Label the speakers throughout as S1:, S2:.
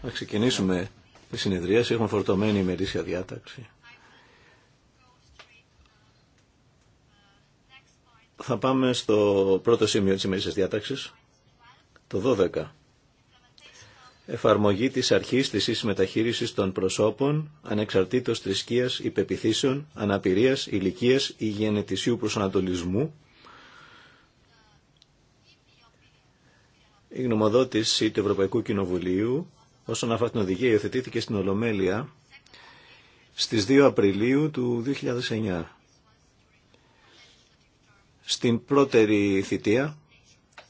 S1: Θα ξεκινήσουμε τη συνεδρία. Έχουμε φορτωμένη ημερήσια διάταξη. Θα πάμε στο πρώτο σημείο της ημερήσιας διάταξης, το 12. Εφαρμογή της αρχής της ίσης μεταχείρισης των προσώπων, ανεξαρτήτως θρησκείας, υπεπιθήσεων, αναπηρίας, ηλικίας ή γενετησίου προσανατολισμού, Η γνωμοδότηση του Ευρωπαϊκού Κοινοβουλίου όσον αφορά την οδηγία υιοθετήθηκε στην Ολομέλεια στις 2 Απριλίου του 2009. Στην πρώτερη θητεία,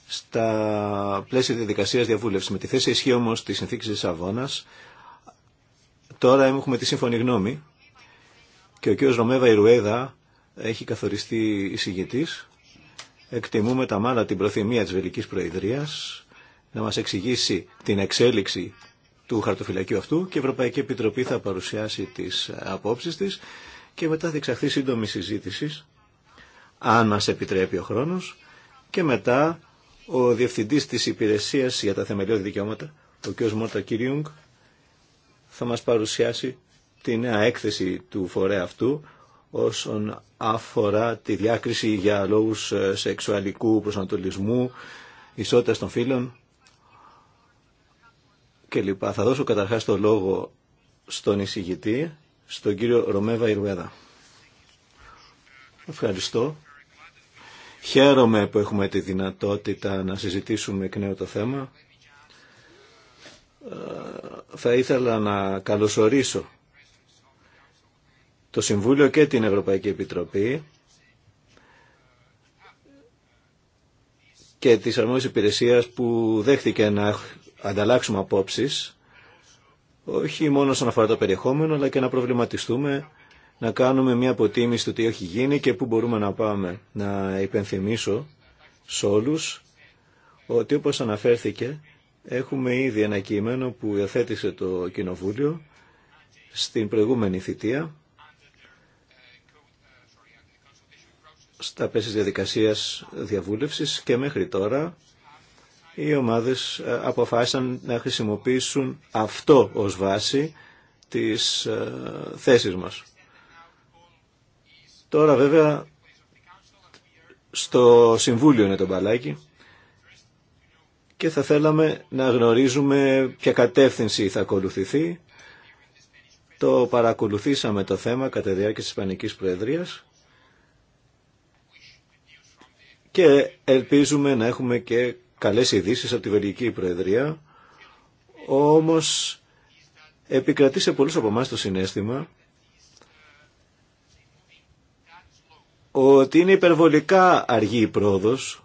S1: στα πλαίσια διαδικασίας διαβούλευσης, με τη θέση ισχύ όμως της συνθήκης της τώρα έχουμε τη σύμφωνη γνώμη και ο κ. Ρωμέβα Ιρουέδα έχει καθοριστεί εισηγητής. Εκτιμούμε τα μάλα την προθυμία της Βελικής Προεδρίας να μας εξηγήσει την εξέλιξη του χαρτοφυλακίου αυτού και η Ευρωπαϊκή Επιτροπή θα παρουσιάσει τις απόψεις της και μετά θα εξαχθεί σύντομη συζήτηση, αν μας επιτρέπει ο χρόνος, και μετά ο Διευθυντής της Υπηρεσίας για τα Θεμελιώδη Δικαιώματα, ο κ. Μόρτα Κυρίουγκ, θα μας παρουσιάσει τη νέα έκθεση του φορέα αυτού όσον αφορά τη διάκριση για λόγους ε, σεξουαλικού προσανατολισμού, ισότητας των φύλων και λοιπά. Θα δώσω καταρχάς το λόγο στον εισηγητή, στον κύριο Ρωμέβα Ιρουέδα. Ευχαριστώ. Χαίρομαι που έχουμε τη δυνατότητα να συζητήσουμε εκ νέου το θέμα. Ε, θα ήθελα να καλωσορίσω το Συμβούλιο και την Ευρωπαϊκή Επιτροπή και τις αρμόδιες υπηρεσίας που δέχτηκε να ανταλλάξουμε απόψεις, όχι μόνο όσον αφορά το περιεχόμενο, αλλά και να προβληματιστούμε, να κάνουμε μια αποτίμηση του τι έχει γίνει και πού μπορούμε να πάμε. Να υπενθυμίσω σε όλους ότι όπως αναφέρθηκε, έχουμε ήδη ένα κείμενο που υιοθέτησε το Κοινοβούλιο στην προηγούμενη θητεία, στα πέσεις διαδικασίας διαβούλευσης και μέχρι τώρα οι ομάδες ε, αποφάσισαν να χρησιμοποιήσουν αυτό ως βάση της ε, θέσης μας. Τώρα βέβαια στο Συμβούλιο είναι το μπαλάκι και θα θέλαμε να γνωρίζουμε ποια κατεύθυνση θα ακολουθηθεί. Το παρακολουθήσαμε το θέμα κατά διάρκεια της Ισπανικής Προεδρίας και ελπίζουμε να έχουμε και καλές ειδήσει από τη Βελγική Προεδρία, όμως επικρατεί σε πολλούς από εμά το συνέστημα ότι είναι υπερβολικά αργή η πρόοδος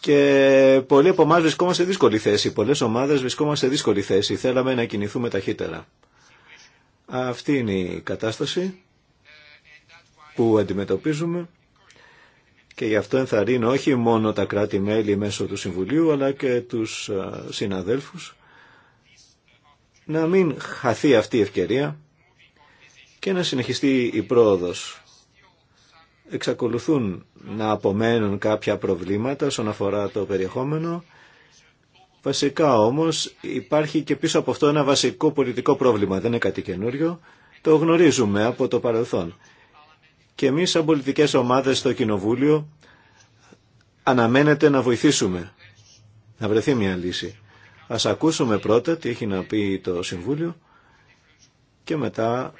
S1: και πολλοί από εμά βρισκόμαστε σε δύσκολη θέση. Πολλές ομάδες βρισκόμαστε σε δύσκολη θέση. Θέλαμε να κινηθούμε ταχύτερα. Αυτή είναι η κατάσταση που αντιμετωπίζουμε και γι' αυτό ενθαρρύνω όχι μόνο τα κράτη-μέλη μέσω του Συμβουλίου, αλλά και τους συναδέλφους, να μην χαθεί αυτή η ευκαιρία και να συνεχιστεί η πρόοδος. Εξακολουθούν να απομένουν κάποια προβλήματα όσον αφορά το περιεχόμενο. Βασικά όμως υπάρχει και πίσω από αυτό ένα βασικό πολιτικό πρόβλημα, δεν είναι κάτι καινούριο. Το γνωρίζουμε από το παρελθόν και εμείς σαν πολιτικές ομάδες στο Κοινοβούλιο αναμένεται να βοηθήσουμε να βρεθεί μια λύση. Ας ακούσουμε πρώτα τι έχει να πει το Συμβούλιο και μετά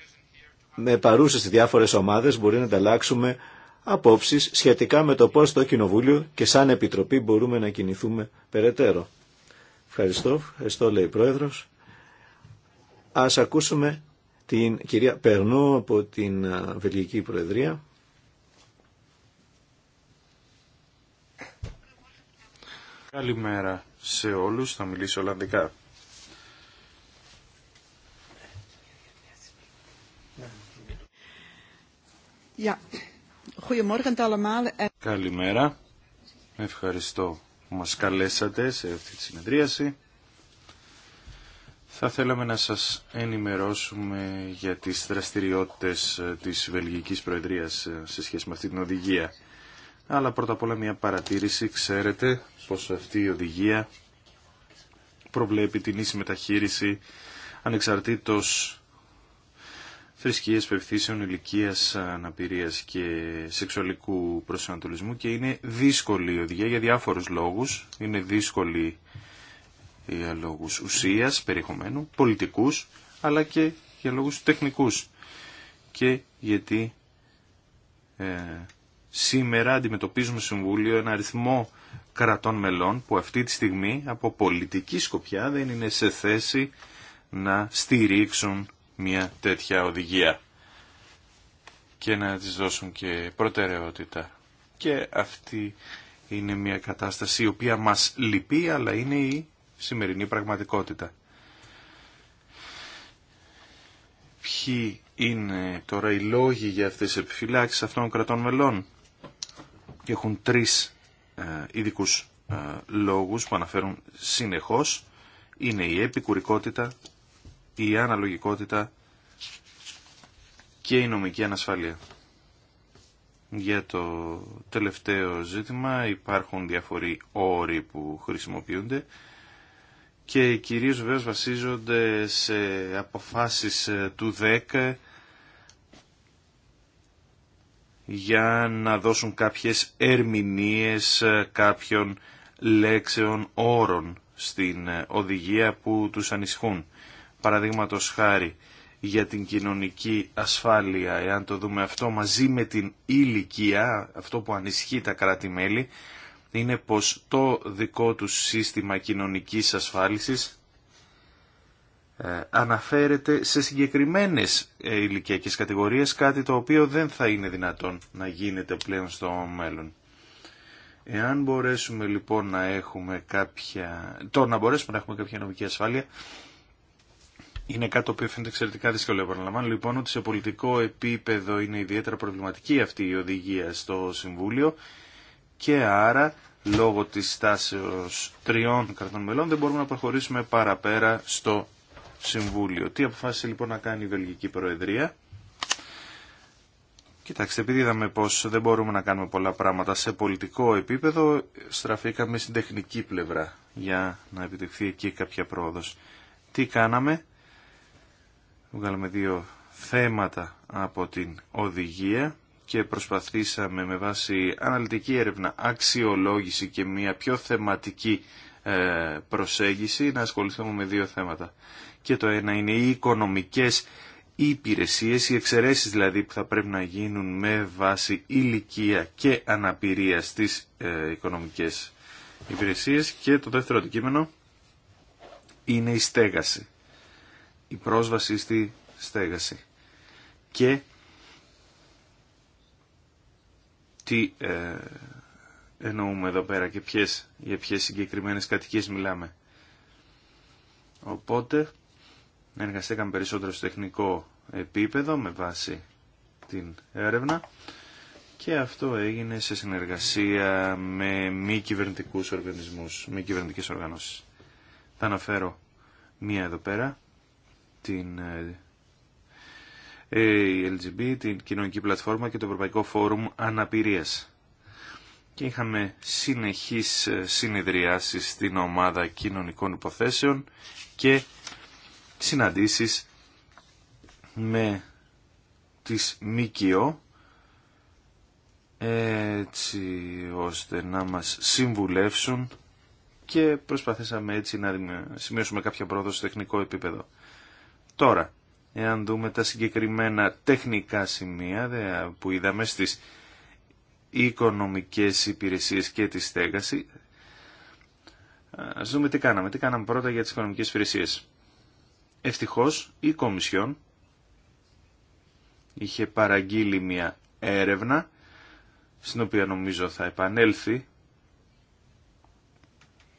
S1: με παρούσες διάφορες ομάδες μπορεί να ανταλλάξουμε απόψεις σχετικά με το πώς το Κοινοβούλιο και σαν Επιτροπή μπορούμε να κινηθούμε περαιτέρω. Ευχαριστώ, ευχαριστώ λέει η Πρόεδρος. Ας ακούσουμε την κυρία Περνό από την Βελγική Προεδρία.
S2: Καλημέρα σε όλους, θα μιλήσω Ολλανδικά. Καλημέρα, ευχαριστώ που μας καλέσατε σε αυτή τη συνεδρίαση. Θα θέλαμε να σας ενημερώσουμε για τις δραστηριότητες ε, της Βελγικής Προεδρίας ε, σε σχέση με αυτή την οδηγία. Αλλά πρώτα απ' όλα μια παρατήρηση. Ξέρετε πως αυτή η οδηγία προβλέπει την ίση μεταχείριση ανεξαρτήτως θρησκείας πευθύσεων ηλικίας αναπηρίας και σεξουαλικού προσανατολισμού και είναι δύσκολη η οδηγία για διάφορους λόγους. Είναι δύσκολη για λόγους ουσίας, περιεχομένου, πολιτικούς, αλλά και για λόγους τεχνικούς. Και γιατί ε, σήμερα αντιμετωπίζουμε Συμβούλιο ένα αριθμό κρατών μελών που αυτή τη στιγμή από πολιτική σκοπιά δεν είναι σε θέση να στηρίξουν μια τέτοια οδηγία και να της δώσουν και προτεραιότητα. Και αυτή είναι μια κατάσταση η οποία μας λυπεί αλλά είναι η σημερινή πραγματικότητα. Ποιοι είναι τώρα οι λόγοι για αυτές τις επιφυλάξεις αυτών των κρατών μελών. και Έχουν τρεις ε, ειδικού ε, λόγους που αναφέρουν συνεχώς. Είναι η επικουρικότητα, η αναλογικότητα και η νομική ανασφάλεια. Για το τελευταίο ζήτημα υπάρχουν διαφοροί όροι που χρησιμοποιούνται και κυρίως βασίζονται σε αποφάσεις ε, του ΔΕΚ για να δώσουν κάποιες ερμηνείες ε, κάποιων λέξεων όρων στην ε, οδηγία που τους ανισχούν. Παραδείγματο χάρη για την κοινωνική ασφάλεια, εάν το δούμε αυτό μαζί με την ηλικία, αυτό που ανισχύει τα κράτη-μέλη, είναι πως το δικό του σύστημα κοινωνικής ασφάλισης ε, αναφέρεται σε συγκεκριμένες ε, ηλικιακές κατηγορίες, κάτι το οποίο δεν θα είναι δυνατόν να γίνεται πλέον στο μέλλον. Εάν μπορέσουμε λοιπόν να έχουμε κάποια... το να μπορέσουμε να έχουμε κάποια νομική ασφάλεια, είναι κάτι το οποίο φαίνεται εξαιρετικά δύσκολο. Επαναλαμβάνω λοιπόν ότι σε πολιτικό επίπεδο είναι ιδιαίτερα προβληματική αυτή η οδηγία στο Συμβούλιο και άρα λόγω της στάσεως τριών κρατών μελών δεν μπορούμε να προχωρήσουμε παραπέρα στο Συμβούλιο. Τι αποφάσισε λοιπόν να κάνει η Βελγική Προεδρία. Κοιτάξτε, επειδή είδαμε πως δεν μπορούμε να κάνουμε πολλά πράγματα σε πολιτικό επίπεδο, στραφήκαμε στην τεχνική πλευρά για να επιτευχθεί εκεί κάποια πρόοδος. Τι κάναμε, βγάλαμε δύο θέματα από την οδηγία και προσπαθήσαμε με βάση αναλυτική έρευνα, αξιολόγηση και μια πιο θεματική ε, προσέγγιση να ασχοληθούμε με δύο θέματα. Και το ένα είναι οι οικονομικές υπηρεσίες, οι εξαιρέσεις δηλαδή που θα πρέπει να γίνουν με βάση ηλικία και αναπηρία στις ε, οικονομικές υπηρεσίες και το δεύτερο αντικείμενο είναι η στέγαση, η πρόσβαση στη στέγαση και τι ε, εννοούμε εδώ πέρα και ποιες, για ποιες συγκεκριμένες κατοικίες μιλάμε. Οπότε εργαστήκαμε περισσότερο στο τεχνικό επίπεδο με βάση την έρευνα και αυτό έγινε σε συνεργασία με μη κυβερνητικού οργανισμούς, μη κυβερνητικές οργανώσεις. Θα αναφέρω μία εδώ πέρα, την ε, ε, η LGB, την κοινωνική πλατφόρμα και το Ευρωπαϊκό Φόρουμ Αναπηρίας. Και είχαμε συνεχείς ε, συνεδριάσεις στην ομάδα κοινωνικών υποθέσεων και συναντήσεις με τις ΜΚΟ έτσι ώστε να μας συμβουλεύσουν και προσπαθήσαμε έτσι να σημειώσουμε κάποια πρόοδο στο τεχνικό επίπεδο. Τώρα, Εάν δούμε τα συγκεκριμένα τεχνικά σημεία που είδαμε στις οικονομικές υπηρεσίες και τη στέγαση, ας δούμε τι κάναμε. Τι κάναμε πρώτα για τις οικονομικές υπηρεσίες. Ευτυχώς η Κομισιόν είχε παραγγείλει μια έρευνα στην οποία νομίζω θα επανέλθει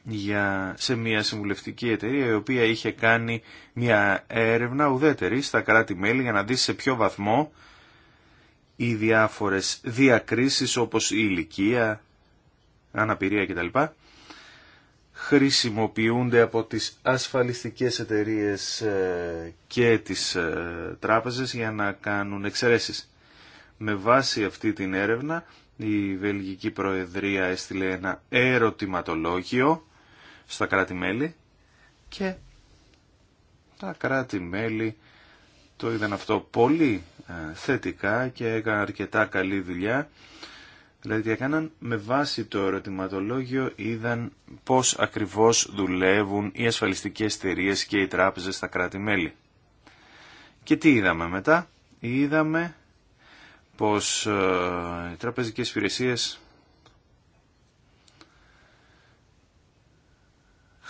S2: για, σε μια συμβουλευτική εταιρεία η οποία είχε κάνει μια έρευνα ουδέτερη στα κράτη-μέλη για να δει σε ποιο βαθμό οι διάφορες διακρίσεις όπως η ηλικία, αναπηρία κτλ. χρησιμοποιούνται από τις ασφαλιστικές εταιρείες ε, και τις ε, τράπεζες για να κάνουν εξαιρέσεις. Με βάση αυτή την έρευνα η Βελγική Προεδρία έστειλε ένα ερωτηματολόγιο στα κράτη-μέλη και τα κράτη-μέλη το είδαν αυτό πολύ ε, θετικά και έκαναν αρκετά καλή δουλειά. Δηλαδή έκαναν με βάση το ερωτηματολόγιο είδαν πώς ακριβώς δουλεύουν οι ασφαλιστικές εταιρείε και οι τράπεζες στα κράτη-μέλη. Και τι είδαμε μετά. Είδαμε πως ε, οι τραπεζικές υπηρεσίες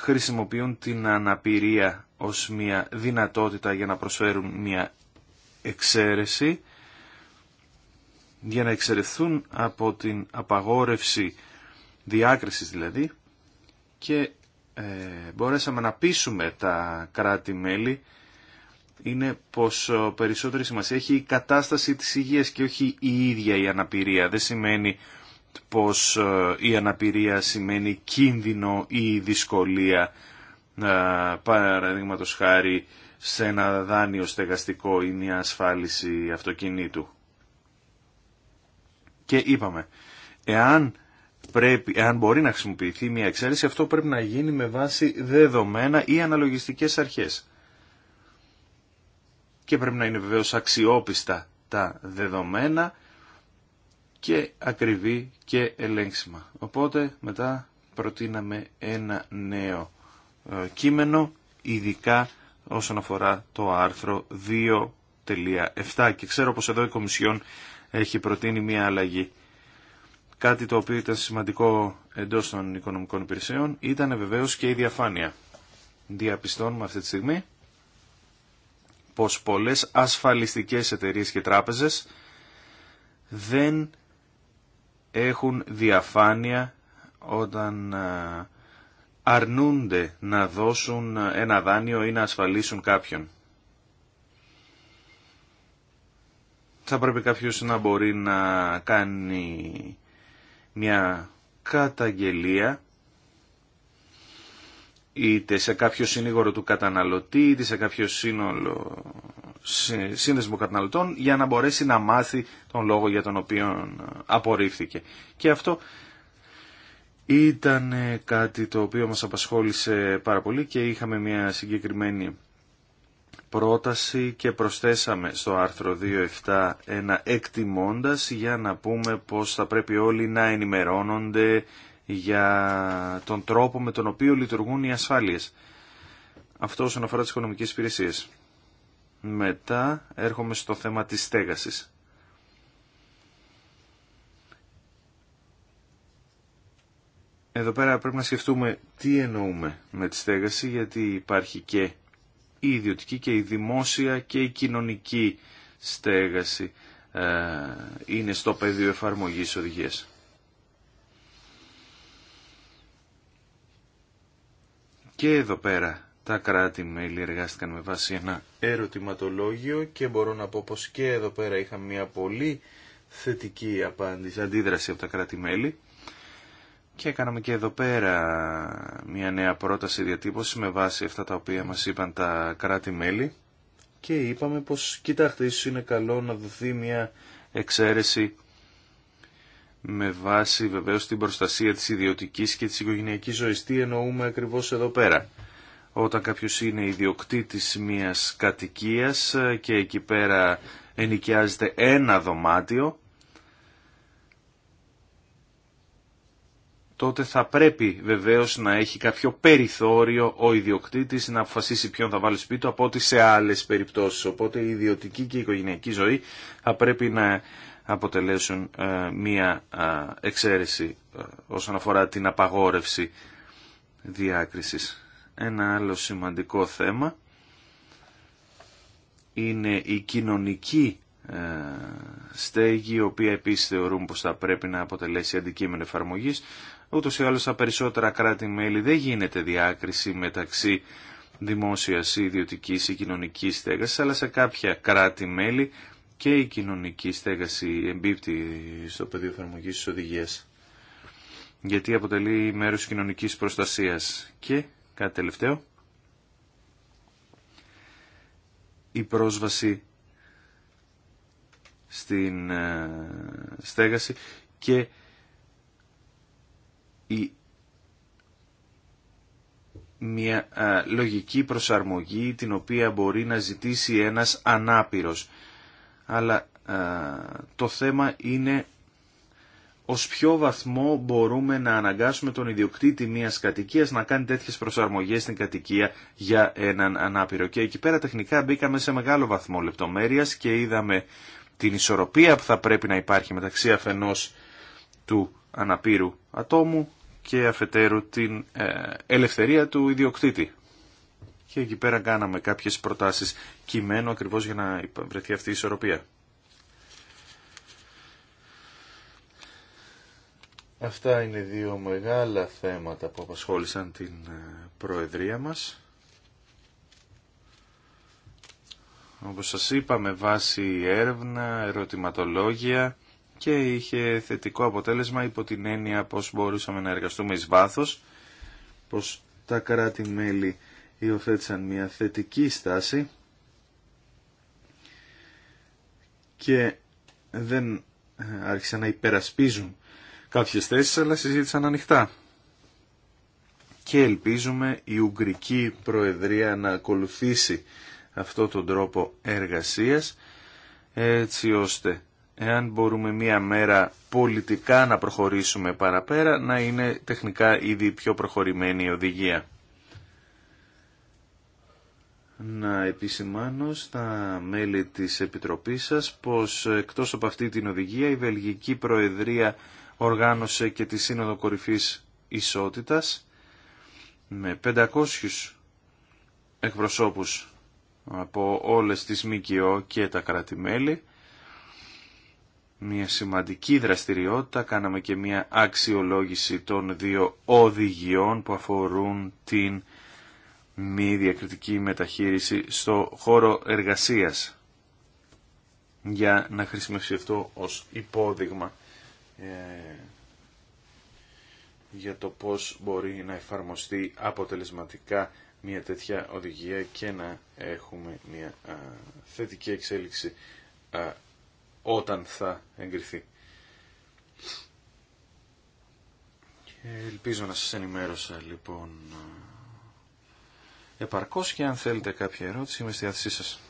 S2: χρησιμοποιούν την αναπηρία ως μια δυνατότητα για να προσφέρουν μια εξαίρεση, για να εξαιρεθούν από την απαγόρευση διάκρισης δηλαδή και ε, μπορέσαμε να πείσουμε τα κράτη-μέλη είναι πως περισσότερη σημασία έχει η κατάσταση της υγείας και όχι η ίδια η αναπηρία. Δεν σημαίνει πως ε, η αναπηρία σημαίνει κίνδυνο ή δυσκολία ε, παραδείγματο χάρη σε ένα δάνειο στεγαστικό ή μια ασφάλιση αυτοκινήτου. Και είπαμε, εάν, πρέπει, εάν μπορεί να χρησιμοποιηθεί μια εξαίρεση, αυτό πρέπει να γίνει με βάση δεδομένα ή αναλογιστικές αρχές. Και πρέπει να είναι βεβαίως αξιόπιστα τα δεδομένα και ακριβή και ελέγξιμα. Οπότε μετά προτείναμε ένα νέο ε, κείμενο, ειδικά όσον αφορά το άρθρο 2.7 και ξέρω πως εδώ η Κομισιόν έχει προτείνει μια αλλαγή. Κάτι το οποίο ήταν σημαντικό εντός των οικονομικών υπηρεσιών ήταν βεβαίως και η διαφάνεια. Διαπιστώνουμε αυτή τη στιγμή πως πολλές ασφαλιστικές εταιρείες και τράπεζες δεν έχουν διαφάνεια όταν ε, αρνούνται να δώσουν ε, ένα δάνειο ή να ασφαλίσουν κάποιον. Θα πρέπει κάποιος να μπορεί να κάνει μια καταγγελία είτε σε κάποιο συνήγορο του καταναλωτή, είτε σε κάποιο σύνολο, σύνδεσμο καταναλωτών, για να μπορέσει να μάθει τον λόγο για τον οποίο απορρίφθηκε. Και αυτό ήταν κάτι το οποίο μας απασχόλησε πάρα πολύ και είχαμε μια συγκεκριμένη πρόταση και προσθέσαμε στο άρθρο 2.7 ένα εκτιμώντας για να πούμε πως θα πρέπει όλοι να ενημερώνονται για τον τρόπο με τον οποίο λειτουργούν οι ασφάλειες. Αυτό όσον αφορά τις οικονομικές υπηρεσίες. Μετά έρχομαι στο θέμα της στέγασης. Εδώ πέρα πρέπει να σκεφτούμε τι εννοούμε με τη στέγαση, γιατί υπάρχει και η ιδιωτική και η δημόσια και η κοινωνική στέγαση ε, είναι στο πεδίο εφαρμογής οδηγίας. Και εδώ πέρα τα κράτη-μέλη εργάστηκαν με βάση ένα ερωτηματολόγιο και μπορώ να πω πως και εδώ πέρα είχαμε μια πολύ θετική απάντηση, αντίδραση από τα κράτη-μέλη και έκαναμε και εδώ πέρα μια νέα πρόταση διατύπωση με βάση αυτά τα οποία μας είπαν τα κράτη-μέλη και είπαμε πως κοιτάξτε ίσως είναι καλό να δοθεί μια εξαίρεση με βάση βεβαίως την προστασία της ιδιωτικής και της οικογενειακής ζωής. Τι εννοούμε ακριβώς εδώ πέρα. Όταν κάποιος είναι ιδιοκτήτης μιας κατοικίας και εκεί πέρα ενοικιάζεται ένα δωμάτιο, τότε θα πρέπει βεβαίως να έχει κάποιο περιθώριο ο ιδιοκτήτης να αποφασίσει ποιον θα βάλει σπίτι του από ό,τι σε άλλες περιπτώσεις. Οπότε η ιδιωτική και η οικογενειακή ζωή θα πρέπει να αποτελέσουν ε, μία εξαίρεση ε, όσον αφορά την απαγόρευση διάκρισης. Ένα άλλο σημαντικό θέμα είναι η κοινωνική ε, στέγη, η οποία επίσης θεωρούν πως θα πρέπει να αποτελέσει αντικείμενο εφαρμογής. Ούτως ή άλλως στα περισσότερα κράτη-μέλη δεν γίνεται διάκριση μεταξύ δημόσιας ή ιδιωτικής ή κοινωνικής στέγασης, αλλά σε κάποια κράτη-μέλη και η κοινωνική στέγαση εμπίπτει στο πεδίο εφαρμογή τη οδηγία. Γιατί αποτελεί μέρος κοινωνικής προστασίας. Και, κάτι τελευταίο, η πρόσβαση στην ε, στέγαση και η μια ε, λογική προσαρμογή την οποία μπορεί να ζητήσει ένας ανάπηρος αλλά ε, το θέμα είναι ως ποιο βαθμό μπορούμε να αναγκάσουμε τον ιδιοκτήτη μιας κατοικίας να κάνει τέτοιες προσαρμογές στην κατοικία για έναν ανάπηρο. Και εκεί πέρα τεχνικά μπήκαμε σε μεγάλο βαθμό λεπτομέρειας και είδαμε την ισορροπία που θα πρέπει να υπάρχει μεταξύ αφενός του αναπήρου ατόμου και αφετέρου την ε, ελευθερία του ιδιοκτήτη και εκεί πέρα κάναμε κάποιες προτάσεις κειμένου ακριβώς για να βρεθεί αυτή η ισορροπία. Αυτά είναι δύο μεγάλα θέματα που απασχόλησαν την ε, Προεδρία μας. Όπως σας είπαμε, βάση έρευνα, ερωτηματολόγια και είχε θετικό αποτέλεσμα υπό την έννοια πως μπορούσαμε να εργαστούμε εις βάθος, πως τα κράτη-μέλη υιοθέτησαν μια θετική στάση και δεν ε, άρχισαν να υπερασπίζουν κάποιες θέσεις αλλά συζήτησαν ανοιχτά. Και ελπίζουμε η Ουγγρική Προεδρία να ακολουθήσει αυτό τον τρόπο εργασίας έτσι ώστε εάν μπορούμε μία μέρα πολιτικά να προχωρήσουμε παραπέρα να είναι τεχνικά ήδη πιο προχωρημένη η οδηγία να επισημάνω στα μέλη της Επιτροπής σας πως εκτός από αυτή την οδηγία η Βελγική Προεδρία οργάνωσε και τη Σύνοδο Κορυφής Ισότητας με 500 εκπροσώπους από όλες τις ΜΚΟ και τα κρατημέλη. Μια σημαντική δραστηριότητα, κάναμε και μια αξιολόγηση των δύο οδηγιών που αφορούν την μη διακριτική μεταχείριση στο χώρο εργασίας για να χρησιμεύσει αυτό ως υπόδειγμα ε, για το πώς μπορεί να εφαρμοστεί αποτελεσματικά μια τέτοια οδηγία και να έχουμε μια θετική εξέλιξη όταν θα εγκριθεί. ελπίζω να σας ενημέρωσα λοιπόν επαρκώς και αν θέλετε κάποια ερώτηση είμαι στη διάθεσή σα.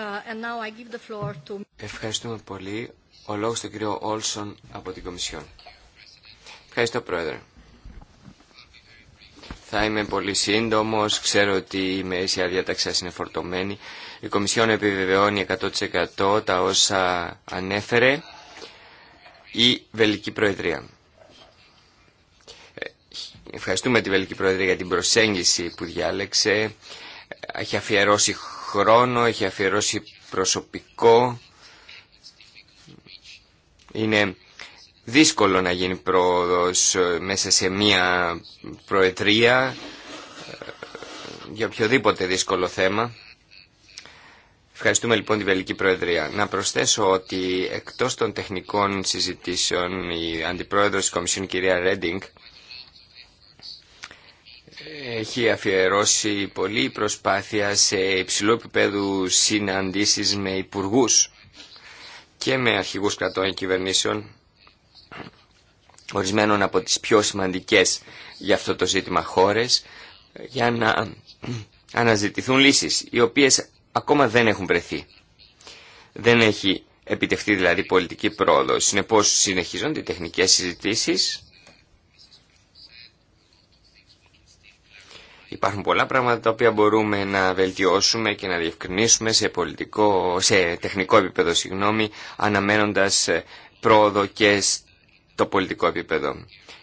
S3: Ε, Ευχαριστούμε πολύ. Ο λόγος του κύριο Όλσον από την Κομισιόν. Ευχαριστώ Πρόεδρε. Θα είμαι πολύ σύντομος, ξέρω ότι η Μέσια διάταξη σας είναι φορτωμένη. Η Κομισιόν επιβεβαιώνει 100% τα όσα ανέφερε η Βελική Προεδρία. Ευχαριστούμε την Βελική Προεδρία για την προσέγγιση που διάλεξε. Έχει αφιερώσει χρόνο, έχει αφιερώσει προσωπικό. Είναι δύσκολο να γίνει πρόοδος ε, μέσα σε μία προεδρία ε, για οποιοδήποτε δύσκολο θέμα. Ευχαριστούμε λοιπόν την Βελική Προεδρία. Να προσθέσω ότι εκτός των τεχνικών συζητήσεων η Αντιπρόεδρος της Κομισιόν κυρία Ρέντινγκ έχει αφιερώσει πολλή προσπάθεια σε υψηλό επίπεδο συναντήσεις με υπουργούς και με αρχηγούς κρατών κυβερνήσεων ορισμένων από τις πιο σημαντικές για αυτό το ζήτημα χώρες για να αναζητηθούν λύσεις οι οποίες ακόμα δεν έχουν βρεθεί. Δεν έχει επιτευχθεί δηλαδή πολιτική πρόοδο. Συνεπώς συνεχίζονται οι τεχνικές συζητήσεις Υπάρχουν πολλά πράγματα τα οποία μπορούμε να βελτιώσουμε και να διευκρινίσουμε σε, πολιτικό, σε τεχνικό επίπεδο, συγγνώμη, αναμένοντας ε, πρόοδο και στο πολιτικό επίπεδο.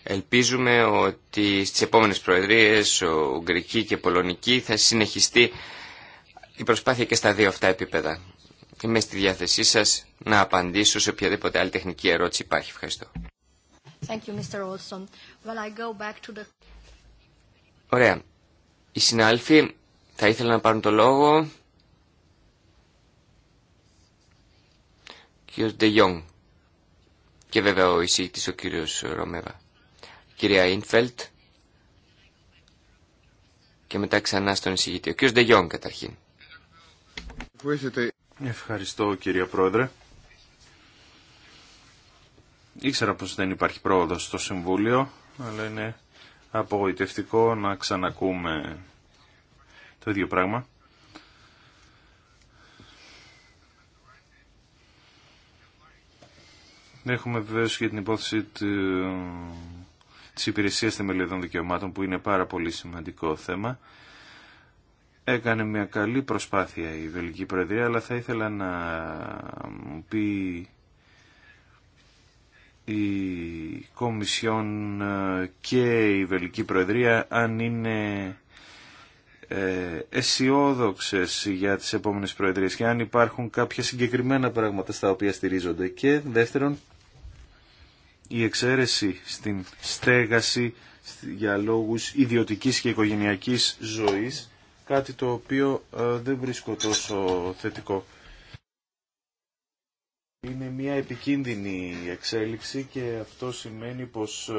S3: Ελπίζουμε ότι στις επόμενες προεδρίες, Ουγγρική και Πολωνική, θα συνεχιστεί η προσπάθεια και στα δύο αυτά επίπεδα. Είμαι στη διάθεσή σας να απαντήσω σε οποιαδήποτε άλλη τεχνική ερώτηση υπάρχει. Ευχαριστώ. Ωραία. Οι συνάλφοι θα ήθελαν να πάρουν το λόγο. Κύριος Ντεγιόν. Και βέβαια ο εισηγητής ο κύριος Ρωμέβα. Κυρία Ίνφελτ. Και μετά ξανά στον εισηγητή. Ο κύριος Ντεγιόν καταρχήν.
S2: Ευχαριστώ κύριε Πρόεδρε. Ήξερα πως δεν υπάρχει πρόοδος στο Συμβούλιο, αλλά είναι απογοητευτικό να ξανακούμε το ίδιο πράγμα. Έχουμε βεβαίως και την υπόθεση του, της υπηρεσίας θεμελιωδών δικαιωμάτων που είναι πάρα πολύ σημαντικό θέμα. Έκανε μια καλή προσπάθεια η Βελγική Προεδρία, αλλά θα ήθελα να μου πει η Κομισιόν ε, και η Βελική Προεδρία αν είναι ε, αισιόδοξε για τις επόμενες προεδρίες και αν υπάρχουν κάποια συγκεκριμένα πράγματα στα οποία στηρίζονται και δεύτερον η εξαίρεση στην στέγαση για λόγους ιδιωτικής και οικογενειακής ζωής κάτι το οποίο ε, δεν βρίσκω τόσο θετικό είναι μια επικίνδυνη εξέλιξη και αυτό σημαίνει πως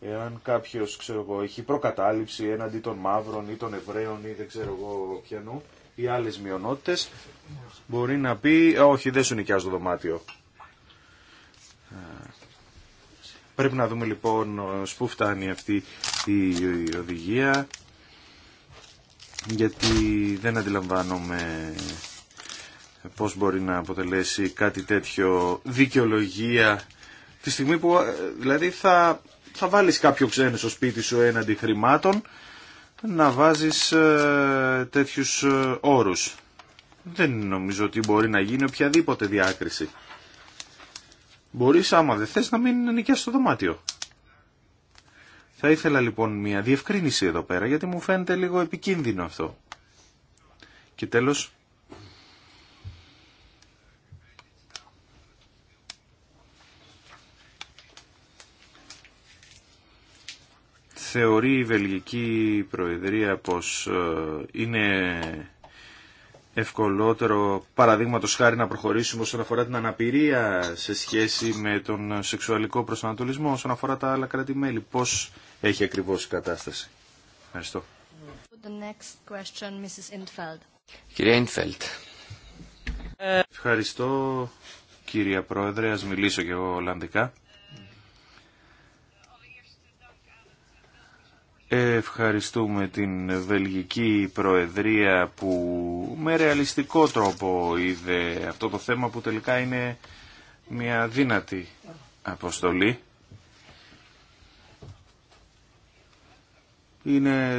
S2: ε, εάν κάποιος ξέρω εγώ, έχει προκατάληψη έναντι των μαύρων ή των Εβραίων ή δεν ξέρω εγώ ποιανού ή άλλες μειονότητες μπορεί να πει όχι δεν σου νοικιάζω το δωμάτιο. Ε, πρέπει να δούμε λοιπόν πού φτάνει αυτή η οδηγία γιατί δεν αντιλαμβάνομαι πώς μπορεί να αποτελέσει κάτι τέτοιο δικαιολογία τη στιγμή που ε, δηλαδή θα, θα βάλεις κάποιο ξένο στο σπίτι σου έναντι χρημάτων να βάζεις ε, τέτοιους ε, όρους. Δεν νομίζω ότι μπορεί να γίνει οποιαδήποτε διάκριση. Μπορείς άμα δεν θες να μην νοικιάσεις το δωμάτιο. Θα ήθελα λοιπόν μια διευκρίνηση εδώ πέρα γιατί μου φαίνεται λίγο επικίνδυνο αυτό. Και τέλος, θεωρεί η Βελγική Προεδρία πως ε, είναι ευκολότερο παραδείγματος χάρη να προχωρήσουμε όσον αφορά την αναπηρία σε σχέση με τον σεξουαλικό προσανατολισμό όσον αφορά τα άλλα κράτη-μέλη. Πώς έχει ακριβώς η κατάσταση. Ευχαριστώ.
S3: The next question, Mrs. Κυρία
S2: Ευχαριστώ κυρία Πρόεδρε. Ας μιλήσω και εγώ Ολλανδικά. Ευχαριστούμε την Βελγική Προεδρία που με ρεαλιστικό τρόπο είδε αυτό το θέμα που τελικά είναι μια δύνατη αποστολή. Είναι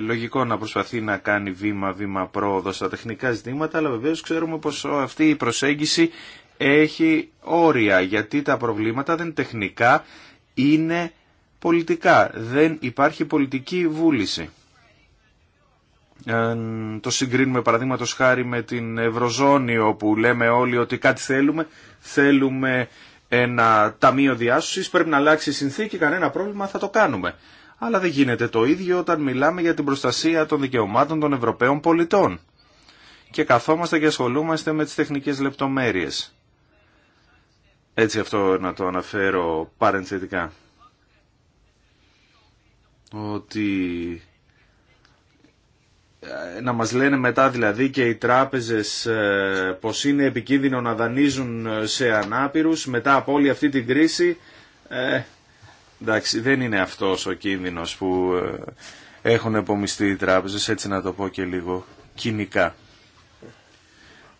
S2: λογικό να προσπαθεί να κάνει βήμα-βήμα πρόοδο στα τεχνικά ζητήματα, αλλά βεβαίως ξέρουμε πως αυτή η προσέγγιση έχει όρια, γιατί τα προβλήματα δεν τεχνικά είναι πολιτικά. Δεν υπάρχει πολιτική βούληση. το συγκρίνουμε παραδείγματο χάρη με την Ευρωζώνη όπου λέμε όλοι ότι κάτι θέλουμε, θέλουμε ένα ταμείο διάσωσης, πρέπει να αλλάξει η συνθήκη, κανένα πρόβλημα θα το κάνουμε. Αλλά δεν γίνεται το ίδιο όταν μιλάμε για την προστασία των δικαιωμάτων των Ευρωπαίων πολιτών. Και καθόμαστε και ασχολούμαστε με τις τεχνικές λεπτομέρειες. Έτσι αυτό να το αναφέρω παρενθετικά ότι ε, να μας λένε μετά δηλαδή και οι τράπεζες ε, πως είναι επικίνδυνο να δανείζουν ε, σε ανάπηρους μετά από όλη αυτή την κρίση ε, εντάξει δεν είναι αυτός ο κίνδυνος που έχουν επομιστεί οι τράπεζες έτσι να το πω και λίγο κοινικά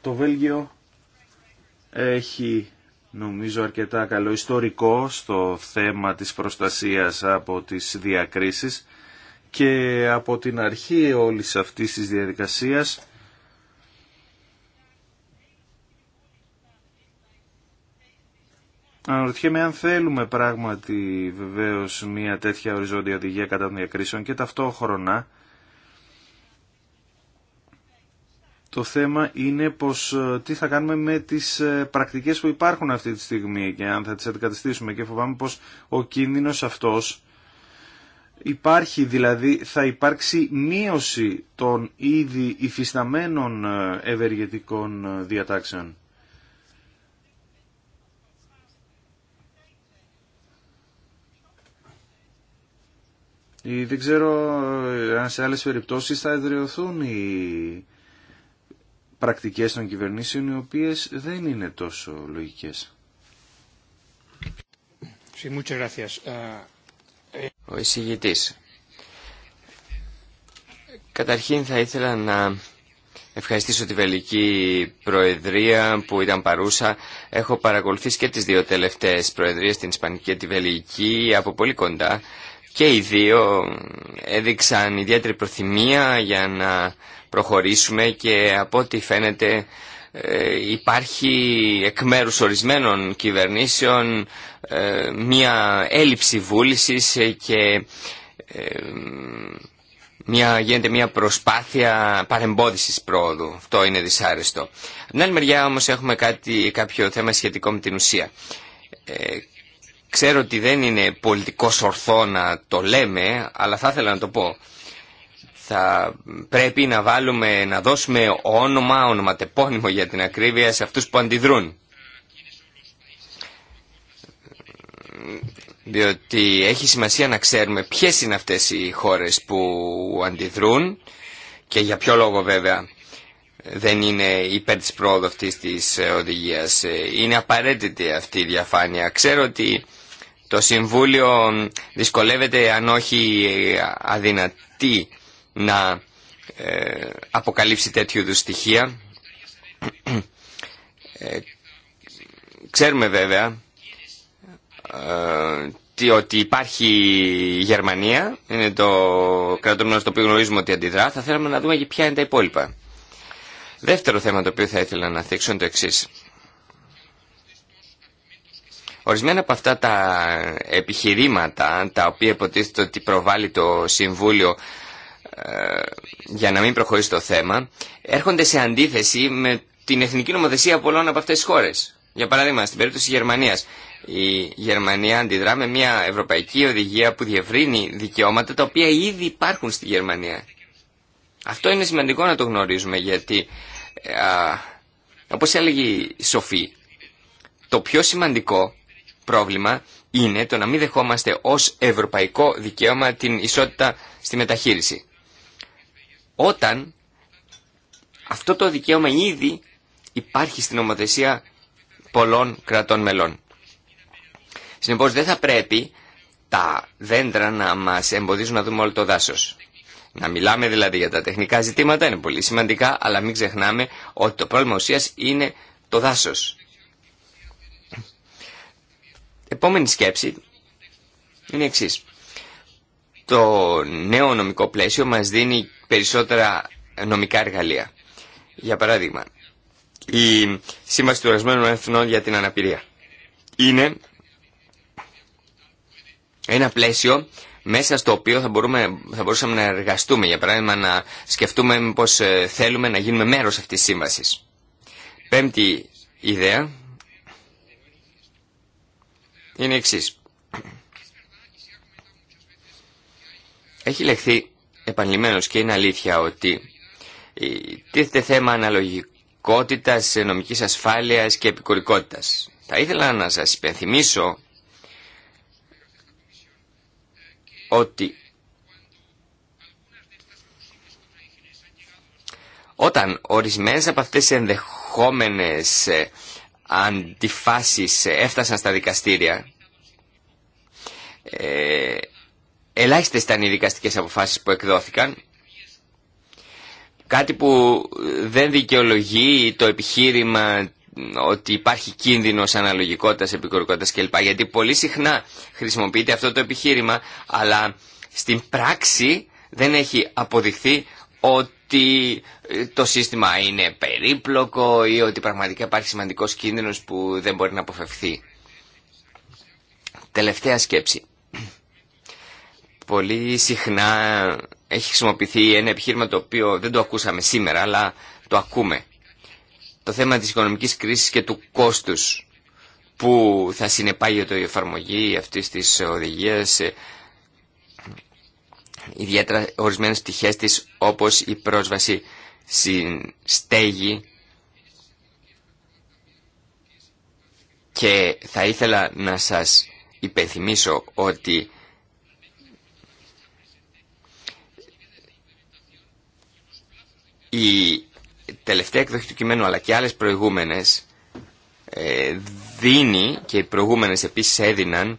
S2: το Βέλγιο έχει νομίζω αρκετά καλό ιστορικό στο θέμα της προστασίας από τις διακρίσεις και από την αρχή όλης αυτής της διαδικασίας Αναρωτιέμαι αν θέλουμε πράγματι βεβαίως μια τέτοια οριζόντια οδηγία κατά των διακρίσεων και ταυτόχρονα Το θέμα είναι πως ε, τι θα κάνουμε με τις ε, πρακτικές που υπάρχουν αυτή τη στιγμή και αν θα τις αντικαταστήσουμε και φοβάμαι πως ο κίνδυνος αυτός υπάρχει δηλαδή θα υπάρξει μείωση των ήδη υφισταμένων ε, ευεργετικών διατάξεων. δεν ξέρω αν σε άλλες περιπτώσεις θα εδραιωθούν οι πρακτικές των κυβερνήσεων οι οποίες δεν είναι τόσο λογικές.
S3: Ε, Ο εισηγητής. Καταρχήν θα ήθελα να ευχαριστήσω τη Βελική Προεδρία που ήταν παρούσα. Έχω παρακολουθήσει και τις δύο τελευταίες προεδρίες, την Ισπανική και τη Βελική, από πολύ κοντά. Και οι δύο έδειξαν ιδιαίτερη προθυμία για να προχωρήσουμε και από ό,τι φαίνεται ε, υπάρχει εκ μέρου ορισμένων κυβερνήσεων ε, μια έλλειψη βούλησης και ε, μια, γίνεται μια προσπάθεια παρεμπόδισης πρόοδου. Αυτό είναι δυσάρεστο. Από την άλλη μεριά όμως έχουμε κάτι, κάποιο θέμα σχετικό με την ουσία. ξέρω ότι δεν είναι πολιτικός ορθό να το λέμε, αλλά θα ήθελα να το πω θα πρέπει να βάλουμε, να δώσουμε όνομα, ονοματεπώνυμο για την ακρίβεια σε αυτούς που αντιδρούν. Διότι έχει σημασία να ξέρουμε ποιες είναι αυτές οι χώρες που αντιδρούν και για ποιο λόγο βέβαια δεν είναι υπέρ της πρόοδου αυτής της ε, οδηγίας. Ε, είναι απαραίτητη αυτή η διαφάνεια. Ξέρω ότι το Συμβούλιο δυσκολεύεται αν όχι ε, αδυνατή να ε, αποκαλύψει τέτοιου είδου στοιχεία. Ε, ξέρουμε βέβαια ε, ότι υπάρχει η Γερμανία, είναι το κράτο το οποίο γνωρίζουμε ότι αντιδρά. Θα θέλαμε να δούμε και ποια είναι τα υπόλοιπα. Δεύτερο θέμα το οποίο θα ήθελα να θέξω είναι το εξή. Ορισμένα από αυτά τα επιχειρήματα τα οποία υποτίθεται ότι προβάλλει το Συμβούλιο για να μην προχωρήσει το θέμα, έρχονται σε αντίθεση με την εθνική νομοθεσία πολλών από αυτέ τι χώρε. Για παράδειγμα, στην περίπτωση τη Γερμανίας. Η Γερμανία αντιδρά με μια ευρωπαϊκή οδηγία που διευρύνει δικαιώματα τα οποία ήδη υπάρχουν στη Γερμανία. Αυτό είναι σημαντικό να το γνωρίζουμε γιατί, α, όπως έλεγε η Σοφή, το πιο σημαντικό πρόβλημα είναι το να μην δεχόμαστε ως ευρωπαϊκό δικαίωμα την ισότητα στη μεταχείριση όταν αυτό το δικαίωμα ήδη υπάρχει στην ομοθεσία πολλών κρατών μελών. Συνεπώς δεν θα πρέπει τα δέντρα να μας εμποδίζουν να δούμε όλο το δάσος. Να μιλάμε δηλαδή για τα τεχνικά ζητήματα είναι πολύ σημαντικά, αλλά μην ξεχνάμε ότι το πρόβλημα ουσίας είναι το δάσος. Επόμενη σκέψη είναι εξής. Το νέο νομικό πλαίσιο μας δίνει περισσότερα νομικά εργαλεία. Για παράδειγμα, η Σύμβαση του ορισμένου Εθνών για την Αναπηρία είναι ένα πλαίσιο μέσα στο οποίο θα, μπορούμε, θα μπορούσαμε να εργαστούμε, για παράδειγμα να σκεφτούμε πώς ε, θέλουμε να γίνουμε μέρος αυτής της σύμβασης. Πέμπτη ιδέα είναι εξή. Έχει λεχθεί επανειλημμένως και είναι αλήθεια ότι ε, τίθεται θέμα αναλογικότητας, ε, νομικής ασφάλειας και επικουρικότητας. Θα ήθελα να σας υπενθυμίσω ότι όταν ορισμένες από αυτές τις ενδεχόμενες ε, αντιφάσεις έφτασαν στα δικαστήρια, Ελάχιστες ήταν οι δικαστικές αποφάσεις που εκδόθηκαν. Κάτι που δεν δικαιολογεί το επιχείρημα ότι υπάρχει κίνδυνος αναλογικότητας, επικορικότητας κλπ. Γιατί πολύ συχνά χρησιμοποιείται αυτό το επιχείρημα, αλλά στην πράξη δεν έχει αποδειχθεί ότι ε, το σύστημα είναι περίπλοκο ή ότι πραγματικά υπάρχει σημαντικός κίνδυνος που δεν μπορεί να αποφευθεί. Τελευταία σκέψη πολύ συχνά έχει χρησιμοποιηθεί ένα επιχείρημα το οποίο δεν το ακούσαμε σήμερα, αλλά το ακούμε. Το θέμα της οικονομικής κρίσης και του κόστους που θα συνεπάγει η εφαρμογή αυτής της οδηγίας, ε, ιδιαίτερα ορισμένες πτυχές της, όπως η πρόσβαση στην στέγη και θα ήθελα να σας υπενθυμίσω ότι Η τελευταία εκδοχή του κειμένου αλλά και άλλες προηγούμενες ε, δίνει και οι προηγούμενες επίσης έδιναν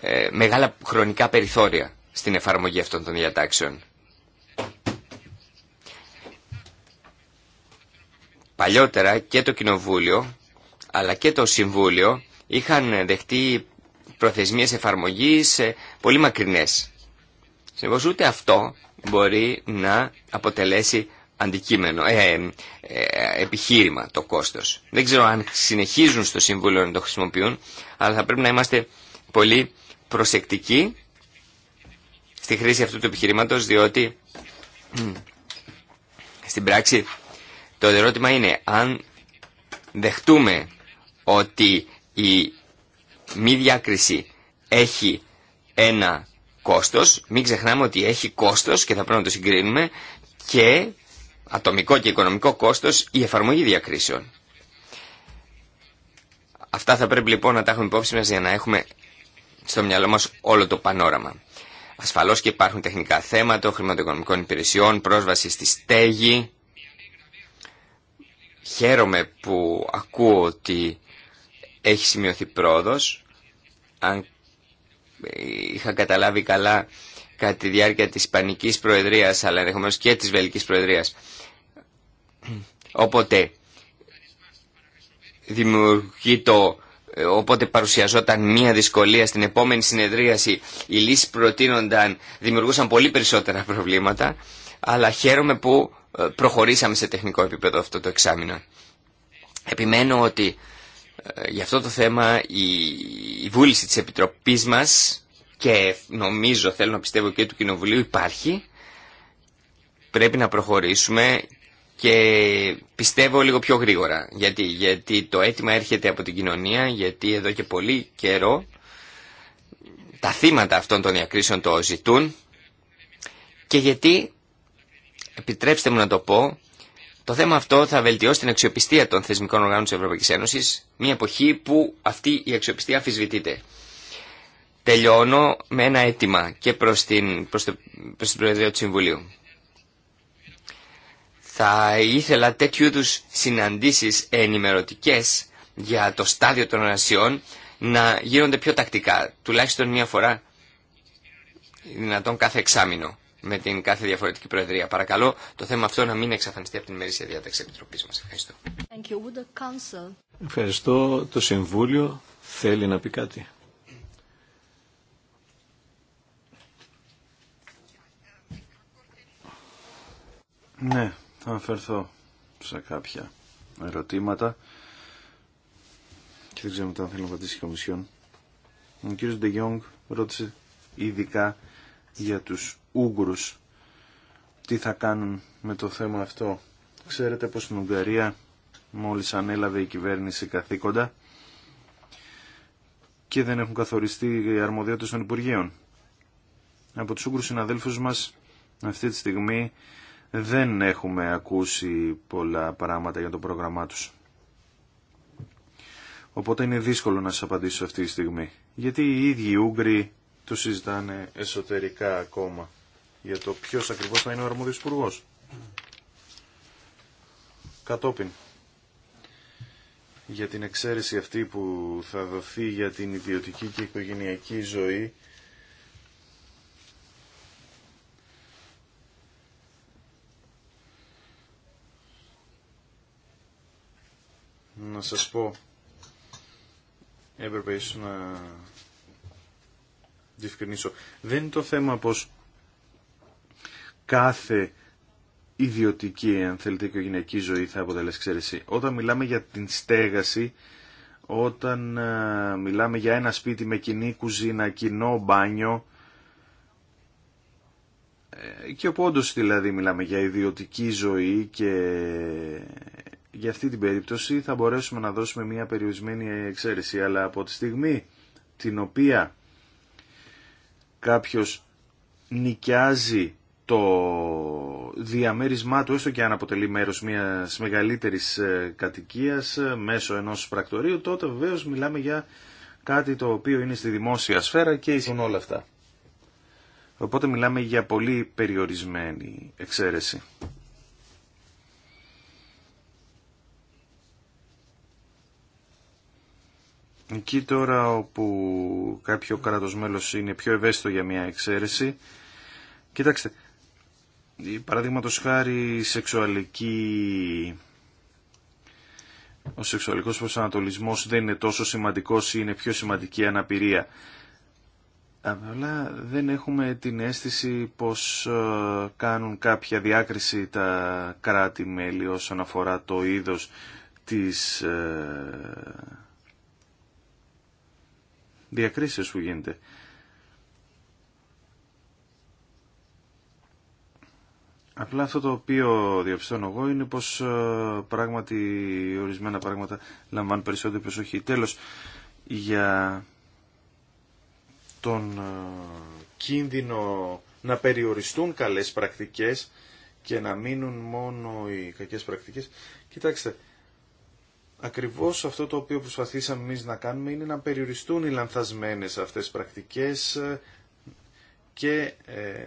S3: ε, μεγάλα χρονικά περιθώρια στην εφαρμογή αυτών των διατάξεων. Παλιότερα και το Κοινοβούλιο αλλά και το Συμβούλιο είχαν δεχτεί προθεσμίες εφαρμογής ε, πολύ μακρινές. Συνεπώς ούτε αυτό μπορεί να αποτελέσει αντικείμενο, ε, ε, επιχείρημα το κόστος. Δεν ξέρω αν συνεχίζουν στο Συμβούλιο να το χρησιμοποιούν, αλλά θα πρέπει να είμαστε πολύ προσεκτικοί στη χρήση αυτού του επιχειρήματος, διότι στην πράξη το ερώτημα είναι αν δεχτούμε ότι η μη διάκριση έχει ένα κόστος, μην ξεχνάμε ότι έχει κόστος και θα πρέπει να το συγκρίνουμε και ατομικό και οικονομικό κόστος η εφαρμογή διακρίσεων. Αυτά θα πρέπει λοιπόν να τα έχουμε υπόψη μας για να έχουμε στο μυαλό μας όλο το πανόραμα. Ασφαλώς και υπάρχουν τεχνικά θέματα, χρηματοοικονομικών υπηρεσιών, πρόσβαση στη στέγη. Χαίρομαι που ακούω ότι έχει σημειωθεί πρόοδος. Αν είχα καταλάβει καλά κατά τη διάρκεια της Ισπανικής Προεδρίας αλλά ενδεχομένω και της Βελικής Προεδρίας. Οπότε, δημιουργεί οπότε παρουσιαζόταν μία δυσκολία στην επόμενη συνεδρίαση οι λύσεις προτείνονταν δημιουργούσαν πολύ περισσότερα προβλήματα αλλά χαίρομαι που ε, προχωρήσαμε σε τεχνικό επίπεδο αυτό το εξάμεινο. Επιμένω ότι ε, για αυτό το θέμα η, η βούληση της Επιτροπής μας και νομίζω, θέλω να πιστεύω και του Κοινοβουλίου υπάρχει, πρέπει να προχωρήσουμε και πιστεύω λίγο πιο γρήγορα. Γιατί, γιατί το αίτημα έρχεται από την κοινωνία, γιατί εδώ και πολύ καιρό τα θύματα αυτών των διακρίσεων το ζητούν και γιατί, επιτρέψτε μου να το πω, το θέμα αυτό θα βελτιώσει την αξιοπιστία των θεσμικών οργάνων της Ευρωπαϊκής Ένωσης, μια εποχή που αυτή η αξιοπιστία αφισβητείται. Τελειώνω με ένα αίτημα και προς την, προς Προεδρία του Συμβουλίου. Θα ήθελα τέτοιου είδου συναντήσεις ενημερωτικές για το στάδιο των Ανασιών να γίνονται πιο τακτικά, τουλάχιστον μία φορά δυνατόν κάθε εξάμεινο με την κάθε διαφορετική προεδρία. Παρακαλώ το θέμα αυτό να μην εξαφανιστεί από την μερίσια διάταξη επιτροπής μας. Ευχαριστώ.
S1: Ευχαριστώ. Το Συμβούλιο θέλει να πει κάτι.
S2: Ναι, θα αναφερθώ σε κάποια ερωτήματα και δεν ξέρω μετά αν θέλω να απαντήσει η Κομισιόν. Ο κύριος Ντεγιόγκ ρώτησε ειδικά για τους Ούγγρους τι θα κάνουν με το θέμα αυτό. Ξέρετε πως στην Ουγγαρία μόλις ανέλαβε η κυβέρνηση καθήκοντα και δεν έχουν καθοριστεί οι αρμοδιότητες των Υπουργείων. Από τους Ούγγρους συναδέλφους μας αυτή τη στιγμή δεν έχουμε ακούσει πολλά πράγματα για το πρόγραμμά τους. Οπότε είναι δύσκολο να σας απαντήσω αυτή τη στιγμή. Γιατί οι ίδιοι οι Ούγγροι το συζητάνε εσωτερικά ακόμα για το ποιος ακριβώς θα είναι ο αρμόδιος Κατόπιν για την εξαίρεση αυτή που θα δοθεί για την ιδιωτική και οικογενειακή ζωή να σας πω έπρεπε ίσως να διευκρινίσω. Δεν είναι το θέμα πως κάθε ιδιωτική, αν θέλετε, οικογενειακή ζωή θα αποτελέσει εξαίρεση. Όταν μιλάμε για την στέγαση, όταν ε, μιλάμε για ένα σπίτι με κοινή κουζίνα, κοινό μπάνιο, ε, και όπου όντως δηλαδή μιλάμε για ιδιωτική ζωή και για αυτή την περίπτωση θα μπορέσουμε να δώσουμε μια περιορισμένη εξαίρεση, αλλά από τη στιγμή την οποία κάποιος νικιάζει το διαμέρισμά του, έστω και αν αποτελεί μέρος μιας μεγαλύτερης ε, κατοικίας ε, μέσω ενός πρακτορείου, τότε βεβαίω μιλάμε για κάτι το οποίο είναι στη δημόσια σφαίρα και ισχύουν όλα αυτά. Οπότε μιλάμε για πολύ περιορισμένη εξαίρεση. Εκεί τώρα όπου κάποιο κράτος μέλος είναι πιο ευαίσθητο για μια εξαίρεση, κοιτάξτε, παραδείγματος χάρη σεξουαλική... Ο σεξουαλικός προσανατολισμός δεν είναι τόσο σημαντικός ή είναι πιο σημαντική αναπηρία. Αλλά δεν έχουμε την αίσθηση πως ε, κάνουν κάποια διάκριση τα κράτη-μέλη όσον αφορά το είδος της ε, διακρίσεις που γίνεται. Απλά αυτό το οποίο διαπιστώνω εγώ είναι πως ε, πράγματι ορισμένα πράγματα λαμβάνουν περισσότερη προσοχή. Τέλος, για τον ε, κίνδυνο να περιοριστούν καλές πρακτικές και να μείνουν μόνο οι κακές πρακτικές. Κοιτάξτε, Ακριβώς αυτό το οποίο προσπαθήσαμε εμείς να κάνουμε είναι να περιοριστούν οι λανθασμένες αυτές τις πρακτικές και ε,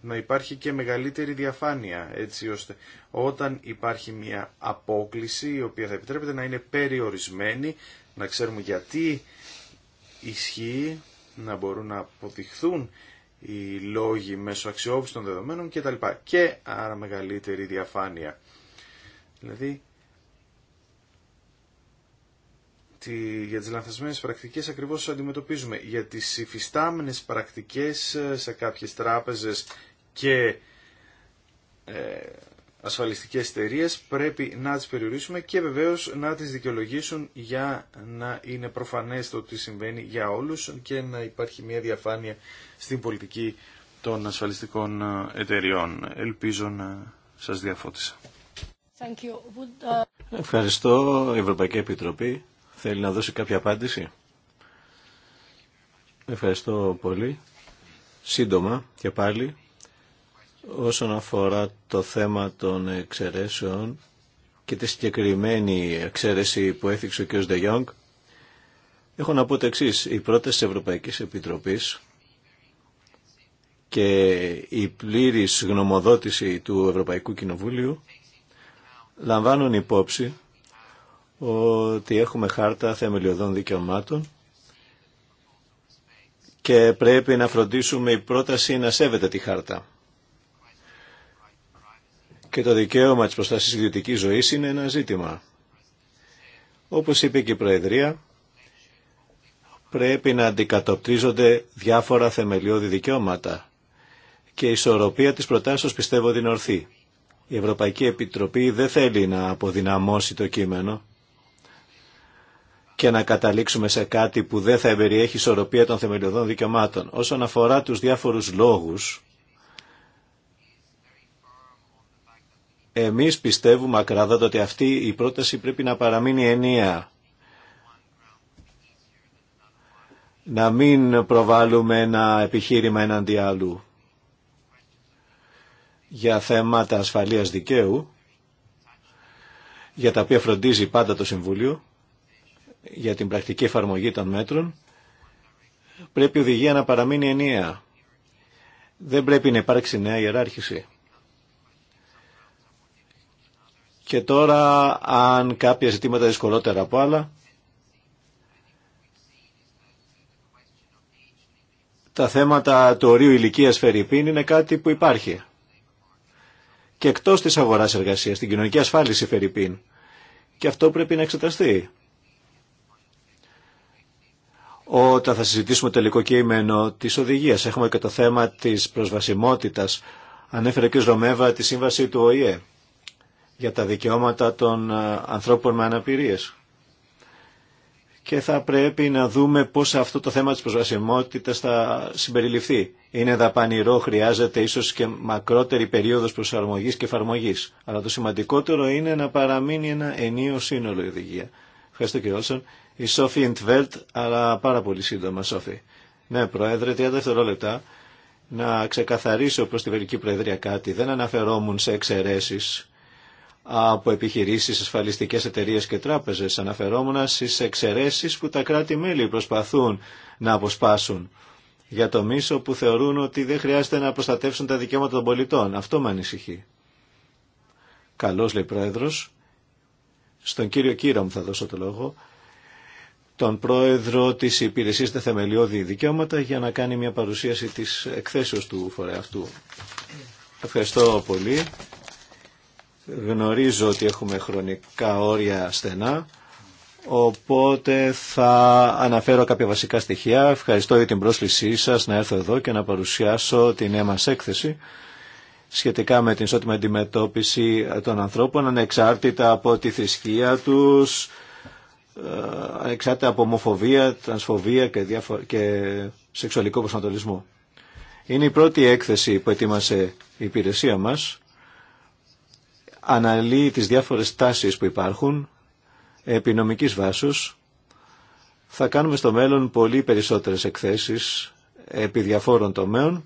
S2: να υπάρχει και μεγαλύτερη διαφάνεια έτσι ώστε όταν υπάρχει μια απόκληση η οποία θα επιτρέπεται να είναι περιορισμένη, να ξέρουμε γιατί ισχύει, να μπορούν να αποδειχθούν οι λόγοι μέσω αξιόπιστων δεδομένων κτλ. Και άρα μεγαλύτερη διαφάνεια. Δηλαδή για τις λανθασμένες πρακτικές ακριβώς αντιμετωπίζουμε. Για τις υφιστάμενες πρακτικές ε, σε κάποιες τράπεζες και ε, ασφαλιστικές εταιρείε πρέπει να τις περιορίσουμε και βεβαίως να τις δικαιολογήσουν για να είναι προφανές το τι συμβαίνει για όλους και να υπάρχει μια διαφάνεια στην πολιτική των ασφαλιστικών ε, εταιριών. Ελπίζω να σας διαφώτισα.
S3: Uh,
S1: Ευχαριστώ Ευρωπαϊκή Επιτροπή. Θέλει να δώσει κάποια απάντηση. Ευχαριστώ πολύ. Σύντομα και πάλι όσον αφορά το θέμα των εξαιρέσεων και τη συγκεκριμένη εξαίρεση που έθιξε ο κ. Γιόγκ, έχω να πω το εξή. οι πρώτες Ευρωπαϊκής και η πλήρης γνωμοδότηση του Ευρωπαϊκού Κοινοβούλιου λαμβάνουν υπόψη ότι έχουμε χάρτα θεμελιωδών δικαιωμάτων και πρέπει να φροντίσουμε η πρόταση να σέβεται τη χάρτα. Και το δικαίωμα της προστασίας ιδιωτικής ζωής είναι ένα ζήτημα. Όπως είπε και η Προεδρία, πρέπει να αντικατοπτρίζονται διάφορα θεμελιώδη δικαιώματα και η ισορροπία της προτάσεως πιστεύω ότι είναι ορθή. Η Ευρωπαϊκή Επιτροπή δεν θέλει να αποδυναμώσει το κείμενο και να καταλήξουμε σε κάτι που δεν θα εμπεριέχει ισορροπία των θεμελιωδών δικαιωμάτων. Όσον αφορά τους διάφορους λόγους, εμείς πιστεύουμε ακραδάτο ότι αυτή η πρόταση πρέπει να παραμείνει ενιαία. Να μην προβάλλουμε ένα επιχείρημα έναντι άλλου για θέματα ασφαλείας δικαίου, για τα οποία φροντίζει πάντα το Συμβούλιο, για την πρακτική εφαρμογή των μέτρων, πρέπει η οδηγία να παραμείνει ενιαία. Δεν πρέπει να υπάρξει νέα ιεράρχηση. Και τώρα, αν κάποια ζητήματα δυσκολότερα από άλλα, τα θέματα του ορίου ηλικίας Φερρυπίν είναι κάτι που υπάρχει. Και εκτός της αγοράς εργασίας, την κοινωνική ασφάλιση Φερρυπίν. Και αυτό πρέπει να εξεταστεί όταν θα συζητήσουμε το τελικό κείμενο τη οδηγία, Έχουμε και το θέμα της προσβασιμότητας. Ανέφερε και ο Ρωμέβα τη σύμβαση του ΟΗΕ για τα δικαιώματα των ε, ανθρώπων με αναπηρίες. Και θα πρέπει να δούμε πώς αυτό το θέμα της προσβασιμότητας θα συμπεριληφθεί. Είναι δαπανηρό, χρειάζεται ίσως και μακρότερη περίοδος προσαρμογής και εφαρμογής. Αλλά το σημαντικότερο είναι να παραμείνει ένα ενίο σύνολο η οδηγία. Ευχαριστώ κύριε Όλσον. Η Σόφι Ιντβέλτ, αλλά πάρα πολύ σύντομα, Σόφι. Ναι, Πρόεδρε, 30 δευτερόλεπτα. Να ξεκαθαρίσω προς τη Βελική Προεδρία κάτι. Δεν αναφερόμουν σε εξαιρέσει από επιχειρήσει ασφαλιστικέ εταιρείε και τράπεζε. Αναφερόμουν στι εξαιρέσει που τα κράτη-μέλη προσπαθούν να αποσπάσουν για το μίσο που θεωρούν ότι δεν χρειάζεται να προστατεύσουν τα δικαιώματα των πολιτών. Αυτό με ανησυχεί. Καλώς λέει Πρόεδρος. Στον κύριο Κύρα μου θα δώσω το λόγο τον πρόεδρο της Υπηρεσίας τα Θεμελιώδη Δικαιώματα για να κάνει μια παρουσίαση της εκθέσεως του φορέα αυτού. Ευχαριστώ πολύ. Γνωρίζω ότι έχουμε χρονικά όρια στενά, οπότε θα αναφέρω κάποια βασικά στοιχεία. Ευχαριστώ για την πρόσκλησή σας να έρθω εδώ και να παρουσιάσω την νέα μας έκθεση σχετικά με την ισότιμη αντιμετώπιση των ανθρώπων ανεξάρτητα από τη θρησκεία τους, ανεξάρτητα ε, από ομοφοβία, τρανσφοβία και, και σεξουαλικό προσανατολισμό. Είναι η πρώτη έκθεση που ετοίμασε η υπηρεσία μας. Αναλύει τις διάφορες τάσεις που υπάρχουν επί νομικής βάσης. Θα κάνουμε στο μέλλον πολύ περισσότερες εκθέσεις επί διαφόρων τομέων.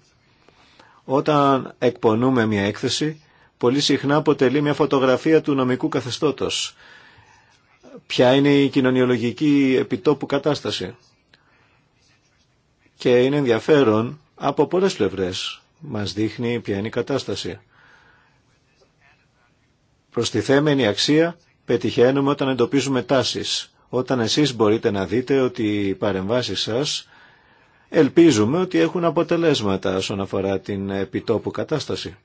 S1: Όταν εκπονούμε μια έκθεση, πολύ συχνά αποτελεί μια φωτογραφία του νομικού καθεστώτος ποια είναι η κοινωνιολογική επιτόπου κατάσταση. Και είναι ενδιαφέρον από πολλές πλευρές. Μας δείχνει ποια είναι η κατάσταση. Προστιθέμενη αξία πετυχαίνουμε όταν εντοπίζουμε τάσεις. Όταν εσείς μπορείτε να δείτε ότι οι παρεμβάσεις σας ελπίζουμε ότι έχουν αποτελέσματα όσον αφορά την επιτόπου κατάσταση.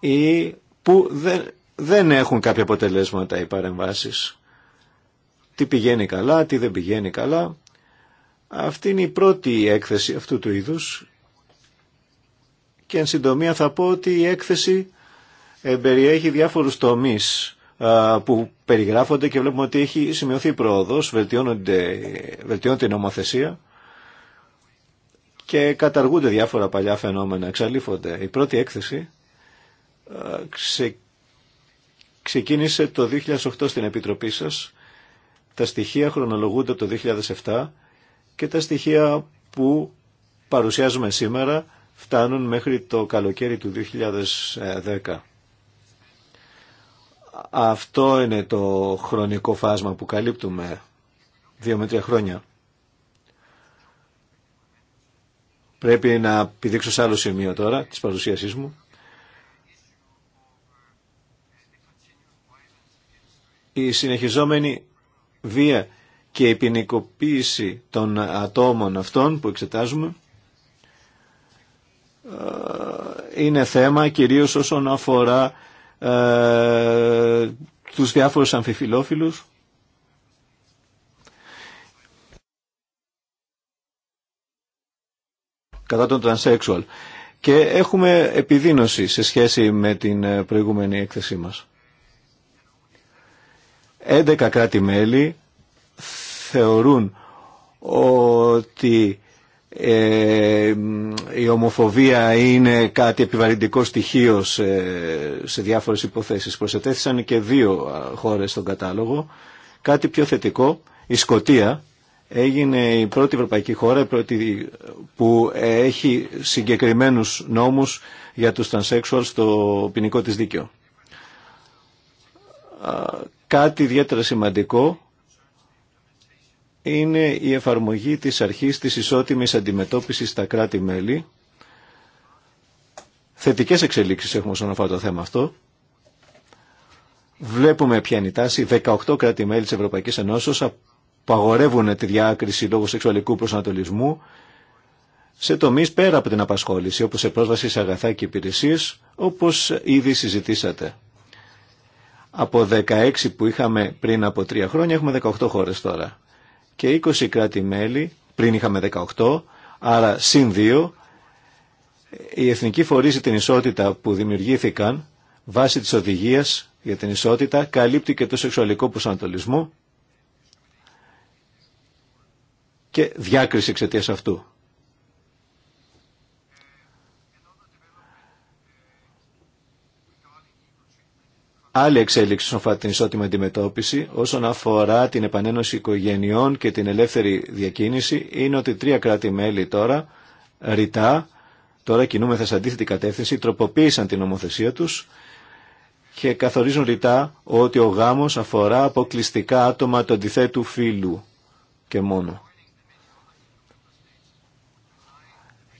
S1: Ή που δεν δεν έχουν κάποια αποτελέσματα οι παρεμβάσεις. Τι πηγαίνει καλά, τι δεν πηγαίνει καλά. Αυτή είναι η πρώτη έκθεση αυτού του είδους και εν συντομία θα πω ότι η έκθεση ε, περιέχει διάφορους τομείς που περιγράφονται και βλέπουμε ότι έχει σημειωθεί πρόοδος, βελτιώνονται, βελτιώνεται η νομοθεσία και καταργούνται διάφορα παλιά φαινόμενα, εξαλείφονται. Η πρώτη έκθεση ξεκίνησε το 2008 στην Επιτροπή σας. Τα στοιχεία χρονολογούνται το 2007 και τα στοιχεία που παρουσιάζουμε σήμερα φτάνουν μέχρι το καλοκαίρι του 2010. Αυτό είναι το χρονικό φάσμα που καλύπτουμε δύο με τρία χρόνια. Πρέπει να πηδήξω σε άλλο σημείο τώρα της παρουσίασής μου. η συνεχιζόμενη βία και η ποινικοποίηση των ατόμων αυτών που εξετάζουμε ε, είναι θέμα κυρίως όσον αφορά ε, τους διάφορους αμφιφιλόφιλους κατά τον τρανσέξουαλ και έχουμε επιδίνωση σε σχέση με την ε, προηγούμενη έκθεσή μας. 11 κράτη-μέλη θεωρούν ότι ε, η ομοφοβία είναι κάτι επιβαρυντικό στοιχείο σε, σε διάφορες υποθέσεις. Προσετέθησαν και δύο χώρες στον κατάλογο. Κάτι πιο θετικό, η Σκοτία έγινε η πρώτη ευρωπαϊκή χώρα που έχει συγκεκριμένους νόμους για τους τρανσέξουαλ στο ποινικό της δίκαιο. Κάτι ιδιαίτερα σημαντικό είναι η εφαρμογή της αρχής της ισότιμης αντιμετώπισης στα κράτη-μέλη. Θετικές εξελίξεις έχουμε όσον αφορά το θέμα αυτό. Βλέπουμε ποια είναι η τάση. 18 κράτη-μέλη της Ευρωπαϊκής Ενώσεως απαγορεύουν τη διάκριση λόγω σεξουαλικού προσανατολισμού σε τομείς πέρα από την απασχόληση, όπως σε πρόσβαση σε αγαθά και υπηρεσίες, όπως ήδη συζητήσατε. Από 16 που είχαμε πριν από 3 χρόνια έχουμε 18 χώρες τώρα. Και 20 κράτη-μέλη, πριν είχαμε 18, άρα συν 2, οι εθνικοί φορείς την ισότητα που δημιουργήθηκαν βάσει της οδηγίας για την ισότητα καλύπτει και το σεξουαλικό προσανατολισμό και διάκριση εξαιτία αυτού. άλλη εξέλιξη στον την ισότιμη αντιμετώπιση, όσον αφορά την επανένωση οικογενειών και την ελεύθερη διακίνηση, είναι ότι τρία κράτη-μέλη τώρα, ρητά, τώρα κινούμεθα σε αντίθετη κατεύθυνση, τροποποίησαν την νομοθεσία τους και καθορίζουν ρητά ότι ο γάμος αφορά αποκλειστικά άτομα του αντιθέτου φίλου και μόνο.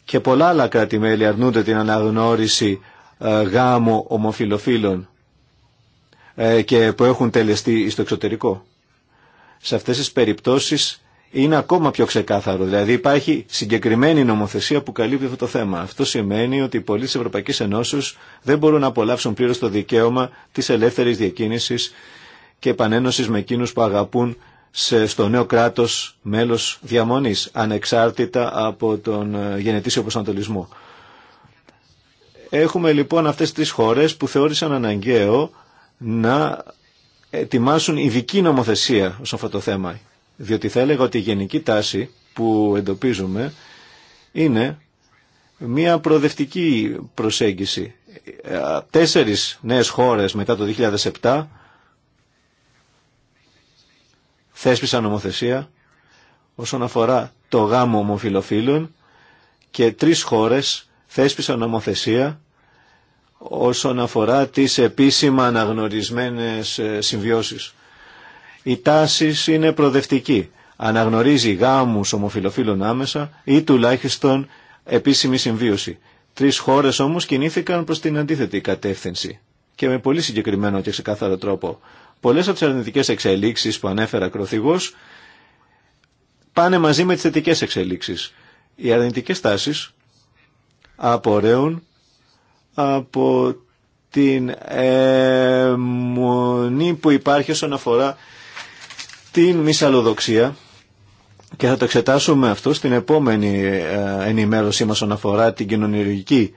S1: Και πολλά άλλα κράτη-μέλη αρνούνται την αναγνώριση ε, γάμου ομοφιλοφίλων ε, και που έχουν τελεστεί στο εξωτερικό. Σε αυτές τις περιπτώσεις είναι ακόμα πιο ξεκάθαρο. Δηλαδή υπάρχει συγκεκριμένη νομοθεσία που καλύπτει αυτό το θέμα. Αυτό σημαίνει ότι οι πολίτες της Ευρωπαϊκής Ενώσεως δεν μπορούν να απολαύσουν πλήρως το δικαίωμα της ελεύθερης διακίνησης και επανένωσης με εκείνους που αγαπούν στο νέο κράτος μέλος διαμονής, ανεξάρτητα από τον ε, γενετήσιο προσανατολισμό. Έχουμε λοιπόν αυτές τις χώρες που θεώρησαν αναγκαίο να ετοιμάσουν ειδική νομοθεσία όσον αυτό το θέμα. Διότι θα έλεγα ότι η γενική τάση που εντοπίζουμε είναι μια προοδευτική προσέγγιση. Τέσσερις νέες χώρες μετά το 2007 θέσπισαν νομοθεσία όσον αφορά το γάμο ομοφιλοφίλων και τρεις χώρες θέσπισαν νομοθεσία όσον αφορά τις επίσημα αναγνωρισμένες ε, συμβιώσεις. Οι τάση είναι προδευτική. Αναγνωρίζει γάμους ομοφιλοφίλων άμεσα ή τουλάχιστον επίσημη συμβίωση. Τρεις χώρες όμως κινήθηκαν προς την αντίθετη κατεύθυνση και με πολύ συγκεκριμένο και ξεκάθαρο τρόπο. Πολλές από τις αρνητικές εξελίξεις που ανέφερα κροθυγός πάνε μαζί με τις θετικές εξελίξεις. Οι αρνητικές τάσεις απορρέουν από την ε, μονή που υπάρχει όσον αφορά την μυσαλλοδοξία και θα το εξετάσουμε αυτό στην επόμενη ε, ενημέρωσή μας όσον αφορά την κοινωνιολογική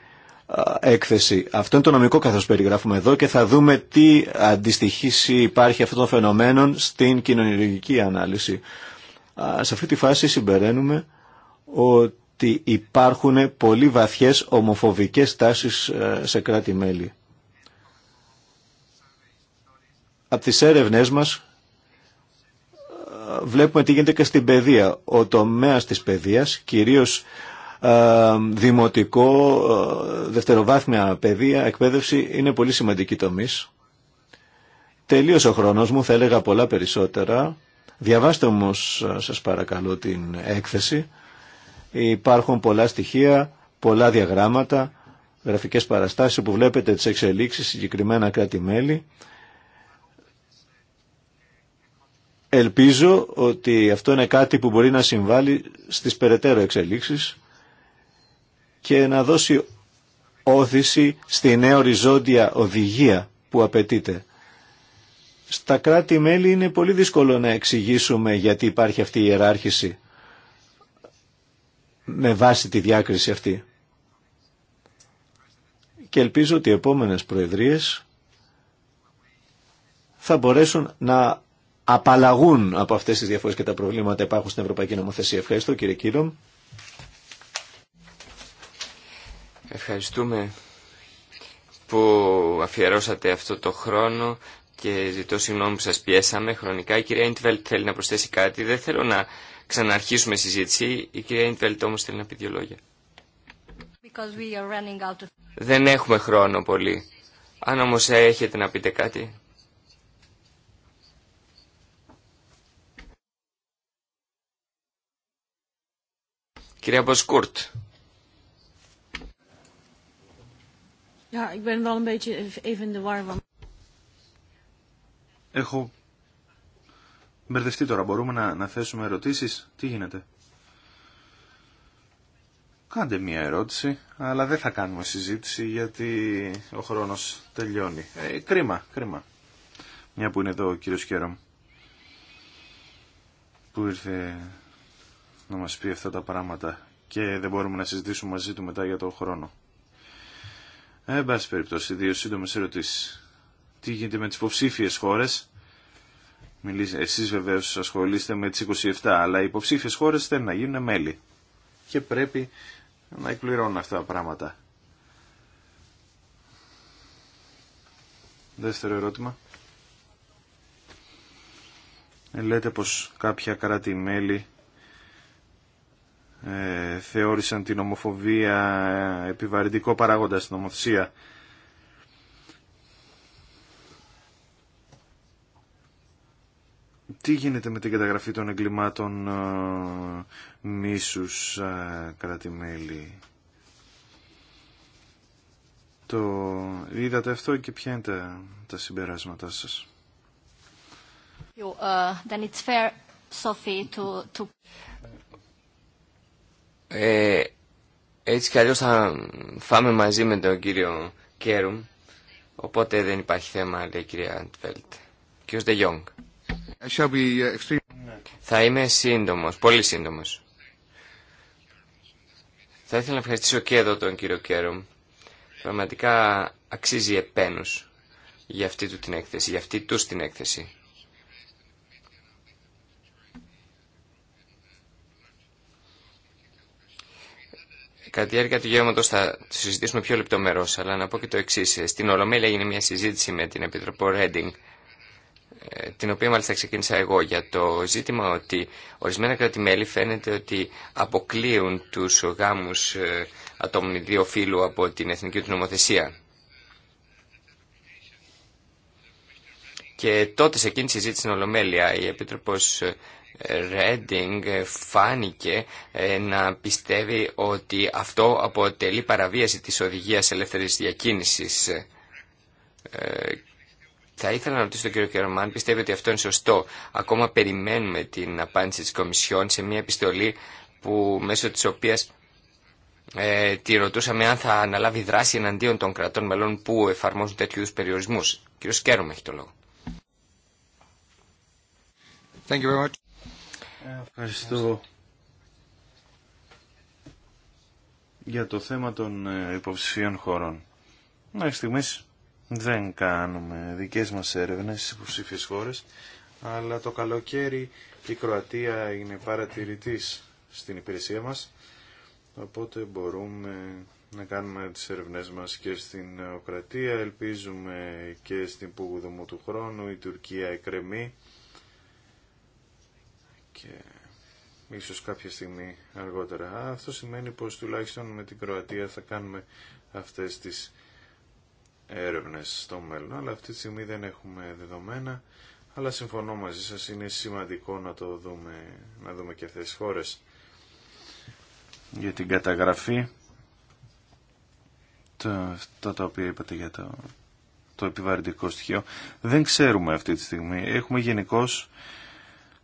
S1: ε, έκθεση. Αυτό είναι το νομικό καθώς περιγράφουμε εδώ και θα δούμε τι αντιστοιχήση υπάρχει αυτών των φαινομένων στην κοινωνιολογική ανάλυση. Σε αυτή τη φάση συμπεραίνουμε ότι ότι υπάρχουν πολύ βαθιές ομοφοβικές τάσεις ε, σε κράτη-μέλη. Από τις έρευνές μας ε, βλέπουμε τι γίνεται και στην παιδεία. Ο τομέας της παιδείας, κυρίως ε, δημοτικό, δευτεροβάθμια παιδεία, εκπαίδευση, είναι πολύ σημαντική τομής. Τελείωσε ο χρόνος μου, θα έλεγα πολλά περισσότερα. Διαβάστε όμως σας παρακαλώ την έκθεση. Υπάρχουν πολλά στοιχεία, πολλά διαγράμματα, γραφικές παραστάσεις που βλέπετε τις εξελίξεις συγκεκριμένα κράτη-μέλη. Ελπίζω ότι αυτό είναι κάτι που μπορεί να συμβάλλει στις περαιτέρω εξελίξεις και να δώσει όθηση στη νέα οριζόντια οδηγία που απαιτείται. Στα κράτη-μέλη είναι πολύ δύσκολο να εξηγήσουμε γιατί υπάρχει αυτή η ιεράρχηση με βάση τη διάκριση αυτή. Και ελπίζω ότι οι επόμενες προεδρίες θα μπορέσουν να απαλλαγούν από αυτές τις διαφορές και τα προβλήματα που υπάρχουν στην Ευρωπαϊκή Νομοθεσία. Ευχαριστώ κύριε Κύριο.
S3: Ευχαριστούμε που αφιερώσατε αυτό το χρόνο και ζητώ συγγνώμη που σας πιέσαμε χρονικά. Η κυρία Ιντβελτ θέλει να προσθέσει κάτι. Δεν θέλω να ξαναρχίσουμε συζήτηση. Η κυρία Ιντβελτ όμως θέλει να πει δύο λόγια. Δεν έχουμε χρόνο πολύ. Αν όμως έχετε να πείτε κάτι. Κυρία Μποσκούρτ.
S2: Έχω μπερδευτεί τώρα. Μπορούμε να, να θέσουμε ερωτήσεις. Τι γίνεται. Κάντε μία ερώτηση, αλλά δεν θα κάνουμε συζήτηση γιατί ο χρόνος τελειώνει. Ε, κρίμα, κρίμα. Μια που είναι εδώ ο κύριος Κέρομ που ήρθε να μας πει αυτά τα πράγματα και δεν μπορούμε να συζητήσουμε μαζί του μετά για τον χρόνο. Ε, εν πάση περιπτώσει, δύο σύντομες ερωτήσεις. Τι γίνεται με τις υποψήφιες χώρες μιλήσει. Εσείς βεβαίως ασχολείστε με τις 27, αλλά οι υποψήφιες χώρες θέλουν να γίνουν μέλη. Και πρέπει να εκπληρώνουν αυτά τα πράγματα. Δεύτερο ερώτημα. Ε, λέτε πως κάποια κράτη-μέλη ε, θεώρησαν την ομοφοβία ε, επιβαρυντικό παράγοντα στην ομοθεσία. τι γίνεται με την καταγραφή των εγκλημάτων ε, μίσους ε, κατά τη μέλη. Το είδατε αυτό και ποια είναι τα, τα συμπεράσματά σας.
S3: Ε, ε, έτσι κι αλλιώς θα φάμε μαζί με τον κύριο Κέρουμ, οπότε δεν υπάρχει θέμα, λέει η κυρία Αντφέλτ. Κύριος Δεγιόγκ.
S2: Uh,
S3: θα είμαι σύντομος, πολύ σύντομος. Θα ήθελα να ευχαριστήσω και εδώ τον κύριο Κέρομ. Πραγματικά αξίζει επένους για αυτή του την έκθεση, για αυτή τους την έκθεση. Κατά τη διάρκεια του γεύματο θα συζητήσουμε πιο λεπτομερώ, αλλά να πω και το εξή. Στην Ολομέλεια έγινε μια συζήτηση με την Επιτροπό Ρέντινγκ την οποία μάλιστα ξεκίνησα εγώ, για το ζήτημα ότι ορισμένα κράτη-μέλη φαίνεται ότι αποκλείουν τους γάμους ε, ατόμων δύο φίλου από την εθνική του νομοθεσία. Και τότε σε εκείνη τη συζήτηση στην Ολομέλεια η Επίτροπος ε, Ρέντινγκ φάνηκε ε, να πιστεύει ότι αυτό αποτελεί παραβίαση της οδηγίας ελεύθερης διακίνησης θα ήθελα να ρωτήσω τον κύριο Κερμάν αν πιστεύει ότι αυτό είναι σωστό. Ακόμα περιμένουμε την απάντηση της Κομισιόν σε μια επιστολή που, μέσω της οποίας ε, τη ρωτούσαμε αν θα αναλάβει δράση εναντίον των κρατών μελών που εφαρμόζουν τέτοιου είδους περιορισμούς. Κύριο Κέρομα έχει το λόγο.
S2: Thank you very much. Ευχαριστώ. Για το θέμα των ε, υποψηφίων χωρών. Μέχρι στιγμής δεν κάνουμε δικές μας έρευνες στις υποψήφιες χώρες, αλλά το καλοκαίρι η Κροατία είναι παρατηρητής στην υπηρεσία μας, οπότε μπορούμε να κάνουμε τις ερευνές μας και στην Οκρατία, ελπίζουμε και στην πούγουδομου του χρόνου, η Τουρκία εκρεμεί και ίσως κάποια στιγμή αργότερα. Αυτό σημαίνει πως τουλάχιστον με την Κροατία θα κάνουμε αυτές τις έρευνες στο μέλλον, αλλά αυτή τη στιγμή δεν έχουμε δεδομένα, αλλά συμφωνώ μαζί σας, είναι σημαντικό να το δούμε, να δούμε και αυτές τις χώρες. Για την καταγραφή, τα, το, τα οποία είπατε για το, το επιβαρυντικό στοιχείο, δεν ξέρουμε αυτή τη στιγμή. Έχουμε γενικώ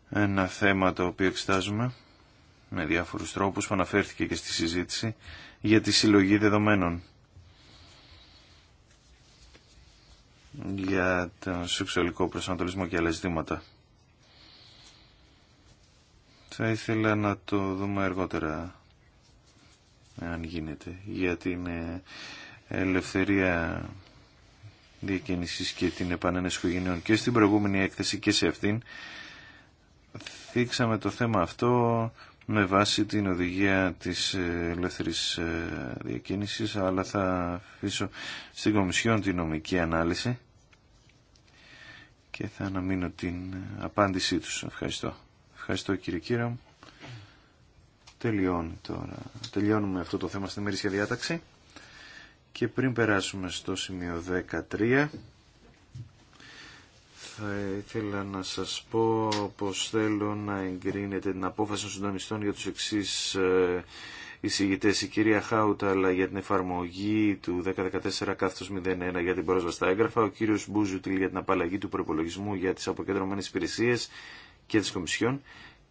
S2: ένα θέμα το οποίο εξετάζουμε με διάφορους τρόπους που αναφέρθηκε και στη συζήτηση για τη συλλογή δεδομένων. για τον σεξουαλικό προσανατολισμό και άλλα ζητήματα. Θα ήθελα να το δούμε αργότερα, αν γίνεται, για την ελευθερία διακίνησης και την επανένεση οικογενειών. Και στην προηγούμενη έκθεση και σε αυτήν θίξαμε το θέμα αυτό με βάση την οδηγία της ε, ελεύθερης ε, διακίνησης, αλλά θα αφήσω στην Κομισιόν την νομική ανάλυση και θα αναμείνω την ε, απάντησή τους. Ευχαριστώ. Ευχαριστώ κύριε κύριο. τώρα. Τελειώνουμε αυτό το θέμα στην ημερήσια διάταξη. Και πριν περάσουμε στο σημείο 13 θα ήθελα να σας πω πως θέλω να εγκρίνετε την απόφαση των συντονιστών για τους εξής ε, εισηγητές. Η κυρία Χάουτα αλλά για την εφαρμογή του 1014 01 για την πρόσβαση στα έγγραφα. Ο κύριος Μπούζουτιλ για την απαλλαγή του προπολογισμού για τις αποκεντρωμένες υπηρεσίε και τις Κομισιόν.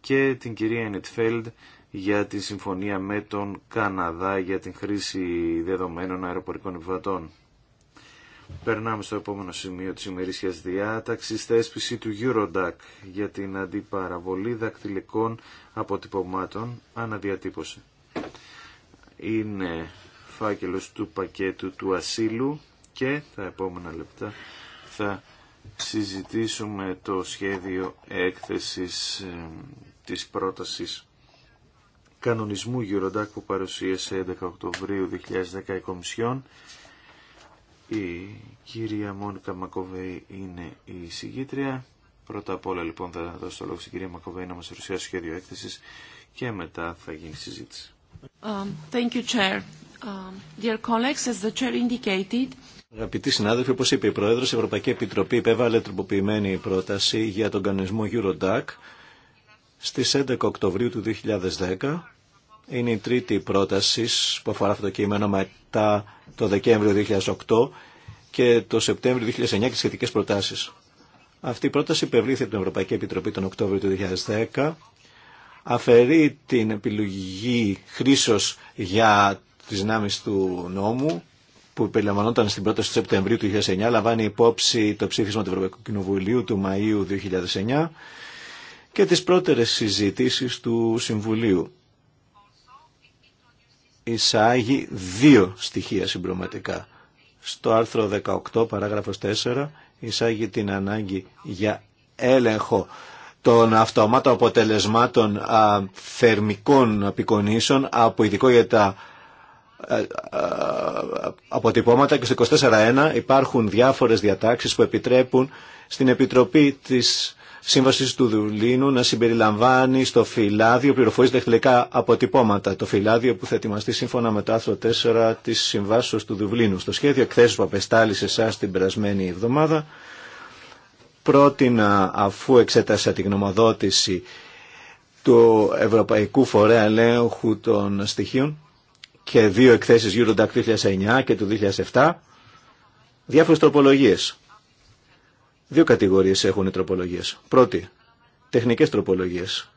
S2: Και την κυρία Ενιτφέλντ για τη συμφωνία με τον Καναδά για την χρήση δεδομένων αεροπορικών επιβατών. Περνάμε στο επόμενο σημείο της ημερήσιας διάταξης, θέσπιση του Eurodac για την αντιπαραβολή δακτυλικών αποτυπωμάτων αναδιατύπωση. Είναι φάκελος του πακέτου του ασύλου και τα επόμενα λεπτά θα συζητήσουμε το σχέδιο έκθεσης της πρότασης κανονισμού Eurodac που παρουσίασε 11 Οκτωβρίου 2010 η Κομισιόν η κυρία Μόνικα Μακοβέη είναι η συγγήτρια. Πρώτα απ' όλα λοιπόν θα δώσω το λόγο στην κυρία Μακοβέη να μας ερουσιάσει σχέδιο έκθεσης και μετά θα γίνει συζήτηση.
S3: Thank
S1: Αγαπητοί συνάδελφοι, όπως είπε η Πρόεδρος, η Ευρωπαϊκή Επιτροπή υπέβαλε τροποποιημένη πρόταση για τον κανονισμό Eurodac στις 11 Οκτωβρίου του 2010 είναι η τρίτη πρόταση που αφορά αυτό το κείμενο μετά το Δεκέμβριο 2008 και το Σεπτέμβριο 2009 και σχετικέ σχετικές προτάσεις. Αυτή η πρόταση υπευλήθη από την Ευρωπαϊκή Επιτροπή τον Οκτώβριο του 2010. Αφαιρεί την επιλογή χρήσεω για τις δυνάμει του νόμου που περιλαμβανόταν στην πρόταση του Σεπτεμβρίου του 2009, λαμβάνει υπόψη το ψήφισμα του Ευρωπαϊκού Κοινοβουλίου του Μαΐου 2009 και τις πρώτερες συζητήσεις του Συμβουλίου εισάγει δύο στοιχεία συμπροματικά. Στο άρθρο 18, παράγραφος 4, εισάγει την ανάγκη για έλεγχο των αυτομάτων αποτελεσμάτων α, θερμικών απεικονίσεων από ειδικό για τα ε, ε, αποτυπώματα και στο 24.1 υπάρχουν διάφορες διατάξεις που επιτρέπουν στην Επιτροπή της Σύμβαση του Δουλίνου να συμπεριλαμβάνει στο φυλάδιο πληροφορίε δεχτυλικά αποτυπώματα. Το φυλάδιο που θα ετοιμαστεί σύμφωνα με το άρθρο 4 τη Συμβάσεω του Δουβλίνου. Στο σχέδιο εκθέσεω που απεστάλει σε εσά την περασμένη εβδομάδα, πρότεινα αφού εξέτασα τη γνωμοδότηση του Ευρωπαϊκού Φορέα Ελέγχου των Στοιχείων και δύο εκθέσεις Eurodac 2009 και του 2007, διάφορες τροπολογίες Δύο κατηγορίες έχουν οι τροπολογίες. Πρώτη, τεχνικές τροπολογίες.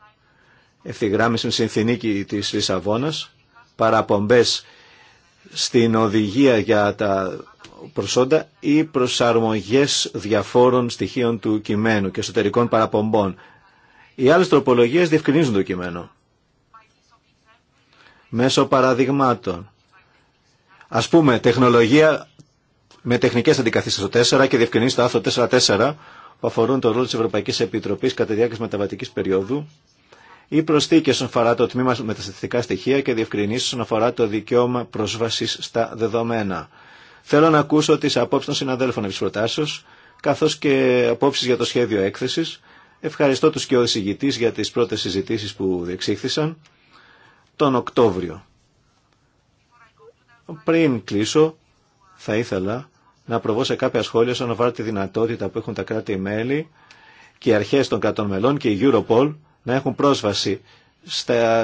S1: Ευθυγράμμιση συνθηνίκη της Λισαβόνας, παραπομπές στην οδηγία για τα προσόντα ή προσαρμογές διαφόρων στοιχείων του κειμένου και εσωτερικών παραπομπών. Οι άλλες τροπολογίες διευκρινίζουν το κειμένο. Μέσω παραδειγμάτων. Ας πούμε, τεχνολογία με τεχνικέ αντικαθίσει στο 4 και διευκρινίσει στο άρθρο 4-4 που αφορούν το ρόλο τη Ευρωπαϊκή Επιτροπή κατά τη διάρκεια μεταβατική περίοδου ή προσθήκε όσον αφορά το τμήμα με τα στατιστικά στοιχεία και διευκρινίσει όσον αφορά το δικαίωμα πρόσβαση στα δεδομένα. Θέλω να ακούσω τι απόψει των συναδέλφων επί προτάσεω, καθώ και απόψει για το σχέδιο έκθεση. Ευχαριστώ του και εισηγητή για τι πρώτε συζητήσει που διεξήχθησαν τον Οκτώβριο. Πριν κλείσω, θα ήθελα να προβώ σε κάποια σχόλια όσον αφορά τη δυνατότητα που έχουν τα κράτη-μέλη και οι αρχές των κρατών μελών και η Europol να έχουν πρόσβαση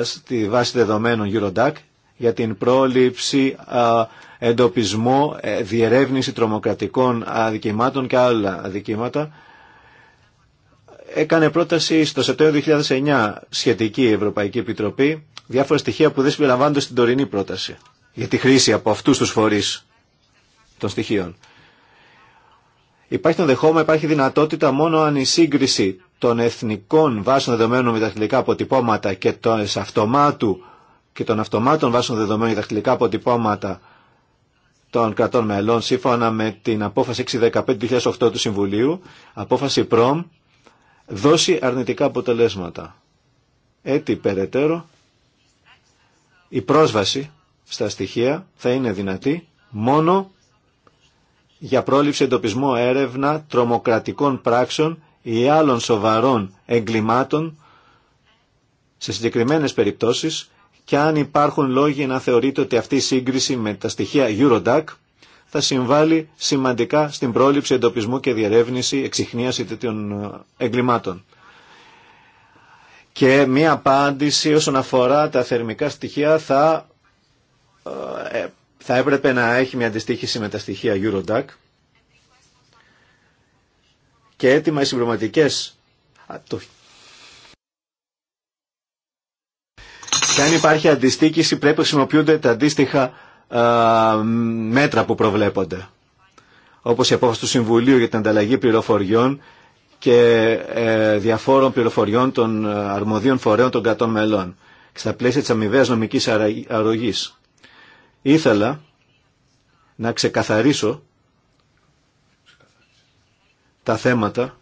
S1: στη βάση δεδομένων Eurodac για την πρόληψη, εντοπισμό, ε, διερεύνηση τρομοκρατικών αδικημάτων και άλλα αδικήματα. Έκανε πρόταση στο Σεπτέμβριο 2009 σχετική Ευρωπαϊκή Επιτροπή διάφορα στοιχεία που δεν συμπεριλαμβάνονται στην τωρινή πρόταση για τη χρήση από αυτού του φορεί των στοιχείων. Υπάρχει το ενδεχόμενο, υπάρχει δυνατότητα μόνο αν η σύγκριση των εθνικών βάσεων δεδομένων με δαχτυλικά αποτυπώματα και των, και των αυτομάτων βάσεων δεδομένων με δαχτυλικά αποτυπώματα των κρατών μελών σύμφωνα με την απόφαση 615-2008 του Συμβουλίου, απόφαση ΠΡΟΜ, δώσει αρνητικά αποτελέσματα. Έτσι περαιτέρω η πρόσβαση στα στοιχεία θα είναι δυνατή μόνο για πρόληψη εντοπισμό έρευνα τρομοκρατικών πράξεων ή άλλων σοβαρών εγκλημάτων σε συγκεκριμένες περιπτώσεις και αν υπάρχουν λόγοι να θεωρείται ότι αυτή η σύγκριση με τα στοιχεία Eurodac θα συμβάλλει σημαντικά στην πρόληψη εντοπισμού και διερεύνηση εξυχνίαση τέτοιων ε, εγκλημάτων. Και μία απάντηση όσον αφορά τα θερμικά στοιχεία θα ε, θα έπρεπε να έχει μια αντιστοίχηση με τα στοιχεία Eurodac και έτοιμα οι συμπληρωματικές και αν υπάρχει αντιστοίχηση πρέπει να χρησιμοποιούνται τα αντίστοιχα α, μέτρα που προβλέπονται όπως η απόφαση του Συμβουλίου για την ανταλλαγή πληροφοριών και ε, διαφόρων πληροφοριών των ε, αρμοδίων φορέων των κρατών μελών στα πλαίσια της αμοιβαίας νομικής αρρωγής. Ήθελα να ξεκαθαρίσω τα θέματα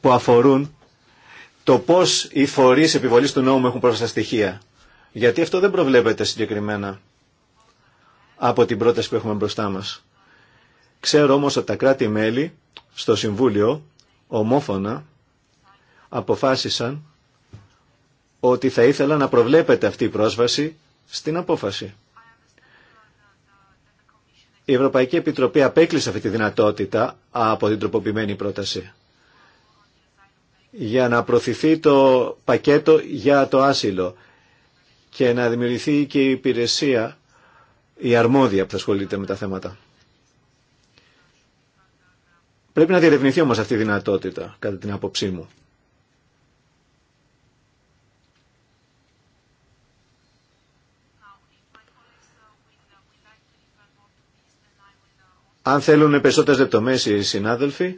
S1: που αφορούν το πώς οι φορείς επιβολής του νόμου έχουν πρόσβαση στοιχεία. Γιατί αυτό δεν προβλέπεται συγκεκριμένα από την πρόταση που έχουμε μπροστά μας. Ξέρω όμως ότι τα κράτη-μέλη στο Συμβούλιο ομόφωνα αποφάσισαν ότι θα ήθελα να προβλέπεται αυτή η πρόσβαση στην απόφαση. Η Ευρωπαϊκή Επιτροπή απέκλεισε αυτή τη δυνατότητα από την τροποποιημένη πρόταση για να προωθηθεί το πακέτο για το άσυλο και να δημιουργηθεί και η υπηρεσία, η αρμόδια που θα ασχολείται με τα θέματα. Πρέπει να διερευνηθεί όμως αυτή η δυνατότητα, κατά την άποψή μου. Αν θέλουν περισσότερες λεπτομέρειες οι συνάδελφοι,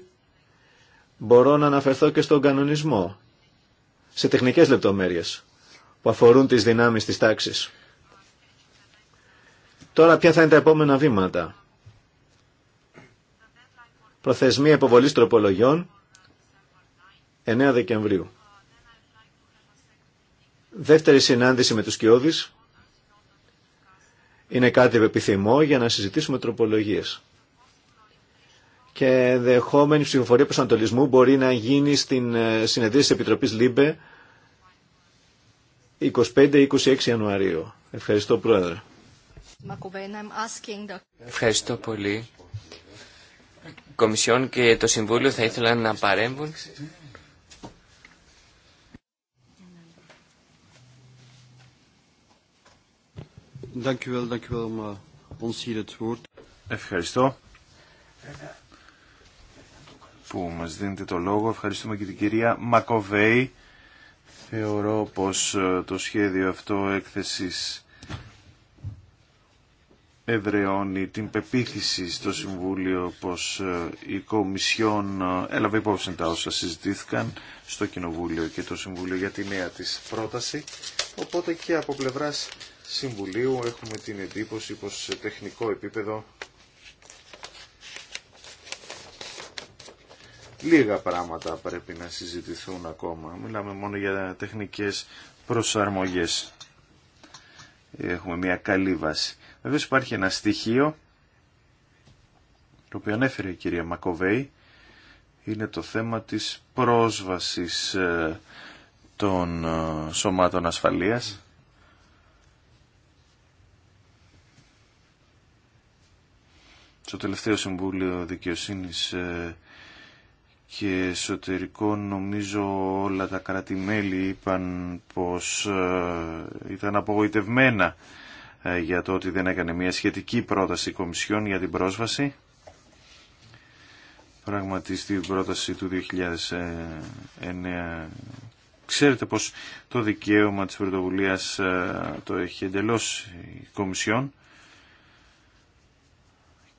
S1: μπορώ να αναφερθώ και στον κανονισμό, σε τεχνικές λεπτομέρειες που αφορούν τις δυνάμεις της τάξης. Τώρα ποια θα είναι τα επόμενα βήματα. Προθεσμία υποβολής τροπολογιών 9 Δεκεμβρίου. Δεύτερη συνάντηση με τους Κιώδης είναι κάτι που επιθυμώ για να συζητήσουμε τροπολογίες και δεχόμενη ψηφοφορία προσανατολισμού μπορεί να γίνει στην ε, συνεδρία της Επιτροπής ΛΥΜΠΕ 25-26 Ιανουαρίου. Ευχαριστώ Πρόεδρε.
S3: Ευχαριστώ πολύ. Κομισιόν και το Συμβούλιο θα ήθελαν να παρέμβουν.
S2: Ευχαριστώ που μας δίνετε το λόγο. Ευχαριστούμε και την κυρία Μακοβέη. Θεωρώ πως ε, το σχέδιο αυτό έκθεσης ευρεώνει την πεποίθηση στο Συμβούλιο πως ε, η Κομισιόν ε, έλαβε υπόψη τα όσα συζητήθηκαν στο Κοινοβούλιο και το Συμβούλιο για τη νέα της πρόταση. Οπότε και από πλευράς Συμβουλίου έχουμε την εντύπωση πως σε τεχνικό επίπεδο Λίγα πράγματα πρέπει να συζητηθούν ακόμα. Μιλάμε μόνο για τεχνικές προσαρμογές. Έχουμε μια καλή βάση. Βεβαίω υπάρχει ένα στοιχείο το οποίο ανέφερε η κυρία Μακοβέη είναι το θέμα της πρόσβασης ε, των ε, σωμάτων ασφαλείας. Στο τελευταίο Συμβούλιο Δικαιοσύνης ε, και εσωτερικό νομίζω όλα τα κρατημέλη είπαν πως ε, ήταν απογοητευμένα ε, για το ότι δεν έκανε μια σχετική πρόταση Κομισιόν για την πρόσβαση. Πράγματι στην πρόταση του 2009 ξέρετε πως το δικαίωμα της πρωτοβουλίας ε, το έχει εντελώς η Κομισιόν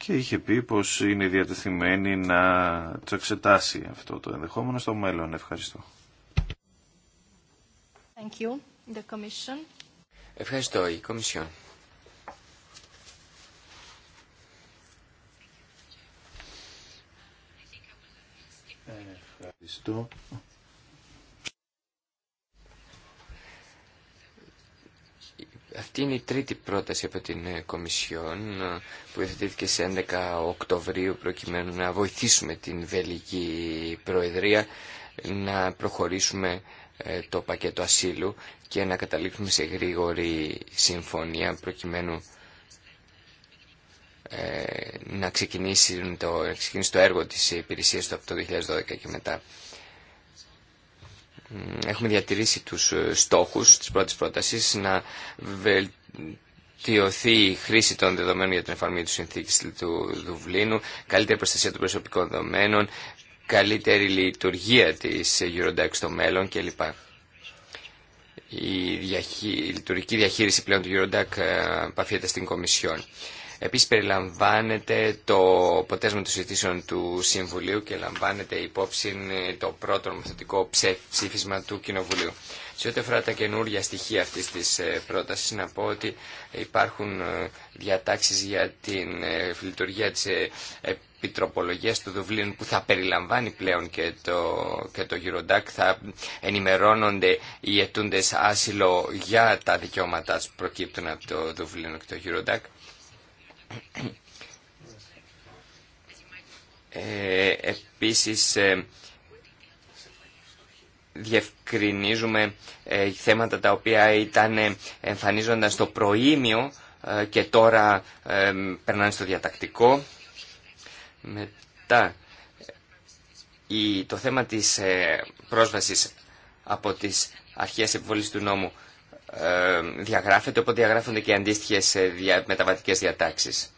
S2: και είχε πει πως είναι διατεθειμένη να το εξετάσει αυτό το ενδεχόμενο στο μέλλον. Ευχαριστώ.
S3: Thank you. The Commission. Ευχαριστώ, η Κομισιόν.
S2: Ευχαριστώ.
S3: Αυτή είναι η τρίτη πρόταση από την ε, Κομισιόν ε, που εθετήθηκε σε 11 Οκτωβρίου προκειμένου να βοηθήσουμε την Βελική Προεδρία να προχωρήσουμε ε, το πακέτο ασύλου και να καταλήξουμε σε γρήγορη συμφωνία προκειμένου να ξεκινήσει το, να το έργο της υπηρεσίας του από το 2012 και μετά έχουμε διατηρήσει τους ε, στόχους της πρώτης πρότασης να βελτιωθεί η χρήση των δεδομένων για την εφαρμογή του συνθήκης του Δουβλίνου, καλύτερη προστασία των προσωπικών δεδομένων, καλύτερη λειτουργία της Eurodex στο μέλλον κλπ. Η, διαχεί... η λειτουργική διαχείριση πλέον του Eurodac απαφιέται ε, στην Κομισιόν. Επίσης περιλαμβάνεται το αποτέλεσμα των συζητήσεων του Συμβουλίου και λαμβάνεται υπόψη ε, το πρώτο νομοθετικό ψήφισμα του Κοινοβουλίου. Σε ό,τι αφορά τα καινούργια στοιχεία αυτής της ε, πρότασης, να πω ότι υπάρχουν ε, διατάξεις για την λειτουργία της επιτροπολογίας του Δουβλίνου που θα περιλαμβάνει πλέον και το, και το Eurodac θα ενημερώνονται οι αιτούντες άσυλο για τα δικαιώματά που προκύπτουν από το Δουβλίνο και το Eurodac. Ε, επίσης, ε, διευκρινίζουμε ε, θέματα τα οποία ήταν ε, εμφανίζονταν στο προήμιο και τώρα περνάνε στο διατακτικό. Μετά, η, το θέμα της πρόσβασης από τις αρχές επιβολής του νόμου ε, διαγράφεται, οπότε διαγράφονται και αντίστοιχες ε, μεταβατικές διατάξεις.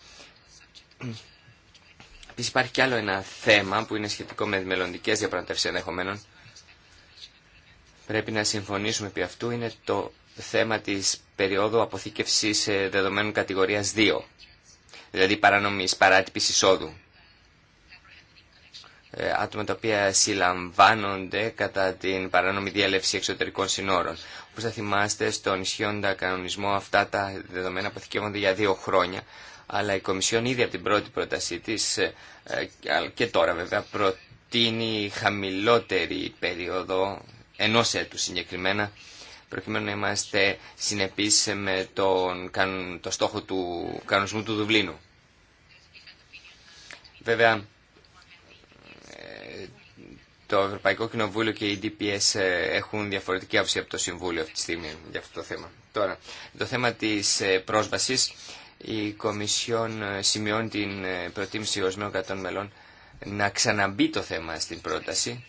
S3: Επίση υπάρχει κι άλλο ένα θέμα που είναι σχετικό με μελλοντικέ διαπραγματεύσει ενδεχομένων. Πρέπει να συμφωνήσουμε επί αυτού. Είναι το θέμα τη περίοδου αποθήκευση ε, δεδομένων κατηγορία 2. Δηλαδή παράνομη παράτυπη εισόδου. Ε, άτομα τα οποία συλλαμβάνονται κατά την παράνομη διέλευση εξωτερικών συνόρων. Όπω θα θυμάστε, στον ισχύοντα κανονισμό αυτά τα δεδομένα αποθηκεύονται για δύο χρόνια, αλλά η Κομισιόν ήδη από την πρώτη πρότασή τη ε, ε, και τώρα βέβαια, προτείνει χαμηλότερη περίοδο, ενό έτου συγκεκριμένα, προκειμένου να είμαστε συνεπείς με τον, το στόχο του κανονισμού του Δουβλίνου. Βέβαια, το Ευρωπαϊκό Κοινοβούλιο και η DPS ε, έχουν διαφορετική άποψη από το Συμβούλιο αυτή τη στιγμή για αυτό το θέμα. Τώρα, το θέμα της ε, πρόσβασης, η Κομισιόν ε, σημειώνει την προτίμηση ορισμένων κρατών μελών να ξαναμπεί το θέμα στην πρόταση.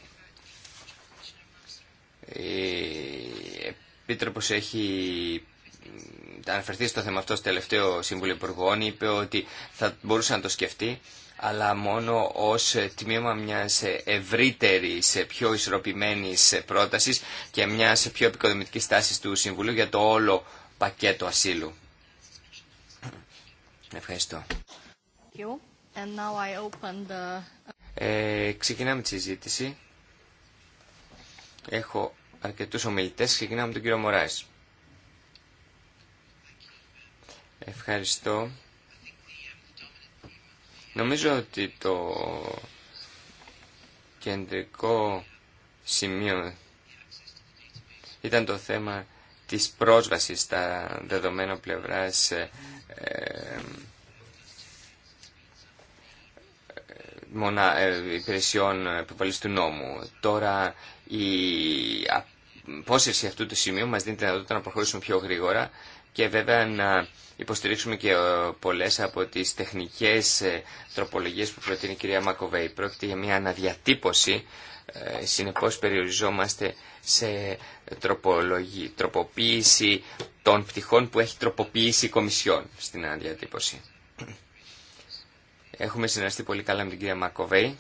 S3: Η Επίτροπος έχει αναφερθεί στο θέμα αυτό στο τελευταίο Συμβούλιο Υπουργών, είπε ότι θα μπορούσε να το σκεφτεί αλλά μόνο ως τμήμα μιας ευρύτερης, πιο ισορροπημένης πρότασης και μιας πιο επικοδομητικής στάσης του Συμβουλίου για το όλο πακέτο ασύλου. Ευχαριστώ. the... ε, ξεκινάμε τη συζήτηση. Έχω αρκετούς ομιλητές. Ξεκινάμε τον κύριο Μωράης. Ευχαριστώ. Νομίζω ότι το κεντρικό σημείο ήταν το θέμα της πρόσβασης στα δεδομένα πλευράς ε, ε μονα, ε, υπηρεσιών επιβολής του νόμου. Τώρα η απόσυρση αυτού του σημείου μας δίνει την δυνατότητα να προχωρήσουμε πιο γρήγορα και βέβαια να υποστηρίξουμε και ε, πολλές από τις τεχνικές ε, τροπολογίες που προτείνει η κυρία Μακοβέη. Πρόκειται για μια αναδιατύπωση, ε, συνεπώς περιοριζόμαστε σε τροπολογή, τροποποίηση των πτυχών που έχει τροποποιήσει η Κομισιόν στην αναδιατύπωση. Έχουμε συνεργαστεί πολύ καλά με την κυρία Μακοβέη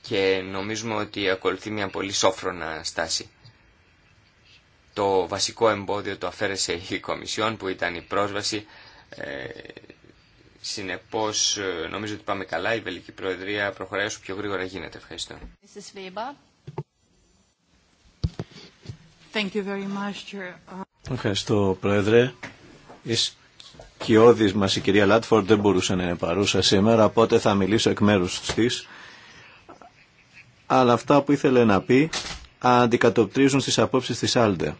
S3: και νομίζουμε ότι ακολουθεί μια πολύ σόφρονα στάση το βασικό εμπόδιο το αφαίρεσε η Κομισιόν που ήταν η πρόσβαση. Ε, συνεπώς ε, νομίζω ότι πάμε καλά. Η Βελική Προεδρία προχωράει όσο πιο γρήγορα γίνεται. Ευχαριστώ.
S1: Thank you very much. Ευχαριστώ Πρόεδρε. Η σκιώδης μας η κυρία Λάτφορντ δεν μπορούσε να είναι παρούσα σήμερα, οπότε θα μιλήσω εκ μέρους της. Αλλά αυτά που ήθελε να πει αντικατοπτρίζουν στις απόψεις της Άλντε.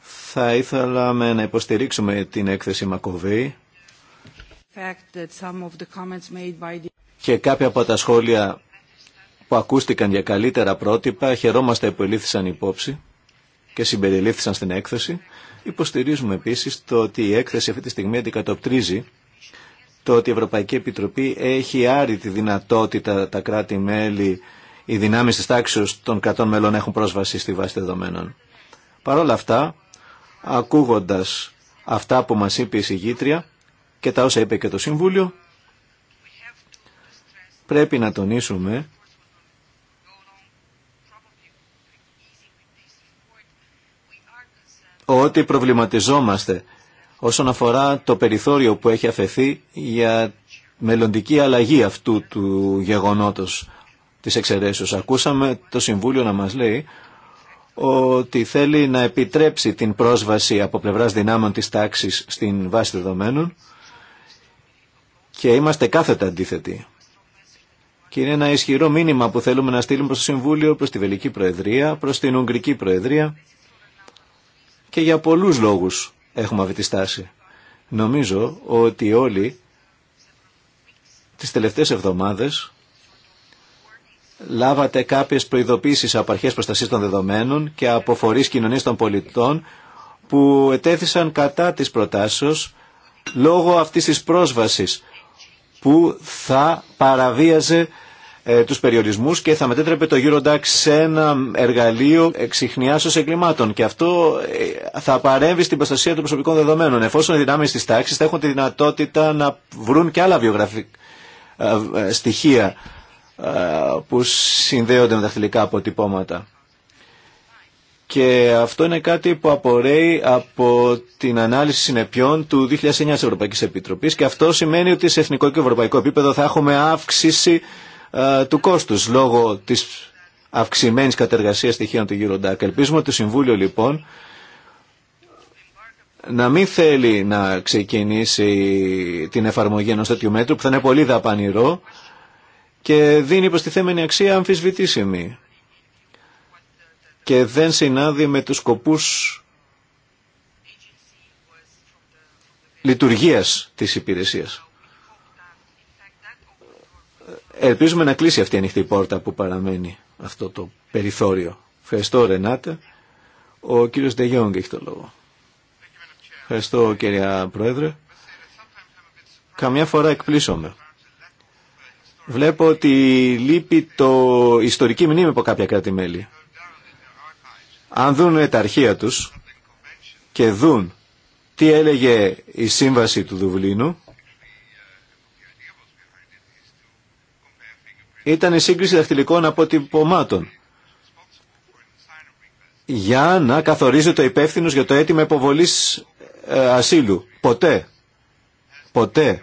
S1: Θα ήθελα να υποστηρίξουμε την έκθεση Μακοβέη και κάποια από τα σχόλια που ακούστηκαν για καλύτερα πρότυπα χαιρόμαστε που ελήφθησαν υπόψη και συμπεριλήφθησαν στην έκθεση. Υποστηρίζουμε επίσης το ότι η έκθεση αυτή τη στιγμή αντικατοπτρίζει το ότι η Ευρωπαϊκή Επιτροπή έχει άρρητη δυνατότητα τα κράτη-μέλη οι δυνάμεις της τάξης των κρατών μελών έχουν πρόσβαση στη βάση δεδομένων. Παρ' όλα αυτά, ακούγοντας αυτά που μας είπε η συγγήτρια και τα όσα είπε και το Συμβούλιο, πρέπει να τονίσουμε ότι προβληματιζόμαστε όσον αφορά το περιθώριο που έχει αφαιθεί για μελλοντική αλλαγή αυτού του γεγονότος Ακούσαμε το Συμβούλιο να μας λέει ότι θέλει να επιτρέψει την πρόσβαση από πλευράς δυνάμων της τάξης στην βάση δεδομένων και είμαστε κάθετα αντίθετοι. Και είναι ένα ισχυρό μήνυμα που θέλουμε να στείλουμε προς το Συμβούλιο, προς τη Βελική Προεδρία, προς την Ουγγρική Προεδρία και για πολλούς λόγους έχουμε αυτή τη στάση. Νομίζω ότι όλοι τις τελευταίες εβδομάδες λάβατε κάποιες προειδοποίησεις από αρχές προστασίας των δεδομένων και από φορείς κοινωνίας των πολιτών που ετέθησαν κατά της προτάσεως λόγω αυτής της πρόσβασης που θα παραβίαζε ε, τους περιορισμούς και θα μετέτρεπε το Eurodax σε ένα εργαλείο εξυχνιάσεως εγκλημάτων και αυτό ε, θα παρέμβει στην προστασία των προσωπικών δεδομένων. Εφόσον οι δυνάμεις της τάξης θα έχουν τη δυνατότητα να βρουν και άλλα βιογραφικά ε, ε, στοιχεία που συνδέονται με τα θηλυκά αποτυπώματα. Και αυτό είναι κάτι που απορρέει από την ανάλυση συνεπιών του 2009 της Ευρωπαϊκής Επιτροπής και αυτό σημαίνει ότι σε εθνικό και ευρωπαϊκό επίπεδο θα έχουμε αύξηση του κόστους λόγω της αυξημένης κατεργασίας στοιχείων του Eurodac. Ελπίζουμε το Συμβούλιο λοιπόν να μην θέλει να ξεκινήσει την εφαρμογή ενός τέτοιου μέτρου που θα είναι πολύ δαπανηρό και δίνει υποστηθέμενη αξία αμφισβητήσιμη και δεν συνάδει με τους σκοπούς λειτουργίας της υπηρεσίας. Ελπίζουμε να κλείσει αυτή η ανοιχτή πόρτα που παραμένει αυτό το περιθώριο. Ευχαριστώ Ρενάτε. Ο κύριος Ντεγιόγκ έχει το λόγο. Ευχαριστώ κυρία Πρόεδρε. Καμιά φορά εκπλήσωμαι Βλέπω ότι λείπει το ιστορική μνήμη από κάποια κράτη-μέλη. Αν δουν τα αρχεία τους και δουν τι έλεγε η σύμβαση του Δουβλίνου, ήταν η σύγκριση δαχτυλικών αποτυπωμάτων για να το υπεύθυνο για το αίτημα υποβολής ε, ασύλου. Ποτέ. Ποτέ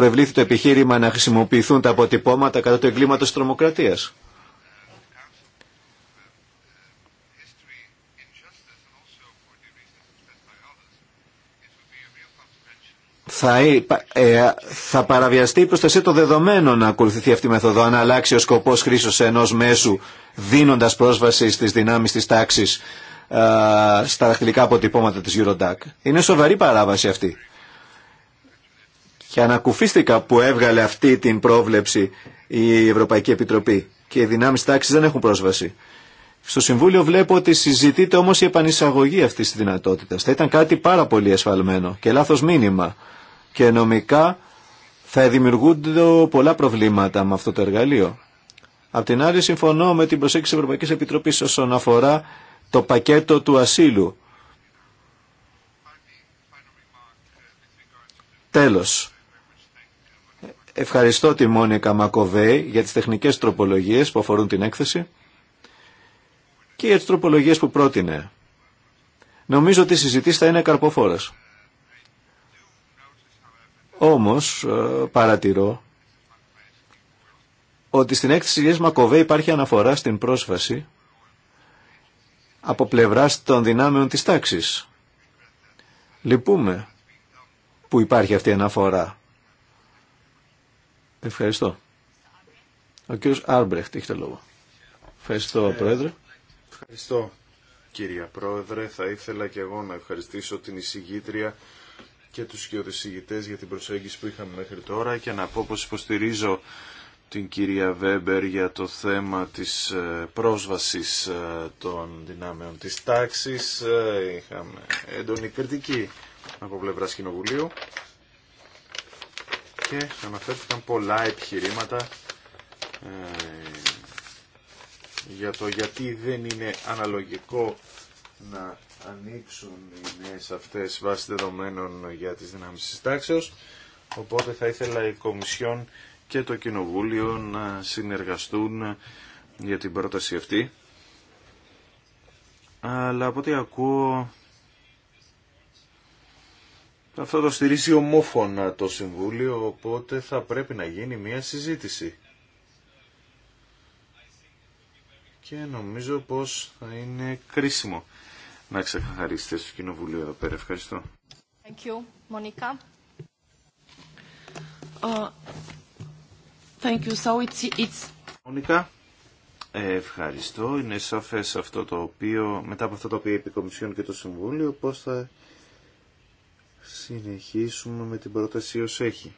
S1: προευλήθη το επιχείρημα να χρησιμοποιηθούν τα αποτυπώματα κατά το εγκλήματος της τρομοκρατίας. Θα, ε, θα παραβιαστεί η προστασία των δεδομένων να ακολουθηθεί αυτή η μεθοδό, αν αλλάξει ο σκοπός χρήσεως ενός μέσου, δίνοντας πρόσβαση στις δυνάμεις της τάξης ε, στα δαχτυλικά αποτυπώματα της Eurodac. Είναι σοβαρή παράβαση αυτή. Και ανακουφίστηκα που έβγαλε αυτή την πρόβλεψη η Ευρωπαϊκή Επιτροπή και οι δυνάμεις τάξης δεν έχουν πρόσβαση. Στο Συμβούλιο βλέπω ότι συζητείται όμω η επανεισαγωγή αυτής της δυνατότητας. Θα ήταν κάτι πάρα πολύ ασφαλμένο και λάθο μήνυμα. Και νομικά θα δημιουργούνται πολλά προβλήματα με αυτό το εργαλείο. Απ' την άλλη συμφωνώ με την προσέγγιση της Ευρωπαϊκής Επιτροπής όσον αφορά το πακέτο του ασύλου. Τέλος. Ευχαριστώ τη Μόνικα Μακοβέη για τις τεχνικές τροπολογίες που αφορούν την έκθεση και για τις τροπολογίες που πρότεινε. Νομίζω ότι η συζητήσεις θα είναι καρποφόρες. Όμως ε, παρατηρώ ότι στην έκθεση της Μακοβέ υπάρχει αναφορά στην πρόσβαση από πλευράς των δυνάμεων της τάξης. Λυπούμε που υπάρχει αυτή η αναφορά. Ευχαριστώ. Ο κύριος Άρμπρεχτ έχει το λόγο. Ευχαριστώ, ε, Πρόεδρε.
S2: Ευχαριστώ, Κυρία Πρόεδρε. Θα ήθελα και εγώ να ευχαριστήσω την εισηγήτρια και τους σκιοδησηγητές για την προσέγγιση που είχαμε μέχρι τώρα και να πω πως υποστηρίζω την κυρία Βέμπερ για το θέμα της ε, πρόσβασης ε, των δυνάμεων της τάξης. Είχαμε έντονη κριτική από πλευράς Κοινοβουλίου και αναφέρθηκαν πολλά επιχειρήματα ε, για το γιατί δεν είναι αναλογικό να ανοίξουν οι νέες αυτές βάσει δεδομένων για τις δυνάμεις της τάξεως. Οπότε θα ήθελα η Κομισιόν και το Κοινοβούλιο να συνεργαστούν για την πρόταση αυτή. Αλλά από ό,τι ακούω αυτό το στηρίζει ομόφωνα το Συμβούλιο, οπότε θα πρέπει να γίνει μια συζήτηση. Και νομίζω πως θα είναι κρίσιμο να ξεκαθαρίσετε στο Κοινοβούλιο εδώ πέρα. Ευχαριστώ.
S3: Thank you. Monica. Uh, thank you. So it's, it's...
S2: Monica. Ε, ευχαριστώ. Είναι σαφές αυτό το οποίο, μετά από αυτό το οποίο είπε η Κομισιόν και το Συμβούλιο, πώς θα συνεχίσουμε με την πρόταση ως έχει.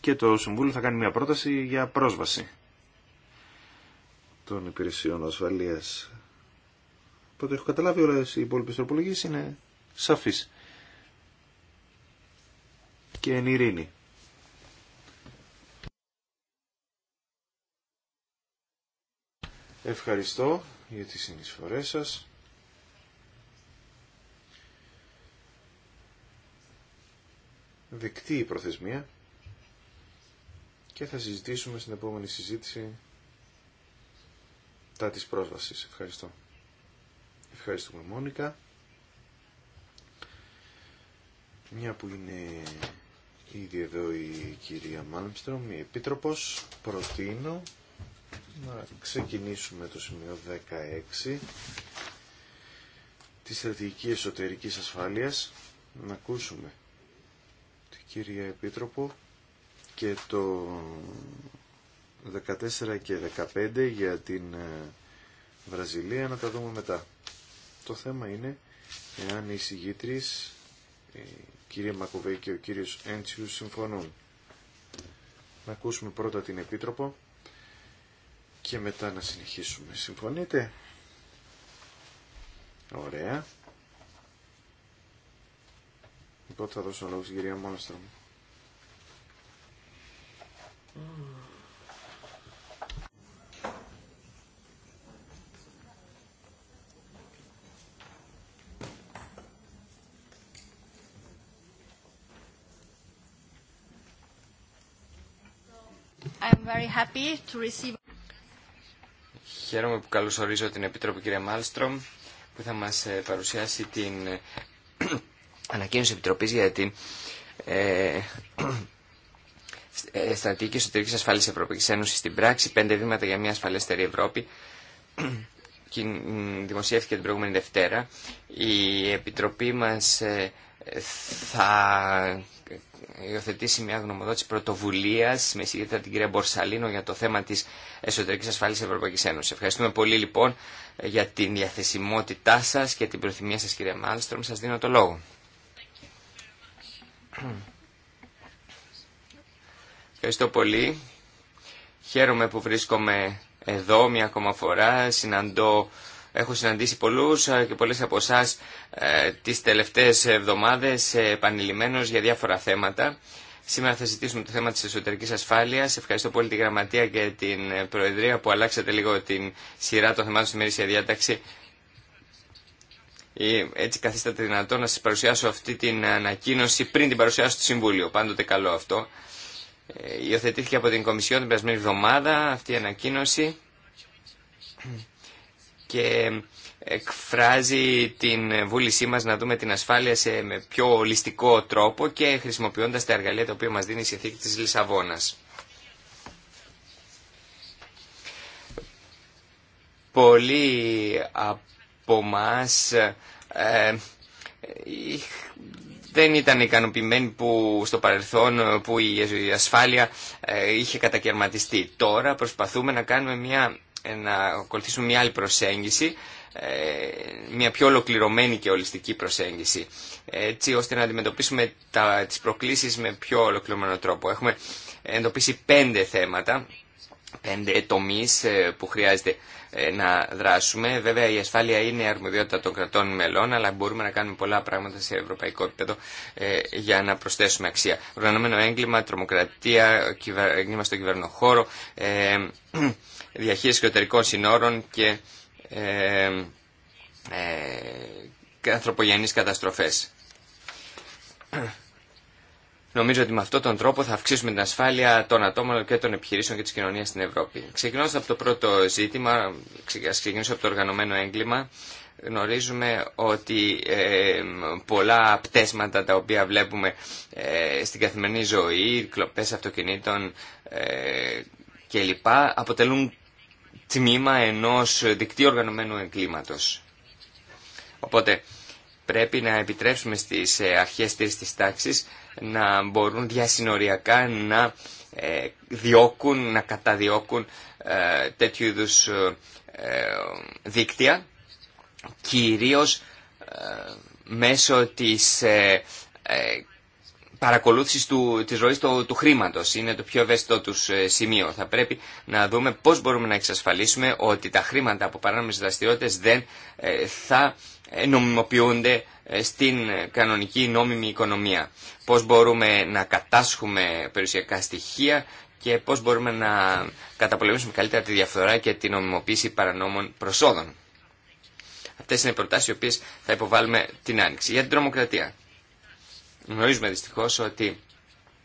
S2: Και το Συμβούλιο θα κάνει μια πρόταση για πρόσβαση των υπηρεσιών ασφαλείας. Οπότε έχω καταλάβει όλες οι υπόλοιπες τροπολογίες είναι σαφείς και εν ειρήνη. Ευχαριστώ για τις συνεισφορές σας. Δεκτή η προθεσμία και θα συζητήσουμε στην επόμενη συζήτηση τα της πρόσβασης. Ευχαριστώ. Ευχαριστούμε Μόνικα. Μια που είναι ήδη εδώ η κυρία Μάλμστρομ, η Επίτροπος, προτείνω να ξεκινήσουμε το σημείο 16 τη στρατηγική εσωτερικής ασφάλειας να ακούσουμε την κυρία Επίτροπο και το 14 και 15 για την ε, Βραζιλία να τα δούμε μετά. Το θέμα είναι εάν οι συγγήτρες η κυρία Μακοβέη και ο κύριος Έντσιου συμφωνούν. Να ακούσουμε πρώτα την Επίτροπο και μετά να συνεχίσουμε. Συμφωνείτε? Ωραία. Οπότε θα δώσω λόγο στην κυρία Μόναστρα μου.
S3: I'm very happy to receive... Χαίρομαι που καλωσορίζω την Επίτροπη κυρία Μάλστρομ που θα μας ε, παρουσιάσει την ε, ανακοίνωση Επιτροπής για την ε, ε στρατηγική εσωτερική ασφάλιση Ευρωπαϊκή Ένωση στην πράξη, πέντε βήματα για μια ασφαλέστερη Ευρώπη. Δημοσιεύθηκε την προηγούμενη Δευτέρα. Η Επιτροπή μας θα υιοθετήσει μια γνωμοδότηση πρωτοβουλία με συγκεκριμένα την κυρία Μπορσαλίνο για το θέμα τη εσωτερική ασφάλεια τη Ευρωπαϊκή Ένωση. Ευχαριστούμε πολύ λοιπόν για την διαθεσιμότητά σα και την προθυμία σα, κύριε Μάλστρομ. Σα δίνω το λόγο. Ευχαριστώ πολύ. Χαίρομαι που βρίσκομαι εδώ μια ακόμα φορά. Συναντώ Έχω συναντήσει πολλούς ε, και πολλές από εσά ε, τις τελευταίες εβδομάδες ε, επανειλημμένως για διάφορα θέματα. Σήμερα θα συζητήσουμε το θέμα της εσωτερικής ασφάλειας. Ευχαριστώ πολύ τη Γραμματεία και την Προεδρία που αλλάξατε λίγο την σειρά των θεμάτων στη μερίσια διάταξη. Έτσι καθίστατε δυνατό να σας παρουσιάσω αυτή την ανακοίνωση πριν την παρουσιάσω στο Συμβούλιο. Πάντοτε καλό αυτό. Υιοθετήθηκε από την Κομισιόν την περασμένη εβδομάδα αυτή η ανακοίνωση και εκφράζει την βούλησή μας να δούμε την ασφάλεια σε με πιο ολιστικό τρόπο και χρησιμοποιώντας τα εργαλεία τα οποία μας δίνει η συνθήκη της Λισαβόνας. Πολλοί από εμάς ε, δεν ήταν ικανοποιημένοι που στο παρελθόν που η ασφάλεια ε, είχε κατακαιρματιστεί. Τώρα προσπαθούμε να κάνουμε μια ε, να ακολουθήσουμε μια άλλη προσέγγιση, ε, μια πιο ολοκληρωμένη και ολιστική προσέγγιση, έτσι ώστε να αντιμετωπίσουμε τα, τις προκλήσεις με πιο ολοκληρωμένο τρόπο. Έχουμε εντοπίσει πέντε θέματα, πέντε τομείς ε, που χρειάζεται να δράσουμε. Βέβαια η ασφάλεια είναι η αρμοδιότητα των κρατών μελών, αλλά μπορούμε να κάνουμε πολλά πράγματα σε ευρωπαϊκό επίπεδο για να προσθέσουμε αξία. Οργανωμένο έγκλημα, τρομοκρατία, έγκλημα στον κυβερνοχώρο, διαχείριση εσωτερικών συνόρων και ε, ε, ανθρωπογενείς καταστροφές. Νομίζω ότι με αυτόν τον τρόπο θα αυξήσουμε την ασφάλεια των ατόμων και των επιχειρήσεων και της κοινωνίας στην Ευρώπη. Ξεκινώντας από το πρώτο ζήτημα, ας ξεκινήσω από το οργανωμένο έγκλημα, γνωρίζουμε ότι ε, πολλά πτέσματα τα οποία βλέπουμε ε, στην καθημερινή ζωή, κλοπές αυτοκινήτων ε, κλπ. αποτελούν τμήμα ενός δικτύου οργανωμένου εγκλήματος. Οπότε πρέπει να επιτρέψουμε στις ε, αρχές της τάξης να μπορούν διασυνοριακά να ε, διώκουν, να καταδιώκουν ε, τέτοιου είδους δίκτυα, κυρίως μέσω της Παρακολούθηση του, της ροής του, του χρήματος. Είναι το πιο ευαίσθητο του ε, σημείο. Θα πρέπει να δούμε πώς μπορούμε να εξασφαλίσουμε ότι τα χρήματα από παράνομες δραστηριότητες δεν ε, θα ε, νομιμοποιούνται στην κανονική νόμιμη οικονομία. Πώς μπορούμε να κατάσχουμε περιουσιακά στοιχεία και πώς μπορούμε να καταπολεμήσουμε καλύτερα τη διαφθορά και την νομιμοποίηση παρανόμων προσόδων. Αυτές είναι οι προτάσεις οι οποίες θα υποβάλουμε την άνοιξη. Για την τρομοκρατία. Γνωρίζουμε δυστυχώ ότι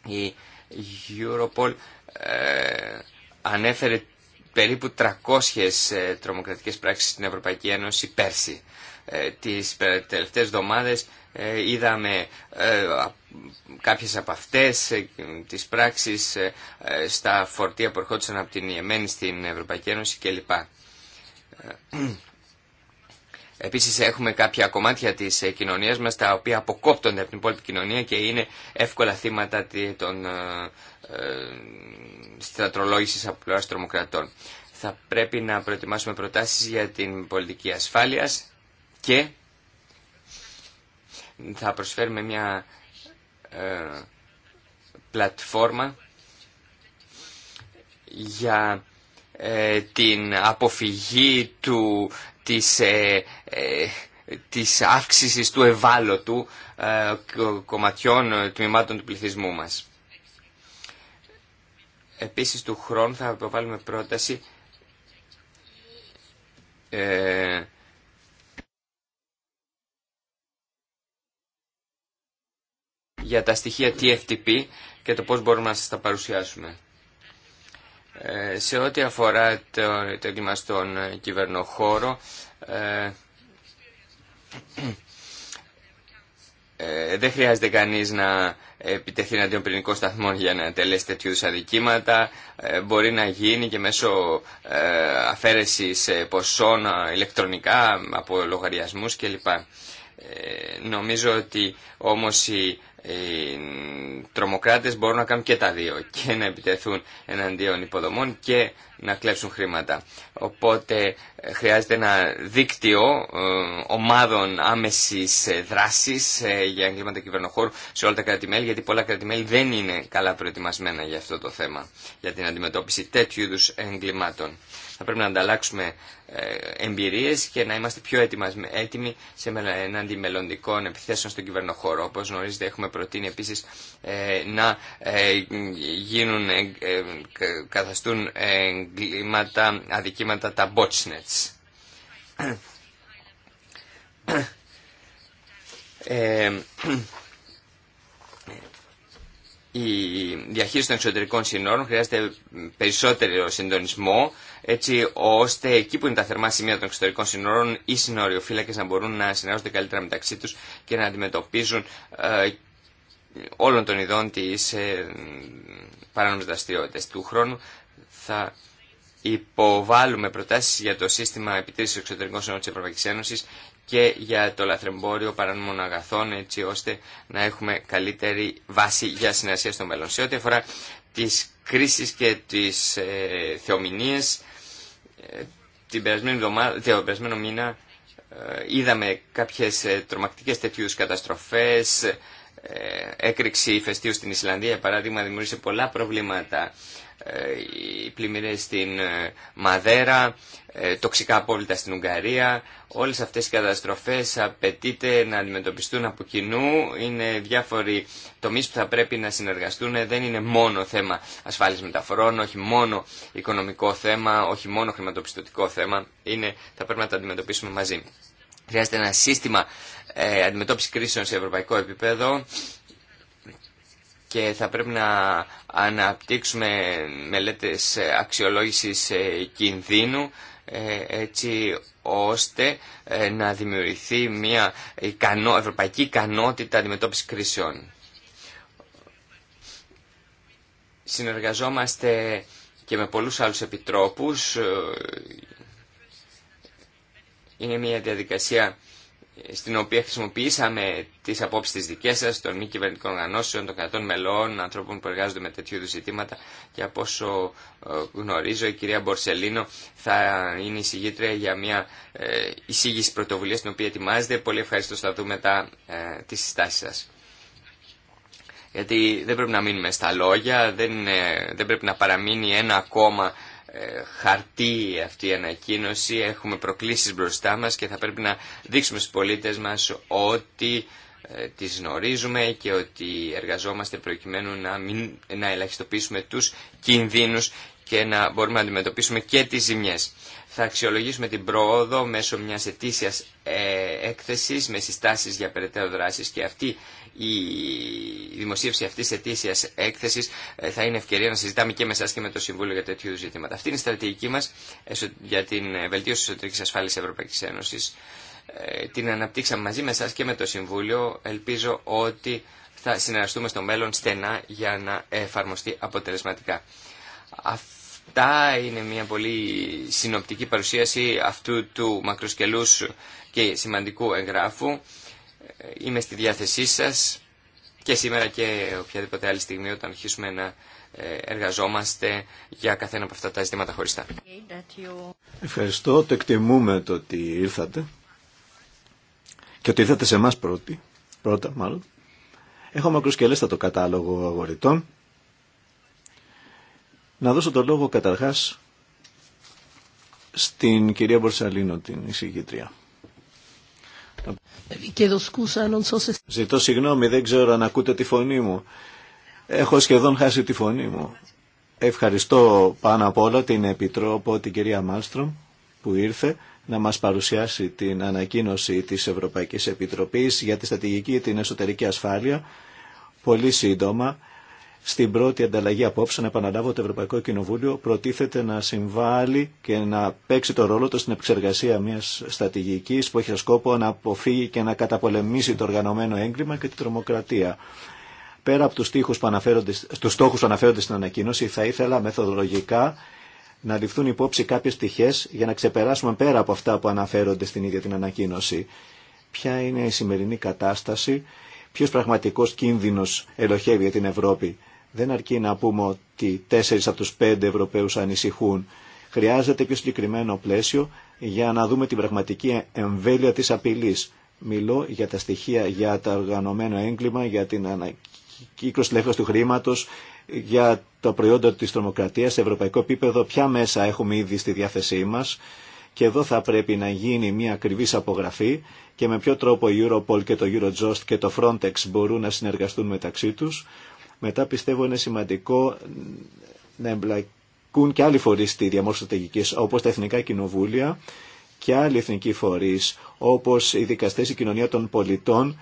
S3: η Europol ε, ανέφερε περίπου 300 ε, τρομοκρατικές πράξει στην Ευρωπαϊκή Ένωση πέρσι. Ε, τις τελευταίες ε, είδαμε κάποιες από αυτές τις πράξεις στα φορτία που ερχόντουσαν από την Ιεμένη στην Ευρωπαϊκή Ένωση κλπ. Επίσης έχουμε κάποια κομμάτια της ε, κοινωνίας μας τα οποία αποκόπτονται από την υπόλοιπη κοινωνία και είναι εύκολα θύματα των ε, ε, στρατρολόγησης από πλευράς τρομοκρατών. Θα πρέπει να προετοιμάσουμε προτάσεις για την πολιτική ασφάλειας και θα προσφέρουμε μια ε, πλατφόρμα για την αποφυγή του της, ε, ε, της αύξησης του ευάλωτου ε, κομματιών ε, τμήματων του πληθυσμού μας. Επίσης του χρόνου θα προβάλλουμε πρόταση ε, για τα στοιχεία TFTP και το πώς μπορούμε να σας τα παρουσιάσουμε. Ε, σε ό,τι αφορά το, το στον κυβερνοχώρο, ε, ε, δεν χρειάζεται κανείς να επιτεθεί εναντίον πυρηνικών σταθμών για να τελέσει τέτοιου είδους αδικήματα. Ε, μπορεί να γίνει και μέσω αφαίρεσης ποσών ηλεκτρονικά από λογαριασμούς κλπ. Νομίζω ότι όμως η οι ε, τρομοκράτες μπορούν να κάνουν και τα δύο και να επιτεθούν εναντίον υποδομών και να κλέψουν χρήματα. Οπότε ε, χρειάζεται ένα δίκτυο ε, ομάδων άμεσης ε, δράσης για εγκλήματα κυβερνοχώρου σε όλα τα κράτη-μέλη, γιατί πολλά κράτη-μέλη δεν είναι καλά προετοιμασμένα για αυτό το θέμα, για την αντιμετώπιση τέτοιου είδου εγκλημάτων. Θα πρέπει να ανταλλάξουμε εμπειρίες και να είμαστε πιο έτοιμοι σε έναντι μελλοντικών επιθέσεων στον κυβερνοχώρο. Όπως γνωρίζετε έχουμε προτείνει επίσης να γίνουν, καθαστούν εγκλήματα, αδικήματα, τα botchnets. Ε, η διαχείριση των εξωτερικών συνόρων χρειάζεται περισσότερο συντονισμό, έτσι ώστε εκεί που είναι τα θερμά σημεία των εξωτερικών συνόρων, οι συνοριοφύλακε να μπορούν να συνεργάζονται καλύτερα μεταξύ του και να αντιμετωπίζουν ε, όλων των ειδών τη ε, παράνομε Του χρόνου θα υποβάλουμε προτάσεις για το σύστημα επιτήρησης εξωτερικών συνόρων της Ευρωπαϊκής Ένωσης και για το λαθρεμπόριο παρανομών αγαθών, έτσι ώστε να έχουμε καλύτερη βάση για συνεργασία στο μέλλον. Σε ό,τι αφορά τις κρίσεις και τις ε, θεομηνίες, ε, την περασμένη περασμένο μήνα ε, είδαμε κάποιες ε, τρομακτικές τέτοιου καταστροφές, ε, έκρηξη ηφαιστείου στην Ισλανδία, παράδειγμα, δημιούργησε πολλά προβλήματα ε, οι πλημμύρες στην ε, Μαδέρα, ε, τοξικά απόβλητα στην Ουγγαρία. Όλες αυτές οι καταστροφές απαιτείται να αντιμετωπιστούν από κοινού. Είναι διάφοροι τομείς που θα πρέπει να συνεργαστούν. Δεν είναι μόνο θέμα ασφάλισης μεταφορών, όχι μόνο οικονομικό θέμα, όχι μόνο χρηματοπιστωτικό θέμα. Είναι, θα πρέπει να τα αντιμετωπίσουμε μαζί. Χρειάζεται ένα σύστημα ε, αντιμετώπιση κρίσεων σε ευρωπαϊκό επίπεδο και θα πρέπει να αναπτύξουμε μελέτες αξιολόγησης ε, κινδύνου ε, έτσι ώστε ε, να δημιουργηθεί μια ευρωπαϊκή ικανότητα αντιμετώπιση κρίσεων. Συνεργαζόμαστε και με πολλούς άλλους επιτρόπους. Είναι μια διαδικασία στην οποία χρησιμοποιήσαμε τι απόψει τη δικέ σα, των μη κυβερνητικών οργανώσεων, των κρατών μελών, ανθρώπων που εργάζονται με τέτοιου είδου ζητήματα και από όσο ε, γνωρίζω η κυρία Μπορσελίνο θα είναι εισηγήτρια για μια ε, εισήγηση πρωτοβουλία την οποία ετοιμάζεται. Πολύ ευχαριστώ θα δούμε μετά ε, τις συστάσεις σας. Γιατί δεν πρέπει να μείνουμε στα λόγια, δεν, ε, δεν πρέπει να παραμείνει ένα ακόμα ε, χαρτί αυτή η ανακοίνωση, έχουμε προκλήσεις μπροστά μας και θα πρέπει να δείξουμε στους πολίτες μας ότι ε, τις γνωρίζουμε και ότι εργαζόμαστε προκειμένου να, να ελαχιστοποιήσουμε τους κινδύνους και να μπορούμε να αντιμετωπίσουμε και τις ζημιές. Θα αξιολογήσουμε την πρόοδο μέσω μιας ετήσιας ε, έκθεσης με συστάσεις για περαιτέρω δράσεις και αυτή η δημοσίευση αυτή τη ετήσια έκθεση ε, θα είναι ευκαιρία να συζητάμε και με εσά και με το Συμβούλιο για τέτοιου ζητήματα. Αυτή είναι η στρατηγική μα για την ε, βελτίωση τη εσωτερική ασφάλεια τη Ευρωπαϊκή Ένωση. Ε, την αναπτύξαμε μαζί με εσά και με το Συμβούλιο. Ελπίζω ότι θα συνεργαστούμε στο μέλλον στενά για να εφαρμοστεί αποτελεσματικά. Αυτά είναι μια πολύ συνοπτική παρουσίαση αυτού του μακροσκελούς και σημαντικού εγγράφου. Είμαι στη διάθεσή σας και σήμερα και οποιαδήποτε άλλη στιγμή όταν αρχίσουμε να ε, εργαζόμαστε για καθένα από αυτά τα ζητήματα χωριστά.
S1: Ευχαριστώ. Το εκτιμούμε το ότι ήρθατε και ότι ήρθατε σε εμά πρώτοι. Πρώτα μάλλον. Έχω το κατάλογο αγορητών. Να δώσω το λόγο καταρχάς στην κυρία Μπορσαλίνο, την εισηγήτρια. Ζητώ συγγνώμη, δεν ξέρω αν ακούτε τη φωνή μου. Έχω σχεδόν χάσει τη φωνή μου. Ευχαριστώ πάνω απ' όλα την Επιτρόπο, την κυρία Μάλστρομ, που ήρθε να μας παρουσιάσει την ανακοίνωση της Ευρωπαϊκής Επιτροπής για τη και την εσωτερική ασφάλεια. Πολύ σύντομα στην πρώτη ανταλλαγή απόψε, να επαναλάβω, το Ευρωπαϊκό Κοινοβούλιο προτίθεται να συμβάλλει και να παίξει το ρόλο του στην επεξεργασία μια στρατηγική που έχει σκόπο να αποφύγει και να καταπολεμήσει το οργανωμένο έγκλημα και την τρομοκρατία. Πέρα από τους στόχους που αναφέρονται στην ανακοίνωση, θα ήθελα μεθοδολογικά να ληφθούν υπόψη κάποιες πτυχέ για να ξεπεράσουμε πέρα από αυτά που αναφέρονται στην ίδια την ανακοίνωση. Ποια είναι η σημερινή κατάσταση, ποιο πραγματικό κίνδυνο ελοχεύει για την Ευρώπη δεν αρκεί να πούμε ότι τέσσερις από τους πέντε Ευρωπαίους ανησυχούν. Χρειάζεται πιο συγκεκριμένο πλαίσιο για να δούμε την πραγματική εμβέλεια της απειλής. Μιλώ για τα στοιχεία για το οργανωμένο έγκλημα, για την ανακύκλωση ελεύθερης του χρήματο, για το προϊόντα της τρομοκρατίας σε ευρωπαϊκό επίπεδο, ποια μέσα έχουμε ήδη στη διάθεσή μας και εδώ θα πρέπει να γίνει μια ακριβή απογραφή και με ποιο τρόπο η Europol και το Eurojust και το Frontex μπορούν να συνεργαστούν μεταξύ τους μετά πιστεύω είναι σημαντικό να εμπλακούν και άλλοι φορείς στη διαμόρφωση στρατηγικής, όπως τα Εθνικά Κοινοβούλια και άλλοι εθνικοί φορείς, όπως οι δικαστές, η κοινωνία των πολιτών,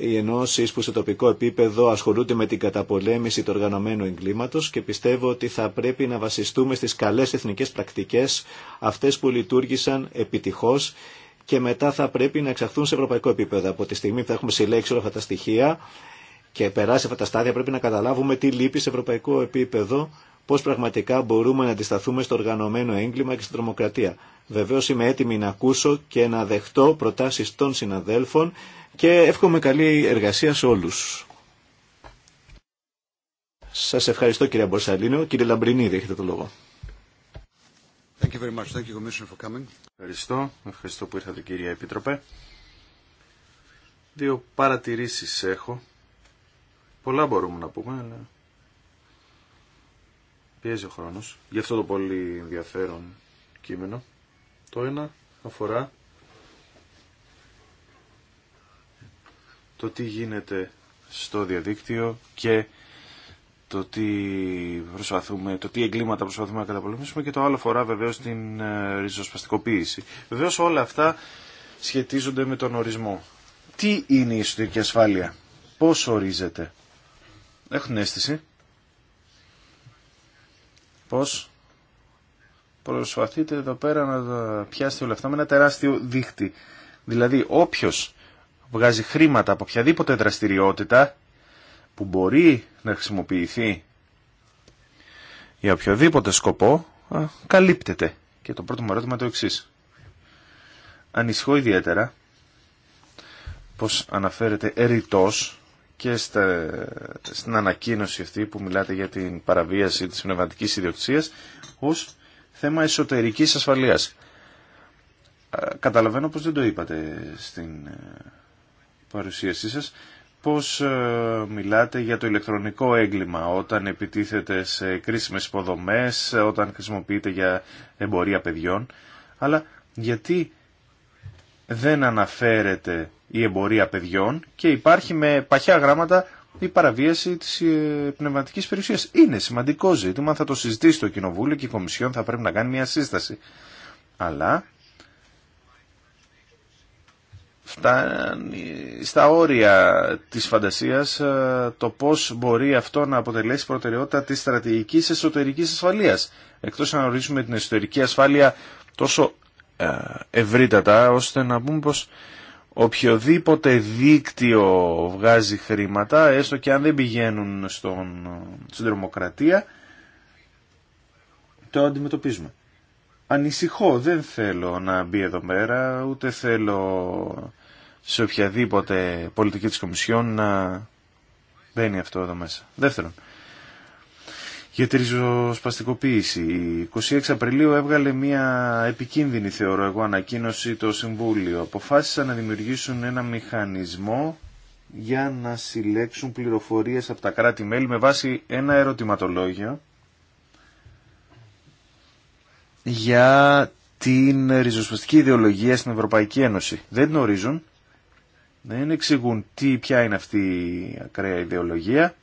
S1: οι ενώσει που σε τοπικό επίπεδο ασχολούνται με την καταπολέμηση του οργανωμένου εγκλήματος και πιστεύω ότι θα πρέπει να βασιστούμε στις καλές εθνικές πρακτικές, αυτές που λειτουργήσαν επιτυχώς και μετά θα πρέπει να εξαχθούν σε ευρωπαϊκό επίπεδο. Από τη στιγμή που θα έχουμε συλλέξει όλα αυτά τα στοιχεία, και περάσει αυτά τα στάδια πρέπει να καταλάβουμε τι λείπει σε ευρωπαϊκό επίπεδο, πώ πραγματικά μπορούμε να αντισταθούμε στο οργανωμένο έγκλημα και στην τρομοκρατία. Βεβαίω είμαι έτοιμη να ακούσω και να δεχτώ προτάσει των συναδέλφων και εύχομαι καλή εργασία σε όλου. Σα ευχαριστώ κύριε Μπορσαλίνο. Κύριε Λαμπρινίδη, έχετε το λόγο.
S2: Thank you very much. for Ευχαριστώ. Ευχαριστώ που ήρθατε κύριε Επίτροπε. Δύο παρατηρήσεις έχω Πολλά μπορούμε να πούμε, αλλά πιέζει ο χρόνος. Γι' αυτό το πολύ ενδιαφέρον κείμενο. Το ένα αφορά το τι γίνεται στο διαδίκτυο και το τι, προσπαθούμε, το τι εγκλήματα προσπαθούμε να καταπολεμήσουμε και το άλλο φορά βεβαίως την ε, ριζοσπαστικοποίηση. Βεβαίως όλα αυτά σχετίζονται με τον ορισμό. Τι είναι η ιστορική ασφάλεια, πώς ορίζεται, έχουν αίσθηση πως προσπαθείτε εδώ πέρα να πιάσετε όλα αυτά με ένα τεράστιο δίχτυ. Δηλαδή όποιος βγάζει χρήματα από οποιαδήποτε δραστηριότητα που μπορεί να χρησιμοποιηθεί για οποιοδήποτε σκοπό, καλύπτεται. Και το πρώτο μου ερώτημα είναι το εξής. Ανησυχώ ιδιαίτερα πως αναφέρεται ερητός και στην ανακοίνωση αυτή που μιλάτε για την παραβίαση της πνευματικής ιδιοκτησίας ως θέμα εσωτερικής ασφαλείας. Καταλαβαίνω πως δεν το είπατε στην ε, παρουσίασή σας πώς ε, μιλάτε για το ηλεκτρονικό έγκλημα όταν επιτίθεται σε κρίσιμες υποδομές, ε, όταν χρησιμοποιείται για εμπορία παιδιών, αλλά γιατί δεν αναφέρεται η εμπορία παιδιών και υπάρχει με παχιά γράμματα η παραβίαση της ε, πνευματικής περιουσίας. Είναι σημαντικό ζήτημα, θα το συζητήσει το Κοινοβούλιο και η Κομισιόν θα πρέπει να κάνει μια σύσταση. Αλλά φτάνει στα όρια της φαντασίας ε, το πώς μπορεί αυτό να αποτελέσει προτεραιότητα της στρατηγικής εσωτερικής ασφαλείας. Εκτός να ορίσουμε την εσωτερική ασφάλεια τόσο ε, ευρύτατα ώστε να πούμε πως οποιοδήποτε δίκτυο βγάζει χρήματα, έστω και αν δεν πηγαίνουν στον, στην τρομοκρατία, το αντιμετωπίζουμε. Ανησυχώ, δεν θέλω να μπει εδώ πέρα, ούτε θέλω σε οποιαδήποτε πολιτική της Κομισιόν να μπαίνει αυτό εδώ μέσα. Δεύτερον, για τη ριζοσπαστικοποίηση. 26 Απριλίου έβγαλε μια επικίνδυνη, θεωρώ εγώ, ανακοίνωση το Συμβούλιο. Αποφάσισαν να δημιουργήσουν ένα μηχανισμό για να συλλέξουν πληροφορίες από τα κράτη-μέλη με βάση ένα ερωτηματολόγιο για την ριζοσπαστική ιδεολογία στην Ευρωπαϊκή Ένωση. Δεν γνωρίζουν, δεν εξηγούν τι, ποια είναι αυτή η ακραία ιδεολογία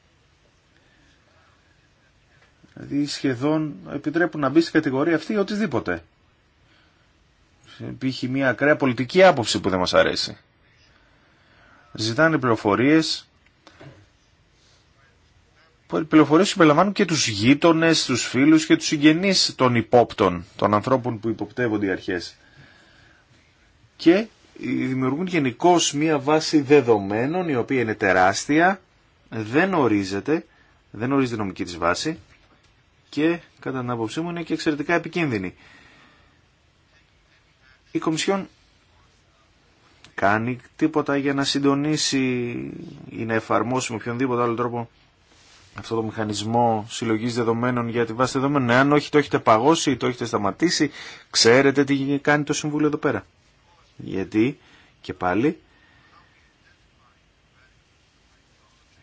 S2: Δηλαδή σχεδόν επιτρέπουν να μπει στην κατηγορία αυτή οτιδήποτε. Υπήρχε μια ακραία πολιτική άποψη που δεν μας αρέσει. Ζητάνε πληροφορίες οι πληροφορίες συμπεριλαμβάνουν και τους γείτονε, τους φίλους και τους συγγενείς των υπόπτων, των ανθρώπων που υποπτεύονται οι αρχές. Και δημιουργούν γενικώ μία βάση δεδομένων, η οποία είναι τεράστια, δεν ορίζεται, δεν ορίζεται η νομική της βάση και κατά την άποψή μου είναι και εξαιρετικά επικίνδυνη. Η Κομισιόν κάνει τίποτα για να συντονίσει ή να εφαρμόσει με οποιονδήποτε άλλο τρόπο αυτό το μηχανισμό συλλογής δεδομένων για τη βάση δεδομένων. Εάν όχι το έχετε παγώσει ή το έχετε σταματήσει, ξέρετε τι κάνει το Συμβούλιο εδώ πέρα. Γιατί και πάλι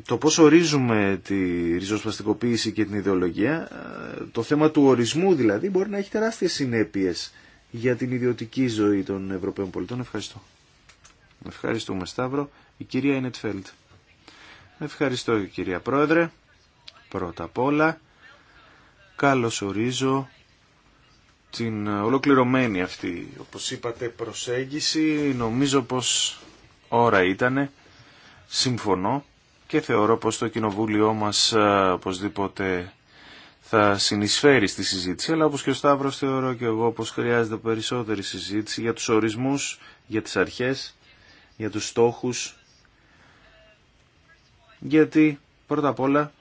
S2: το πώς ορίζουμε τη ριζοσπαστικοποίηση και την ιδεολογία, ε, το θέμα του ορισμού δηλαδή μπορεί να έχει τεράστιες συνέπειες για την ιδιωτική ζωή των Ευρωπαίων πολιτών. Ευχαριστώ. Ευχαριστούμε Σταύρο. Η κυρία Ίνετφέλτ. Ευχαριστώ κυρία Πρόεδρε. Πρώτα απ' όλα, καλώς ορίζω την ολοκληρωμένη αυτή, όπως είπατε, προσέγγιση. Νομίζω πως ώρα ήτανε. Συμφωνώ και θεωρώ πως το κοινοβούλιο μας ε, οπωσδήποτε θα συνεισφέρει στη συζήτηση, αλλά όπως και ο Σταύρος θεωρώ και εγώ πως χρειάζεται περισσότερη συζήτηση για τους ορισμούς, για τις αρχές, για τους στόχους, γιατί πρώτα απ' όλα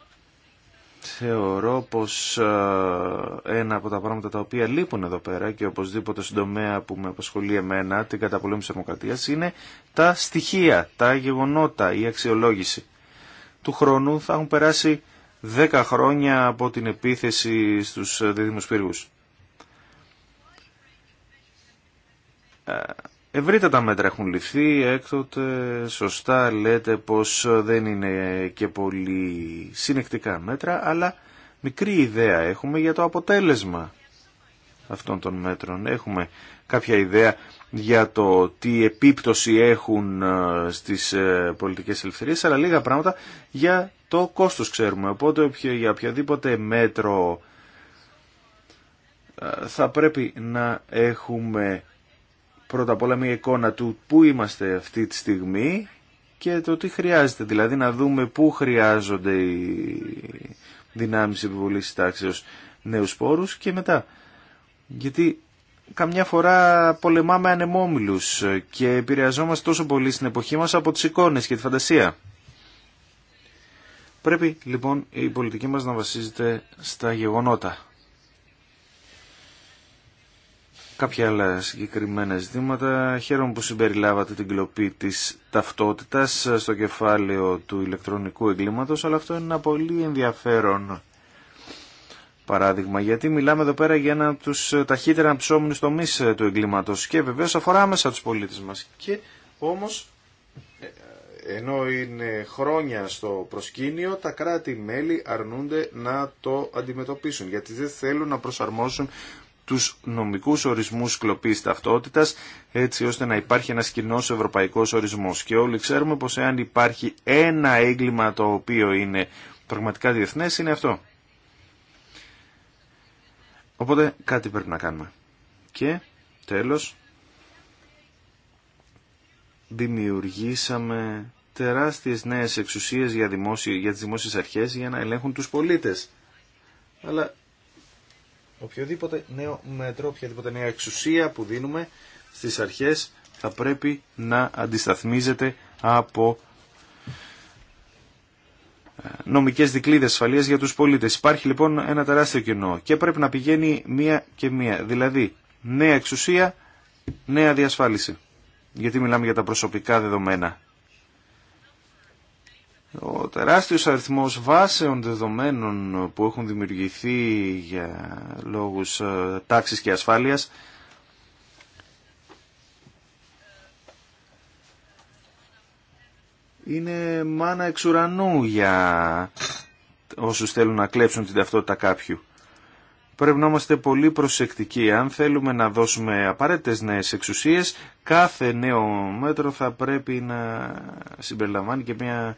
S2: θεωρώ πως ε, ένα από τα πράγματα τα οποία λείπουν εδώ πέρα και οπωσδήποτε στον τομέα που με απασχολεί εμένα, την καταπολέμηση της δημοκρατίας, είναι τα στοιχεία, τα γεγονότα, η αξιολόγηση του χρόνου θα έχουν περάσει 10 χρόνια από την επίθεση στους δίδυμους πύργους. Ε, ευρύτατα μέτρα έχουν ληφθεί, έκτοτε σωστά λέτε πως δεν είναι και πολύ συνεκτικά μέτρα, αλλά μικρή ιδέα έχουμε για το αποτέλεσμα αυτών των μέτρων. Έχουμε κάποια ιδέα για το τι επίπτωση έχουν ε, στις ε, πολιτικές ελευθερίες, αλλά λίγα πράγματα για το κόστος ξέρουμε. Οπότε για οποιαδήποτε μέτρο ε, θα πρέπει να έχουμε πρώτα απ' όλα μια εικόνα του πού είμαστε αυτή τη στιγμή και το τι χρειάζεται. Δηλαδή να δούμε πού χρειάζονται οι δυνάμεις επιβολής τάξεως νέους σπόρους και μετά. Γιατί καμιά φορά πολεμάμε ανεμόμυλους και επηρεαζόμαστε τόσο πολύ στην εποχή μας από τις εικόνες και τη φαντασία. Πρέπει λοιπόν η πολιτική μας να βασίζεται στα γεγονότα. Κάποια άλλα συγκεκριμένα ζητήματα. Χαίρομαι που συμπεριλάβατε την κλοπή της ταυτότητας στο κεφάλαιο του ηλεκτρονικού εγκλήματος, αλλά αυτό είναι ένα πολύ ενδιαφέρον παράδειγμα, γιατί μιλάμε εδώ πέρα για ένα ε, από ε, του ταχύτερα αναψώμενους τομεί του εγκλήματο και βεβαίω αφορά άμεσα του πολίτε μα. Και όμω, ε, ενώ είναι χρόνια στο προσκήνιο, τα κράτη-μέλη αρνούνται να το αντιμετωπίσουν, γιατί δεν θέλουν να προσαρμόσουν του νομικού ορισμού κλοπή ταυτότητα έτσι ώστε να υπάρχει ένα κοινό ευρωπαϊκό ορισμό. και όλοι ξέρουμε πω εάν υπάρχει ένα έγκλημα το οποίο είναι πραγματικά διεθνές είναι αυτό Οπότε κάτι πρέπει να κάνουμε. Και τέλος δημιουργήσαμε τεράστιες νέες εξουσίες για, δημόσιο, για τις δημόσιες αρχές για να ελέγχουν τους πολίτες. Αλλά οποιοδήποτε νέο μέτρο, οποιαδήποτε νέα εξουσία που δίνουμε στις αρχές θα πρέπει να αντισταθμίζεται από νομικές δικλείδες ασφαλείας για τους πολίτες. Υπάρχει λοιπόν ένα τεράστιο κοινό και πρέπει να πηγαίνει μία και μία. Δηλαδή νέα εξουσία, νέα διασφάλιση. Γιατί μιλάμε για τα προσωπικά δεδομένα. Ο τεράστιος αριθμός βάσεων δεδομένων που έχουν δημιουργηθεί για λόγους ε, τάξης και ασφάλειας είναι μάνα εξ ουρανού για όσους θέλουν να κλέψουν την ταυτότητα κάποιου. Πρέπει να είμαστε πολύ προσεκτικοί. Αν θέλουμε να δώσουμε απαραίτητες νέες εξουσίες, κάθε νέο μέτρο θα πρέπει να συμπεριλαμβάνει και μια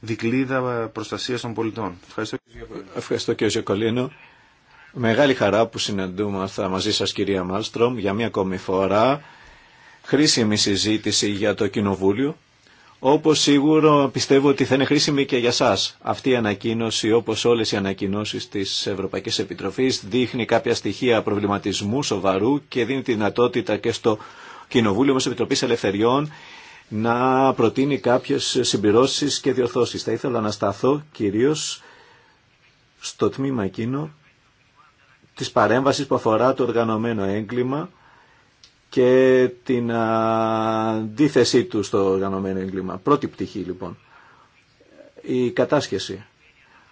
S2: δικλίδα προστασίας των πολιτών. Ευχαριστώ, Ευχαριστώ κύριε Ζεκολίνο.
S1: Μεγάλη χαρά που συναντούμαστε μαζί σας κυρία Μάλστρομ για μια ακόμη φορά. Χρήσιμη συζήτηση για το Κοινοβούλιο όπως σίγουρο πιστεύω ότι θα είναι χρήσιμη και για σας. Αυτή η ανακοίνωση, όπως όλες οι ανακοινώσεις της Ευρωπαϊκής Επιτροφής, δείχνει κάποια στοιχεία προβληματισμού σοβαρού και δίνει τη δυνατότητα και στο Κοινοβούλιο μας Επιτροπής Ελευθεριών να προτείνει κάποιες συμπληρώσεις και διορθώσεις. Θα ήθελα να σταθώ κυρίως στο τμήμα εκείνο της παρέμβασης που αφορά το οργανωμένο έγκλημα και την αντίθεσή του στο οργανωμένο έγκλημα. Πρώτη πτυχή λοιπόν. Η κατάσχεση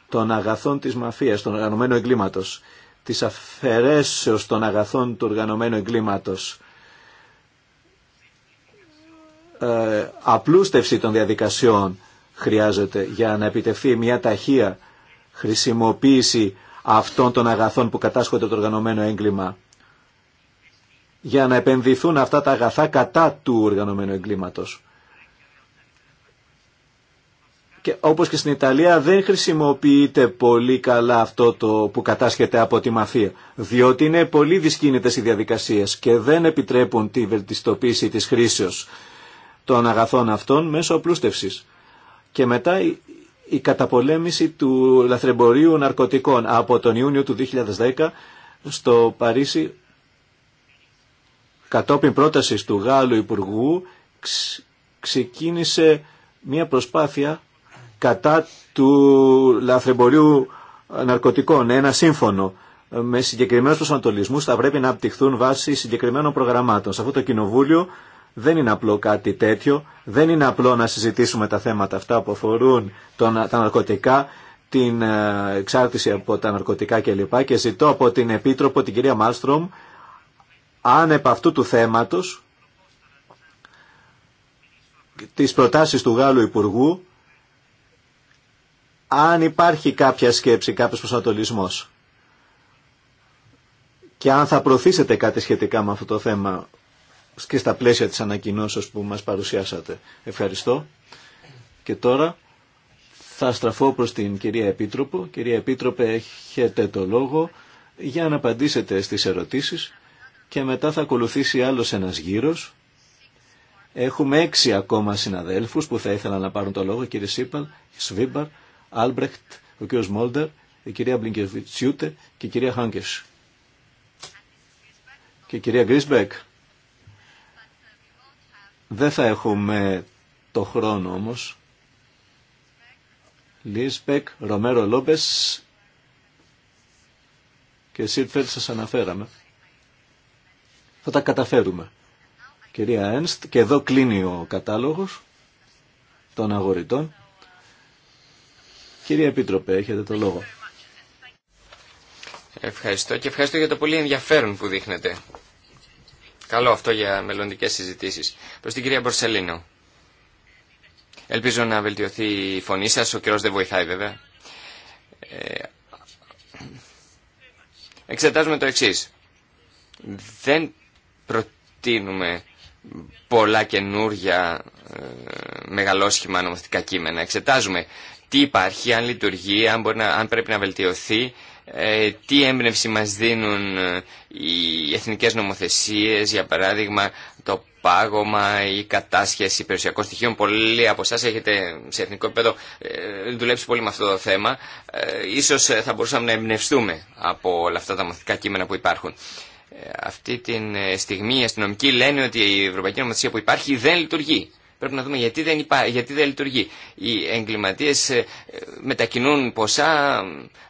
S1: των αγαθών της μαφίας, των οργανωμένου εγκλήματος, της αφαιρέσεως των αγαθών του οργανωμένου εγκλήματος, ε, απλούστευση των διαδικασιών χρειάζεται για να επιτευχθεί μια ταχεία χρησιμοποίηση αυτών των αγαθών που κατάσχονται το οργανωμένο έγκλημα για να επενδυθούν αυτά τα αγαθά κατά του οργανωμένου εγκλήματος. Και όπως και στην Ιταλία δεν χρησιμοποιείται πολύ καλά αυτό το που κατάσχεται από τη μαφία, διότι είναι πολύ δυσκίνητες οι διαδικασίες και δεν επιτρέπουν τη βελτιστοποίηση της χρήσεως των αγαθών αυτών μέσω πλούστευσης. Και μετά η καταπολέμηση του λαθρεμπορίου ναρκωτικών από τον Ιούνιο του 2010 στο Παρίσι κατόπιν πρότασης του Γάλλου Υπουργού ξεκίνησε μια προσπάθεια κατά του λαθρεμπορίου ναρκωτικών, ένα σύμφωνο με συγκεκριμένους προσανατολισμούς θα πρέπει να απτυχθούν βάσει συγκεκριμένων προγραμμάτων. Σε αυτό το κοινοβούλιο δεν είναι απλό κάτι τέτοιο, δεν είναι απλό να συζητήσουμε τα θέματα αυτά που αφορούν τα ναρκωτικά, την ε, εξάρτηση από τα ναρκωτικά κλπ. Και ζητώ από την Επίτροπο, την κυρία Μάλστρομ, αν επ' αυτού του θέματος τις προτάσεις του Γάλλου Υπουργού αν υπάρχει κάποια σκέψη, κάποιος προσανατολισμός και αν θα προωθήσετε κάτι σχετικά με αυτό το θέμα και στα πλαίσια της ανακοινώσεως που μας παρουσιάσατε. Ευχαριστώ. Και τώρα θα στραφώ προς την κυρία Επίτροπο. Κυρία Επίτροπε, έχετε το λόγο για να απαντήσετε στις ερωτήσεις και μετά θα ακολουθήσει άλλος ένας γύρος. Έχουμε έξι ακόμα συναδέλφους που θα ήθελαν να πάρουν το λόγο, Κύριε κύριε Σίπαλ, Σβίμπαρ, Άλμπρεχτ, ο κύριο Μόλτερ, η κυρία Μπλινκεβιτσιούτε και η κυρία Χάνκες. Και η κυρία Γκρίσμπεκ. Δεν θα έχουμε το χρόνο όμως. Λίσμπεκ, Ρομέρο Λόμπες και Σίρφελ σας αναφέραμε θα τα καταφέρουμε. Κυρία Ένστ, και εδώ κλείνει ο κατάλογος των αγορητών. Κυρία Επίτροπε, έχετε το λόγο.
S3: Ευχαριστώ και ευχαριστώ για το πολύ ενδιαφέρον που δείχνετε. Καλό αυτό για μελλοντικές συζητήσεις. Προς την κυρία Μπορσελίνο. Ελπίζω να βελτιωθεί η φωνή σας, ο καιρός δεν βοηθάει βέβαια. Ε, εξετάζουμε το εξής. Δεν προτείνουμε πολλά καινούργια ε, μεγαλόσχημα νομοθετικά κείμενα. Εξετάζουμε τι υπάρχει, αν λειτουργεί, αν, μπορεί να, αν πρέπει να βελτιωθεί, ε, τι έμπνευση μας δίνουν ε, οι εθνικές νομοθεσίες, για παράδειγμα το πάγωμα ή κατάσχεση περιουσιακών στοιχείων. Πολλοί από εσά έχετε σε εθνικό επίπεδο ε, δουλέψει πολύ με αυτό το θέμα. Ε, ίσως θα μπορούσαμε να εμπνευστούμε από όλα αυτά τα νομοθετικά κείμενα που υπάρχουν αυτή τη ε, στιγμή οι αστυνομικοί λένε ότι η ευρωπαϊκή νομοθεσία που υπάρχει δεν λειτουργεί. Πρέπει να δούμε γιατί δεν, γιατί δεν λειτουργεί. Οι εγκληματίε ε, μετακινούν ποσά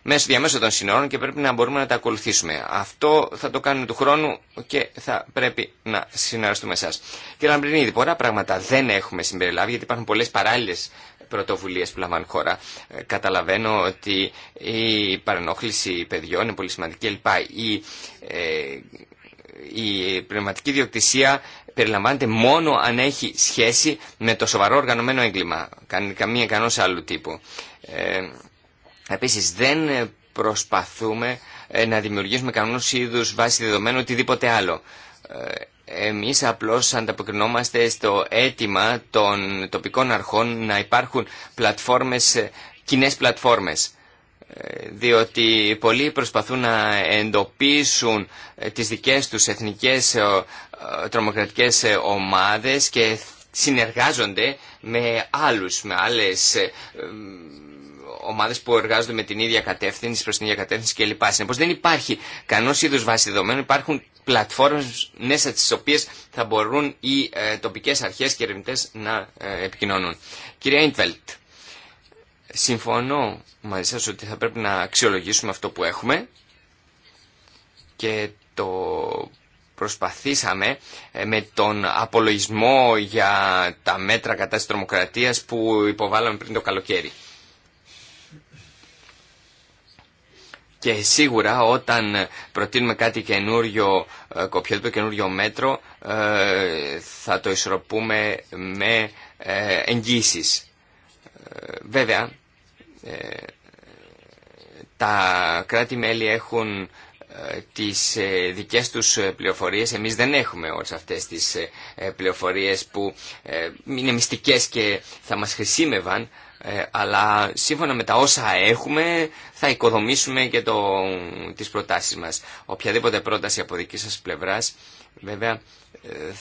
S3: μέσω διαμέσου των συνόρων και πρέπει να μπορούμε να τα ακολουθήσουμε. Αυτό θα το κάνουμε του χρόνου και θα πρέπει να συνεργαστούμε εσά. Κύριε Λαμπρινίδη, πολλά πράγματα δεν έχουμε συμπεριλάβει γιατί υπάρχουν πολλέ παράλληλε πρωτοβουλίες που λαμβάνει χώρα. Ε, καταλαβαίνω ότι η παρενόχληση παιδιών είναι πολύ σημαντική, λοιπά. Η, ε, η πνευματική διοκτησία περιλαμβάνεται μόνο αν έχει σχέση με το σοβαρό οργανωμένο έγκλημα, καμία σε άλλου τύπου. Ε, επίσης δεν προσπαθούμε ε, να δημιουργήσουμε κανόνε είδου βάση δεδομένου οτιδήποτε άλλο. Εμείς απλώς ανταποκρινόμαστε στο αίτημα των τοπικών αρχών να υπάρχουν πλατφόρμες, κοινές πλατφόρμες διότι πολλοί προσπαθούν να εντοπίσουν τις δικές τους εθνικές ε, τρομοκρατικές ε, ομάδες και συνεργάζονται με άλλους, με άλλες ε, Ομάδε που εργάζονται με την ίδια κατεύθυνση, προ την ίδια κατεύθυνση κλπ. Συνεπώς δεν υπάρχει κανό είδου βάση δεδομένων, υπάρχουν πλατφόρμες μέσα στις οποίε θα μπορούν οι ε, τοπικές αρχές και ερευνητέ να ε, επικοινωνούν. Κυρία Ιντβελτ, συμφωνώ μαζί σα ότι θα πρέπει να αξιολογήσουμε αυτό που έχουμε και το προσπαθήσαμε ε, με τον απολογισμό για τα μέτρα κατά της τρομοκρατίας που υποβάλαμε πριν το καλοκαίρι. Και σίγουρα όταν προτείνουμε κάτι καινούριο, ε, οποιοδήποτε καινούριο μέτρο, ε, θα το ισορροπούμε με ε, εγγύσεις. Βέβαια, τα κράτη-μέλη έχουν τις δικές τους πληροφορίες. Εμείς δεν έχουμε όλες αυτές τις πληροφορίες που είναι μυστικές και θα μας χρησιμεύαν ε, αλλά σύμφωνα με τα όσα έχουμε θα οικοδομήσουμε και το, τις προτάσεις μας. Οποιαδήποτε πρόταση από δική σας πλευράς βέβαια ε,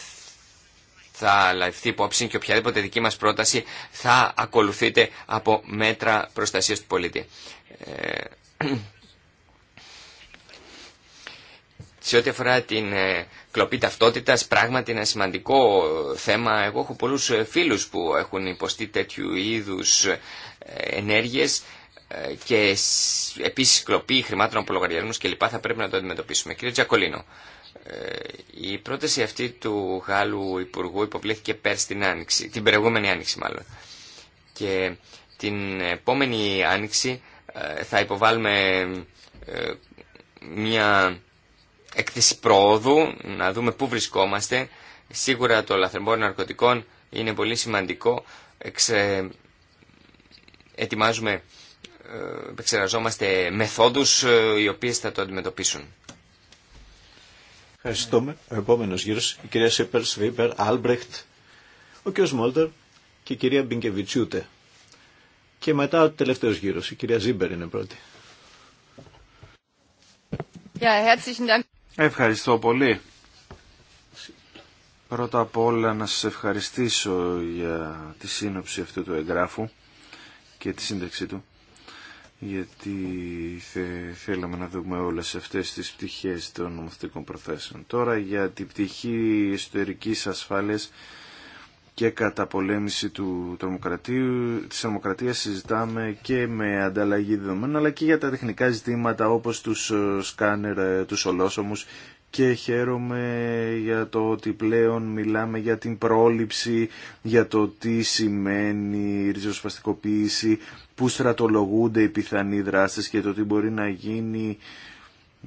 S3: θα λαφθεί υπόψη και οποιαδήποτε δική μας πρόταση θα ακολουθείτε από μέτρα προστασίας του πολίτη. Ε, σε ό,τι αφορά την ε, κλοπή ταυτότητας πράγματι είναι ένα σημαντικό ε, θέμα. Εγώ έχω πολλού ε, φίλου που έχουν υποστεί τέτοιου είδου ε, ενέργειες και επίση κλοπή χρημάτων από λογαριασμού κλπ. θα πρέπει να το αντιμετωπίσουμε. Κύριε Τζακολίνο, η πρόταση αυτή του Γάλλου Υπουργού υποβλήθηκε πέρσι την άνοιξη, την προηγούμενη άνοιξη μάλλον. Και την επόμενη άνοιξη θα υποβάλουμε μια έκθεση πρόοδου, να δούμε πού βρισκόμαστε. Σίγουρα το λαθρεμπόριο ναρκωτικών είναι πολύ σημαντικό. Εξε... Ετοιμάζουμε, ε, επεξεργαζόμαστε μεθόδους ε, οι οποίες θα το αντιμετωπίσουν.
S1: Ευχαριστούμε. Ο επόμενος γύρος, η κυρία Σίπερ, Σβίπερ, Άλμπρεχτ, ο κύριος Μόλτερ και η κυρία Μπινκεβιτσιούτε. Και μετά ο τελευταίος γύρος, η κυρία Ζίμπερ είναι πρώτη.
S3: Dank.
S2: Ευχαριστώ πολύ. Πρώτα απ' όλα να σας ευχαριστήσω για τη σύνοψη αυτού του εγγράφου και τη σύνταξή του γιατί θέλαμε να δούμε όλες αυτές τις πτυχές των νομοθετικών προθέσεων. Τώρα για την πτυχή εσωτερικής ασφάλειας και καταπολέμηση του τρομοκρατίου, της τρομοκρατίας συζητάμε και με ανταλλαγή δεδομένων αλλά και για τα τεχνικά ζητήματα όπως τους ε, σκάνερ, ε, τους ολόσωμους και χαίρομαι για το ότι πλέον μιλάμε για την πρόληψη, για το τι σημαίνει ριζοσπαστικοποίηση, πού στρατολογούνται οι πιθανοί δράστες και το τι μπορεί να γίνει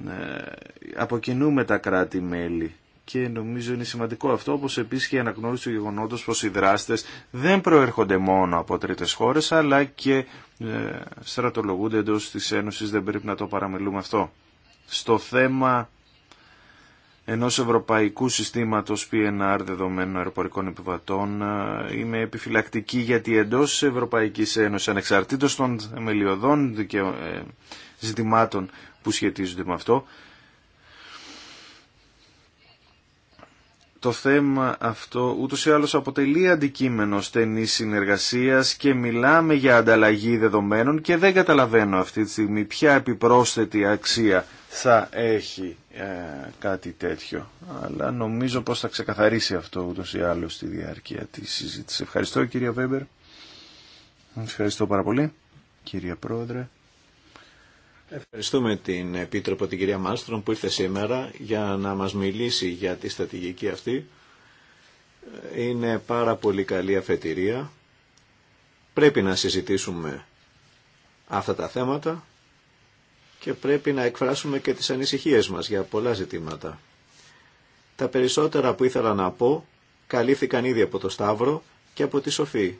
S2: ε, από κοινού με τα κράτη-μέλη και νομίζω είναι σημαντικό αυτό, όπως επίσης και η αναγνώριση του γεγονότος πως οι δράστες δεν προέρχονται μόνο από τρίτες χώρες, αλλά και ε, στρατολογούνται εντός της Ένωσης, δεν πρέπει να το παραμελούμε αυτό. Στο θέμα ενός ευρωπαϊκού συστήματος PNR δεδομένων αεροπορικών επιβατών ε, είμαι επιφυλακτική γιατί εντός της Ευρωπαϊκής Ένωσης ανεξαρτήτως των μελιωδών ε, ζητημάτων που σχετίζονται με αυτό το θέμα αυτό ούτως ή άλλως αποτελεί αντικείμενο στενής συνεργασίας και μιλάμε για ανταλλαγή δεδομένων και δεν καταλαβαίνω αυτή τη στιγμή ποια επιπρόσθετη αξία θα έχει ε, κάτι τέτοιο. Αλλά νομίζω πως θα ξεκαθαρίσει αυτό ούτως ή άλλως στη διάρκεια της συζήτησης. Ευχαριστώ κυρία Βέμπερ. Ευχαριστώ πάρα πολύ κύριε Πρόεδρε.
S1: Ευχαριστούμε την Επίτροπο την κυρία Μάστρον που ήρθε σήμερα για να μας μιλήσει για τη στρατηγική αυτή. Είναι πάρα πολύ καλή αφετηρία. Πρέπει να συζητήσουμε αυτά τα θέματα και πρέπει να εκφράσουμε και τις ανησυχίες μας για πολλά ζητήματα. Τα περισσότερα που ήθελα να πω καλύφθηκαν ήδη από το Σταύρο και από τη Σοφή.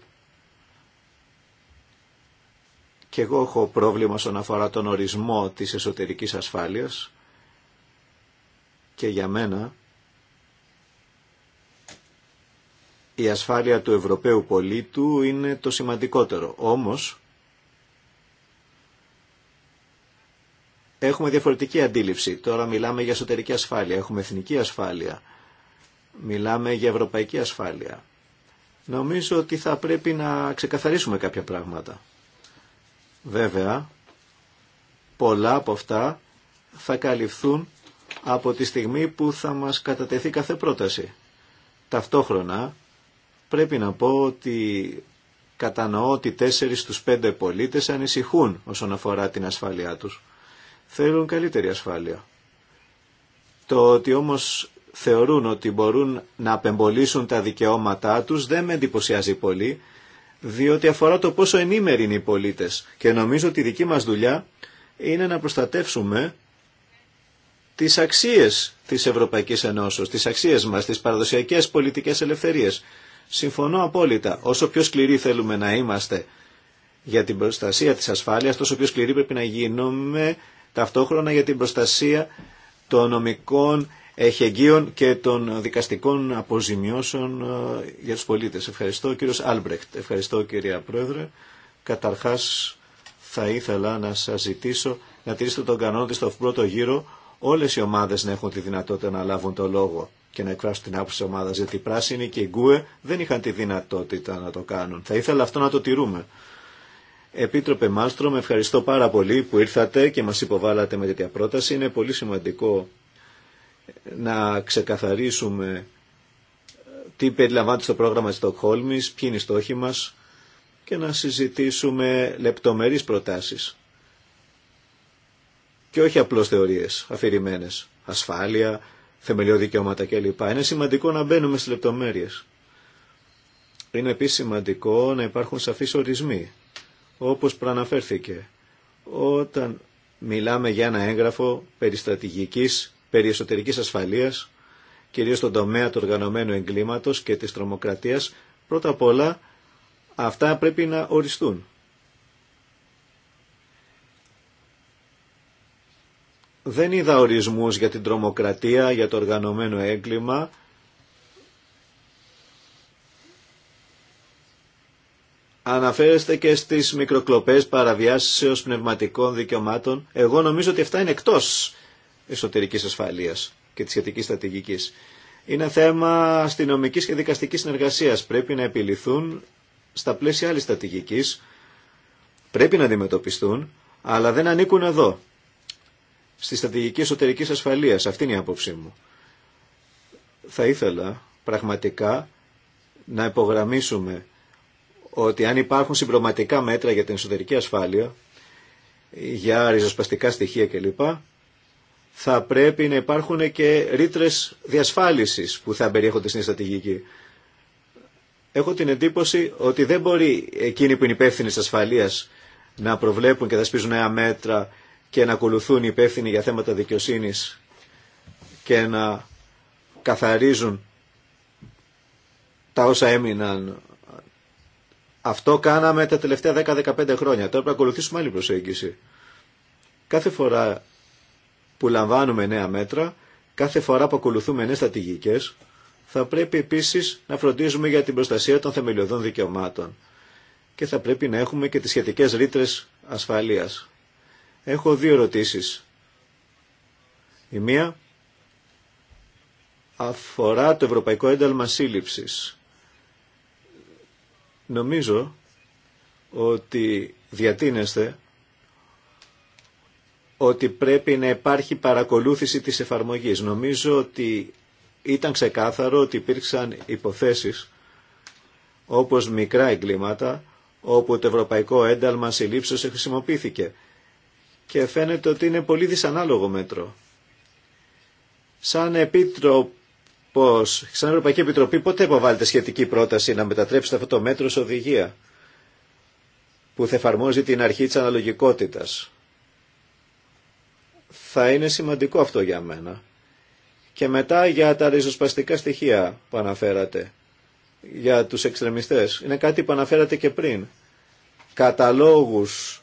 S1: Και εγώ έχω πρόβλημα στον αφορά τον ορισμό της εσωτερικής ασφάλειας και για μένα η ασφάλεια του Ευρωπαίου πολίτου είναι το σημαντικότερο. Όμως έχουμε διαφορετική αντίληψη. Τώρα μιλάμε για εσωτερική ασφάλεια, έχουμε εθνική ασφάλεια, μιλάμε για ευρωπαϊκή ασφάλεια. Νομίζω ότι θα πρέπει να ξεκαθαρίσουμε κάποια πράγματα. Βέβαια, πολλά από αυτά θα καλυφθούν από τη στιγμή που θα μας κατατεθεί κάθε πρόταση. Ταυτόχρονα, πρέπει να πω ότι κατανοώ ότι τέσσερις στους πέντε πολίτες ανησυχούν όσον αφορά την ασφάλειά τους. Θέλουν καλύτερη ασφάλεια. Το ότι όμως θεωρούν ότι μπορούν να απεμπολίσουν τα δικαιώματά τους δεν με εντυπωσιάζει πολύ διότι αφορά το πόσο ενήμεροι είναι οι πολίτες και νομίζω ότι η δική μας δουλειά είναι να προστατεύσουμε τις αξίες της Ευρωπαϊκής Ενώσεως, τις αξίες μας, τις παραδοσιακές πολιτικές ελευθερίες. Συμφωνώ απόλυτα, όσο πιο σκληροί θέλουμε να είμαστε για την προστασία της ασφάλειας, τόσο πιο σκληροί πρέπει να γίνουμε ταυτόχρονα για την προστασία των νομικών έχει εγγύων και των δικαστικών αποζημιώσεων ε, για τους πολίτες. Ευχαριστώ κύριος Άλμπρεχτ. Ευχαριστώ κυρία Πρόεδρε. Καταρχάς θα ήθελα να σας ζητήσω να τηρήσετε τον κανόνα ότι στο πρώτο γύρο όλες οι ομάδες να έχουν τη δυνατότητα να λάβουν το λόγο και να εκφράσουν την άποψη της ομάδας, γιατί οι πράσινοι και οι γκουε δεν είχαν τη δυνατότητα να το κάνουν. Θα ήθελα αυτό να το τηρούμε. Επίτροπε Μάλστρο, με ευχαριστώ πάρα πολύ που ήρθατε και μας υποβάλατε με τέτοια πρόταση. Είναι πολύ σημαντικό να ξεκαθαρίσουμε τι περιλαμβάνεται στο πρόγραμμα της Στοκχόλμης, ποιοι είναι οι στόχοι μας και να συζητήσουμε λεπτομερείς προτάσεις. Και όχι απλώς θεωρίες αφηρημένες, ασφάλεια, θεμελιώδη δικαιώματα κλπ. Είναι σημαντικό να μπαίνουμε στις λεπτομέρειες. Είναι επίσης σημαντικό να υπάρχουν σαφείς ορισμοί, όπως προαναφέρθηκε. Όταν μιλάμε για ένα έγγραφο στρατηγικής, περί εσωτερικής ασφαλείας, κυρίως στον τομέα του οργανωμένου εγκλήματος και της τρομοκρατίας, πρώτα απ' όλα αυτά πρέπει να οριστούν. Δεν είδα ορισμούς για την τρομοκρατία, για το οργανωμένο έγκλημα. Αναφέρεστε και στις μικροκλοπές παραβιάσεως πνευματικών δικαιωμάτων. Εγώ νομίζω ότι αυτά είναι εκτός Εσωτερική ασφαλεία και τη σχετική στρατηγική. Είναι θέμα αστυνομική και δικαστική συνεργασίας. Πρέπει να επιληθούν στα πλαίσια άλλη στρατηγική. Πρέπει να αντιμετωπιστούν, αλλά δεν ανήκουν εδώ. Στη στρατηγική εσωτερική ασφαλείας. Αυτή είναι η άποψή μου. Θα ήθελα πραγματικά να υπογραμμίσουμε ότι αν υπάρχουν συμπροματικά μέτρα για την εσωτερική ασφάλεια, για ριζοσπαστικά στοιχεία κλπ, θα πρέπει να υπάρχουν και ρήτρε διασφάλισης που θα περιέχονται στην στρατηγική. Έχω την εντύπωση ότι δεν μπορεί εκείνοι που είναι υπεύθυνοι τη ασφαλεία να προβλέπουν και να σπίζουν νέα μέτρα και να ακολουθούν οι υπεύθυνοι για θέματα δικαιοσύνη και να καθαρίζουν τα όσα έμειναν. Αυτό κάναμε τα τελευταία 10-15 χρόνια. Τώρα πρέπει να ακολουθήσουμε άλλη προσέγγιση. Κάθε φορά που λαμβάνουμε νέα μέτρα, κάθε φορά που ακολουθούμε νέες στρατηγικές, θα πρέπει επίσης να φροντίζουμε για την προστασία των θεμελιωδών δικαιωμάτων και θα πρέπει να έχουμε και τις σχετικές ρήτρε ασφαλείας. Έχω δύο ερωτήσεις. Η μία αφορά το Ευρωπαϊκό Ένταλμα Σύλληψης. Νομίζω ότι διατείνεστε ότι πρέπει να υπάρχει παρακολούθηση της εφαρμογής. Νομίζω ότι ήταν ξεκάθαρο ότι υπήρξαν υποθέσεις όπως μικρά εγκλήματα όπου το ευρωπαϊκό ένταλμα συλλήψεως χρησιμοποιήθηκε και φαίνεται ότι είναι πολύ δυσανάλογο μέτρο. Σαν Επίτροπος, σαν Ευρωπαϊκή Επιτροπή πότε υποβάλλεται σχετική πρόταση να μετατρέψετε αυτό το μέτρο σε οδηγία που θα εφαρμόζει την αρχή της αναλογικότητας θα είναι σημαντικό αυτό για μένα. Και μετά για τα ριζοσπαστικά στοιχεία που αναφέρατε, για τους εξτρεμιστές. Είναι κάτι που αναφέρατε και πριν. Καταλόγους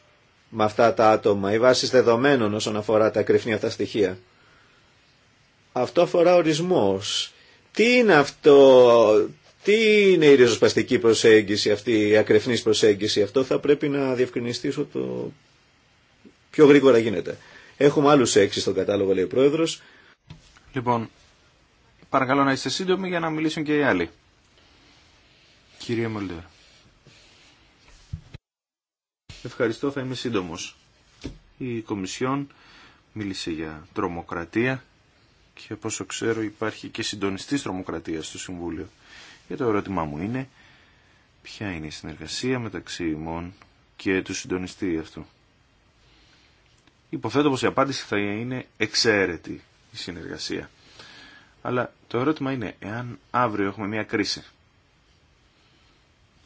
S1: με αυτά τα άτομα, οι βάσεις δεδομένων όσον αφορά τα κρυφνή αυτά στοιχεία. Αυτό αφορά ορισμός. Τι είναι αυτό, τι είναι η ριζοσπαστική προσέγγιση αυτή, η ακρεφνής προσέγγιση. Αυτό θα πρέπει να διευκρινιστεί το πιο γρήγορα γίνεται. Έχουμε άλλου έξι στον κατάλογο, λέει ο
S2: πρόεδρο. Λοιπόν, παρακαλώ να είστε σύντομοι για να μιλήσουν και οι άλλοι. Κύριε Μολτερ. Ευχαριστώ, θα είμαι σύντομο. Η Κομισιόν μίλησε για τρομοκρατία και πόσο ξέρω υπάρχει και συντονιστής τρομοκρατίας στο Συμβούλιο. Για το ερώτημά μου είναι ποια είναι η συνεργασία μεταξύ ημών και του συντονιστή αυτού. Υποθέτω πως η απάντηση θα είναι εξαίρετη η συνεργασία. Αλλά το ερώτημα είναι, εάν αύριο έχουμε μια κρίση,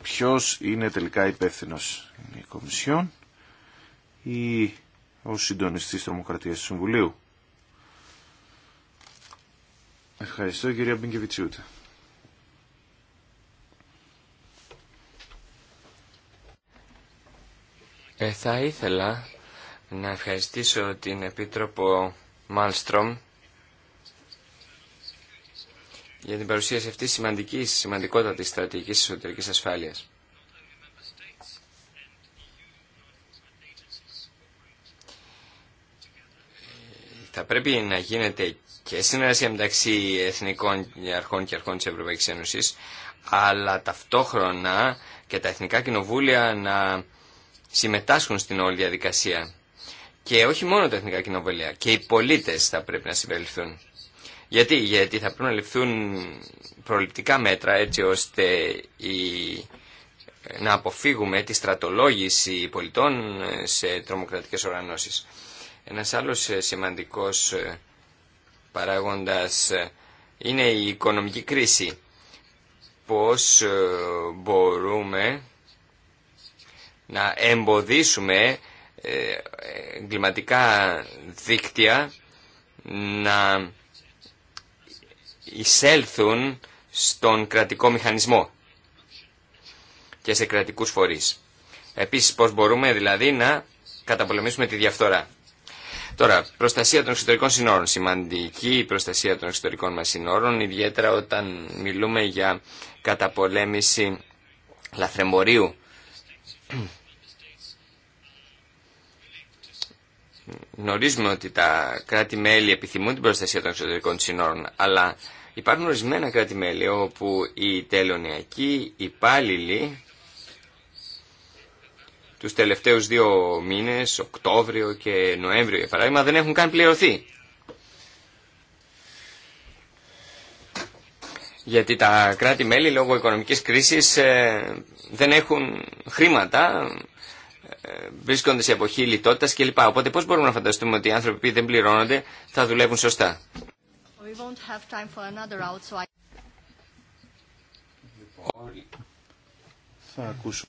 S2: ποιος είναι τελικά υπεύθυνο, είναι η Κομισιόν ή ο συντονιστής τρομοκρατίας του Συμβουλίου. Ευχαριστώ κυρία Μπινκεβιτσιούτα.
S3: Ε, θα ήθελα να ευχαριστήσω την Επίτροπο Μάλστρομ για την παρουσίαση αυτής της σημαντικής, σημαντικότατης στρατηγικής εσωτερικής ασφάλειας. Θα πρέπει να γίνεται και συνεργασία μεταξύ εθνικών αρχών και αρχών της Ευρωπαϊκή Ένωσης, αλλά ταυτόχρονα και τα εθνικά κοινοβούλια να συμμετάσχουν στην όλη διαδικασία. Και όχι μόνο τα εθνικά κοινοβουλία, και οι πολίτες θα πρέπει να συμπεριληφθούν. Γιατί, γιατί θα πρέπει να ληφθούν προληπτικά μέτρα έτσι ώστε να αποφύγουμε τη στρατολόγηση πολιτών ε, σε τρομοκρατικές οργανώσεις. Ένας άλλος ε, σημαντικός ε, παράγοντας είναι η οικονομική κρίση. Πώς μπορούμε να εμποδίσουμε ε, εγκληματικά δίκτυα να εισέλθουν στον κρατικό μηχανισμό και σε κρατικούς φορείς. Επίσης πώς μπορούμε δηλαδή να καταπολεμήσουμε τη διαφθορά. Τώρα, προστασία των εξωτερικών συνόρων. Σημαντική η προστασία των εξωτερικών μας συνόρων, ιδιαίτερα όταν μιλούμε για καταπολέμηση λαθρεμπορίου Γνωρίζουμε ότι τα κράτη-μέλη επιθυμούν την προστασία των εξωτερικών συνόρων, αλλά υπάρχουν ορισμένα κράτη-μέλη όπου οι τελωνιακοί υπάλληλοι τους τελευταίους δύο μήνες, Οκτώβριο και Νοέμβριο για παράδειγμα, δεν έχουν καν πληρωθεί. Γιατί τα κράτη-μέλη λόγω οικονομικής κρίσης ε, δεν έχουν χρήματα βρίσκονται σε εποχή λιτότητας κλπ. Οπότε πώς μπορούμε να φανταστούμε ότι οι άνθρωποι που δεν πληρώνονται θα δουλεύουν σωστά. Θα ακούσω.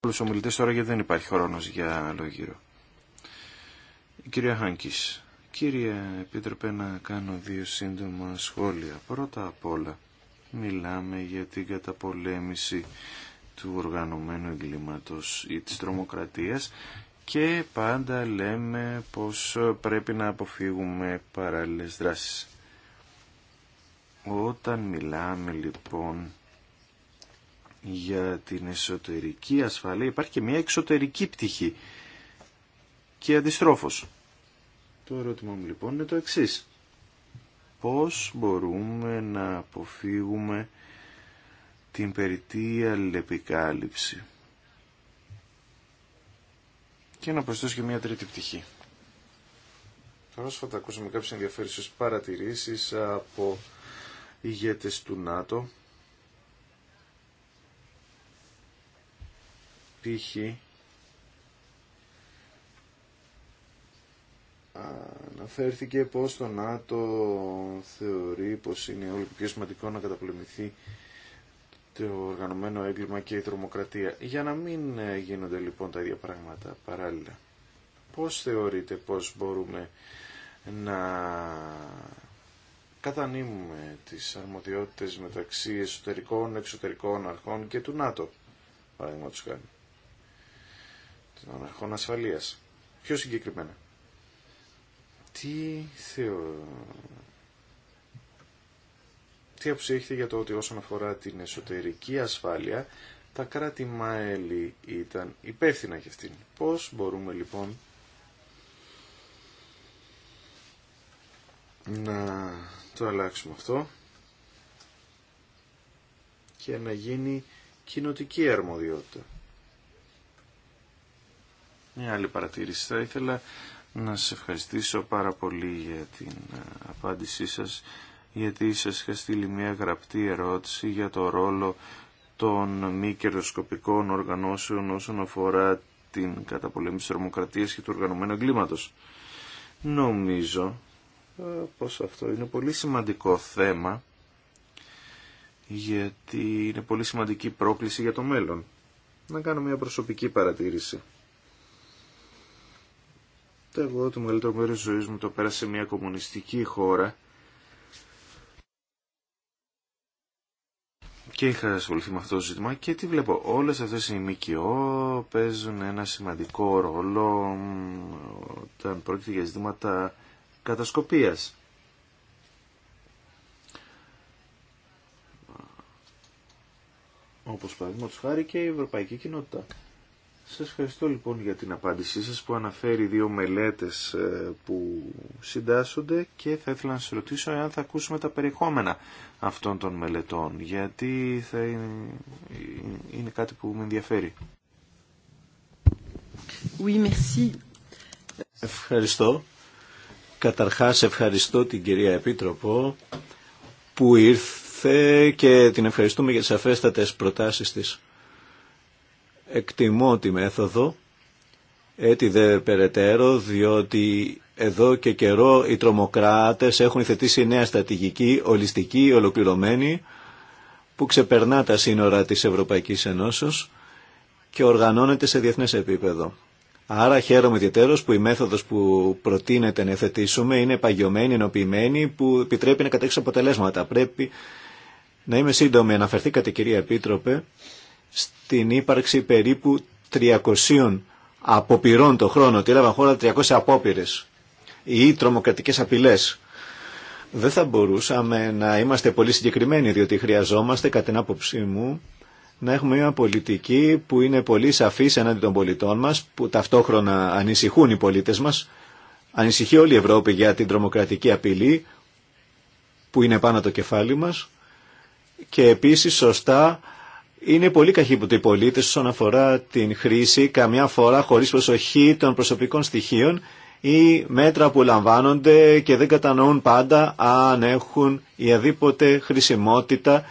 S2: Όλους ομιλητές τώρα γιατί δεν υπάρχει χρόνος για άλλο γύρο. κυρία Χάνκης. Κύριε Επίτροπε, να κάνω δύο σύντομα σχόλια. Πρώτα απ' όλα, μιλάμε για την καταπολέμηση του οργανωμένου εγκλήματος ή της τρομοκρατίας και πάντα λέμε πως πρέπει να αποφύγουμε παράλληλες δράσεις. Όταν μιλάμε λοιπόν για την εσωτερική ασφαλεία υπάρχει και μια εξωτερική πτυχή και αντιστρόφως. Το ερώτημα μου λοιπόν είναι το εξής. Πώς μπορούμε να αποφύγουμε την περιττή αλληλεπικάλυψη. Και να προσθέσω και μια τρίτη πτυχή. Πρόσφατα ακούσαμε κάποιες ενδιαφέρουσες παρατηρήσεις από ηγέτες του ΝΑΤΟ. Π.χ. Αναφέρθηκε πως το ΝΑΤΟ θεωρεί πως είναι όλο πιο σημαντικό να καταπολεμηθεί το οργανωμένο έγκλημα και η τρομοκρατία. Για να μην ε, γίνονται λοιπόν τα ίδια πράγματα παράλληλα. Πώς θεωρείτε πώς μπορούμε να κατανείμουμε τις αρμοδιότητες μεταξύ εσωτερικών, εξωτερικών αρχών και του ΝΑΤΟ, τους κάνει. των αρχών ασφαλείας. Πιο συγκεκριμένα, τι, θεω τι άποψη έχετε για το ότι όσον αφορά την εσωτερική ασφάλεια, τα κρατη ΜΑΕΛΗ ήταν υπεύθυνα για αυτήν. Πώς μπορούμε λοιπόν να το αλλάξουμε αυτό και να γίνει κοινοτική αρμοδιότητα. Μια άλλη παρατήρηση. Θα ήθελα να σας ευχαριστήσω πάρα πολύ για την ε, απάντησή σας γιατί σας είχα στείλει μια γραπτή ερώτηση για το ρόλο των μη κερδοσκοπικών οργανώσεων όσον αφορά την καταπολέμηση της δημοκρατίας και του οργανωμένου εγκλήματος. Νομίζω ε, πως αυτό είναι πολύ σημαντικό θέμα γιατί είναι πολύ σημαντική πρόκληση για το μέλλον. Να κάνω μια προσωπική παρατήρηση. Εγώ το μεγαλύτερο μέρος ζωής μου το πέρασε μια κομμουνιστική χώρα και είχα ασχοληθεί με αυτό το ζήτημα και τι βλέπω. Όλες αυτές οι ΜΚΟ παίζουν ένα σημαντικό ρόλο όταν πρόκειται για ζητήματα κατασκοπίας. Όπως παραδείγματος χάρη και η Ευρωπαϊκή Κοινότητα. Σας ευχαριστώ λοιπόν για την απάντησή σας που αναφέρει δύο μελέτες ε, που συντάσσονται και θα ήθελα να σας ρωτήσω εάν θα ακούσουμε τα περιεχόμενα αυτών των μελετών γιατί θα είναι, είναι κάτι που με ενδιαφέρει.
S3: Oui, merci.
S1: Ευχαριστώ. Καταρχάς ευχαριστώ την κυρία Επίτροπο που ήρθε και την ευχαριστούμε για τις αφέστατες προτάσεις της. Εκτιμώ τη μέθοδο, έτσι δε περαιτέρω, διότι εδώ και καιρό οι τρομοκράτες έχουν θετήσει νέα στρατηγική, ολιστική, ολοκληρωμένη, που ξεπερνά τα σύνορα της Ευρωπαϊκής Ενώσεως και οργανώνεται σε διεθνές επίπεδο. Άρα χαίρομαι ιδιαίτερος που η μέθοδος που προτείνεται να θετήσουμε είναι παγιωμένη, ενοποιημένη, που επιτρέπει να κατέξει αποτελέσματα. Πρέπει να είμαι σύντομη, αναφερθήκατε κυρία Επίτροπε, στην ύπαρξη περίπου 300 αποπειρών το χρόνο, ότι έλαβαν χώρα 300 απόπειρε ή τρομοκρατικέ απειλέ. Δεν θα μπορούσαμε να είμαστε πολύ συγκεκριμένοι, διότι χρειαζόμαστε, κατά την άποψή μου, να έχουμε μια πολιτική που είναι πολύ σαφή εναντί των πολιτών μα, που ταυτόχρονα ανησυχούν οι πολίτε μα. Ανησυχεί όλη η Ευρώπη για την τρομοκρατική απειλή που είναι πάνω το κεφάλι μας και επίσης σωστά είναι πολύ που οι πολίτε όσον αφορά την χρήση, καμιά φορά χωρί προσοχή των προσωπικών στοιχείων ή μέτρα που λαμβάνονται και δεν κατανοούν πάντα αν έχουν η χρησιμότητα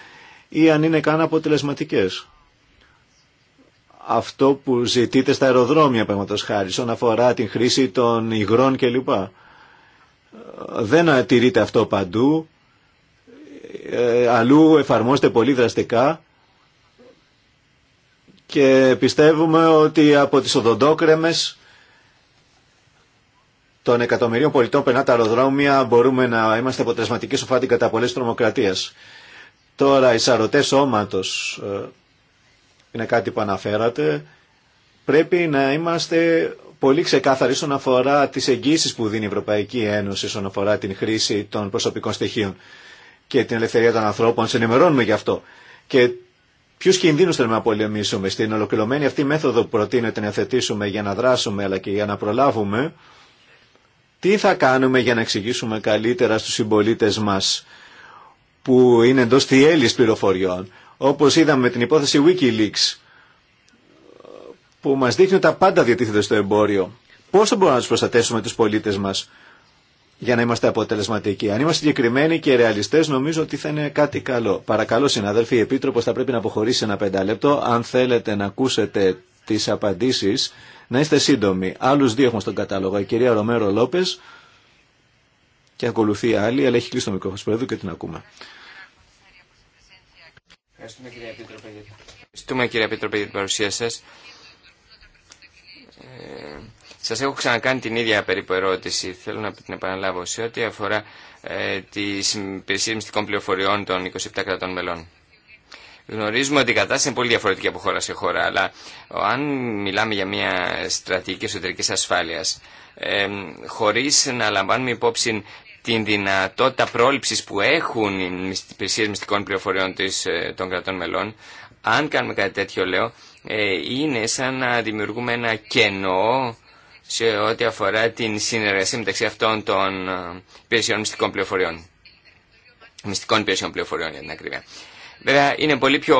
S1: ή αν είναι καν αποτελεσματικέ. Αυτό που ζητείτε στα αεροδρόμια, π.χ. χάρη, όσον αφορά την χρήση των υγρών κλπ. Δεν ατηρείται αυτό παντού. Ε, αλλού εφαρμόζεται πολύ δραστικά και πιστεύουμε ότι από τις οδοντόκρεμες των εκατομμυρίων πολιτών περνά τα αεροδρόμια μπορούμε να είμαστε αποτελεσματικοί σοφά κατά πολλές τρομοκρατίες. Τώρα οι σαρωτές σώματος ε, είναι κάτι που αναφέρατε. Πρέπει να είμαστε πολύ ξεκάθαροι στον αφορά τις εγγύσεις που δίνει η Ευρωπαϊκή Ένωση στον αφορά την χρήση των προσωπικών στοιχείων και την ελευθερία των ανθρώπων. Σε γι' αυτό. Και Ποιου κινδύνου θέλουμε να πολεμήσουμε στην ολοκληρωμένη αυτή μέθοδο που προτείνεται να θετήσουμε για να δράσουμε αλλά και για να προλάβουμε, τι θα κάνουμε για να εξηγήσουμε καλύτερα στου συμπολίτε μας που είναι εντό έλλειψη πληροφοριών. Όπως είδαμε με την υπόθεση Wikileaks που μας δείχνει ότι τα πάντα διατίθεται στο εμπόριο. Πώ θα μπορούμε να του προστατεύσουμε του πολίτε μα, για να είμαστε αποτελεσματικοί. Αν είμαστε συγκεκριμένοι και ρεαλιστέ, νομίζω ότι θα είναι κάτι καλό. Παρακαλώ, συναδέλφοι, η Επίτροπο θα πρέπει να αποχωρήσει ένα λεπτό. Αν θέλετε να ακούσετε τι απαντήσει, να είστε σύντομοι. Άλλου δύο έχουμε στον κατάλογο. Η κυρία Ρομέρο Λόπε και ακολουθεί άλλη, αλλά έχει κλείσει το μικρόφωνο του Προέδρου και την ακούμε.
S3: Ευχαριστούμε κυρία Επίτροπε, για την παρουσία σα. Ε, Σα έχω ξανακάνει την ίδια περίπου ερώτηση, θέλω να την επαναλάβω, σε ό,τι αφορά ε, τις μυστικών πληροφοριών των 27 κρατών μελών. Γνωρίζουμε ότι η κατάσταση είναι πολύ διαφορετική από χώρα σε χώρα, αλλά αν μιλάμε για μια στρατηγική εσωτερική ασφάλεια, ε, χωρί να λαμβάνουμε υπόψη την δυνατότητα πρόληψη που έχουν οι υπηρεσίε μυστικών πληροφοριών ε, των κρατών μελών, αν κάνουμε κάτι τέτοιο, λέω, ε, είναι σαν να δημιουργούμε ένα κενό σε ό,τι αφορά την συνεργασία μεταξύ αυτών των ε, υπηρεσιών μυστικών πληροφοριών. Μυστικών υπηρεσιών πληροφοριών, για την ακρίβεια. Βέβαια, είναι πολύ πιο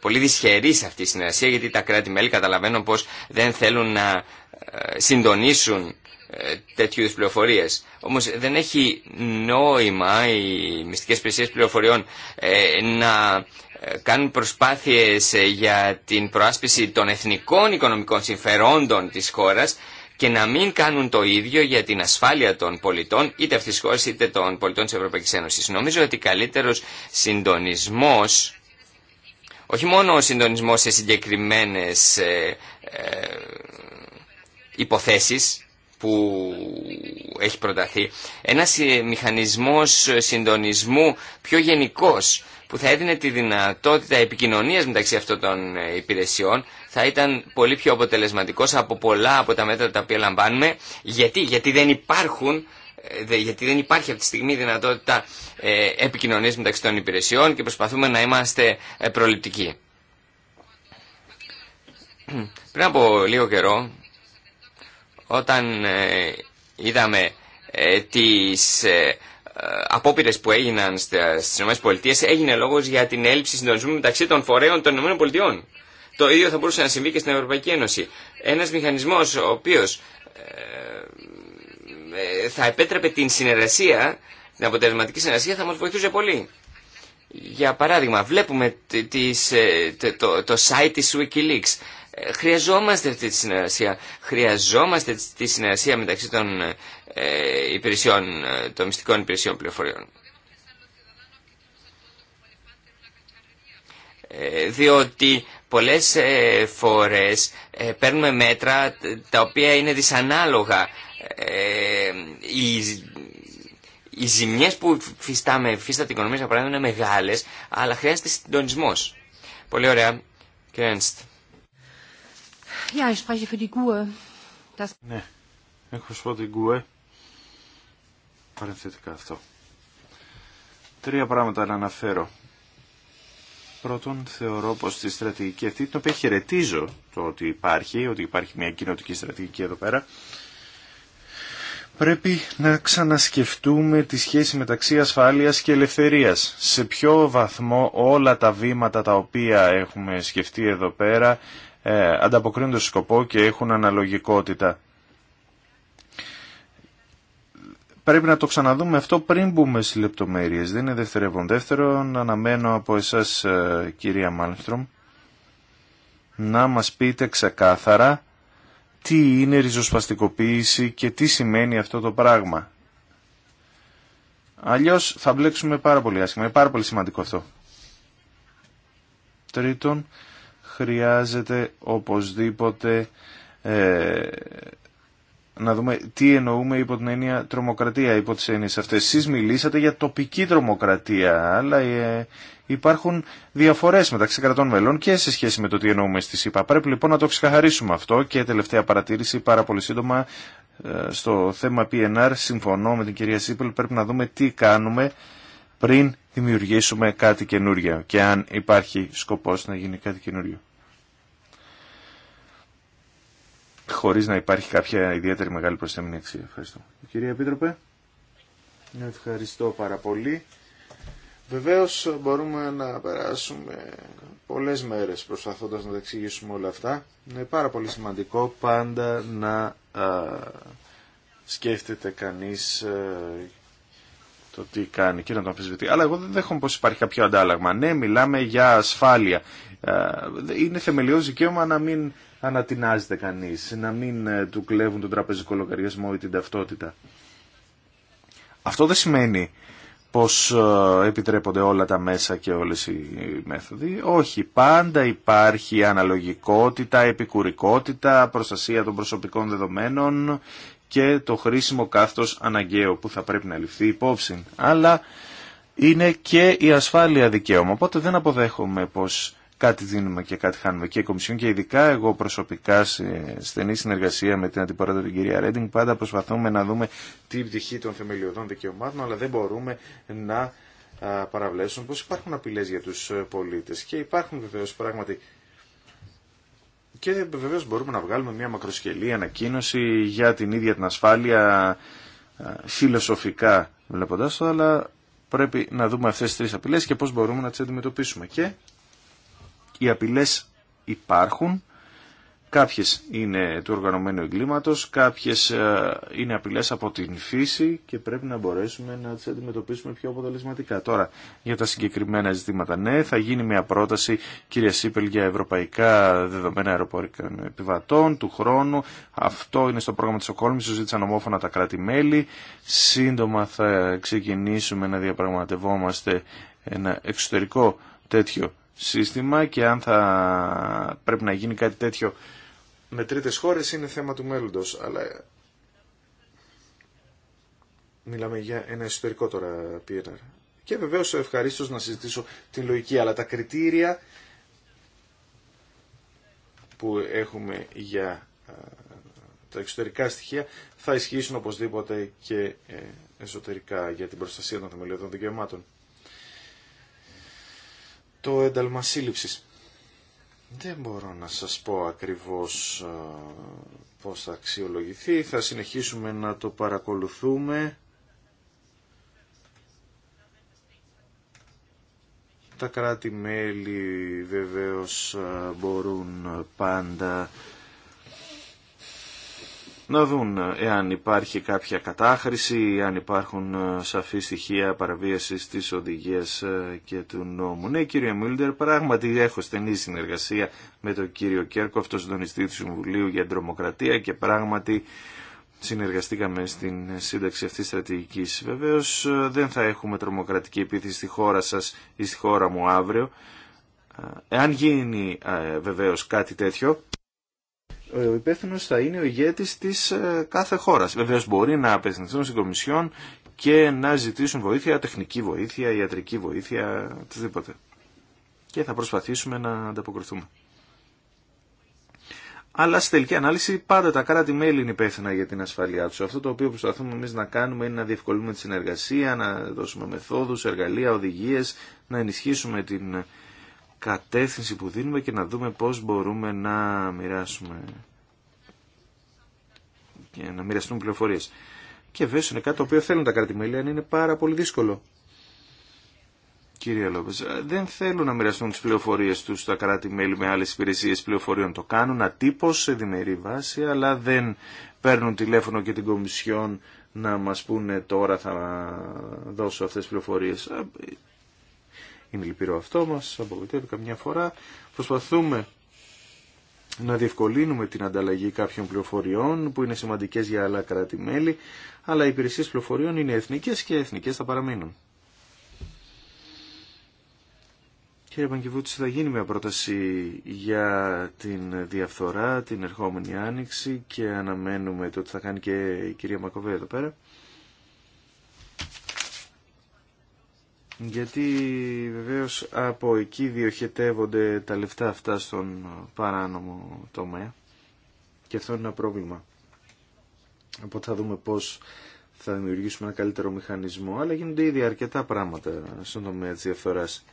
S3: πολύ δυσχερή αυτή η συνεργασία, γιατί τα κράτη-μέλη καταλαβαίνουν πω δεν θέλουν να ε, συντονίσουν ε, τέτοιου είδου πληροφορίε. Όμω δεν έχει νόημα οι μυστικέ υπηρεσίε πληροφοριών να κάνουν προσπάθειες ε, για την προάσπιση των εθνικών οικονομικών συμφερόντων της χώρας και να μην κάνουν το ίδιο για την ασφάλεια των πολιτών, είτε αυτής της χώρας είτε των πολιτών της Ευρωπαϊκής Ένωσης. Νομίζω ότι καλύτερος συντονισμός, όχι μόνο ο συντονισμός σε συγκεκριμένες ε, ε, υποθέσεις, που έχει προταθεί. Ένας μηχανισμός συντονισμού πιο γενικός που θα έδινε τη δυνατότητα επικοινωνίας μεταξύ αυτών των ε, υπηρεσιών θα ήταν πολύ πιο αποτελεσματικός από πολλά από τα μέτρα τα οποία λαμβάνουμε. Γιατί, γιατί δεν υπάρχουν ε, γιατί δεν υπάρχει αυτή τη στιγμή δυνατότητα ε, επικοινωνία μεταξύ των υπηρεσιών και προσπαθούμε να είμαστε προληπτικοί. Πριν από λίγο καιρό, όταν είδαμε τις απόπειρε που έγιναν στι ΗΠΑ έγινε λόγο για την έλλειψη συντονισμού μεταξύ των φορέων των ΗΠΑ. Το ίδιο θα μπορούσε να συμβεί και στην Ευρωπαϊκή Ένωση. Ένα μηχανισμό ο οποίο ε, ε, θα επέτρεπε την συνεργασία, την αποτελεσματική συνεργασία, θα μα βοηθούσε πολύ. Για παράδειγμα, βλέπουμε τις, ε, το, το, site τη Wikileaks. Ε, χρειαζόμαστε αυτή τη συνεργασία. Χρειαζόμαστε τη συνεργασία μεταξύ των ε, υπηρεσιών, ε, των μυστικών υπηρεσιών πληροφοριών. Ε, διότι πολλές φορές παίρνουμε μέτρα τα οποία είναι δυσανάλογα. Οι, ζημιές που φυστάμε, φύστα την οικονομία, για παράδειγμα, είναι μεγάλες, αλλά χρειάζεται συντονισμό. Πολύ ωραία. Κύριε Ένστ. E. Ναι,
S2: έχω σου την παρενθετικά αυτό. Τρία πράγματα να αναφέρω. Πρώτον, θεωρώ πως τη στρατηγική αυτή, την οποία χαιρετίζω το ότι υπάρχει, ότι υπάρχει μια κοινωτική στρατηγική εδώ πέρα, πρέπει να ξανασκεφτούμε τη σχέση μεταξύ ασφάλειας και ελευθερίας. Σε ποιο βαθμό όλα τα βήματα τα οποία έχουμε σκεφτεί εδώ πέρα ε, ανταποκρίνονται σκοπό και έχουν αναλογικότητα. πρέπει να το ξαναδούμε αυτό πριν μπούμε στις λεπτομέρειες. Δεν είναι δευτερεύον. Δεύτερον, αναμένω από εσάς ε, κυρία Μάλμστρομ να μας πείτε ξεκάθαρα τι είναι ριζοσπαστικοποίηση και τι σημαίνει αυτό το πράγμα. Αλλιώς θα μπλέξουμε πάρα πολύ άσχημα. Είναι πάρα πολύ σημαντικό αυτό. Τρίτον, χρειάζεται οπωσδήποτε ε, να δούμε τι εννοούμε υπό την έννοια τρομοκρατία, υπό τις έννοιες αυτές. Εσείς μιλήσατε για τοπική τρομοκρατία, αλλά ε, υπάρχουν διαφορές μεταξύ κρατών μελών και σε σχέση με το τι εννοούμε στη ΣΥΠΑ. Πρέπει λοιπόν να το ξεχαρίσουμε αυτό και τελευταία παρατήρηση πάρα πολύ σύντομα ε, στο θέμα PNR. Συμφωνώ με την κυρία Σίπελ, πρέπει να δούμε τι κάνουμε πριν δημιουργήσουμε κάτι καινούργιο και αν υπάρχει σκοπός να γίνει κάτι καινούργιο. χωρίς να υπάρχει κάποια ιδιαίτερη μεγάλη προσθέμενη αξία. Ευχαριστώ. Κυρία Επίτροπε. Ευχαριστώ πάρα πολύ. Βεβαίως μπορούμε να περάσουμε πολλές μέρες προσπαθώντας να τα εξηγήσουμε όλα αυτά. Είναι πάρα πολύ σημαντικό πάντα να σκέφτεται κανείς το τι κάνει και να το αμφισβητεί. Αλλά εγώ δεν δέχομαι πω υπάρχει κάποιο αντάλλαγμα. Ναι, μιλάμε για ασφάλεια. Ε, είναι θεμελιώδης δικαίωμα να μην ανατινάζεται κανείς, να μην ε, του κλέβουν τον τραπεζικό λογαριασμό ή την ταυτότητα. Αυτό δεν σημαίνει πως ε, επιτρέπονται όλα τα μέσα και όλες οι μέθοδοι. Όχι, πάντα υπάρχει αναλογικότητα, επικουρικότητα, προστασία των προσωπικών δεδομένων και το χρήσιμο κάθτος αναγκαίο που θα πρέπει να ληφθεί υπόψη. Αλλά είναι και η ασφάλεια δικαίωμα. Οπότε δεν αποδέχομαι πως κάτι δίνουμε και κάτι χάνουμε. Και η Κομισιόν και ειδικά εγώ προσωπικά σε στενή συνεργασία με την αντιπαράτατη την κυρία Ρέντινγκ πάντα προσπαθούμε να δούμε την πτυχή των θεμελιωδών δικαιωμάτων αλλά δεν μπορούμε να παραβλέψουμε πως υπάρχουν απειλές για τους ε, πολίτες και υπάρχουν βεβαίως πράγματι και βεβαίω μπορούμε να βγάλουμε μια μακροσκελή ανακοίνωση για την ίδια την ασφάλεια φιλοσοφικά βλέποντα το, αλλά πρέπει να δούμε αυτές τις τρει απειλέ και πώς μπορούμε να τις αντιμετωπίσουμε. Και οι απειλέ υπάρχουν, Κάποιες είναι του οργανωμένου εγκλήματος, κάποιες ε, είναι απειλές από την φύση και πρέπει να μπορέσουμε να τις αντιμετωπίσουμε πιο αποτελεσματικά. Τώρα, για τα συγκεκριμένα ζητήματα, ναι, θα γίνει μια πρόταση, κυρία Σίπελ, για ευρωπαϊκά δεδομένα αεροπορικών επιβατών του χρόνου. Αυτό είναι στο πρόγραμμα της Οκόλμης, συζήτησαν ομόφωνα τα κράτη-μέλη. Σύντομα θα ξεκινήσουμε να διαπραγματευόμαστε ένα εξωτερικό τέτοιο σύστημα και αν θα πρέπει να γίνει κάτι τέτοιο με τρίτες χώρες είναι θέμα του μέλλοντος, αλλά μιλάμε για ένα εσωτερικό τώρα πίεναρ. Και βεβαίως ευχαρίστω να συζητήσω την λογική, αλλά τα κριτήρια που έχουμε για τα εξωτερικά στοιχεία θα ισχύσουν οπωσδήποτε και ε, εσωτερικά για την προστασία των θεμελιωδών δικαιωμάτων. Το ένταλμα σύλληψης. Δεν μπορώ να σας πω ακριβώς ε, πώς θα αξιολογηθεί. Θα συνεχίσουμε να το παρακολουθούμε. Τα κράτη-μέλη βεβαίως ε, μπορούν πάντα να δουν ε, εάν υπάρχει κάποια κατάχρηση, εάν υπάρχουν ε, σαφή στοιχεία παραβίαση της οδηγίας ε, και του νόμου. Ναι κύριε Μίλντερ, πράγματι έχω στενή συνεργασία με τον κύριο Κέρκο, αυτός του Συμβουλίου για την Τρομοκρατία και πράγματι συνεργαστήκαμε στην σύνταξη αυτής της στρατηγικής. Βεβαίως δεν θα έχουμε τρομοκρατική επίθεση στη χώρα σας ή στη χώρα μου αύριο. Εάν γίνει βεβαίως κάτι τέτοιο, ε, ο υπεύθυνο θα είναι ο ηγέτης της ε, κάθε χώρα. Βεβαίως μπορεί να απευθυνθούν στην Κομισιόν και να ζητήσουν βοήθεια, τεχνική βοήθεια, ιατρική βοήθεια, οτιδήποτε. Και θα προσπαθήσουμε να ανταποκριθούμε. Αλλά στη τελική ανάλυση πάντα τα κράτη-μέλη είναι υπεύθυνα για την ασφαλειά του. Αυτό το οποίο προσπαθούμε εμεί να κάνουμε είναι να διευκολύνουμε τη συνεργασία, να δώσουμε μεθόδου, εργαλεία, οδηγίε, να ενισχύσουμε την κατεύθυνση που δίνουμε και να δούμε πώς μπορούμε να μοιράσουμε και να μοιραστούμε πληροφορίες. Και βέβαια είναι κάτι το οποίο θέλουν τα κρατη αν είναι πάρα πολύ δύσκολο. Κύριε Λόπεζ, δεν θέλουν να μοιραστούν τις πληροφορίες τους τα κρατη με άλλες υπηρεσίες πληροφοριών. Το κάνουν ατύπως σε διμερή βάση, αλλά δεν παίρνουν τηλέφωνο και την Κομισιόν να μας πούνε τώρα θα δώσω αυτές τις πληροφορίες. Είναι λυπηρό αυτό, μας απογοητεύει καμιά φορά. Προσπαθούμε να διευκολύνουμε την ανταλλαγή κάποιων πληροφοριών που είναι σημαντικές για άλλα κράτη-μέλη, αλλά οι υπηρεσίες πληροφοριών είναι εθνικές και εθνικές θα παραμείνουν. Κύριε Παγκεβούτση, θα γίνει μια πρόταση για την διαφθορά την ερχόμενη άνοιξη και αναμένουμε το ότι θα κάνει και η κυρία Μακοβέ εδώ πέρα. γιατί βεβαίως από εκεί διοχετεύονται τα λεφτά αυτά στον παράνομο τομέα και αυτό είναι ένα πρόβλημα. Οπότε θα δούμε πώς θα δημιουργήσουμε ένα καλύτερο μηχανισμό, αλλά γίνονται ήδη αρκετά πράγματα στον τομέα της διαφθοράς.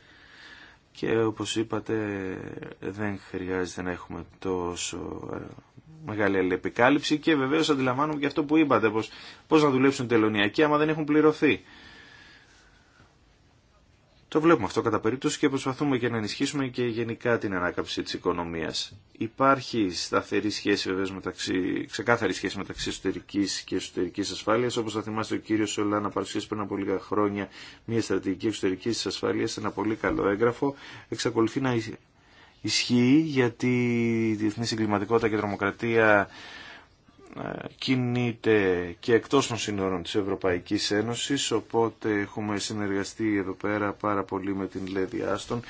S2: Και όπως είπατε δεν χρειάζεται να έχουμε τόσο ε, μεγάλη αλληλεπικάλυψη και βεβαίως αντιλαμβάνομαι και αυτό που είπατε, πως, πώς να δουλέψουν τελωνιακοί άμα δεν έχουν πληρωθεί. Το βλέπουμε αυτό κατά περίπτωση και προσπαθούμε και να ενισχύσουμε και γενικά την ανάκαμψη της οικονομίας. Υπάρχει σταθερή σχέση βεβαίως μεταξύ, ξεκάθαρη σχέση μεταξύ εσωτερικής και εσωτερικής ασφάλειας. Όπως θα θυμάστε ο κύριος Σολάνα παρουσίασε πριν από λίγα χρόνια μια στρατηγική εξωτερικής ασφάλειας ένα πολύ καλό έγγραφο. Εξακολουθεί να ισχύει γιατί η διεθνή συγκληματικότητα και η τρομοκρατία ε, κινείται και εκτός των σύνορων της Ευρωπαϊκής Ένωσης, οπότε έχουμε συνεργαστεί εδώ πέρα πάρα πολύ με την Λέδη Άστον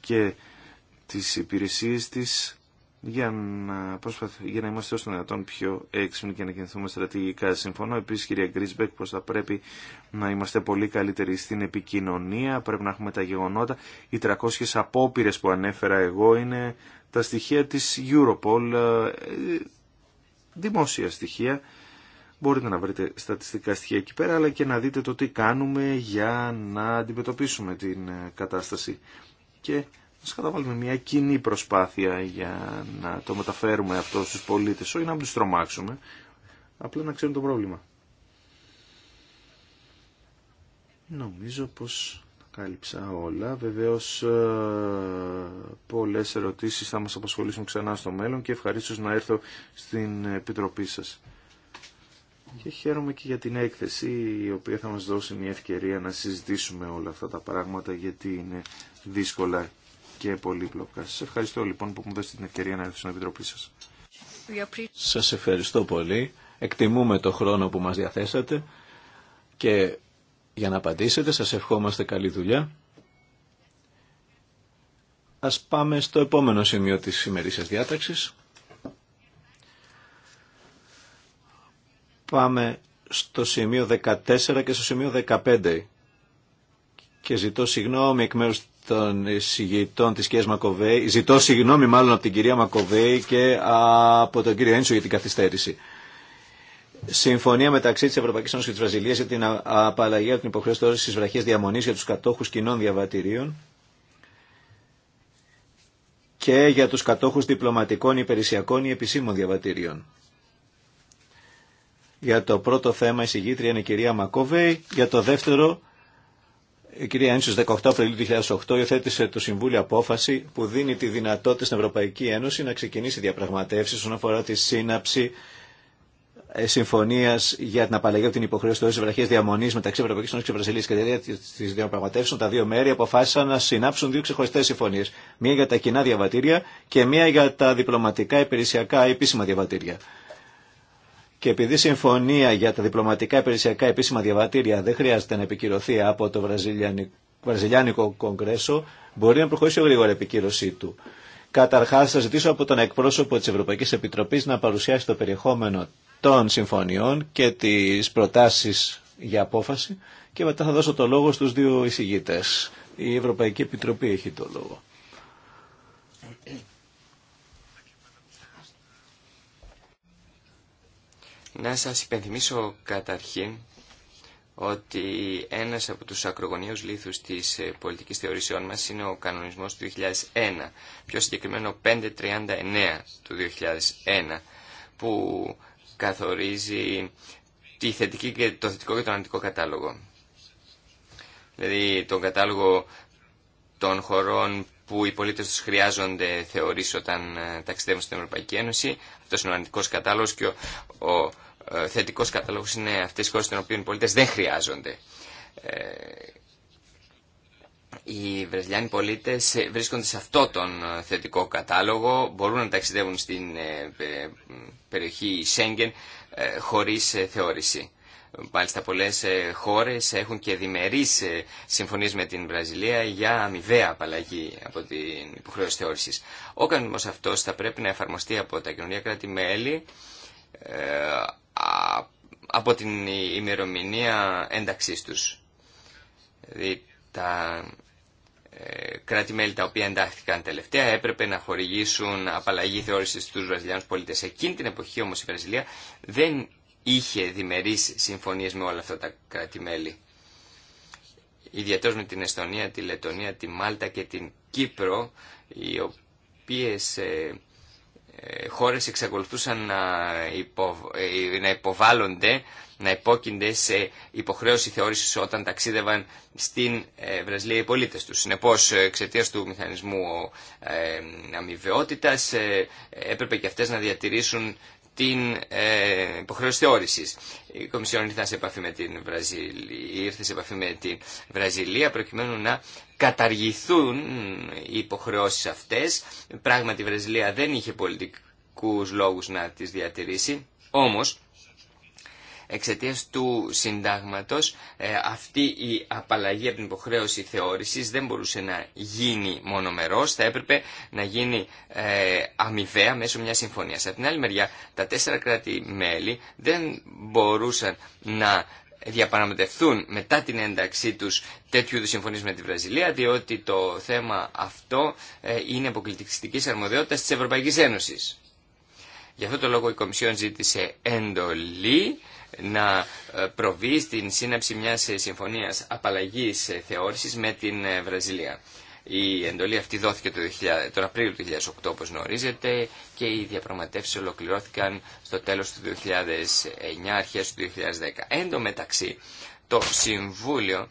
S2: και τις υπηρεσίες της για να, προσπαθ... για να είμαστε όσο δυνατόν πιο έξυπνοι και να κινηθούμε στρατηγικά. Συμφωνώ Επίση κυρία Γκρίσμπεκ πω θα πρέπει να είμαστε πολύ καλύτεροι στην επικοινωνία, πρέπει να έχουμε τα γεγονότα. Οι 300 απόπειρε που ανέφερα εγώ είναι τα στοιχεία τη Europol. Ε, δημόσια στοιχεία. Μπορείτε να βρείτε στατιστικά στοιχεία εκεί πέρα, αλλά και να δείτε το τι κάνουμε για να αντιμετωπίσουμε την ε, κατάσταση. Και να καταβάλουμε μια κοινή προσπάθεια για να το μεταφέρουμε αυτό στους πολίτες, όχι να μην τους τρομάξουμε, απλά να ξέρουν το πρόβλημα. Νομίζω πως κάλυψα όλα. Βεβαίως ε, πολλές ερωτήσεις θα μας απασχολήσουν ξανά στο μέλλον και ευχαρίστω να έρθω στην επιτροπή σας. Και χαίρομαι και για την έκθεση η οποία θα μας δώσει μια ευκαιρία να συζητήσουμε όλα αυτά τα πράγματα γιατί είναι δύσκολα και πολύπλοκα. Σας ευχαριστώ λοιπόν που μου δώσετε την ευκαιρία να έρθω στην επιτροπή σας. Σας ευχαριστώ πολύ. Εκτιμούμε το χρόνο
S1: που μας διαθέσατε και για να απαντήσετε. Σας ευχόμαστε καλή δουλειά. Ας πάμε στο επόμενο σημείο της σημερινής διάταξης. Πάμε στο σημείο 14 και στο σημείο 15. Και ζητώ συγγνώμη εκ μέρους των συγγητών της κυρίας Μακοβέη, ζητώ συγγνώμη μάλλον από την κυρία Μακοβέη και από τον κύριο Έντσο για την καθυστέρηση. Συμφωνία μεταξύ τη Ευρωπαϊκή Ένωση και τη Βραζιλία για την απαλλαγή από την υποχρέωση τη τη βραχή διαμονή για του κατόχου κοινών διαβατηρίων και για του κατόχου διπλωματικών υπηρεσιακών ή επισήμων διαβατηρίων. Για το πρώτο θέμα η συγγήτρια είναι η κυρία Μακόβεϊ. Για το δεύτερο, η κυρία Ένση, 18 Απριλίου 2008 υιοθέτησε το Συμβούλιο απόφαση που δίνει τη δυνατότητα στην Ευρωπαϊκή Ένωση να ξεκινήσει διαπραγματεύσει όσον αφορά τη ε, συμφωνία για την απαλλαγή από την υποχρέωση τη βραχία διαμονή μεταξύ Ευρωπαϊκή Ένωση και Βραζιλία και τη τη διαπραγματεύσεων, τα δύο μέρη αποφάσισαν να συνάψουν δύο ξεχωριστέ συμφωνίε. Μία για τα κοινά διαβατήρια και μία για τα διπλωματικά υπηρεσιακά επίσημα διαβατήρια. Και επειδή συμφωνία για τα διπλωματικά υπηρεσιακά επίσημα διαβατήρια δεν χρειάζεται να επικυρωθεί από το Βραζιλιάνικο Κογκρέσο, μπορεί να προχωρήσει γρήγορα η επικύρωσή του. Καταρχά, θα ζητήσω από τον εκπρόσωπο τη Ευρωπαϊκή Επιτροπή να παρουσιάσει το περιεχόμενο των συμφωνιών και τις προτάσεις για απόφαση και μετά θα δώσω το λόγο στους δύο εισηγητές. Η Ευρωπαϊκή Επιτροπή έχει το λόγο.
S3: Να σας υπενθυμίσω καταρχήν ότι ένας από τους ακρογωνίους λήθους της ε, πολιτικής θεωρήσεών μας είναι ο κανονισμός του 2001, πιο συγκεκριμένο 539 του 2001, που καθορίζει τη και το θετικό και το αντικό κατάλογο. Δηλαδή τον κατάλογο των χωρών που οι πολίτε του χρειάζονται θεωρείς όταν ε, ταξιδεύουν στην Ευρωπαϊκή Ένωση. Αυτός είναι ο αντικό κατάλογος και ο, ο ε, θετικός κατάλογος είναι αυτέ οι χώρε των οποίων οι πολίτε δεν χρειάζονται. Ε, οι Βραζιλιάνοι πολίτες ε, βρίσκονται σε αυτό τον ε, θετικό κατάλογο, μπορούν να ταξιδεύουν στην ε, περιοχή Σέγγεν χωρίς θεώρηση. Μάλιστα πολλές χώρες έχουν και διμερείς συμφωνίες με την Βραζιλία για αμοιβαία απαλλαγή από την υποχρέωση θεώρησης. Ο κανονισμός αυτός θα πρέπει να εφαρμοστεί από τα κοινωνία κράτη-μέλη από την ημερομηνία ενταξή τους. Δηλαδή τα ε, κράτη-μέλη τα οποία εντάχθηκαν τελευταία έπρεπε να χορηγήσουν απαλλαγή θεώρηση στους Βραζιλιάνους πολίτες. Εκείνη την εποχή όμως η Βραζιλία δεν είχε διμερείς συμφωνίες με όλα αυτά τα κράτη-μέλη. Ιδιαίτερως με την Εστονία, τη Λετωνία, τη Μάλτα και την Κύπρο, οι οποίες ε, ε χώρες εξακολουθούσαν να, ε, να υποβάλλονται να υπόκεινται σε υποχρέωση θεώρηση όταν ταξίδευαν στην ε, Βραζιλία οι πολίτες τους. Συνεπώ, ε, εξαιτία του μηχανισμού ε, αμοιβαιότητας έπρεπε και αυτέ να διατηρήσουν την ε, υποχρέωση θεώρηση. Η Κομισιόν ήρθε σε επαφή με την Βραζιλία, ήρθε σε επαφή με την Βραζιλία προκειμένου να καταργηθούν οι υποχρεώσεις αυτές. Πράγματι η Βραζιλία δεν είχε πολιτικούς λόγους να τις διατηρήσει, όμως εξαιτίας του συντάγματος ε, αυτή η απαλλαγή από την υποχρέωση θεώρησης δεν μπορούσε να γίνει μονομερός, θα έπρεπε να γίνει ε, αμοιβαία μέσω μιας συμφωνίας. Από την άλλη μεριά τα τέσσερα κράτη-μέλη δεν μπορούσαν να διαπαραμετευθούν μετά την ένταξή τους τέτοιου είδους συμφωνίες με τη Βραζιλία, διότι το θέμα αυτό ε, είναι αποκλειστικής αρμοδιότητα της Ευρωπαϊκής Ένωσης. Γι' αυτό το λόγο η Κομισιόν ζήτησε εντολή να ε, προβεί στην σύναψη μιας ε, συμφωνίας απαλλαγής ε, θεώρησης με την Βραζιλία. Η εντολή αυτή δόθηκε το 2000, τον Απρίλιο του 2008 όπως γνωρίζετε και οι διαπραγματεύσεις ολοκληρώθηκαν στο τέλος του 2009, αρχές του 2010. Εν τω μεταξύ το Συμβούλιο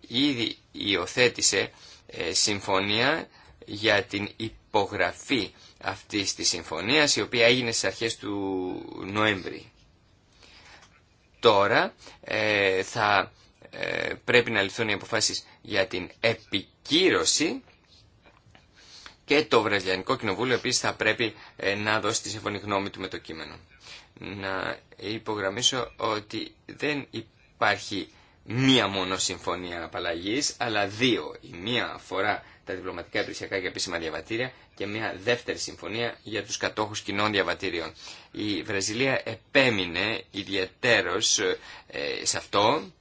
S3: ήδη υιοθέτησε συμφωνία για την υπογραφή αυτής της συμφωνίας η οποία έγινε στις αρχές του Νοέμβρη. Τώρα ε, θα ε, πρέπει να ληφθούν οι αποφάσεις για την επικύρωση και το Βραζιλιανικό Κοινοβούλιο επίσης θα πρέπει ε, να δώσει τη συμφωνή γνώμη του με το κείμενο. Να υπογραμμίσω ότι δεν υπάρχει μία μόνο συμφωνία απαλλαγής, αλλά δύο. Η μία αφορά τα διπλωματικά υπηρεσιακά και επίσημα διαβατήρια και μια δεύτερη συμφωνία για τους κατόχους κοινών διαβατήριων. Η Βραζιλία επέμεινε ιδιαίτερος ε, σε αυτό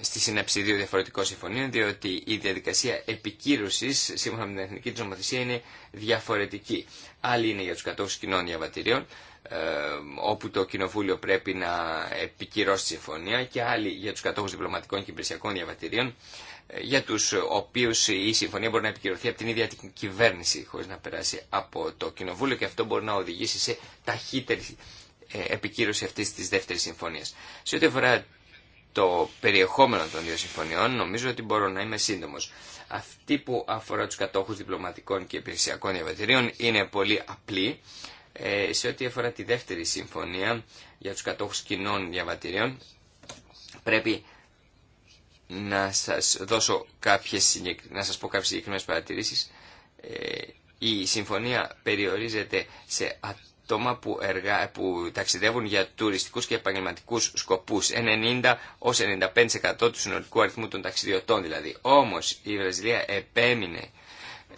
S3: στη σύναψη δύο διαφορετικών συμφωνίων, διότι η διαδικασία επικύρωσης, σύμφωνα με την εθνική της νομοθεσία είναι διαφορετική. Άλλη είναι για του κατόχου κοινών διαβατηρίων, ε, όπου το κοινοβούλιο πρέπει να επικυρώσει τη συμφωνία, και άλλη για του κατόχου διπλωματικών και υπηρεσιακών διαβατηρίων, για του οποίου η συμφωνία μπορεί να επικυρωθεί από την ίδια την κυβέρνηση χωρί να περάσει από το κοινοβούλιο και αυτό μπορεί να οδηγήσει σε ταχύτερη ε, επικύρωση αυτή τη δεύτερη συμφωνία. Σε ό,τι αφορά το περιεχόμενο των δύο συμφωνιών, νομίζω ότι μπορώ να είμαι σύντομο. Αυτή που αφορά του κατόχου διπλωματικών και υπηρεσιακών διαβατηρίων είναι πολύ απλή. Ε, σε ό,τι αφορά τη δεύτερη συμφωνία για του κατόχου κοινών διαβατηρίων, πρέπει να σας, δώσω κάποιες, να σας πω κάποιες συγκεκριμένες παρατηρήσεις. Ε, η συμφωνία περιορίζεται σε άτομα που, εργα... που ταξιδεύουν για τουριστικούς και επαγγελματικούς σκοπούς. 90 ως 95% του συνολικού αριθμού των ταξιδιωτών δηλαδή. Όμως η Βραζιλία επέμεινε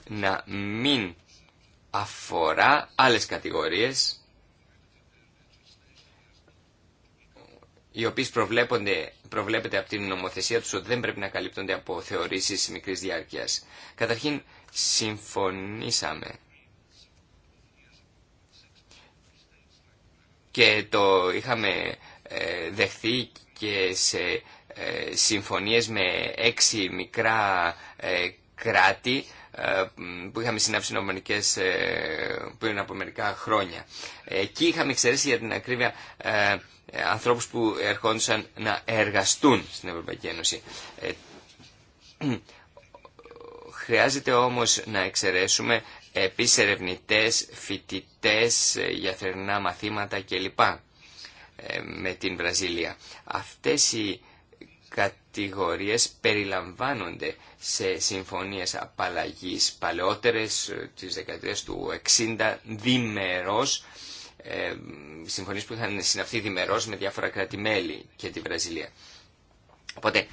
S3: να μην αφορά άλλες κατηγορίες οι οποίε προβλέπεται από την νομοθεσία του ότι δεν πρέπει να καλύπτονται από θεωρήσει μικρή διάρκεια. Καταρχήν, συμφωνήσαμε. Και το είχαμε ε, δεχθεί και σε ε, συμφωνίες με έξι μικρά ε, κράτη που είχαμε συνάψει νομονικές ε, πριν από μερικά χρόνια. Εκεί είχαμε εξαιρέσει για την ακρίβεια ε, ανθρώπους που ερχόντουσαν να εργαστούν στην Ευρωπαϊκή Ένωση. Ε, χρειάζεται όμως να εξαιρέσουμε επίσης ερευνητές, φοιτητές, για μαθήματα κλπ. με την Βραζίλια. Αυτές οι κατηγορίες περιλαμβάνονται σε συμφωνίες απαλλαγής παλαιότερες ε, της δεκαετίας του 60 διμερός ε, συμφωνίες που είχαν συναυθεί διμερός με διάφορα κράτη-μέλη και τη Βραζιλία. Οπότε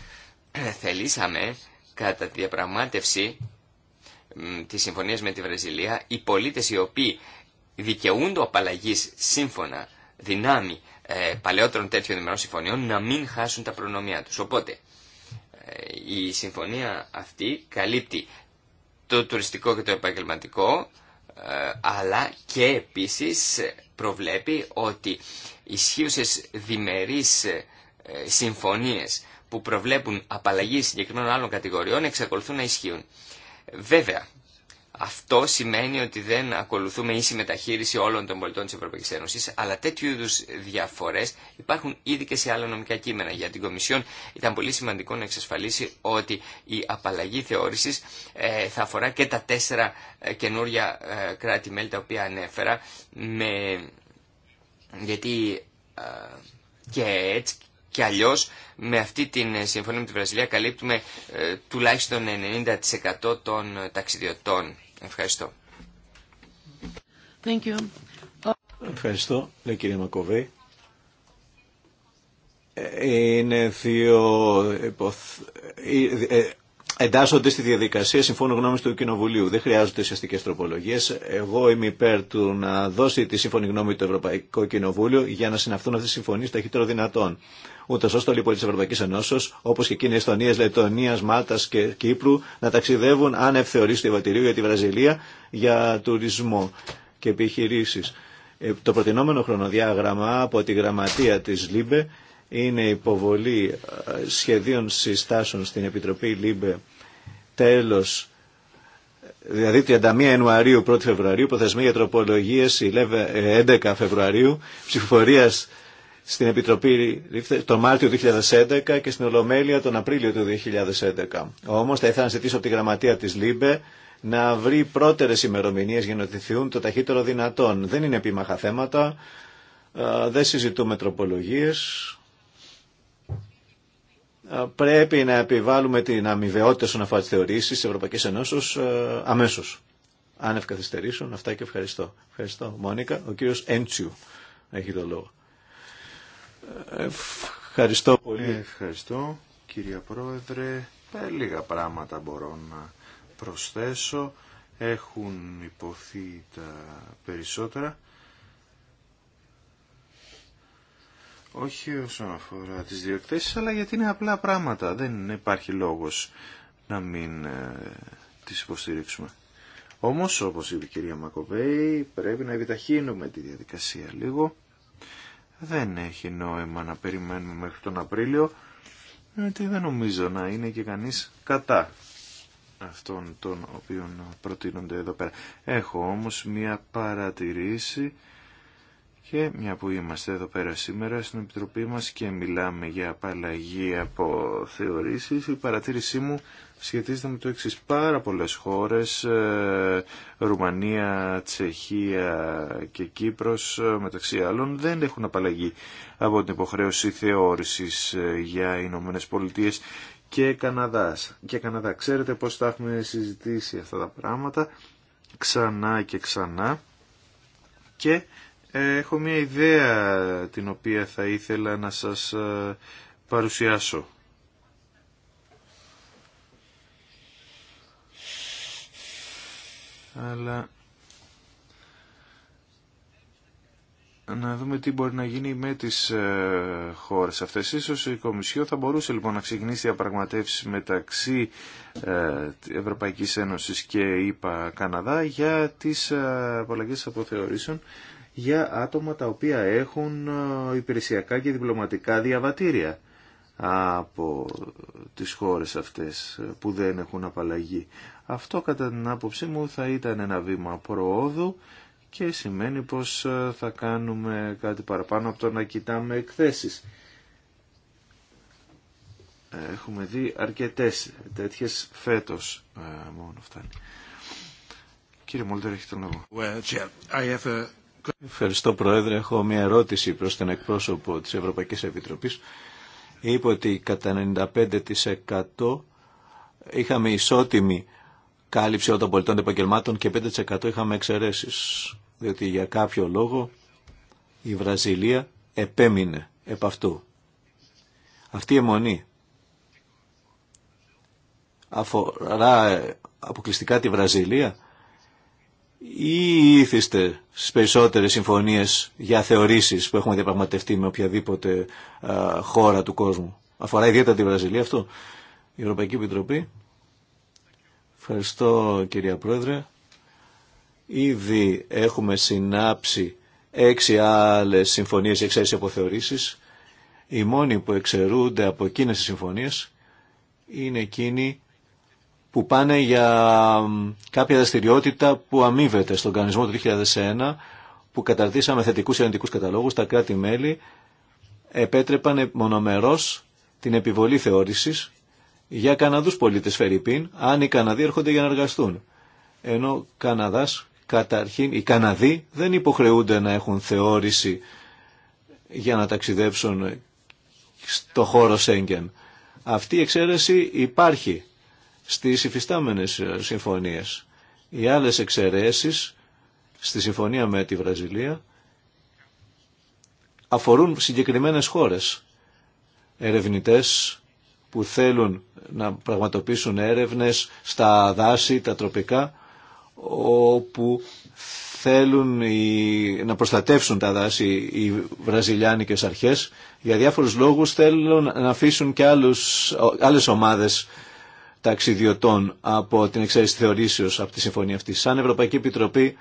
S3: ε, θελήσαμε κατά τη διαπραγμάτευση της συμφωνίας με τη Βραζιλία οι πολίτες οι οποίοι δικαιούνται απαλλαγής σύμφωνα δυνάμει ε, παλαιότερων τέτοιων ημερών συμφωνιών να μην χάσουν τα προνομιά τους. Οπότε ε, η συμφωνία αυτή καλύπτει το τουριστικό και το επαγγελματικό ε, αλλά και επίσης προβλέπει ότι ισχύουσες διμερείς συμφωνίες που προβλέπουν απαλλαγή συγκεκριμένων άλλων κατηγοριών εξακολουθούν να ισχύουν. Βέβαια, αυτό σημαίνει ότι δεν ακολουθούμε ίση μεταχείριση όλων των πολιτών της Ευρωπαϊκής Ένωσης, αλλά τέτοιου είδους διαφορές υπάρχουν ήδη και σε άλλα νομικά κείμενα. Για την Κομισιόν ήταν πολύ σημαντικό να εξασφαλίσει ότι η απαλλαγή θεώρησης ε, θα αφορά και τα τέσσερα ε, καινούρια ε, κράτη-μέλη τα οποία ανέφερα, με... γιατί και έτσι και αλλιώς με αυτή τη συμφωνία με τη Βραζιλία καλύπτουμε ε, τουλάχιστον 90% των ταξιδιωτών. Ευχαριστώ.
S1: Thank you. Ευχαριστώ, λέει κύριε Μακοβέη. Ε, είναι δύο υποθ... Ε, ε, εντάσσονται στη διαδικασία συμφώνου γνώμη του Κοινοβουλίου. Δεν χρειάζονται ουσιαστικέ τροπολογίε. Εγώ είμαι υπέρ του να δώσει τη σύμφωνη γνώμη του Ευρωπαϊκού Κοινοβούλιο για να συναυθούν αυτέ τι συμφωνίε ταχύτερο δυνατόν. Ούτω ώστε όλοι οι πολίτε τη Ευρωπαϊκή Ενώσεω, όπω και εκείνοι Εστονία, Λετωνία, Μάλτα και Κύπρου, να ταξιδεύουν αν θεωρήσει του για τη Βραζιλία για τουρισμό και επιχειρήσει. Ε, το προτινόμενο χρονοδιάγραμμα από τη γραμματεία τη ΛΥΜΠΕ είναι υποβολή ε, σχεδίων συστάσεων στην Επιτροπή ΛΥΜΠΕ τέλος δηλαδή 31 Ιανουαρίου 1 Φεβρουαρίου, προθεσμία για τροπολογίες 11 ε, Φεβρουαρίου, ψηφοφορία στην Επιτροπή τον Μάρτιο 2011 και στην Ολομέλεια τον Απρίλιο του 2011. Όμως θα ήθελα να ζητήσω από τη γραμματεία της ΛΥΜΠΕ να βρει πρώτερες ημερομηνίες για να το ταχύτερο δυνατόν. Δεν είναι επίμαχα θέματα, ε, δεν συζητούμε τροπολογίες, ε, πρέπει να επιβάλλουμε την αμοιβαιότητα στον αφορά τι θεωρήσει τη Ευρωπαϊκή Ενώσεω ε, αμέσω. Αν ευκαθυστερήσουν, αυτά και ευχαριστώ. Ευχαριστώ, Μόνικα. Ο κύριο Έντσιου έχει το λόγο. Ε,
S2: ευχαριστώ πολύ. Ευχαριστώ, κύριε Πρόεδρε. Λίγα πράγματα μπορώ να προσθέσω. Έχουν υποθεί τα περισσότερα. Όχι όσον αφορά τις δύο αλλά γιατί είναι απλά πράγματα. Δεν υπάρχει λόγος να μην ε, τις υποστηρίξουμε. Όμως, όπως είπε η κυρία Μακοβέη, πρέπει να επιταχύνουμε τη διαδικασία λίγο. Δεν έχει νόημα να περιμένουμε μέχρι τον Απρίλιο, γιατί δεν νομίζω να είναι και κανείς κατά αυτών των οποίων προτείνονται εδώ πέρα. Έχω όμως μία παρατηρήση και μια που είμαστε εδώ πέρα σήμερα στην Επιτροπή μας και μιλάμε για απαλλαγή από θεωρήσεις, η παρατήρησή μου σχετίζεται με το εξής. Πάρα πολλές χώρες, ε, Ρουμανία, Τσεχία και Κύπρος ε, μεταξύ άλλων, δεν έχουν απαλλαγή από την υποχρέωση θεώρησης ε, για Ηνωμένε Πολιτείε και Καναδάς. Και Καναδά, ξέρετε πώς τα έχουμε συζητήσει αυτά τα πράγματα ξανά και ξανά και ε, έχω μια ιδέα την οποία θα ήθελα να σας ε, παρουσιάσω. Αλλά να δούμε τι μπορεί να γίνει με τις ε, χώρες αυτές. Ίσως η Κομισιό θα μπορούσε λοιπόν να ξεκινήσει διαπραγματεύσεις μεταξύ Ευρωπαϊκής Ένωσης και ήπα ΕΕ Καναδά για τις απολαγές αποθεωρήσεων για άτομα τα οποία έχουν ε, υπηρεσιακά και διπλωματικά διαβατήρια από τις χώρες αυτές ε, που δεν έχουν απαλλαγή. Αυτό κατά την άποψή μου θα ήταν ένα βήμα προόδου και σημαίνει πως ε, θα κάνουμε κάτι παραπάνω από το να κοιτάμε εκθέσεις. Έχουμε δει αρκετές τέτοιες φέτος μόνο φτάνει. Κύριε Μόλτερ, έχετε τον λόγο.
S1: Ευχαριστώ Πρόεδρε. Έχω μια ερώτηση προς τον εκπρόσωπο της Ευρωπαϊκής Επιτροπής. Είπε ότι κατά 95% είχαμε ισότιμη κάλυψη όλων των πολιτών επαγγελμάτων και 5% είχαμε εξαιρέσει. Διότι για κάποιο λόγο η Βραζιλία επέμεινε επ' αυτού. Αυτή η αιμονή αφορά αποκλειστικά τη Βραζιλία ή ήθιστε στις περισσότερες συμφωνίες για θεωρήσεις που έχουμε διαπραγματευτεί με οποιαδήποτε α, χώρα του κόσμου. Αφορά ιδιαίτερα τη Βραζιλία αυτό. Η Ευρωπαϊκή Επιτροπή. Ευχαριστώ κυρία Πρόεδρε. Ήδη έχουμε συνάψει έξι άλλες συμφωνίες εξαίρεση αποθεωρήσεις. Οι μόνοι που εχουμε διαπραγματευτει με οποιαδηποτε χωρα του κοσμου αφορα ιδιαιτερα τη από εκείνες τις συμφωνίες είναι εκείνοι που πάνε για κάποια δραστηριότητα που αμείβεται στον κανονισμό του 2001 που καταρτήσαμε θετικούς αρνητικού καταλόγου, τα κράτη-μέλη επέτρεπαν μονομερό την επιβολή θεώρηση για καναδού πολίτε Φερρυπίν, αν οι Καναδοί έρχονται για να εργαστούν. Ενώ Καναδάς, καταρχήν, οι Καναδοί δεν υποχρεούνται να έχουν θεώρηση για να ταξιδέψουν στο χώρο Σέγγεν. Αυτή η εξαίρεση υπάρχει στις υφιστάμενες ε, συμφωνίες. Οι άλλες εξαιρεσει στη συμφωνία με τη Βραζιλία αφορούν συγκεκριμένες χώρες. Ερευνητές που θέλουν να πραγματοποιήσουν έρευνες στα δάση, τα τροπικά, όπου θέλουν να προστατεύσουν τα δάση οι βραζιλιάνικες αρχές. Για διάφορους λόγους θέλουν να αφήσουν και άλλους, άλλες ομάδες από την εξαίρεση θεωρήσεως από τη συμφωνία αυτή. Σαν Ευρωπαϊκή Επιτροπή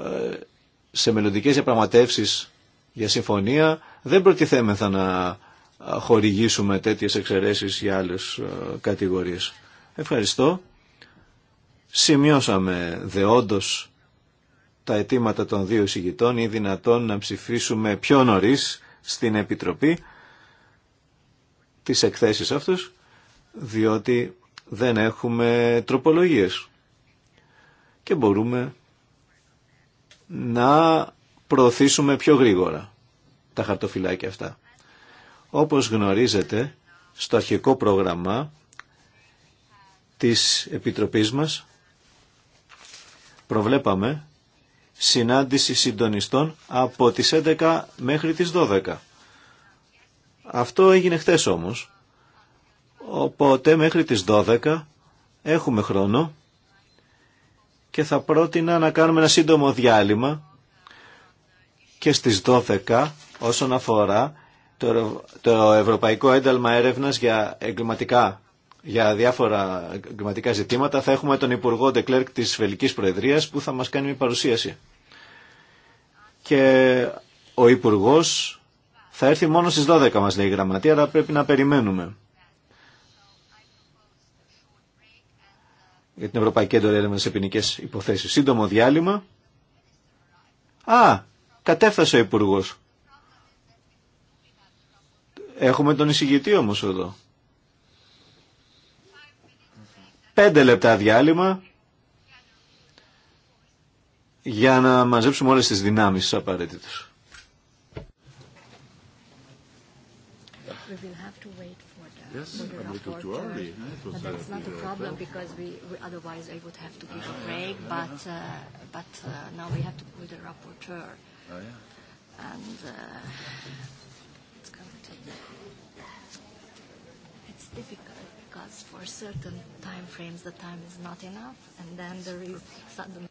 S1: ε, σε μελλοντικέ διαπραγματεύσει για συμφωνία δεν προτιθέμεθα να χορηγήσουμε τέτοιες εξαιρέσεις για άλλες ε, κατηγορίες. Ευχαριστώ. Σημειώσαμε δεόντως τα αιτήματα των δύο εισηγητών ή δυνατόν να ψηφίσουμε πιο νωρίς στην Επιτροπή τις εκθέσεις αυτούς, διότι δεν έχουμε τροπολογίες και μπορούμε να προωθήσουμε πιο γρήγορα τα χαρτοφυλάκια αυτά. Όπως γνωρίζετε, στο αρχικό πρόγραμμα της Επιτροπής μας προβλέπαμε συνάντηση συντονιστών από τις 11 μέχρι τις 12. Αυτό έγινε χτες όμως Οπότε μέχρι τις 12 έχουμε χρόνο και θα πρότεινα να κάνουμε ένα σύντομο διάλειμμα και στις 12 όσον αφορά το Ευρωπαϊκό Ένταλμα Έρευνας για εγκληματικά για διάφορα εγκληματικά ζητήματα θα έχουμε τον Υπουργό Ντεκλέρκ της Βελικής Προεδρίας που θα μας κάνει μια παρουσίαση. Και ο Υπουργός θα έρθει μόνο στις 12 μας λέει η γραμματεία, αλλά πρέπει να περιμένουμε. για την Ευρωπαϊκή Έντολη Έρευνα σε ποινικέ υποθέσει. Σύντομο διάλειμμα. Α, κατέφτασε ο Υπουργό. Έχουμε τον εισηγητή όμως εδώ. Πέντε λεπτά διάλειμμα για να μαζέψουμε όλες τις δυνάμεις απαραίτητες.
S3: Yes, a little too early. But that's not a problem because we, we otherwise I would have to give a break. But uh, but uh, now we have to put the rapporteur. Oh, yeah. And uh, it's going to it's difficult because for certain time frames the time is not enough, and then there is suddenly.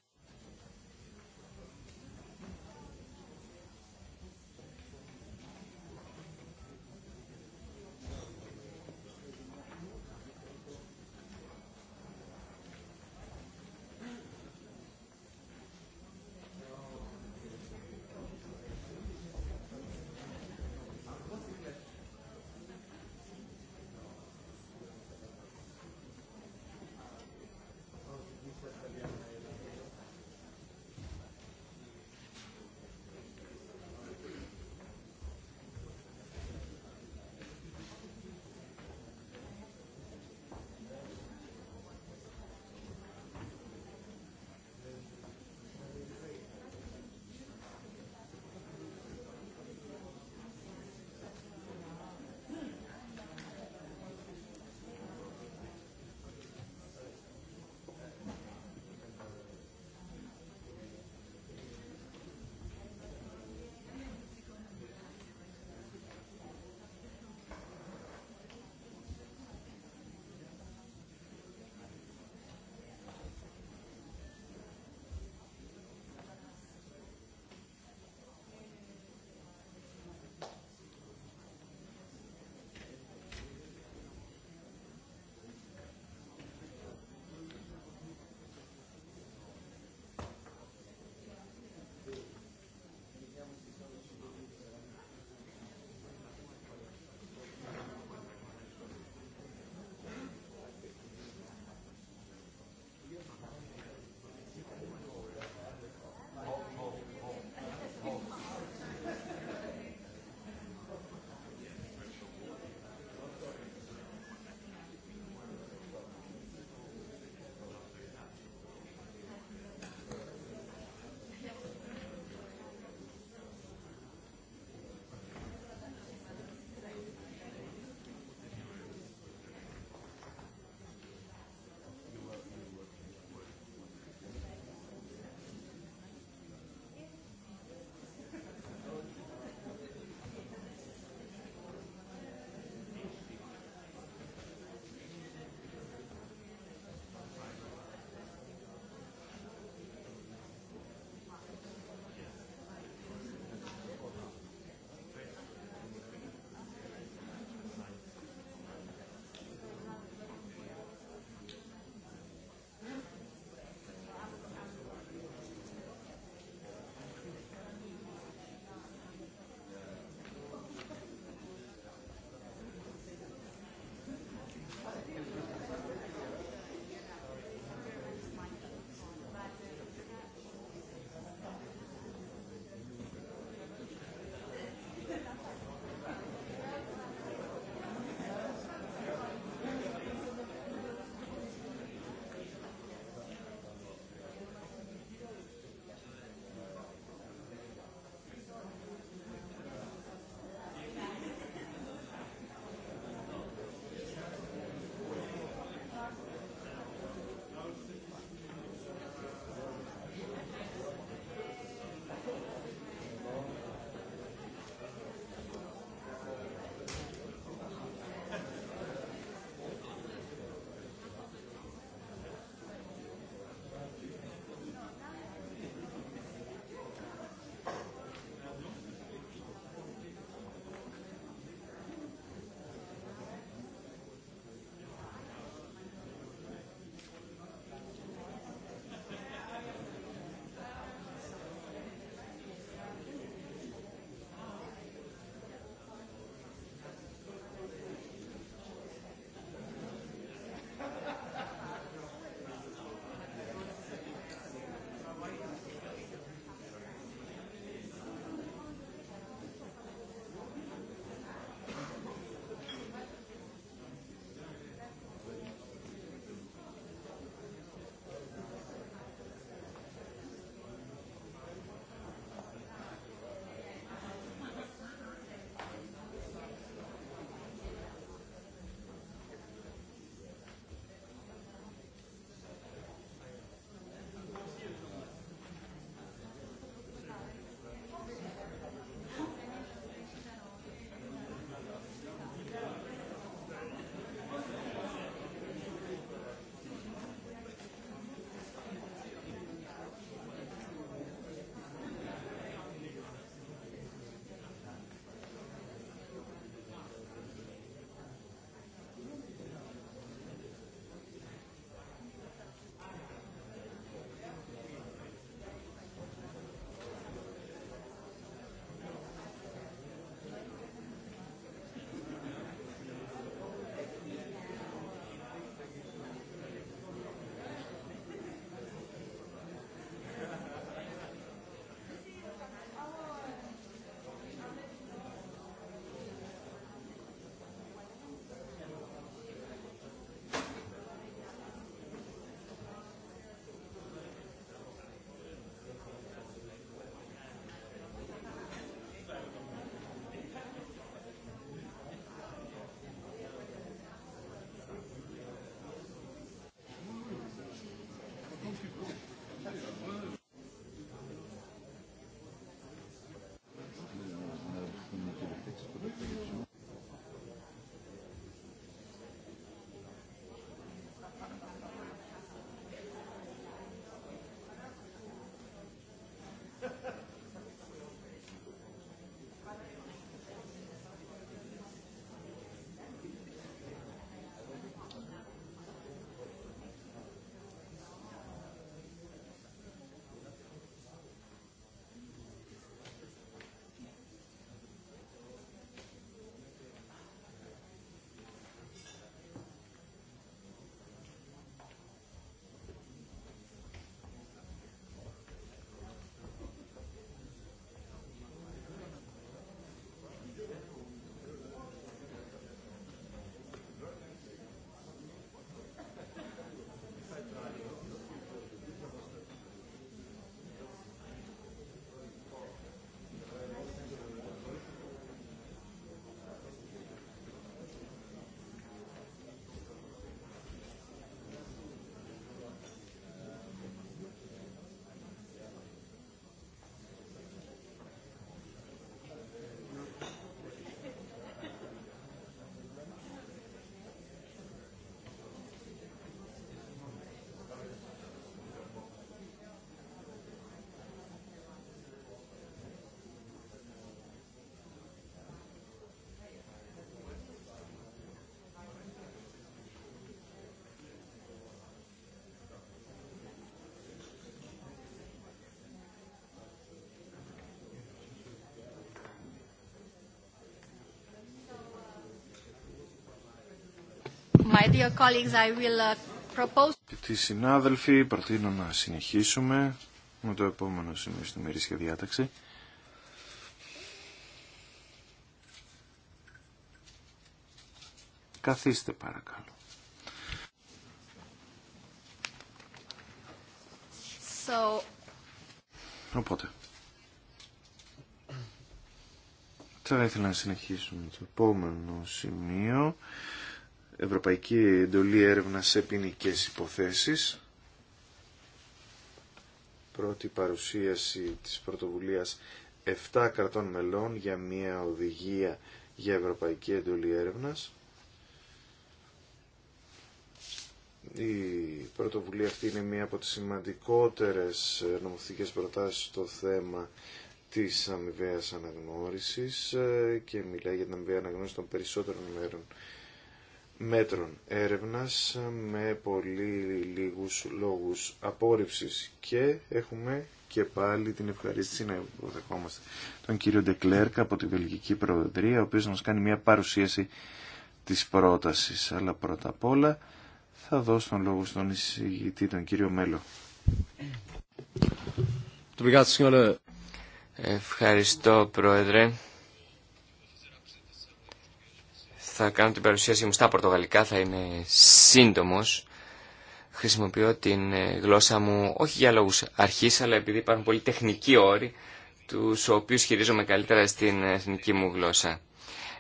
S3: my colleagues, uh,
S2: συνάδελφοι, προτείνω να συνεχίσουμε με το επόμενο σημείο στη μερίσια διάταξη. Καθίστε παρακαλώ. So... Οπότε. Θα ήθελα να συνεχίσουμε το επόμενο σημείο. Ευρωπαϊκή Εντολή Έρευνα σε ποινικέ υποθέσεις. Πρώτη παρουσίαση της πρωτοβουλίας 7 κρατών μελών για μια οδηγία για Ευρωπαϊκή Εντολή Έρευνας. Η πρωτοβουλία αυτή είναι μία από τις σημαντικότερες νομοθετικές προτάσεις στο θέμα της αμοιβαίας αναγνώρισης ε, και μιλάει για την αμοιβαία αναγνώριση των περισσότερων μέρων μέτρων έρευνας με πολύ λίγους λόγους απόρριψης και έχουμε και πάλι την ευχαρίστηση να υποδεχόμαστε τον κύριο Ντεκλέρκα από τη Βελγική Προεδρία ο οποίος μας κάνει μια παρουσίαση της πρότασης αλλά πρώτα απ' όλα θα δώσω τον λόγο στον εισηγητή
S3: τον κύριο Μέλο Ευχαριστώ Πρόεδρε θα κάνω την παρουσίασή μου στα πορτογαλικά, θα είμαι σύντομος. Χρησιμοποιώ την ε, γλώσσα μου όχι για λόγους αρχής, αλλά επειδή υπάρχουν πολύ τεχνικοί όροι, τους οποίους χειρίζομαι καλύτερα στην εθνική μου γλώσσα.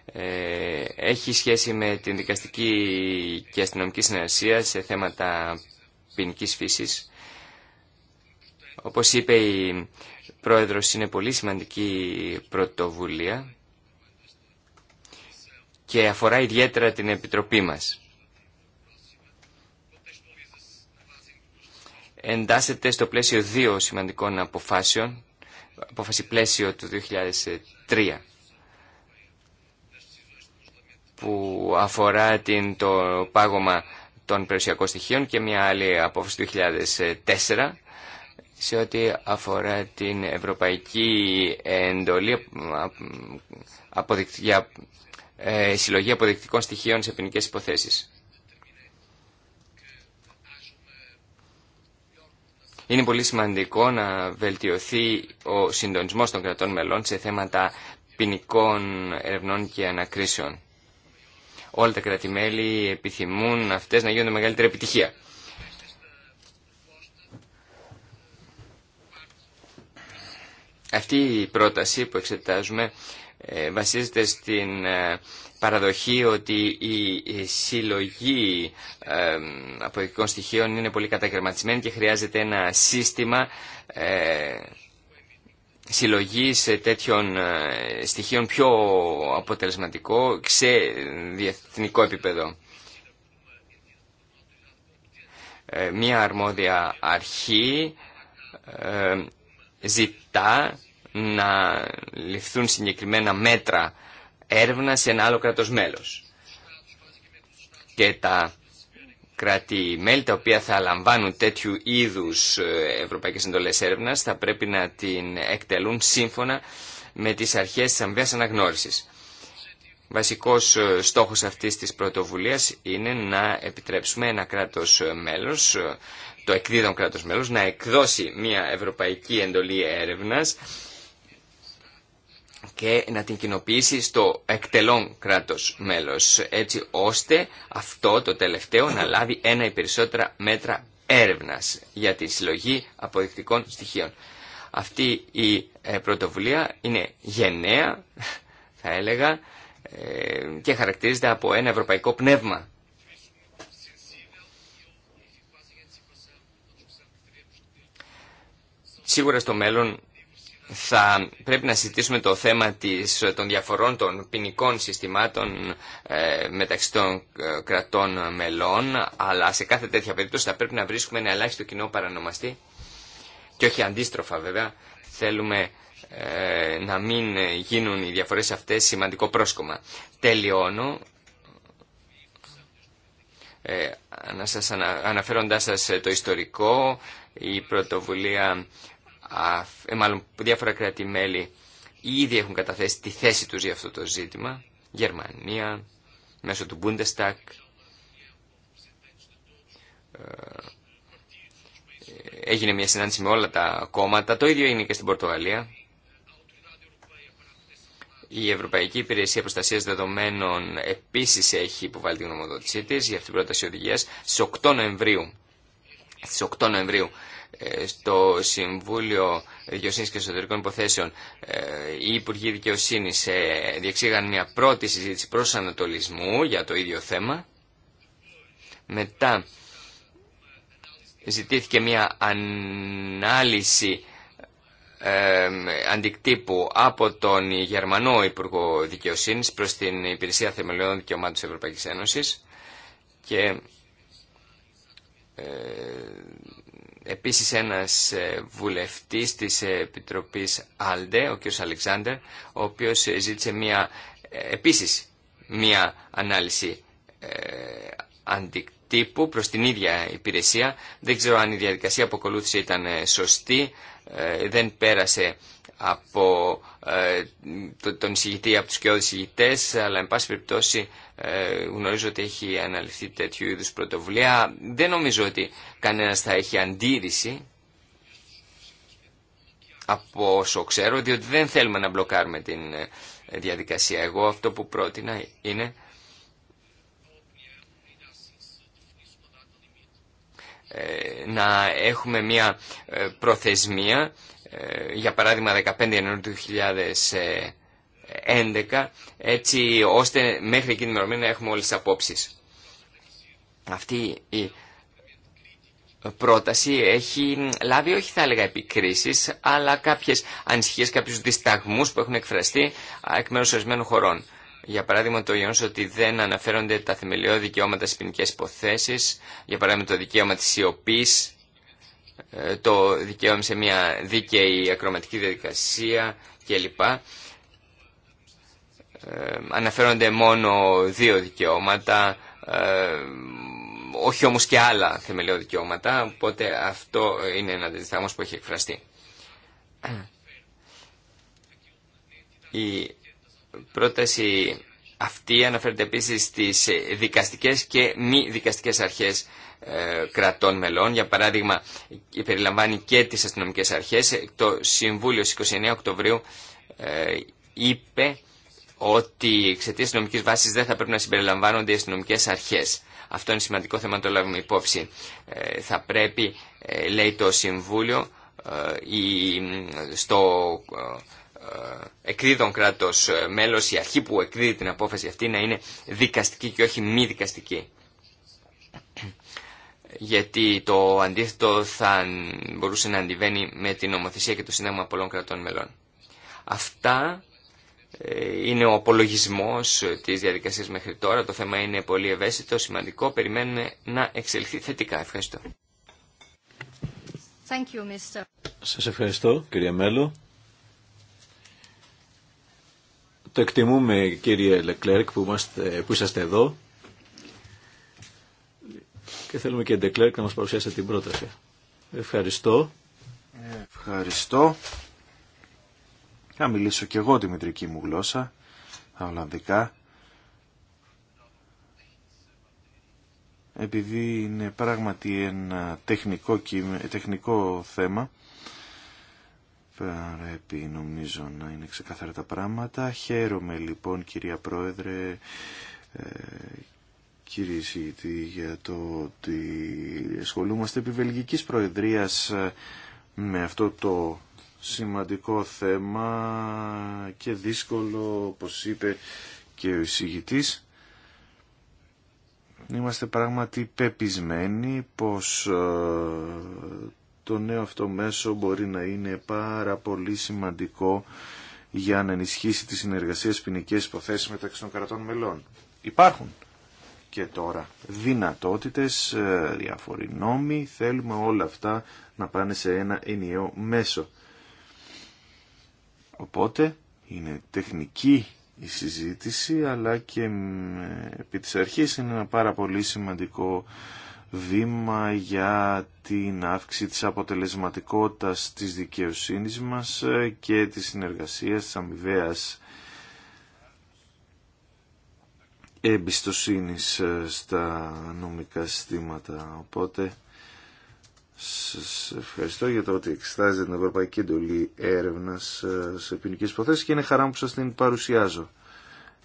S3: Ε, έχει σχέση με την δικαστική και αστυνομική συνεργασία σε θέματα ποινική φύσης. Όπως είπε η Πρόεδρος, είναι πολύ σημαντική πρωτοβουλία και αφορά ιδιαίτερα την Επιτροπή μας. Εντάσσεται στο πλαίσιο δύο σημαντικών αποφάσεων, απόφαση πλαίσιο του 2003 που αφορά την, το πάγωμα των περιουσιακών στοιχείων και μια άλλη απόφαση του 2004 σε ό,τι αφορά την ευρωπαϊκή εντολή για ε, συλλογή αποδεικτικών στοιχείων σε ποινικέ υποθέσεις. Είναι πολύ σημαντικό να βελτιωθεί ο συντονισμός των κρατών μελών σε θέματα ποινικών ερευνών και ανακρίσεων. Όλα τα κρατημέλη επιθυμούν αυτές να γίνονται μεγαλύτερη επιτυχία. Αυτή η πρόταση που εξετάζουμε ε, βασίζεται στην ε, παραδοχή ότι η συλλογή ε, αποδεικτικών στοιχείων είναι πολύ κατακαιρματισμένη και χρειάζεται ένα σύστημα συλλογής τέτοιων στοιχείων πιο αποτελεσματικό σε διεθνικό επίπεδο. Μία αρμόδια αρχή ζητά να ληφθούν συγκεκριμένα μέτρα έρευνα σε ένα άλλο κράτος μέλος. Και τα κράτη-μέλη τα οποία θα λαμβάνουν τέτοιου είδους ε, ευρωπαϊκές εντολές έρευνας θα πρέπει να την εκτελούν σύμφωνα με τις αρχές της αμοιβαίας αναγνώρισης. Βασικός ε, στόχος αυτής της πρωτοβουλίας είναι να επιτρέψουμε ένα κράτος ε, μέλος, το εκδίδον κράτος μέλος, να εκδώσει μια ευρωπαϊκή εντολή έρευνας και να την κοινοποιήσει στο εκτελών κράτος μέλος, έτσι ώστε αυτό το τελευταίο να λάβει ένα ή περισσότερα μέτρα έρευνας για τη συλλογή αποδεικτικών στοιχείων. Αυτή η ε, πρωτοβουλία είναι γενναία, θα έλεγα, ε, και χαρακτηρίζεται από ένα ευρωπαϊκό πνεύμα. Σίγουρα στο μέλλον θα πρέπει να συζητήσουμε το θέμα της, των διαφορών των ποινικών συστημάτων ε, μεταξύ των ε, κρατών μελών, αλλά σε κάθε τέτοια περίπτωση θα πρέπει να βρίσκουμε ένα ελάχιστο κοινό παρανομαστή και όχι αντίστροφα βέβαια. Θέλουμε ε, να μην γίνουν οι διαφορές αυτές σημαντικό πρόσκομα. Τελειώνω. Ε, αναφέροντάς σας το ιστορικό, η πρωτοβουλία ε, μάλλον διάφορα κράτη-μέλη ήδη έχουν καταθέσει τη θέση τους για αυτό το ζήτημα. Γερμανία, μέσω του Bundestag, ε, έγινε μια συνάντηση με όλα τα κόμματα. Το ίδιο έγινε και στην Πορτογαλία. Η Ευρωπαϊκή Υπηρεσία Προστασία Δεδομένων επίση έχει υποβάλει την γνωμοδότησή τη για αυτή την πρόταση οδηγία στι 8 Νοεμβρίου. Στις 8 Νοεμβρίου ε, στο Συμβούλιο Δικαιοσύνη και Εσωτερικών Υποθέσεων ε, οι Υπουργοί Δικαιοσύνη ε, διεξήγαν μια πρώτη συζήτηση προ Ανατολισμού για το ίδιο θέμα. Μετά ζητήθηκε μια ανάλυση αντικτύπου από τον Γερμανό Υπουργό Δικαιοσύνης προς την Υπηρεσία Θεμελιών Δικαιωμάτων της Ευρωπαϊκής Ένωσης και Επίσης ένας ε, βουλευτής της Επιτροπής ΑΛΔΕ, ο κ. Αλεξάνδερ, ο οποίος ε, ζήτησε μια, ε, επίσης μια ανάλυση αντικτύπου προς την ίδια υπηρεσία. Δεν ξέρω αν η διαδικασία που ακολούθησε ήταν σωστή, δεν πέρασε από τον εισηγητή, από τους κοιόδους εισηγητές, αλλά εν πάση περιπτώσει ε, γνωρίζω ότι έχει αναλυθεί τέτοιου είδους πρωτοβουλία. Δεν νομίζω ότι κανένας θα έχει αντίρρηση από όσο ξέρω, διότι δεν θέλουμε να μπλοκάρουμε την ε, διαδικασία. Εγώ αυτό που πρότεινα είναι ε, να έχουμε μια προθεσμία, για παράδειγμα 15 Ιανουαρίου του 11 έτσι ώστε μέχρι εκείνη την ημερομηνία να έχουμε όλες τις απόψεις. Αυτή η πρόταση έχει λάβει όχι θα έλεγα επικρίσεις αλλά κάποιες ανησυχίες, κάποιους δισταγμούς που έχουν εκφραστεί εκ μέρους ορισμένων χωρών. Για παράδειγμα, το γεγονό ότι δεν αναφέρονται τα θεμελιώδη δικαιώματα στι ποινικέ υποθέσει, για παράδειγμα το δικαίωμα τη σιωπή, ε, το δικαίωμα σε μια δίκαιη ακροματική διαδικασία κλπ. Ε, αναφέρονται μόνο δύο δικαιώματα, ε, όχι όμως και άλλα θεμελιώδη δικαιώματα, οπότε αυτό είναι ένα δισταγμός που έχει εκφραστεί. Η πρόταση αυτή αναφέρεται επίσης στις δικαστικές και μη δικαστικές αρχές ε, κρατών μελών. Για παράδειγμα, περιλαμβάνει και τις αστυνομικές αρχές. Το Συμβούλιο στις 29 Οκτωβρίου είπε ότι εξαιτία τη νομική βάση δεν θα πρέπει να συμπεριλαμβάνονται οι αστυνομικέ αρχέ. Αυτό είναι σημαντικό θέμα να το λάβουμε υπόψη. Ε, θα πρέπει, ε, λέει το Συμβούλιο, ε, η, στο εκδίδων κράτο μέλο, η αρχή που εκδίδει την απόφαση αυτή να είναι δικαστική και όχι μη δικαστική. Γιατί το αντίθετο θα μπορούσε να αντιβαίνει με την νομοθεσία και το Σύνταγμα πολλών κρατών μελών. Αυτά είναι ο απολογισμός της διαδικασίας μέχρι τώρα. Το θέμα είναι πολύ ευαίσθητο, σημαντικό. Περιμένουμε να εξελιχθεί θετικά. Ευχαριστώ.
S1: Thank Σας ευχαριστώ, κύριε Μέλο. Το εκτιμούμε, κύριε Λεκλέρκ, που, είμαστε, που είσαστε εδώ. Και θέλουμε και Ντεκλέρκ να μας παρουσιάσετε την πρόταση.
S2: Ευχαριστώ. Ευχαριστώ να μιλήσω και εγώ τη μητρική μου γλώσσα, τα Ολλανδικά, επειδή είναι πράγματι ένα τεχνικό, τεχνικό θέμα, πρέπει νομίζω να είναι ξεκαθαρά τα πράγματα. Χαίρομαι λοιπόν κυρία Πρόεδρε, ε, κύριε Σιγητή, για το ότι ασχολούμαστε επί Βελγικής Προεδρίας ε, με αυτό το σημαντικό θέμα και δύσκολο, όπως είπε και ο εισηγητής. Είμαστε πράγματι πεπισμένοι πως ε, το νέο αυτό μέσο μπορεί να είναι πάρα πολύ σημαντικό για να ενισχύσει τις συνεργασίες ποινικές υποθέσεις μεταξύ των κρατών μελών. Υπάρχουν και τώρα δυνατότητες, ε, διάφοροι νόμοι, θέλουμε όλα αυτά να πάνε σε ένα ενιαίο μέσο. Οπότε είναι τεχνική η συζήτηση αλλά και επί της αρχής είναι ένα πάρα πολύ σημαντικό βήμα για την αύξηση της αποτελεσματικότητας της δικαιοσύνης μας ε, και της συνεργασίας της αμοιβαίας εμπιστοσύνης ε, στα νομικά συστήματα. Οπότε σας ευχαριστώ για το ότι εξετάζετε την Ευρωπαϊκή Εντολή έρευνα ε, σε ποινικέ υποθέσει και είναι χαρά μου που σας την παρουσιάζω.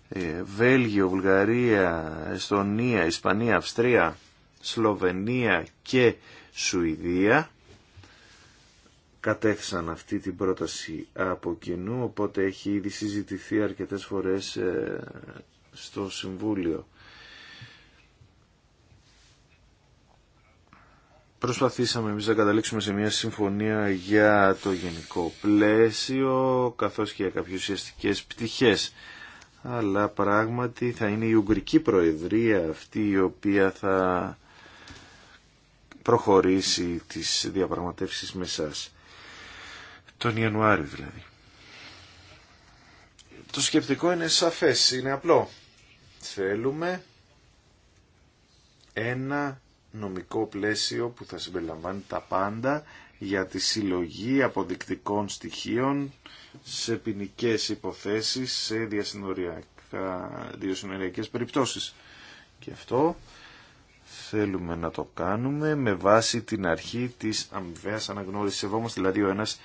S2: Ε, Βέλγιο, Βουλγαρία, Εστονία, Ισπανία, Αυστρία, Σλοβενία και Σουηδία κατέθεσαν αυτή την πρόταση από κοινού, οπότε έχει ήδη συζητηθεί αρκετές φορές ε, στο Συμβούλιο. Προσπαθήσαμε εμείς να καταλήξουμε σε μια συμφωνία για το γενικό πλαίσιο, καθώς και για κάποιες ουσιαστικέ πτυχές. Αλλά πράγματι θα είναι η Ουγγρική Προεδρία αυτή η οποία θα προχωρήσει τις διαπραγματεύσεις με σας. Τον Ιανουάριο δηλαδή. Το σκεπτικό είναι σαφές, είναι απλό. Θέλουμε ένα νομικό πλαίσιο που θα συμπεριλαμβάνει τα πάντα για τη συλλογή αποδεικτικών στοιχείων σε ποινικέ υποθέσεις σε διασυνοριακές περιπτώσεις. Και αυτό θέλουμε να το κάνουμε με βάση την αρχή της αμοιβαίας αναγνώρισης. Σεβόμαστε δηλαδή ο ένας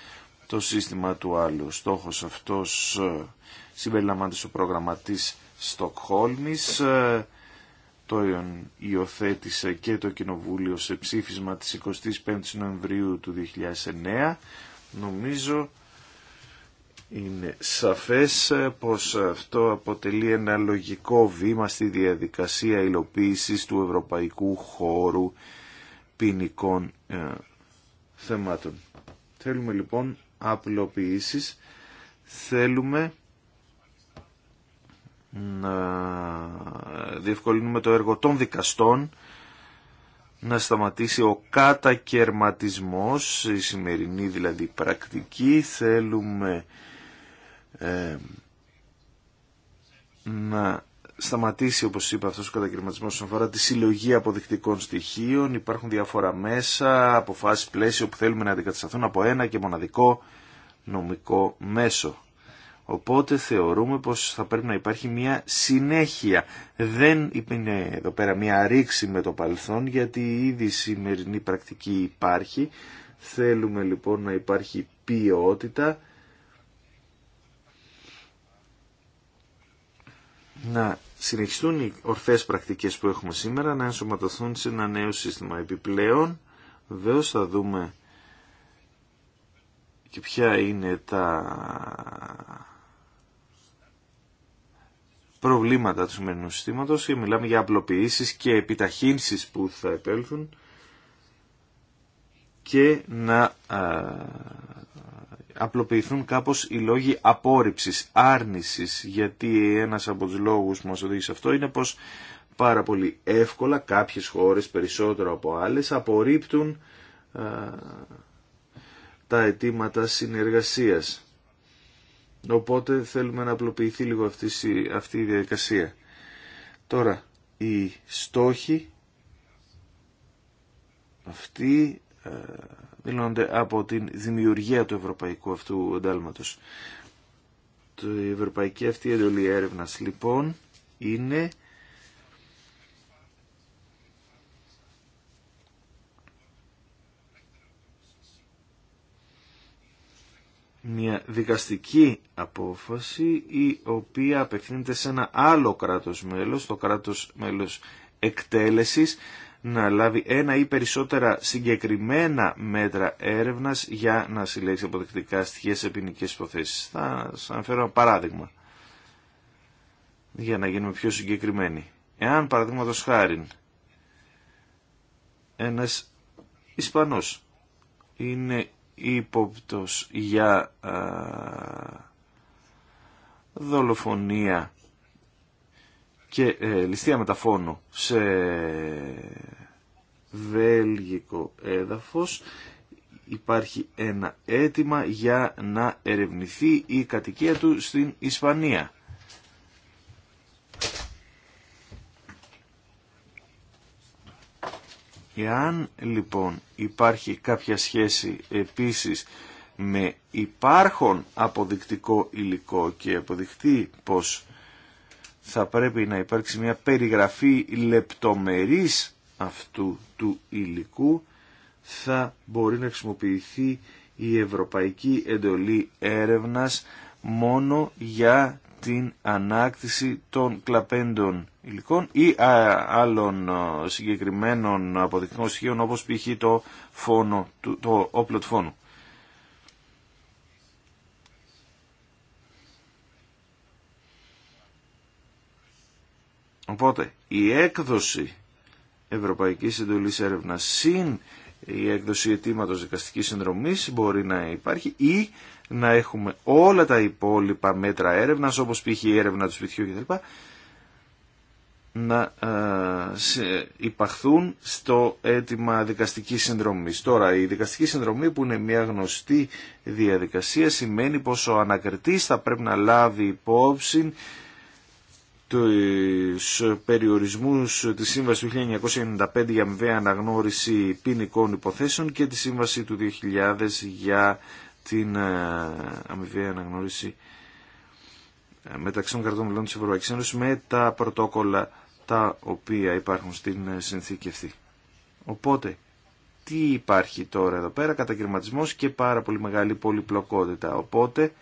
S2: το σύστημα του άλλου. Ο στόχος αυτός ε, συμπεριλαμβάνεται στο πρόγραμμα της Στοκχόλμης ε, αυτό υιοθέτησε και το Κοινοβούλιο σε ψήφισμα της 25ης Νοεμβρίου του 2009. Νομίζω είναι σαφές πως αυτό αποτελεί ένα λογικό βήμα στη διαδικασία υλοποίησης του ευρωπαϊκού χώρου ποινικών ε, θεμάτων. Θέλουμε λοιπόν απλοποιήσεις, θέλουμε να διευκολύνουμε το έργο των δικαστών, να σταματήσει ο κατακαιρματισμός, η σημερινή δηλαδή πρακτική. Θέλουμε ε, να σταματήσει, όπως είπα, αυτός ο κατακαιρματισμός όσον αφορά τη συλλογή αποδεικτικών στοιχείων. Υπάρχουν διάφορα μέσα, αποφάσεις πλαίσιο που θέλουμε να αντικατασταθούν από ένα και μοναδικό νομικό μέσο. Οπότε θεωρούμε πως θα πρέπει να υπάρχει μια συνέχεια. Δεν είναι εδώ πέρα μια ρήξη με το παρελθόν γιατί ήδη η σημερινή πρακτική υπάρχει. Θέλουμε λοιπόν να υπάρχει ποιότητα. Να συνεχιστούν οι ορθές πρακτικές που έχουμε σήμερα, να ενσωματωθούν σε ένα νέο σύστημα επιπλέον. Βεβαίως θα δούμε και ποια είναι τα προβλήματα του σημερινού συστήματο και μιλάμε για απλοποιήσεις και επιταχύνσεις που θα επέλθουν και να απλοποιηθούν κάπως οι λόγοι απόρριψης, άρνησης, γιατί ένας από τους λόγους που μας οδηγεί αυτό είναι πως πάρα πολύ εύκολα κάποιες χώρες περισσότερο από άλλες απορρίπτουν τα αιτήματα συνεργασίας. Οπότε θέλουμε να απλοποιηθεί λίγο αυτή, αυτή η διαδικασία. Τώρα, οι στόχοι αυτοί δηλώνονται ε, από την δημιουργία του ευρωπαϊκού αυτού εντάλματος. Η ευρωπαϊκή αυτή εντολή έρευνας λοιπόν είναι μια δικαστική απόφαση η οποία απευθύνεται σε ένα άλλο κράτος μέλος, το κράτος μέλος εκτέλεσης, να λάβει ένα ή περισσότερα συγκεκριμένα μέτρα έρευνας για να συλλέξει αποδεκτικά στοιχεία σε ποινικέ υποθέσει. Θα σα αναφέρω ένα παράδειγμα για να γίνουμε πιο συγκεκριμένοι. Εάν παραδείγματο χάρη ένας Ισπανός είναι ύποπτος για α, δολοφονία και ε, ληστεία μεταφώνου σε βέλγικο έδαφος υπάρχει ένα αίτημα για να ερευνηθεί η κατοικία του στην Ισπανία. Εάν λοιπόν υπάρχει κάποια σχέση επίσης με υπάρχον αποδεικτικό υλικό και αποδειχτεί πως θα πρέπει να υπάρξει μια περιγραφή λεπτομερής αυτού του υλικού θα μπορεί να χρησιμοποιηθεί η Ευρωπαϊκή Εντολή Έρευνας μόνο για την ανάκτηση των κλαπέντων υλικών ή άλλων συγκεκριμένων αποδεικτικών στοιχείων όπως π.χ. το, φόνο, το όπλο του φόνου. Οπότε η έκδοση Ευρωπαϊκής Εντολής Έρευνας συν η έκδοση αιτήματος δικαστικής συνδρομής μπορεί να υπάρχει ή να έχουμε όλα τα υπόλοιπα μέτρα έρευνας, όπως π.χ. η έρευνα του σπιτιού κτλ. να ε, υπαχθούν στο αίτημα δικαστικής συνδρομής. Τώρα, η δικαστική συνδρομή που είναι μια γνωστή διαδικασία σημαίνει πως ο ανακριτής θα πρέπει να λάβει υπόψη τους περιορισμούς της Σύμβασης του 1995 για μεβαία αναγνώριση ποινικών υποθέσεων και τη Σύμβαση του 2000 για την ε, αμοιβή αναγνώριση ε, μεταξύ των κρατών μελών της Ευρωπαϊκής με τα πρωτόκολλα τα οποία υπάρχουν στην ε, συνθήκη αυτή. Οπότε, τι υπάρχει τώρα εδώ πέρα, κατακαιρματισμός και πάρα πολύ μεγάλη πολυπλοκότητα. Οπότε,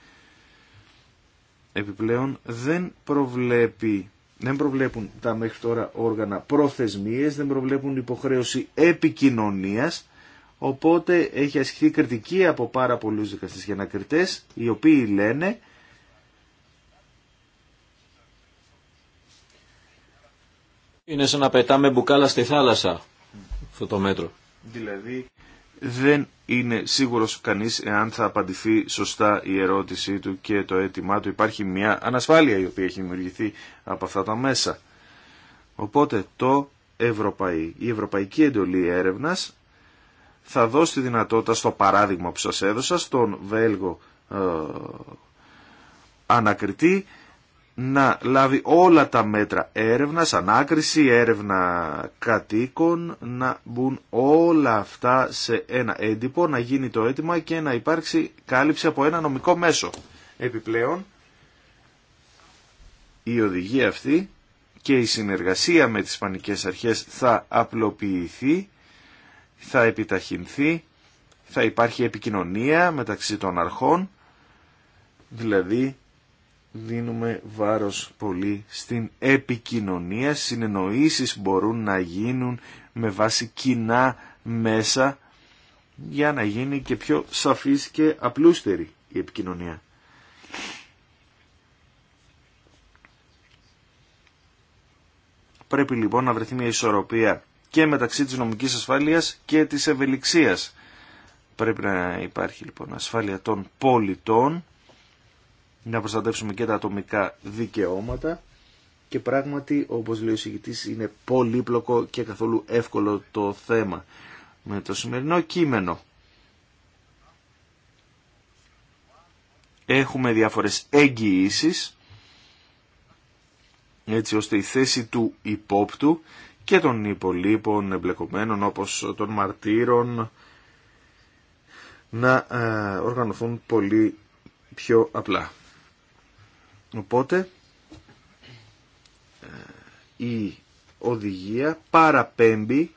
S2: επιπλέον δεν προβλέπει δεν προβλέπουν τα μέχρι τώρα όργανα προθεσμίες, δεν προβλέπουν υποχρέωση επικοινωνίας Οπότε έχει ασχηθεί κριτική από πάρα πολλού δικαστέ και ανακριτέ οι οποίοι λένε Είναι σαν να πετάμε μπουκάλα στη θάλασσα αυτό το μέτρο. Δηλαδή δεν είναι σίγουρος κανείς εάν θα απαντηθεί σωστά η ερώτησή του και το αίτημά του. Υπάρχει μια ανασφάλεια η οποία έχει δημιουργηθεί από αυτά τα μέσα. Οπότε το Ευρωπαϊ... η Ευρωπαϊκή Εντολή Έρευνας θα δώσει τη δυνατότητα στο παράδειγμα που σας έδωσα στον Βέλγο ε, ανακριτή να λάβει όλα τα μέτρα έρευνας, ανάκριση, έρευνα κατοίκων, να μπουν όλα αυτά σε ένα έντυπο, να γίνει το αίτημα και να υπάρξει κάλυψη από ένα νομικό μέσο. Επιπλέον, η οδηγία αυτή και η συνεργασία με τις πανικές αρχές θα απλοποιηθεί θα επιταχυνθεί, θα υπάρχει επικοινωνία μεταξύ των αρχών, δηλαδή δίνουμε βάρος πολύ στην επικοινωνία, συνεννοήσεις μπορούν να γίνουν με βάση κοινά μέσα για να γίνει και πιο σαφής και απλούστερη η επικοινωνία. Πρέπει λοιπόν να βρεθεί μια ισορροπία και μεταξύ της νομικής ασφάλειας και της ευελιξίας. Πρέπει να υπάρχει λοιπόν ασφάλεια των πολιτών, να προστατεύσουμε και τα ατομικά δικαιώματα και πράγματι όπως λέει ο συγκητής είναι πολύπλοκο και καθόλου εύκολο το θέμα με το σημερινό κείμενο. Έχουμε διάφορες εγγυήσεις έτσι ώστε η θέση του υπόπτου και των υπολείπων εμπλεκομένων όπως των μαρτύρων να ε, οργανωθούν πολύ πιο απλά. Οπότε ε, η οδηγία παραπέμπει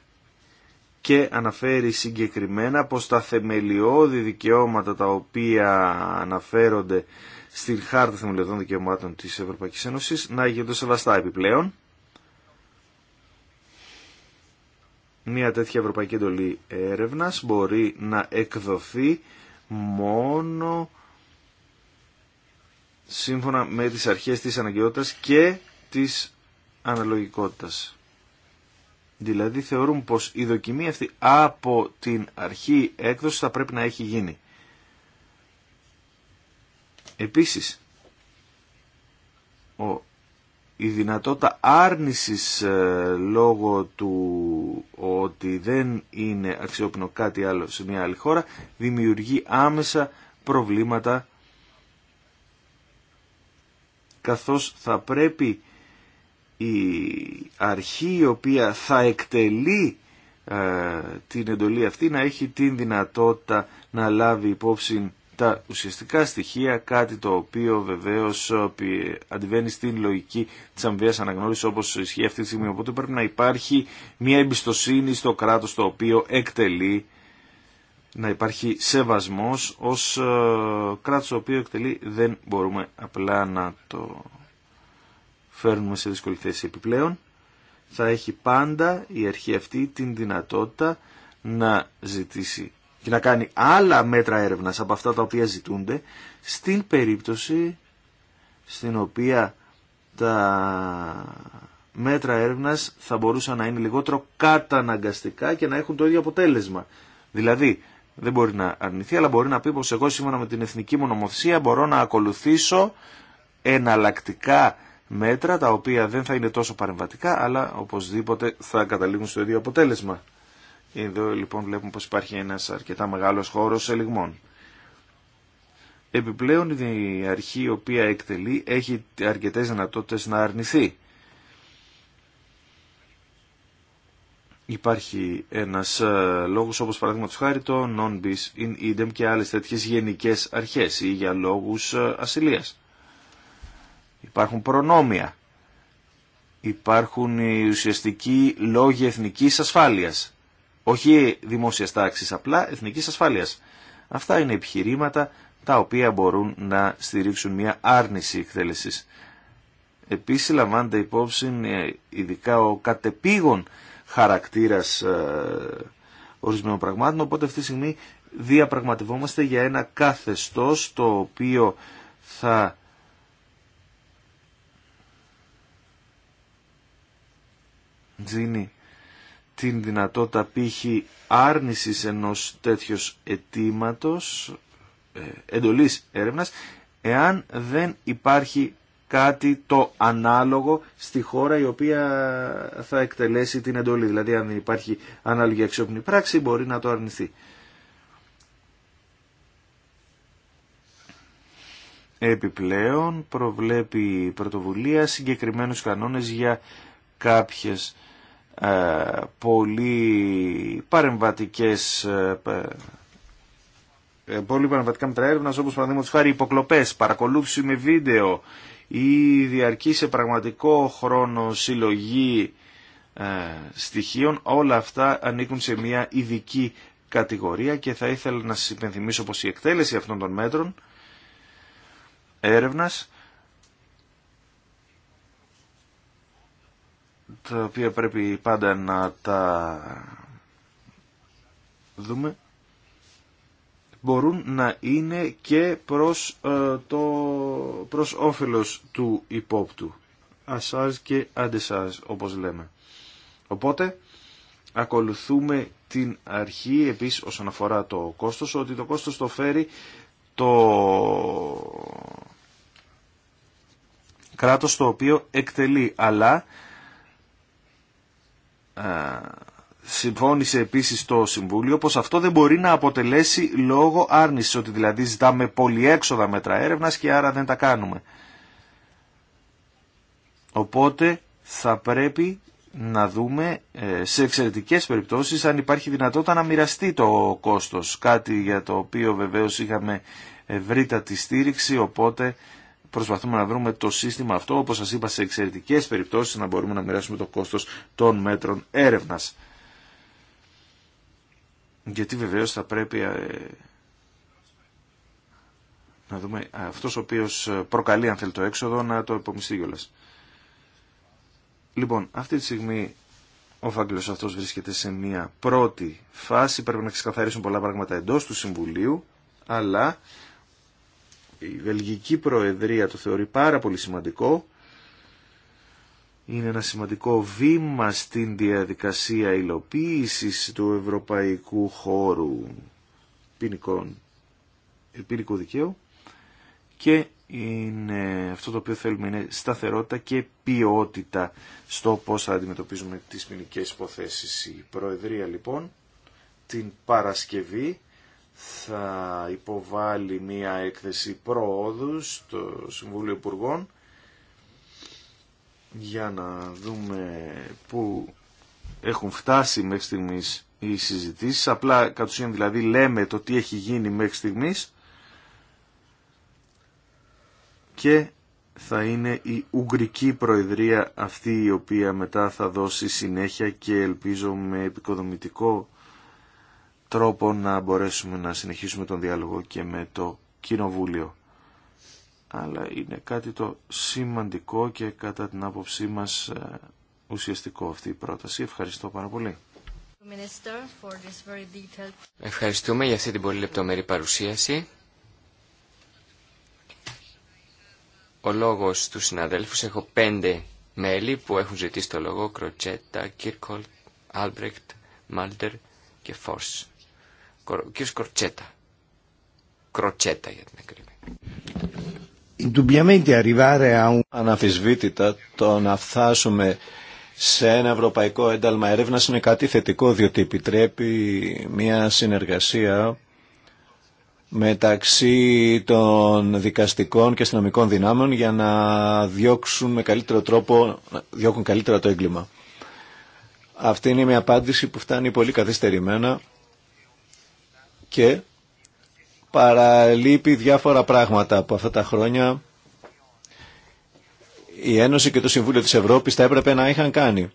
S2: και αναφέρει συγκεκριμένα πως τα θεμελιώδη δικαιώματα τα οποία αναφέρονται στην Χάρτα Θεμελιωδών Δικαιωμάτων της Ευρωπαϊκής Ένωσης να γίνονται σεβαστά επιπλέον. μια τέτοια ευρωπαϊκή εντολή έρευνας μπορεί να εκδοθεί μόνο σύμφωνα με τις αρχές της αναγκαιότητας και της αναλογικότητας. Δηλαδή θεωρούν πως η δοκιμή αυτή από την αρχή έκδοση θα πρέπει να έχει γίνει. Επίσης, ο η δυνατότητα άρνησης ε, λόγω του ότι δεν είναι αξιόπινο κάτι άλλο σε μια άλλη χώρα δημιουργεί άμεσα προβλήματα καθώς θα πρέπει η αρχή η οποία θα εκτελεί ε, την εντολή αυτή να έχει την δυνατότητα να λάβει υπόψη τα ουσιαστικά στοιχεία, κάτι το οποίο βεβαίω ε, αντιβαίνει στην λογική τη αμοιβαία αναγνώριση όπως ισχύει αυτή τη στιγμή. Οπότε πρέπει να υπάρχει μια εμπιστοσύνη στο κράτος το οποίο εκτελεί να υπάρχει σεβασμός ως ε, κράτος το οποίο εκτελεί δεν μπορούμε απλά να το φέρνουμε σε δύσκολη θέση επιπλέον. Θα έχει πάντα η αρχή αυτή την δυνατότητα να ζητήσει και να κάνει άλλα μέτρα έρευνας από αυτά τα οποία ζητούνται στην περίπτωση στην οποία τα μέτρα έρευνας θα μπορούσαν να είναι λιγότερο καταναγκαστικά και να έχουν το ίδιο αποτέλεσμα. Δηλαδή, δεν μπορεί να αρνηθεί, αλλά μπορεί να πει πως εγώ σήμερα με την εθνική μου νομοθεσία μπορώ να ακολουθήσω εναλλακτικά μέτρα, τα οποία δεν θα είναι τόσο παρεμβατικά, αλλά οπωσδήποτε θα καταλήγουν στο ίδιο αποτέλεσμα. Εδώ λοιπόν βλέπουμε πως υπάρχει ένας αρκετά μεγάλος χώρος ελιγμών. Επιπλέον η αρχή η οποία εκτελεί έχει αρκετές δυνατότητες να αρνηθεί. Υπάρχει ένας ε, λόγος όπως παραδείγματος χάρη το non bis in idem και άλλες τέτοιες γενικές αρχές ή για λόγους ε, ασυλίας. Υπάρχουν προνόμια. Υπάρχουν οι ουσιαστικοί λόγοι εθνικής ασφάλειας όχι δημόσιας τάξης απλά, εθνικής ασφάλειας. Αυτά είναι επιχειρήματα τα οποία μπορούν να στηρίξουν μια άρνηση εκτέλεση. Επίση λαμβάνεται υπόψη ε, ειδικά ο κατεπήγων χαρακτήρας ε, ορισμένων πραγμάτων, οπότε αυτή τη στιγμή διαπραγματευόμαστε για ένα καθεστώς το οποίο θα δίνει την δυνατότητα π.χ. άρνησης ενός τέτοιος αιτήματο ε, εντολής έρευνας εάν δεν υπάρχει κάτι το ανάλογο στη χώρα η οποία θα εκτελέσει την εντολή. Δηλαδή αν δεν υπάρχει ανάλογη αξιόπινη πράξη μπορεί να το αρνηθεί. Επιπλέον προβλέπει η πρωτοβουλία συγκεκριμένους κανόνες για κάποιες ε, πολύ παρεμβατικές ε, ε, πολύ παρεμβατικά μέτρα έρευνα, όπω παραδείγματο χάρη υποκλοπέ, παρακολούθηση με βίντεο ή διαρκή σε πραγματικό χρόνο συλλογή στοιχείων, όλα αυτά ανήκουν σε μια ειδική κατηγορία και θα ήθελα να σα υπενθυμίσω πω η εκτέλεση αυτών των μέτρων έρευνας τα οποία πρέπει πάντα να τα δούμε μπορούν να είναι και προς, ε, το, προς όφελος του υπόπτου. Ασάζ και αντισάζ, όπως λέμε. Οπότε, ακολουθούμε την αρχή, επίσης όσον αφορά το κόστος, ότι το κόστος το φέρει το κράτος το οποίο εκτελεί, αλλά συμφώνησε επίσης το Συμβούλιο πως αυτό δεν μπορεί να αποτελέσει λόγο άρνησης, ότι δηλαδή ζητάμε πολυέξοδα μέτρα έρευνας και άρα δεν τα κάνουμε. Οπότε θα πρέπει να δούμε ε, σε εξαιρετικές περιπτώσεις αν υπάρχει δυνατότητα να μοιραστεί το κόστος, κάτι για το οποίο βεβαίως είχαμε ευρύτατη στήριξη, οπότε προσπαθούμε να βρούμε το σύστημα αυτό, όπως σας είπα, σε εξαιρετικές περιπτώσεις να μπορούμε να μοιράσουμε το κόστος των μέτρων έρευνας. Γιατί βεβαίως θα πρέπει ε, να δούμε ε, αυτός ο οποίος ε, προκαλεί αν θέλει το έξοδο να το υπομειστεί κιόλας. Λοιπόν, αυτή τη στιγμή ο φάγκλος αυτός βρίσκεται σε μια πρώτη φάση, πρέπει να ξεκαθαρίσουν πολλά πράγματα εντός του Συμβουλίου, αλλά η Βελγική Προεδρία το θεωρεί πάρα πολύ σημαντικό. Είναι ένα σημαντικό βήμα στην διαδικασία υλοποίησης του ευρωπαϊκού χώρου ποινικών, ποινικού δικαίου και είναι αυτό το οποίο θέλουμε είναι σταθερότητα και ποιότητα στο πώς θα αντιμετωπίζουμε τις ποινικέ υποθέσεις. Η Προεδρία λοιπόν την Παρασκευή θα υποβάλει μία έκθεση προόδου στο Συμβούλιο Υπουργών για να δούμε πού έχουν φτάσει μέχρι στιγμής οι συζητήσεις. Απλά κατ' ουσίαν δηλαδή λέμε το τι έχει γίνει μέχρι στιγμής και θα είναι η Ουγγρική Προεδρία αυτή η οποία μετά θα δώσει συνέχεια και ελπίζω με επικοδομητικό τρόπο να μπορέσουμε να συνεχίσουμε τον διάλογο και με το Κοινοβούλιο. Αλλά είναι κάτι το σημαντικό και κατά την άποψή μας ε, ουσιαστικό αυτή η
S3: πρόταση. Ευχαριστώ πάρα πολύ. Ευχαριστούμε για αυτή την πολύ λεπτομερή παρουσίαση. Ο λόγος του συναδέλφου, έχω πέντε μέλη που έχουν ζητήσει το λόγο Κροτσέτα, Κίρκολτ, Άλμπρεκτ, Μάλτερ και Φόρς. Ο κ. Κορτσέτα. Κροτσέτα για την ακρίβεια.
S1: Αναφυσβήτητα το να φτάσουμε σε ένα ευρωπαϊκό ένταλμα έρευνα είναι κάτι θετικό διότι επιτρέπει μια συνεργασία μεταξύ των δικαστικών και αστυνομικών δυνάμεων για να διώξουν με καλύτερο τρόπο, διώκουν καλύτερα το έγκλημα. Αυτή είναι μια απάντηση που φτάνει πολύ καθυστερημένα και παραλείπει διάφορα πράγματα από αυτά τα χρόνια η Ένωση και το Συμβούλιο της Ευρώπης θα έπρεπε να είχαν κάνει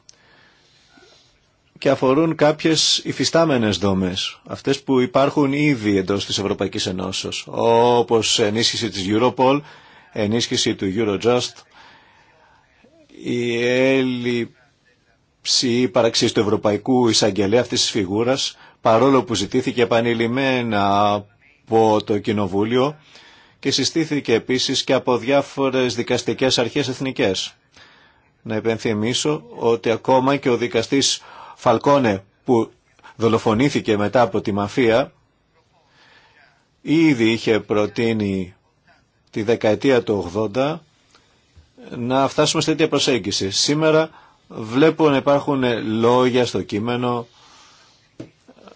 S1: και αφορούν κάποιες υφιστάμενες δομές, αυτές που υπάρχουν ήδη εντός της Ευρωπαϊκής Ενώσεως, όπως ενίσχυση της Europol, ενίσχυση του Eurojust, η έλλειψη παραξής του Ευρωπαϊκού Εισαγγελέα αυτής της φιγούρας, παρόλο που ζητήθηκε επανειλημμένα από το Κοινοβούλιο και συστήθηκε επίσης και από διάφορες δικαστικές αρχές εθνικές. Να υπενθυμίσω ότι ακόμα και ο δικαστής Φαλκόνε που δολοφονήθηκε μετά από τη μαφία ήδη είχε προτείνει τη δεκαετία του 80 να φτάσουμε σε τέτοια προσέγγιση. Σήμερα βλέπω να υπάρχουν λόγια στο κείμενο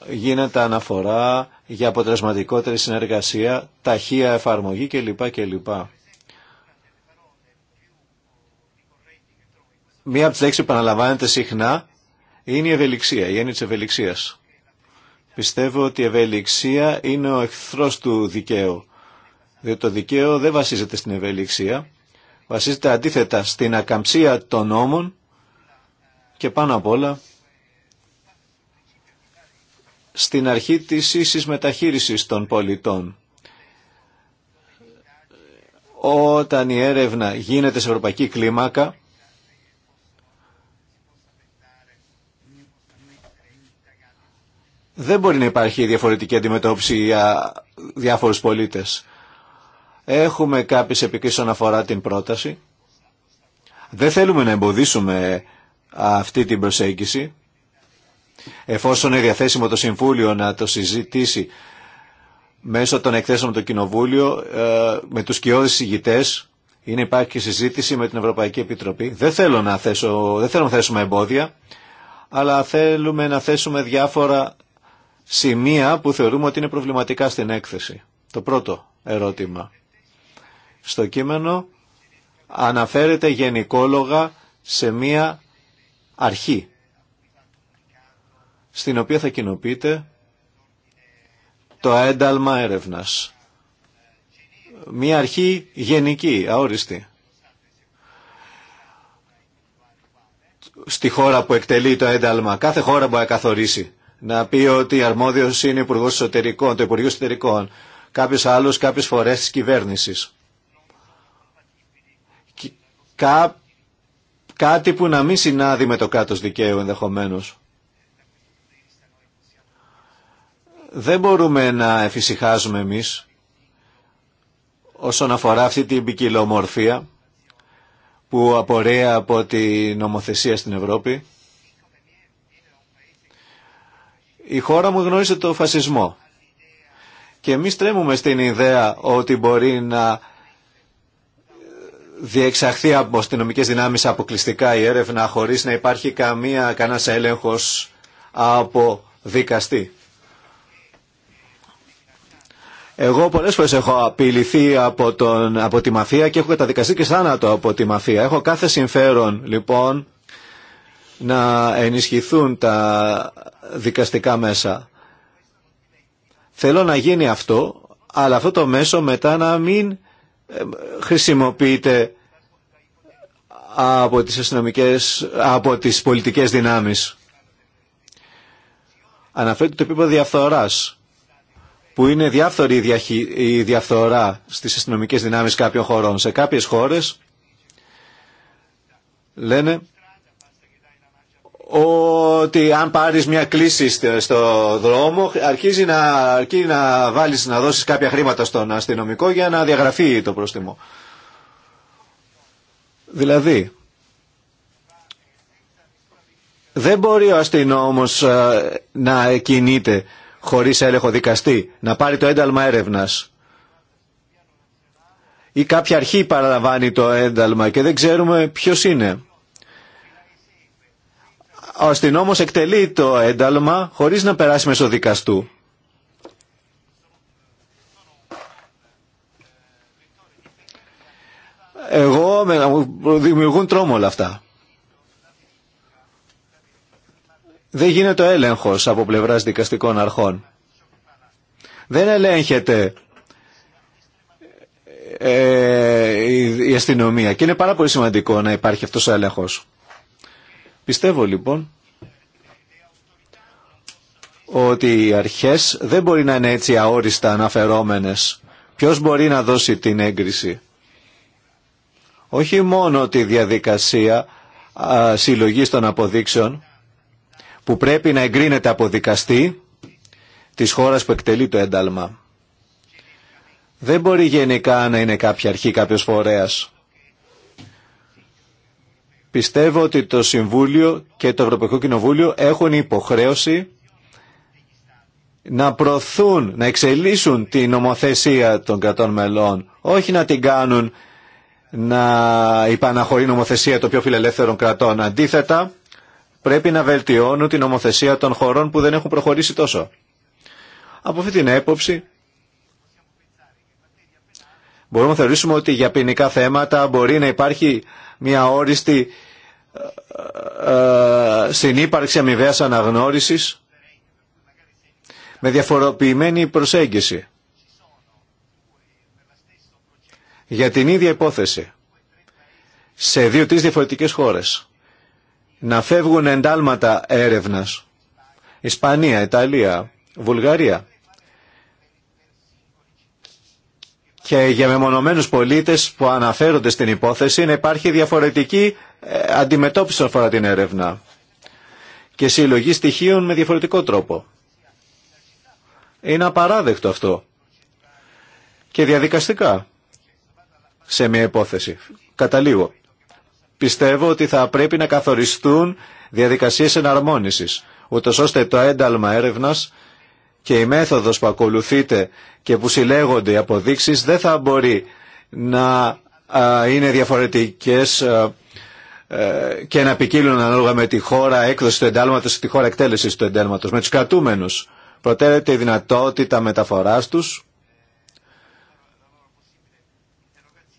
S1: γίνεται αναφορά για αποτελεσματικότερη συνεργασία, ταχεία εφαρμογή κλπ. κλπ. Μία από τις λέξεις που αναλαμβάνεται συχνά είναι η ευελιξία, η έννοια της ευελιξίας. Πιστεύω ότι η ευελιξία είναι ο εχθρός του δικαίου. Διότι το δικαίο δεν βασίζεται στην ευελιξία, βασίζεται αντίθετα στην ακαμψία των νόμων και πάνω απ' όλα στην αρχή της ίσης μεταχείρισης των πολιτών. Όταν η έρευνα γίνεται σε ευρωπαϊκή κλίμακα, δεν μπορεί να υπάρχει διαφορετική αντιμετώπιση για διάφορους πολίτες. Έχουμε κάποιες επικρίσεις όσον αφορά την πρόταση. Δεν θέλουμε να εμποδίσουμε αυτή την προσέγγιση. Εφόσον είναι διαθέσιμο το Συμβούλιο να το συζητήσει μέσω των εκθέσεων με το Κοινοβούλιο, ε, με τους κοιόδης ηγητές, είναι υπάρχει συζήτηση με την Ευρωπαϊκή Επιτροπή. Δεν θέλω να, θέσω, δεν θέλω να θέσουμε εμπόδια, αλλά θέλουμε να θέσουμε διάφορα σημεία που θεωρούμε ότι είναι προβληματικά στην έκθεση. Το πρώτο ερώτημα. Στο κείμενο αναφέρεται γενικόλογα σε μία αρχή στην οποία θα κοινοποιείται το ένταλμα έρευνας. Μία αρχή γενική, αόριστη. Στη χώρα που εκτελεί το ένταλμα, κάθε χώρα μπορεί να καθορίσει. Να πει ότι η αρμόδιος είναι υπουργό Εσωτερικών, το Υπουργείο Εσωτερικών, κάποιος άλλος κάποιες φορές της κυβέρνησης. Κά... Κάτι που να μην συνάδει με το κράτος δικαίου ενδεχομένως. δεν μπορούμε να εφησυχάζουμε εμείς όσον αφορά αυτή την ποικιλομορφία που απορρέει από την νομοθεσία στην Ευρώπη. Η χώρα μου γνώρισε το φασισμό και εμείς τρέμουμε στην ιδέα ότι μπορεί να διεξαχθεί από αστυνομικέ δυνάμεις αποκλειστικά η έρευνα χωρίς να υπάρχει καμία, κανένας έλεγχος από δικαστή. Εγώ πολλέ φορέ έχω απειληθεί από, τον, από τη μαφία και έχω καταδικαστεί και θάνατο από τη μαφία. Έχω κάθε συμφέρον λοιπόν να ενισχυθούν τα δικαστικά μέσα. Θέλω να γίνει αυτό, αλλά αυτό το μέσο μετά να μην ε, χρησιμοποιείται από τις αστυνομικές, από τις πολιτικές δυνάμεις. Αναφέρεται το επίπεδο διαφθοράς που είναι διάφορη η διαφθορά στις αστυνομικέ δυνάμεις κάποιων χωρών. Σε κάποιες χώρες λένε ότι αν πάρεις μια κλίση στο δρόμο αρχίζει να, αρκεί να βάλεις να δώσεις κάποια χρήματα στον αστυνομικό για να διαγραφεί το πρόστιμο. Δηλαδή, δεν μπορεί ο αστυνόμος ε, να κινείται χωρίς έλεγχο δικαστή, να πάρει το ένταλμα έρευνας. Ή κάποια αρχή παραλαμβάνει το ένταλμα και δεν ξέρουμε ποιος είναι. Ο αστυνόμος εκτελεί το ένταλμα χωρίς να περάσει μέσω δικαστού. Εγώ δημιουργούν τρόμο όλα αυτά. δεν γίνεται ο έλεγχος από πλευράς δικαστικών αρχών. Δεν ελέγχεται ε, η αστυνομία και είναι πάρα πολύ σημαντικό να υπάρχει αυτός ο έλεγχος. Πιστεύω λοιπόν ότι οι αρχές δεν μπορεί να είναι έτσι αόριστα αναφερόμενες. Ποιος μπορεί να δώσει την έγκριση. Όχι μόνο τη διαδικασία α, συλλογής των αποδείξεων, που πρέπει να εγκρίνεται από δικαστή της χώρας που εκτελεί το ένταλμα. Δεν μπορεί γενικά να είναι κάποια αρχή κάποιος φορέας. Πιστεύω ότι το Συμβούλιο και το Ευρωπαϊκό Κοινοβούλιο έχουν υποχρέωση να προωθούν, να εξελίσσουν την νομοθεσία των κρατών μελών, όχι να την κάνουν να υπαναχωρεί νομοθεσία των πιο φιλελεύθερων κρατών. Αντίθετα, πρέπει να βελτιώνουν την ομοθεσία των χωρών που δεν έχουν προχωρήσει τόσο. Από αυτή την έποψη μπορούμε να θεωρήσουμε ότι για ποινικά θέματα μπορεί να υπάρχει μια όριστη ε, ε, συνύπαρξη αμοιβαίας αναγνώρισης με διαφοροποιημένη προσέγγιση για την ίδια υπόθεση σε δύο-τρεις διαφορετικές χώρες να φεύγουν εντάλματα έρευνας. Ισπανία, Ιταλία, Βουλγαρία. Και για μεμονωμένους πολίτες που αναφέρονται στην υπόθεση να υπάρχει διαφορετική ε, αντιμετώπιση αφορά την έρευνα και συλλογή στοιχείων με διαφορετικό τρόπο. Είναι απαράδεκτο αυτό. Και διαδικαστικά σε μια υπόθεση. Καταλήγω πιστεύω ότι θα πρέπει να καθοριστούν διαδικασίες εναρμόνισης, ούτως ώστε το ένταλμα έρευνας και η μέθοδος που ακολουθείται και που συλλέγονται οι αποδείξεις δεν θα μπορεί να είναι διαφορετικές ε, και να ποικίλουν ανάλογα με τη χώρα έκδοση του εντάλματος και τη χώρα εκτέλεσης του εντάλματος. Με τους κρατούμενους προτείνεται η δυνατότητα μεταφοράς τους,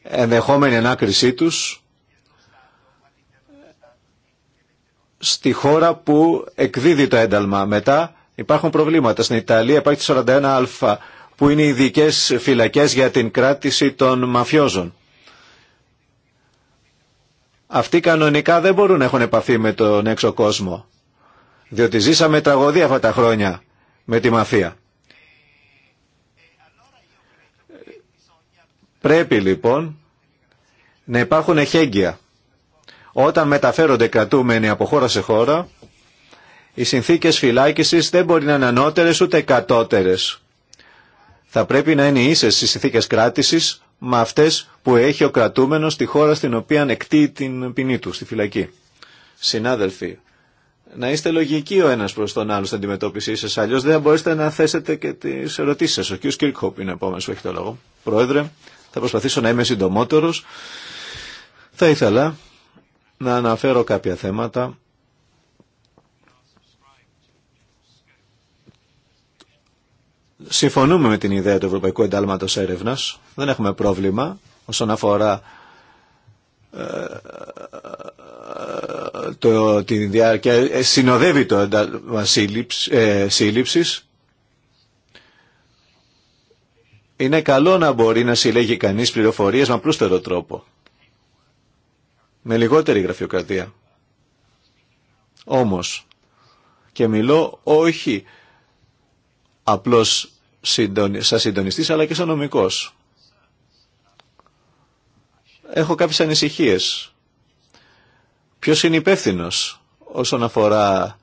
S1: ενδεχόμενη ανάκρισή τους, στη χώρα που εκδίδει το ένταλμα. Μετά υπάρχουν προβλήματα. Στην Ιταλία υπάρχει το 41α που είναι ειδικέ φυλακές για την κράτηση των μαφιόζων. Αυτοί κανονικά δεν μπορούν να έχουν επαφή με τον έξω κόσμο. Διότι ζήσαμε τραγωδία αυτά τα χρόνια με τη μαφία. Πρέπει λοιπόν να υπάρχουν εχέγγυα όταν μεταφέρονται κρατούμενοι από χώρα σε χώρα, οι συνθήκες φυλάκισης δεν μπορεί να είναι ανώτερες ούτε κατώτερες. Θα πρέπει να είναι ίσες οι συνθήκες κράτησης με αυτές που έχει ο κρατούμενος στη χώρα στην οποία εκτεί την ποινή του, στη φυλακή. Συνάδελφοι, να είστε λογικοί ο ένας προς τον άλλο στην αντιμετώπιση σας, αλλιώς δεν μπορείτε να θέσετε και τις ερωτήσεις σας. Ο κ. Κίρκοπ είναι επόμενος που έχει το λόγο. Πρόεδρε, θα προσπαθήσω να είμαι συντομότερος. Θα ήθελα να αναφέρω κάποια θέματα. Συμφωνούμε με την ιδέα του Ευρωπαϊκού Εντάλματος Έρευνας. Δεν έχουμε πρόβλημα όσον αφορά ε, το, την διάρκεια ε, συνοδεύει το ένταλμα ε, σύλληψης είναι καλό να μπορεί να συλλέγει κανείς πληροφορίες με απλούστερο τρόπο με λιγότερη γραφειοκρατία. Όμως, και μιλώ όχι απλώς σαν συντονιστής, αλλά και σαν νομικός. Έχω κάποιες ανησυχίες. Ποιος είναι υπεύθυνο όσον αφορά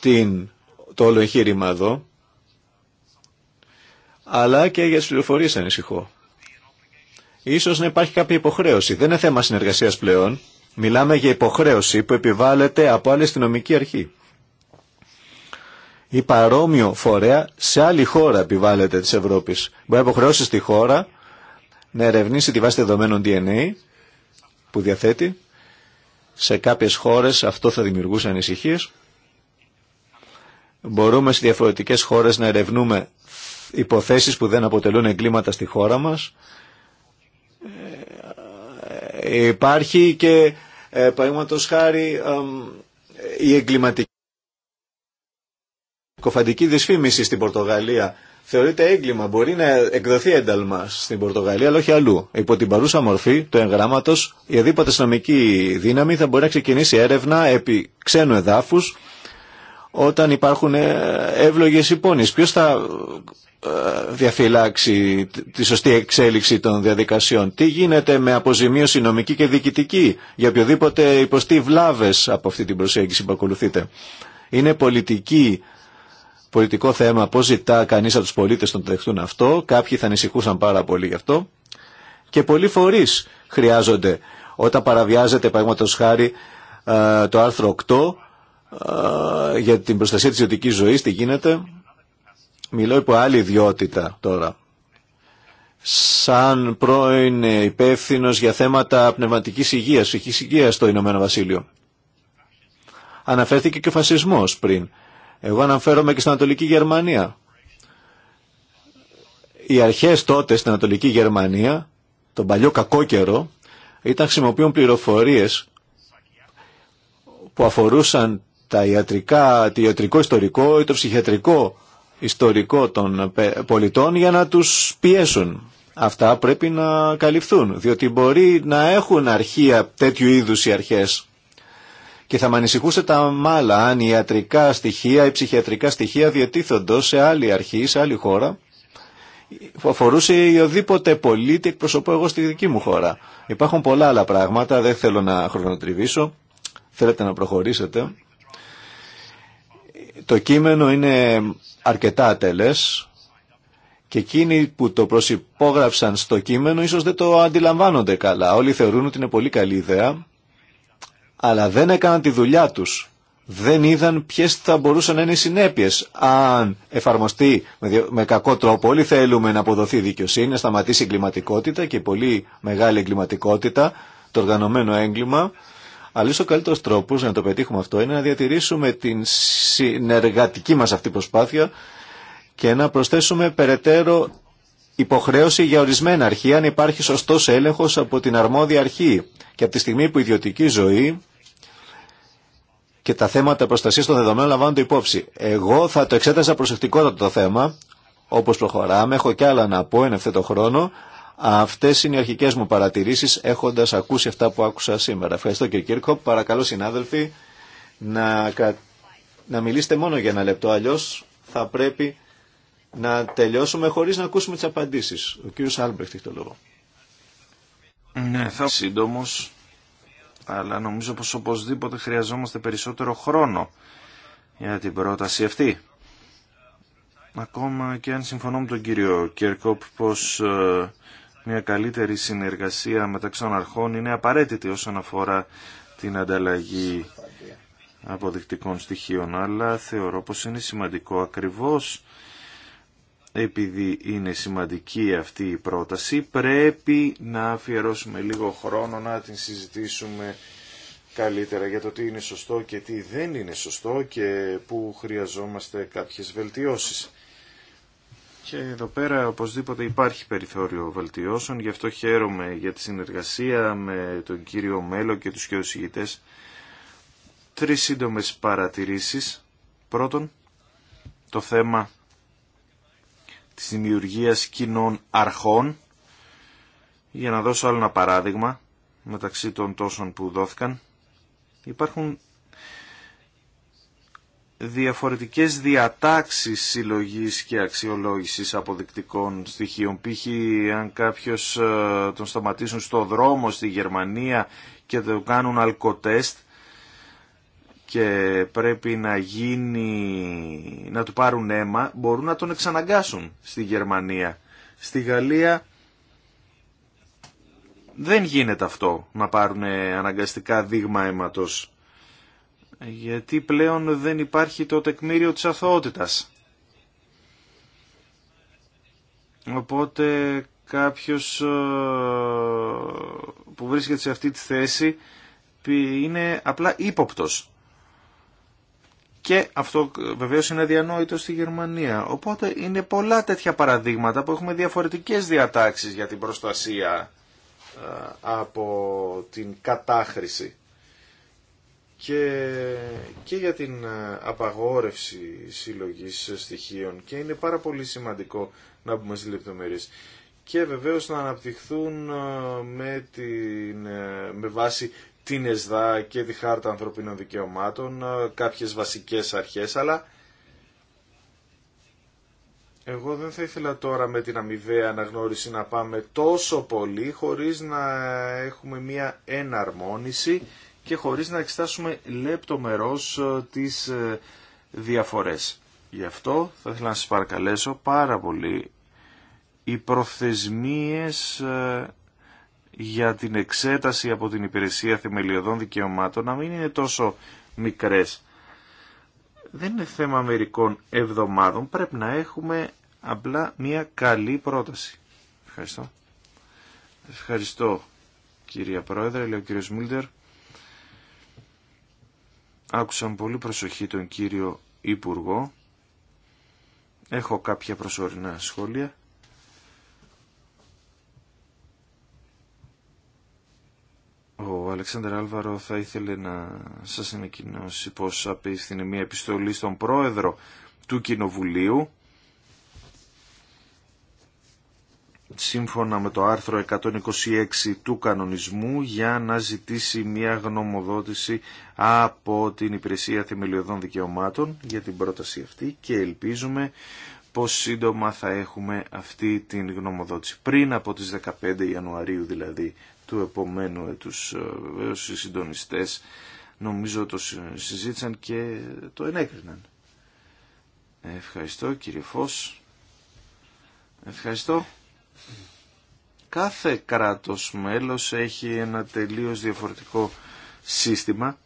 S1: την, το όλο εγχείρημα εδώ, αλλά και για τις πληροφορίες ανησυχώ. Ίσως να υπάρχει κάποια υποχρέωση. Δεν είναι θέμα συνεργασίας πλέον. Μιλάμε για υποχρέωση που επιβάλλεται από άλλη αστυνομική αρχή. Η παρόμοιο φορέα σε άλλη χώρα επιβάλλεται της Ευρώπης. Μπορεί να υποχρεώσει στη χώρα να ερευνήσει τη βάση δεδομένων DNA που διαθέτει. Σε κάποιες χώρες αυτό θα δημιουργούσε ανησυχίες. Μπορούμε σε διαφορετικές χώρες να ερευνούμε υποθέσεις που δεν αποτελούν εγκλήματα στη χώρα μας Υπάρχει και, ε, παραδείγματος χάρη, η εγκληματική κοφαντική δυσφήμιση στην Πορτογαλία. Θεωρείται έγκλημα, μπορεί να εκδοθεί ένταλμα στην Πορτογαλία, αλλά όχι αλλού. Υπό την παρούσα μορφή του εγγράμματο, η αδίποτε αστυνομική δύναμη θα μπορεί να ξεκινήσει έρευνα επί ξένου εδάφου όταν υπάρχουν ε, εύλογες υπόνοιες. Ποιος θα ε, διαφυλάξει τη σωστή εξέλιξη των διαδικασιών. Τι γίνεται με αποζημίωση νομική και διοικητική για οποιοδήποτε υποστεί βλάβες από αυτή την προσέγγιση που ακολουθείτε. Είναι πολιτική, πολιτικό θέμα πώς ζητά κανείς από τους πολίτες να το δεχτούν αυτό. Κάποιοι θα ανησυχούσαν πάρα πολύ γι' αυτό. Και πολλοί φορείς χρειάζονται όταν παραβιάζεται, παραδείγματος χάρη, ε, το άρθρο 8 ε, για την προστασία της ιδιωτικής ζωής, τι γίνεται. Μιλώ υπό άλλη ιδιότητα τώρα. Σαν πρώην υπεύθυνο για θέματα πνευματικής υγείας, ψυχικής υγείας στο Ηνωμένο Βασίλειο. Αναφέρθηκε και ο φασισμός πριν. Εγώ αναφέρομαι και στην Ανατολική Γερμανία. Οι αρχές τότε στην Ανατολική Γερμανία, τον παλιό κακό καιρό, ήταν χρησιμοποιούν πληροφορίες που αφορούσαν τα ιατρικά, το ιατρικό ιστορικό ή το ψυχιατρικό ιστορικό των πολιτών για να τους πιέσουν. Αυτά πρέπει να καλυφθούν, διότι μπορεί να έχουν αρχεία τέτοιου είδους οι αρχές. Και θα με ανησυχούσε τα μάλα αν οι ιατρικά στοιχεία, οι ψυχιατρικά στοιχεία διατίθοντος σε άλλη αρχή, σε άλλη χώρα, που αφορούσε οδήποτε πολίτη εκπροσωπώ εγώ στη δική μου χώρα. Υπάρχουν πολλά άλλα πράγματα, δεν θέλω να χρονοτριβήσω. Θέλετε να προχωρήσετε. Το κείμενο είναι αρκετά ατελές και εκείνοι που το προσυπόγραψαν στο κείμενο ίσως δεν το αντιλαμβάνονται καλά. Όλοι θεωρούν ότι είναι πολύ καλή ιδέα, αλλά δεν έκαναν τη δουλειά τους. Δεν είδαν ποιες θα μπορούσαν να είναι οι συνέπειες αν εφαρμοστεί με κακό τρόπο. Όλοι θέλουμε να αποδοθεί δικαιοσύνη, να σταματήσει η εγκληματικότητα και η πολύ μεγάλη εγκληματικότητα, το οργανωμένο έγκλημα αλλά ο καλύτερο τρόπο να το πετύχουμε αυτό είναι να διατηρήσουμε την συνεργατική μα αυτή προσπάθεια και να προσθέσουμε περαιτέρω υποχρέωση για ορισμένα αρχή αν υπάρχει σωστό έλεγχο από την αρμόδια αρχή. Και από τη στιγμή που η ιδιωτική ζωή και τα θέματα προστασία των δεδομένων λαμβάνονται υπόψη. Εγώ θα το εξέταζα προσεκτικότατο το θέμα, όπω προχωράμε. Έχω κι άλλα να πω εν ευθέτω χρόνο, Αυτές είναι οι αρχικές μου παρατηρήσεις έχοντας ακούσει αυτά που άκουσα σήμερα. Ευχαριστώ κύριε Κύρκο. Παρακαλώ συνάδελφοι να, να μιλήσετε μόνο για ένα λεπτό. Αλλιώς θα πρέπει να τελειώσουμε
S2: χωρίς να ακούσουμε τις απαντήσεις. Ο κύριος Άλμπρεχτ έχει το λόγο. Ναι, θα σύντομος, αλλά νομίζω πως οπωσδήποτε χρειαζόμαστε περισσότερο χρόνο για την πρόταση αυτή. Ακόμα και αν συμφωνώ με τον κύριο Κέρκοπ πως ε, μια καλύτερη συνεργασία μεταξύ των αρχών είναι απαραίτητη όσον αφορά την ανταλλαγή αποδεικτικών στοιχείων, αλλά θεωρώ πως είναι σημαντικό ακριβώς επειδή είναι σημαντική αυτή η πρόταση, πρέπει να αφιερώσουμε λίγο χρόνο να την συζητήσουμε καλύτερα για το τι είναι σωστό και τι δεν είναι σωστό και που χρειαζόμαστε κάποιες βελτιώσεις. Και εδώ πέρα οπωσδήποτε υπάρχει περιθώριο βελτιώσεων, γι' αυτό χαίρομαι για τη συνεργασία με τον κύριο Μέλο και τους κύριους ηγητές. Τρεις σύντομες παρατηρήσεις. Πρώτον, το θέμα της δημιουργίας κοινών αρχών. Για να δώσω άλλο ένα παράδειγμα μεταξύ των τόσων που δόθηκαν. Υπάρχουν διαφορετικές διατάξεις συλλογής και αξιολόγησης αποδεικτικών στοιχείων. Π.χ. αν κάποιος ε, τον σταματήσουν στο δρόμο στη Γερμανία και το κάνουν αλκοτέστ και πρέπει να γίνει, να του πάρουν αίμα, μπορούν να τον εξαναγκάσουν στη Γερμανία. Στη Γαλλία δεν γίνεται αυτό, να πάρουν αναγκαστικά δείγμα αίματος γιατί πλέον δεν υπάρχει το τεκμήριο της αθωότητας. Οπότε κάποιος ε, που βρίσκεται σε αυτή τη θέση είναι απλά ύποπτος. Και αυτό ε, βεβαίω είναι διανόητο στη Γερμανία. Οπότε είναι πολλά τέτοια παραδείγματα που έχουμε διαφορετικές διατάξεις για την προστασία ε, από την κατάχρηση και, και για την ε, απαγόρευση συλλογής στοιχείων και είναι πάρα πολύ σημαντικό να μπούμε στις λεπτομέρειες και βεβαίως να αναπτυχθούν ε, με, την, ε, με βάση την ΕΣΔΑ και τη Χάρτα Ανθρωπίνων Δικαιωμάτων κάποιες βασικές αρχές αλλά εγώ δεν θα ήθελα τώρα με την αμοιβαία αναγνώριση να πάμε τόσο πολύ χωρίς να έχουμε μία εναρμόνιση και χωρίς να εξετάσουμε λεπτομερώς ε, τις ε, διαφορές. Γι' αυτό θα ήθελα να σας παρακαλέσω πάρα πολύ οι προθεσμίες ε, για την εξέταση από την Υπηρεσία Θεμελιωδών Δικαιωμάτων να μην είναι τόσο μικρές. Δεν είναι θέμα μερικών εβδομάδων, πρέπει να έχουμε απλά μια καλή πρόταση. Ευχαριστώ. Ευχαριστώ κυρία Πρόεδρε, λέει ο κύριος Μίλτερ. Άκουσα με πολύ προσοχή τον κύριο Υπουργό. Έχω κάποια προσωρινά σχόλια. Ο Αλεξάνδρ Άλβαρο θα ήθελε να σας ανακοινώσει πως απίφθινε μια επιστολή στον πρόεδρο του Κοινοβουλίου σύμφωνα με το άρθρο 126 του κανονισμού για να ζητήσει μια γνωμοδότηση από την Υπηρεσία Θεμελιωδών Δικαιωμάτων για την πρόταση αυτή και ελπίζουμε πως σύντομα θα έχουμε αυτή την γνωμοδότηση. Πριν από τις 15 Ιανουαρίου δηλαδή του επομένου τους ε, βεβαίως οι συντονιστές νομίζω το συζήτησαν και το ενέκριναν. Ευχαριστώ κύριε Φως. Ευχαριστώ. Κάθε κράτος μέλος έχει ένα τελείως διαφορετικό σύστημα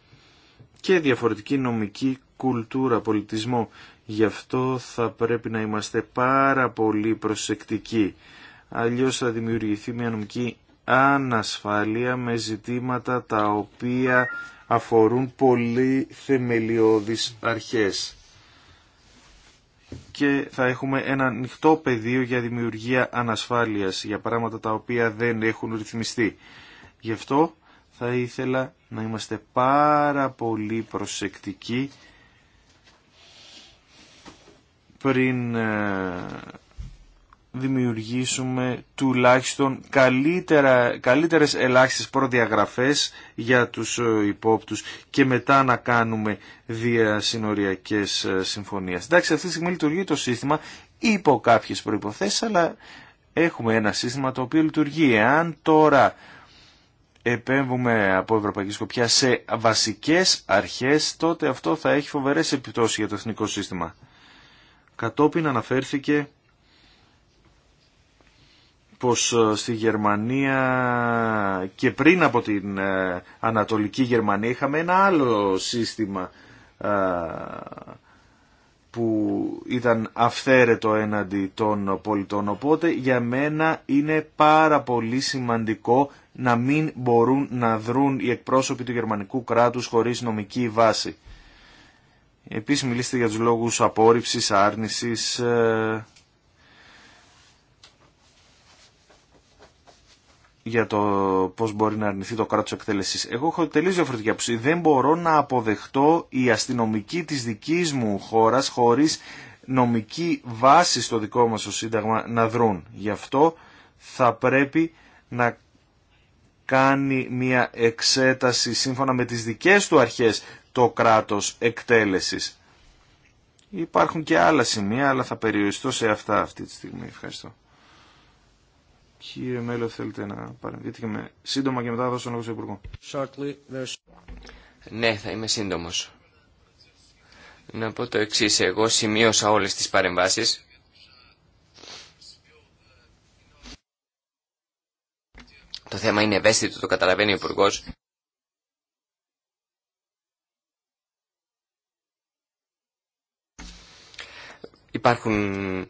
S2: και διαφορετική νομική κουλτούρα, πολιτισμό. Γι' αυτό θα πρέπει να είμαστε πάρα πολύ προσεκτικοί. Αλλιώς θα δημιουργηθεί μια νομική ανασφάλεια με ζητήματα τα οποία αφορούν πολύ θεμελιώδεις αρχές και θα έχουμε ένα ανοιχτό πεδίο για δημιουργία ανασφάλειας για πράγματα τα οποία δεν έχουν ρυθμιστεί. Γι' αυτό θα ήθελα να είμαστε πάρα πολύ προσεκτικοί πριν ε, δημιουργήσουμε τουλάχιστον καλύτερα, καλύτερες ελάχιστες προδιαγραφές για τους ε, υπόπτους και μετά να κάνουμε διασυνοριακές ε, συμφωνίες. Εντάξει, αυτή τη στιγμή λειτουργεί το σύστημα υπό κάποιες προϋποθέσεις, αλλά έχουμε ένα σύστημα το οποίο λειτουργεί. Εάν τώρα επέμβουμε από Ευρωπαϊκή Σκοπιά σε βασικές αρχές, τότε αυτό θα έχει φοβερές επιπτώσεις για το εθνικό σύστημα. Κατόπιν αναφέρθηκε πως ε, στη Γερμανία και πριν από την ε, Ανατολική Γερμανία είχαμε ένα άλλο σύστημα ε, που ήταν αυθαίρετο έναντι των πολιτών. Οπότε για μένα είναι πάρα πολύ σημαντικό να μην μπορούν να δρουν οι εκπρόσωποι του γερμανικού κράτους χωρίς νομική βάση. Επίσης μιλήστε για τους λόγους απόρριψης, άρνησης για το πώς μπορεί να αρνηθεί το κράτος εκτέλεσης. Εγώ έχω τελείω διαφορετική άποψη. Δεν μπορώ να αποδεχτώ η αστυνομική της δική μου χώρας χωρίς νομική βάση στο δικό μας το Σύνταγμα να δρουν. Γι' αυτό θα πρέπει να κάνει μια εξέταση σύμφωνα με τις δικές του αρχές το κράτος εκτέλεσης. Υπάρχουν και άλλα σημεία, αλλά θα περιοριστώ σε αυτά αυτή τη στιγμή. Ευχαριστώ. Κύριε Μέλλο, θέλετε να παρεμβείτε και με... σύντομα και μετά θα δώσω λόγο στον Υπουργό.
S3: Ναι, θα είμαι σύντομος. Να πω το εξή. Εγώ σημείωσα όλες τις παρεμβάσεις. Το θέμα είναι ευαίσθητο, το καταλαβαίνει ο υπουργό. Υπάρχουν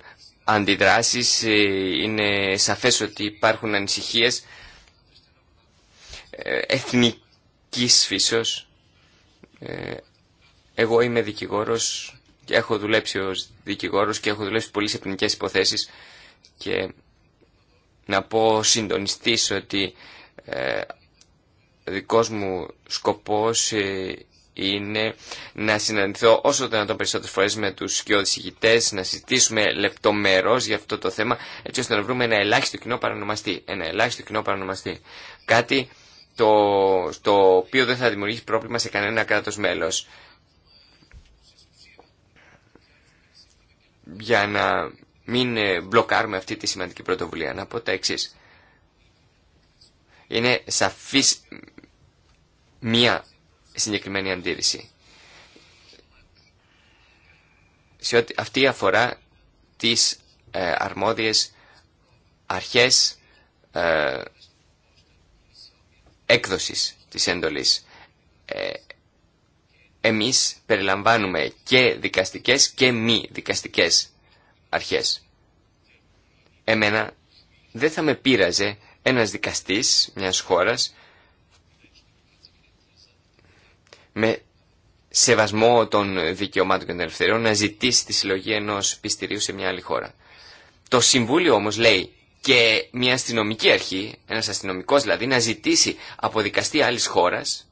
S3: αντιδράσεις. Ε, είναι σαφές ότι υπάρχουν ανησυχίες ε, εθνικής φύσεως. Ε, εγώ είμαι δικηγόρος και έχω δουλέψει ως δικηγόρος και έχω δουλέψει πολλές εθνικές υποθέσεις και να πω συντονιστής ότι ο δικός μου σκοπός είναι να συναντηθώ όσο το δυνατόν περισσότερε φορέ με του σκιώδει ηγητέ, να συζητήσουμε λεπτομερώς για αυτό το θέμα, έτσι ώστε να βρούμε ένα ελάχιστο κοινό παρανομαστή. Ένα ελάχιστο κοινό παρανομαστή. Κάτι το, το οποίο δεν θα δημιουργήσει πρόβλημα σε κανένα κράτο μέλο. Για να μην ε, μπλοκάρουμε αυτή τη σημαντική πρωτοβουλία. Να πω τα εξή. Είναι σαφής μία συγκεκριμένη αντίρρηση. Αυτή αφορά τις ε, αρμόδιες αρχές ε, έκδοσης της έντολης. Ε, εμείς περιλαμβάνουμε και δικαστικές και μη δικαστικές αρχές. Εμένα δεν θα με πείραζε ένας δικαστής μιας χώρας με σεβασμό των δικαιωμάτων και των ελευθεριών να ζητήσει τη συλλογή ενό πιστηρίου σε μια άλλη χώρα. Το Συμβούλιο όμω λέει και μια αστυνομική αρχή, ένα αστυνομικό δηλαδή, να ζητήσει από δικαστή άλλη χώρας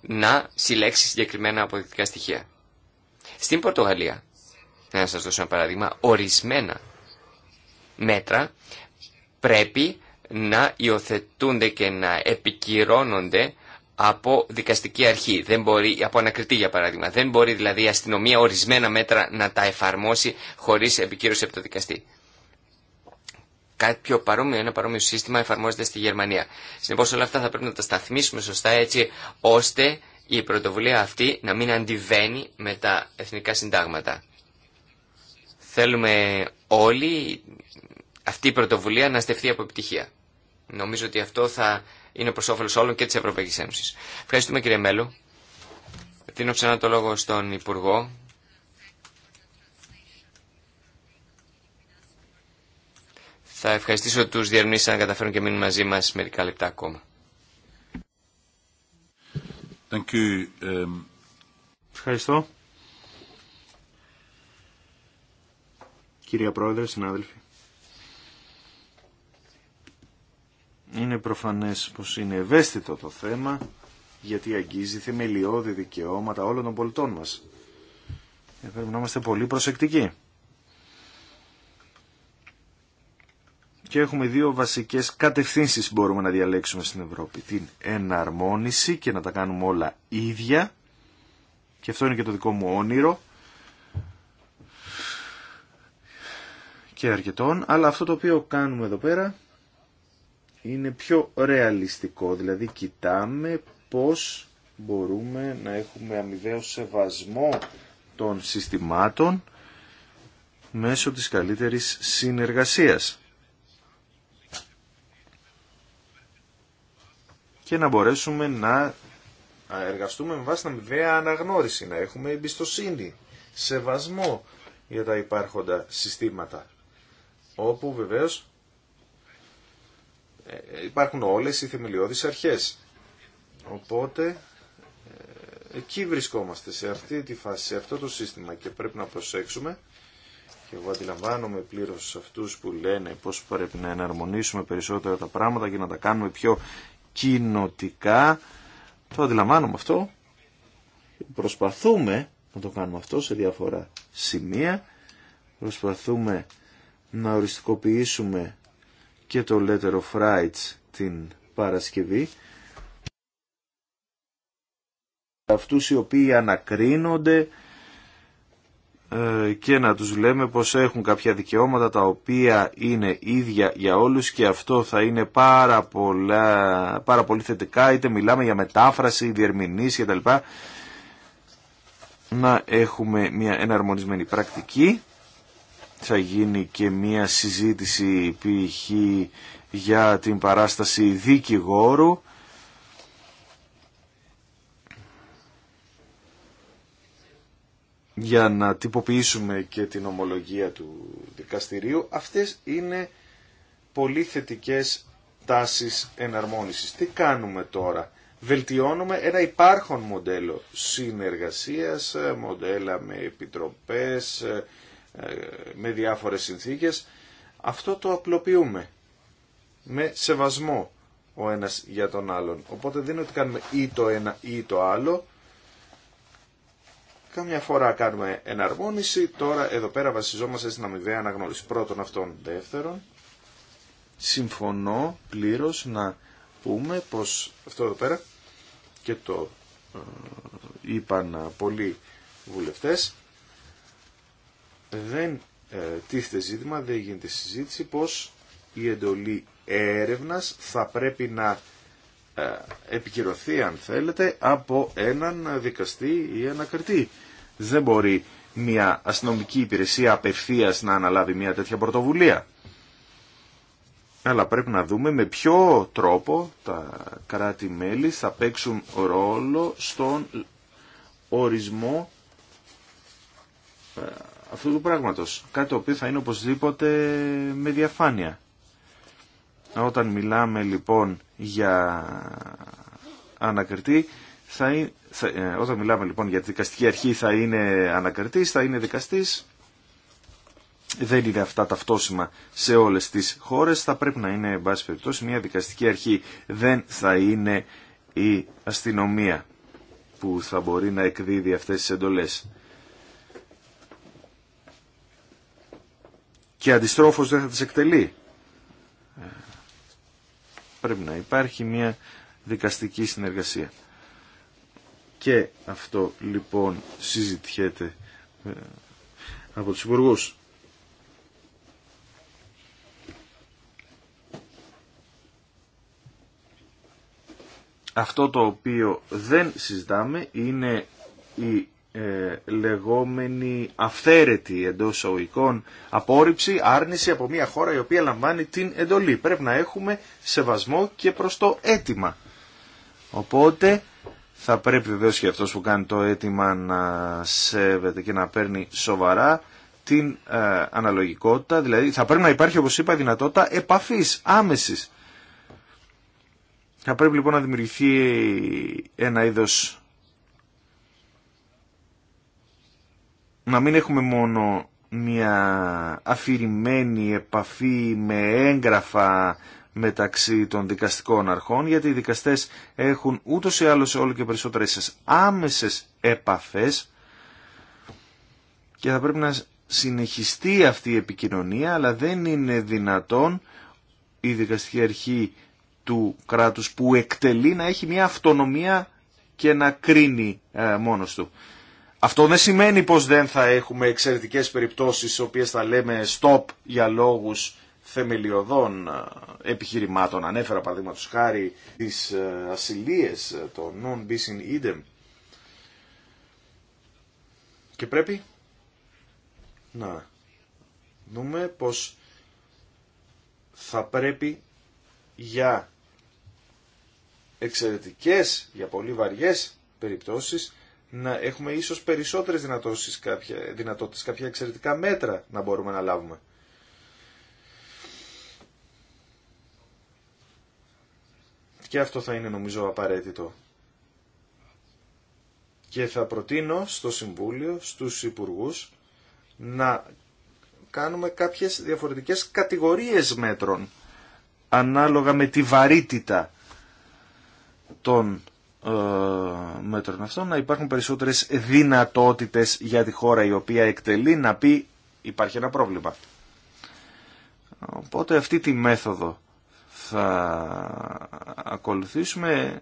S3: να συλλέξει συγκεκριμένα αποδεικτικά στοιχεία. Στην Πορτογαλία, να σα δώσω ένα παράδειγμα, ορισμένα μέτρα πρέπει να υιοθετούνται και να επικυρώνονται από δικαστική αρχή, δεν μπορεί, από ανακριτή για παράδειγμα. Δεν μπορεί δηλαδή η αστυνομία ορισμένα μέτρα να τα εφαρμόσει χωρίς επικύρωση από το δικαστή. Κάποιο παρόμοιο, ένα παρόμοιο σύστημα εφαρμόζεται στη Γερμανία. Συνεπώς όλα αυτά θα πρέπει να τα σταθμίσουμε σωστά έτσι ώστε η πρωτοβουλία αυτή να μην αντιβαίνει με τα εθνικά συντάγματα. Θέλουμε όλοι αυτή η πρωτοβουλία να στεφθεί από επιτυχία. Νομίζω ότι αυτό θα είναι προ όφελο όλων και τη Ευρωπαϊκή Ένωση. Ευχαριστούμε κύριε Μέλου. Δίνω ξανά το λόγο στον Υπουργό. Θα ευχαριστήσω τους διερμηνείς να καταφέρουν και μείνουν μαζί μας μερικά λεπτά ακόμα.
S2: Um, Ευχαριστώ. Κυρία Πρόεδρε, συνάδελφοι. Είναι προφανές πως είναι ευαίσθητο το θέμα γιατί αγγίζει θεμελιώδη δικαιώματα όλων των πολιτών μας. Και ε, πρέπει είμαστε πολύ προσεκτικοί. Και έχουμε δύο βασικές κατευθύνσεις που μπορούμε να διαλέξουμε στην Ευρώπη. Την εναρμόνιση και να τα κάνουμε όλα ίδια. Και αυτό είναι και το δικό μου όνειρο. Και αρκετών. Αλλά αυτό το οποίο κάνουμε εδώ πέρα είναι πιο ρεαλιστικό. Δηλαδή κοιτάμε πώς μπορούμε να έχουμε αμοιβαίο σεβασμό των συστημάτων μέσω της καλύτερης συνεργασίας. Και να μπορέσουμε να εργαστούμε με βάση την αμοιβαία αναγνώριση, να έχουμε εμπιστοσύνη, σεβασμό για τα υπάρχοντα συστήματα. Όπου βεβαίως υπάρχουν όλες οι θεμελιώδεις αρχές. Οπότε ε, εκεί βρισκόμαστε σε αυτή τη φάση, σε αυτό το σύστημα και πρέπει να προσέξουμε και εγώ αντιλαμβάνομαι πλήρως αυτούς που λένε πως πρέπει να εναρμονίσουμε περισσότερα τα πράγματα και να τα κάνουμε πιο κοινοτικά. Το αντιλαμβάνομαι αυτό. Προσπαθούμε να το κάνουμε αυτό σε διάφορα σημεία. Προσπαθούμε να οριστικοποιήσουμε και το Letter of Rights την Παρασκευή. Αυτούς οι οποίοι ανακρίνονται ε, και να τους λέμε πως έχουν κάποια δικαιώματα τα οποία είναι ίδια για όλους και αυτό θα είναι πάρα, πολλά, πάρα πολύ θετικά είτε μιλάμε για μετάφραση, διερμηνήσεις κτλ. Να έχουμε μια εναρμονισμένη πρακτική θα γίνει και μία συζήτηση π.χ. για την παράσταση γόρου. για να τυποποιήσουμε και την ομολογία του δικαστηρίου. Αυτές είναι πολύ θετικές τάσεις εναρμόνισης. Τι κάνουμε τώρα. Βελτιώνουμε ένα υπάρχον μοντέλο συνεργασίας, μοντέλα με επιτροπές, ε, με διάφορες συνθήκες, αυτό το απλοποιούμε με σεβασμό ο ένας για τον άλλον. Οπότε δεν είναι ότι κάνουμε ή το ένα ή το άλλο. Καμιά φορά κάνουμε εναρμόνιση, τώρα εδώ πέρα βασιζόμαστε στην αμοιβαία αναγνώριση. Πρώτον αυτών δεύτερον, συμφωνώ πλήρως να πούμε πως αυτό εδώ πέρα και το ε, είπαν πολλοί βουλευτές δεν ε, τίθεται ζήτημα, δεν γίνεται συζήτηση πως η εντολή έρευνας θα πρέπει να ε, επικυρωθεί αν θέλετε από έναν δικαστή ή κριτή. Δεν μπορεί μια αστυνομική υπηρεσία απευθείας να αναλάβει μια τέτοια πρωτοβουλία. Αλλά πρέπει να δούμε με ποιο τρόπο τα κράτη-μέλη θα παίξουν ρόλο στον ορισμό ε, αυτού του πράγματος. Κάτι το οποίο θα είναι οπωσδήποτε με διαφάνεια. Όταν μιλάμε λοιπόν για ανακριτή, θα, ε, όταν μιλάμε λοιπόν για δικαστική αρχή θα είναι ανακριτής, θα είναι δικαστής. Δεν είναι αυτά ταυτόσημα σε όλες τις χώρες. Θα πρέπει να είναι, εν πάση περιπτώσει, μια δικαστική αρχή. Δεν θα είναι η αστυνομία που θα μπορεί να εκδίδει αυτές τις εντολές. και αντιστρόφως δεν θα τις εκτελεί. Πρέπει να υπάρχει μια δικαστική συνεργασία. Και αυτό λοιπόν συζητιέται ε, από τους υπουργού. Αυτό το οποίο δεν συζητάμε είναι η ε, λεγόμενη αυθαίρετη εντό οικών απόρριψη, άρνηση από μια χώρα η οποία λαμβάνει την εντολή. Πρέπει να έχουμε σεβασμό και προς το αίτημα. Οπότε θα πρέπει βεβαίω και αυτός που κάνει το αίτημα να σέβεται και να παίρνει σοβαρά την ε, αναλογικότητα, δηλαδή θα πρέπει να υπάρχει όπως είπα δυνατότητα επαφής άμεσης. Θα πρέπει λοιπόν να δημιουργηθεί ένα είδος να μην έχουμε μόνο μια αφηρημένη επαφή με έγγραφα μεταξύ των δικαστικών αρχών, γιατί οι δικαστές έχουν ούτως ή άλλως όλο και περισσότερες άμεσες επαφές και θα πρέπει να συνεχιστεί αυτή η επικοινωνία, αλλά δεν είναι δυνατόν η δικαστική αρχή του κράτους που εκτελεί να έχει μια αυτονομία και να κρίνει ε, μόνος του. Αυτό δεν σημαίνει πως δεν θα έχουμε εξαιρετικές περιπτώσεις στις οποίες θα λέμε stop για λόγους θεμελιωδών ε, επιχειρημάτων. Ανέφερα παραδείγματο χάρη τις ε, ασυλίες, ε, των non bis in idem. Και πρέπει να δούμε πως θα πρέπει για εξαιρετικές, για πολύ βαριές περιπτώσεις να έχουμε ίσως περισσότερες δυνατότητες κάποια, δυνατότητες, κάποια εξαιρετικά μέτρα να μπορούμε να λάβουμε. Και αυτό θα είναι νομίζω απαραίτητο. Και θα προτείνω στο Συμβούλιο, στους Υπουργούς, να κάνουμε κάποιες διαφορετικές κατηγορίες μέτρων, ανάλογα με τη βαρύτητα των ε, μέτρων αυτών να υπάρχουν περισσότερες δυνατότητες για τη χώρα η οποία εκτελεί να πει υπάρχει ένα πρόβλημα. Οπότε αυτή τη μέθοδο θα ακολουθήσουμε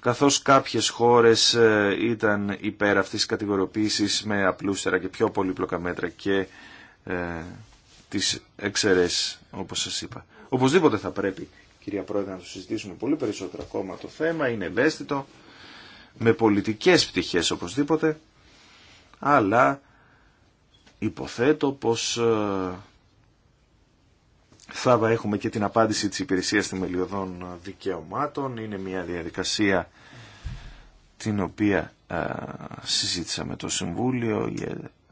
S2: καθώς κάποιες χώρες ε, ήταν υπέρ αυτής της κατηγοροποίησης με απλούστερα και πιο πολύπλοκα μέτρα και ε, τις εξαιρέσεις όπως σας είπα. Οπωσδήποτε θα πρέπει κυρία Πρόεδρε, να το συζητήσουμε πολύ περισσότερο ακόμα το θέμα. Είναι ευαίσθητο, με πολιτικές πτυχές οπωσδήποτε, αλλά υποθέτω πως ε, θα έχουμε και την απάντηση της υπηρεσίας θεμελιωδών δικαιωμάτων. Είναι μια διαδικασία την οποία ε, συζήτησα με το Συμβούλιο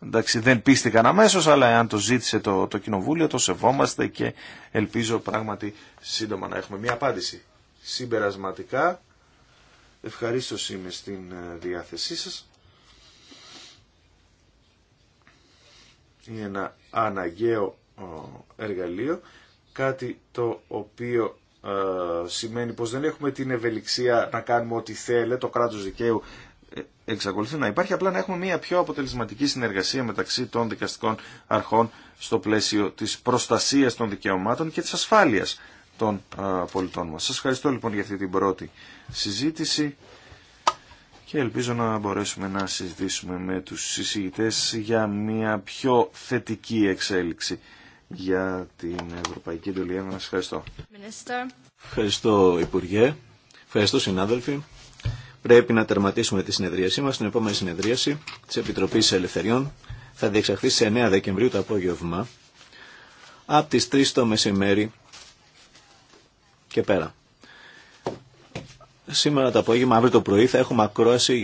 S2: Εντάξει, δεν πίστηκαν αμέσω, αλλά αν το ζήτησε το, το Κοινοβούλιο, το σεβόμαστε και ελπίζω πράγματι σύντομα να έχουμε μια απάντηση. Συμπερασματικά, ευχαρίστω είμαι στην ε, διάθεσή σας. Είναι ένα αναγκαίο εργαλείο, κάτι το οποίο ε, σημαίνει πως δεν έχουμε την ευελιξία να κάνουμε ό,τι θέλει το κράτος δικαίου εξακολουθεί να υπάρχει, απλά να έχουμε μια πιο αποτελεσματική συνεργασία μεταξύ των δικαστικών αρχών στο πλαίσιο της προστασίας των δικαιωμάτων και της ασφάλειας των πολιτών μας. Σας ευχαριστώ λοιπόν για αυτή την πρώτη συζήτηση και ελπίζω να μπορέσουμε να συζητήσουμε με τους συζητητές για μια πιο θετική εξέλιξη για την Ευρωπαϊκή Εντολή. Σας ευχαριστώ. Minister. Ευχαριστώ Υπουργέ.
S1: Ευχαριστώ συνάδελφοι. Πρέπει να τερματίσουμε τη συνεδρίασή μας. Την επόμενη συνεδρίαση της Επιτροπής Ελευθεριών θα διεξαχθεί σε 9 Δεκεμβρίου το απόγευμα από τις 3 το μεσημέρι και πέρα. Σήμερα το απόγευμα, αύριο το πρωί, θα έχουμε ακρόαση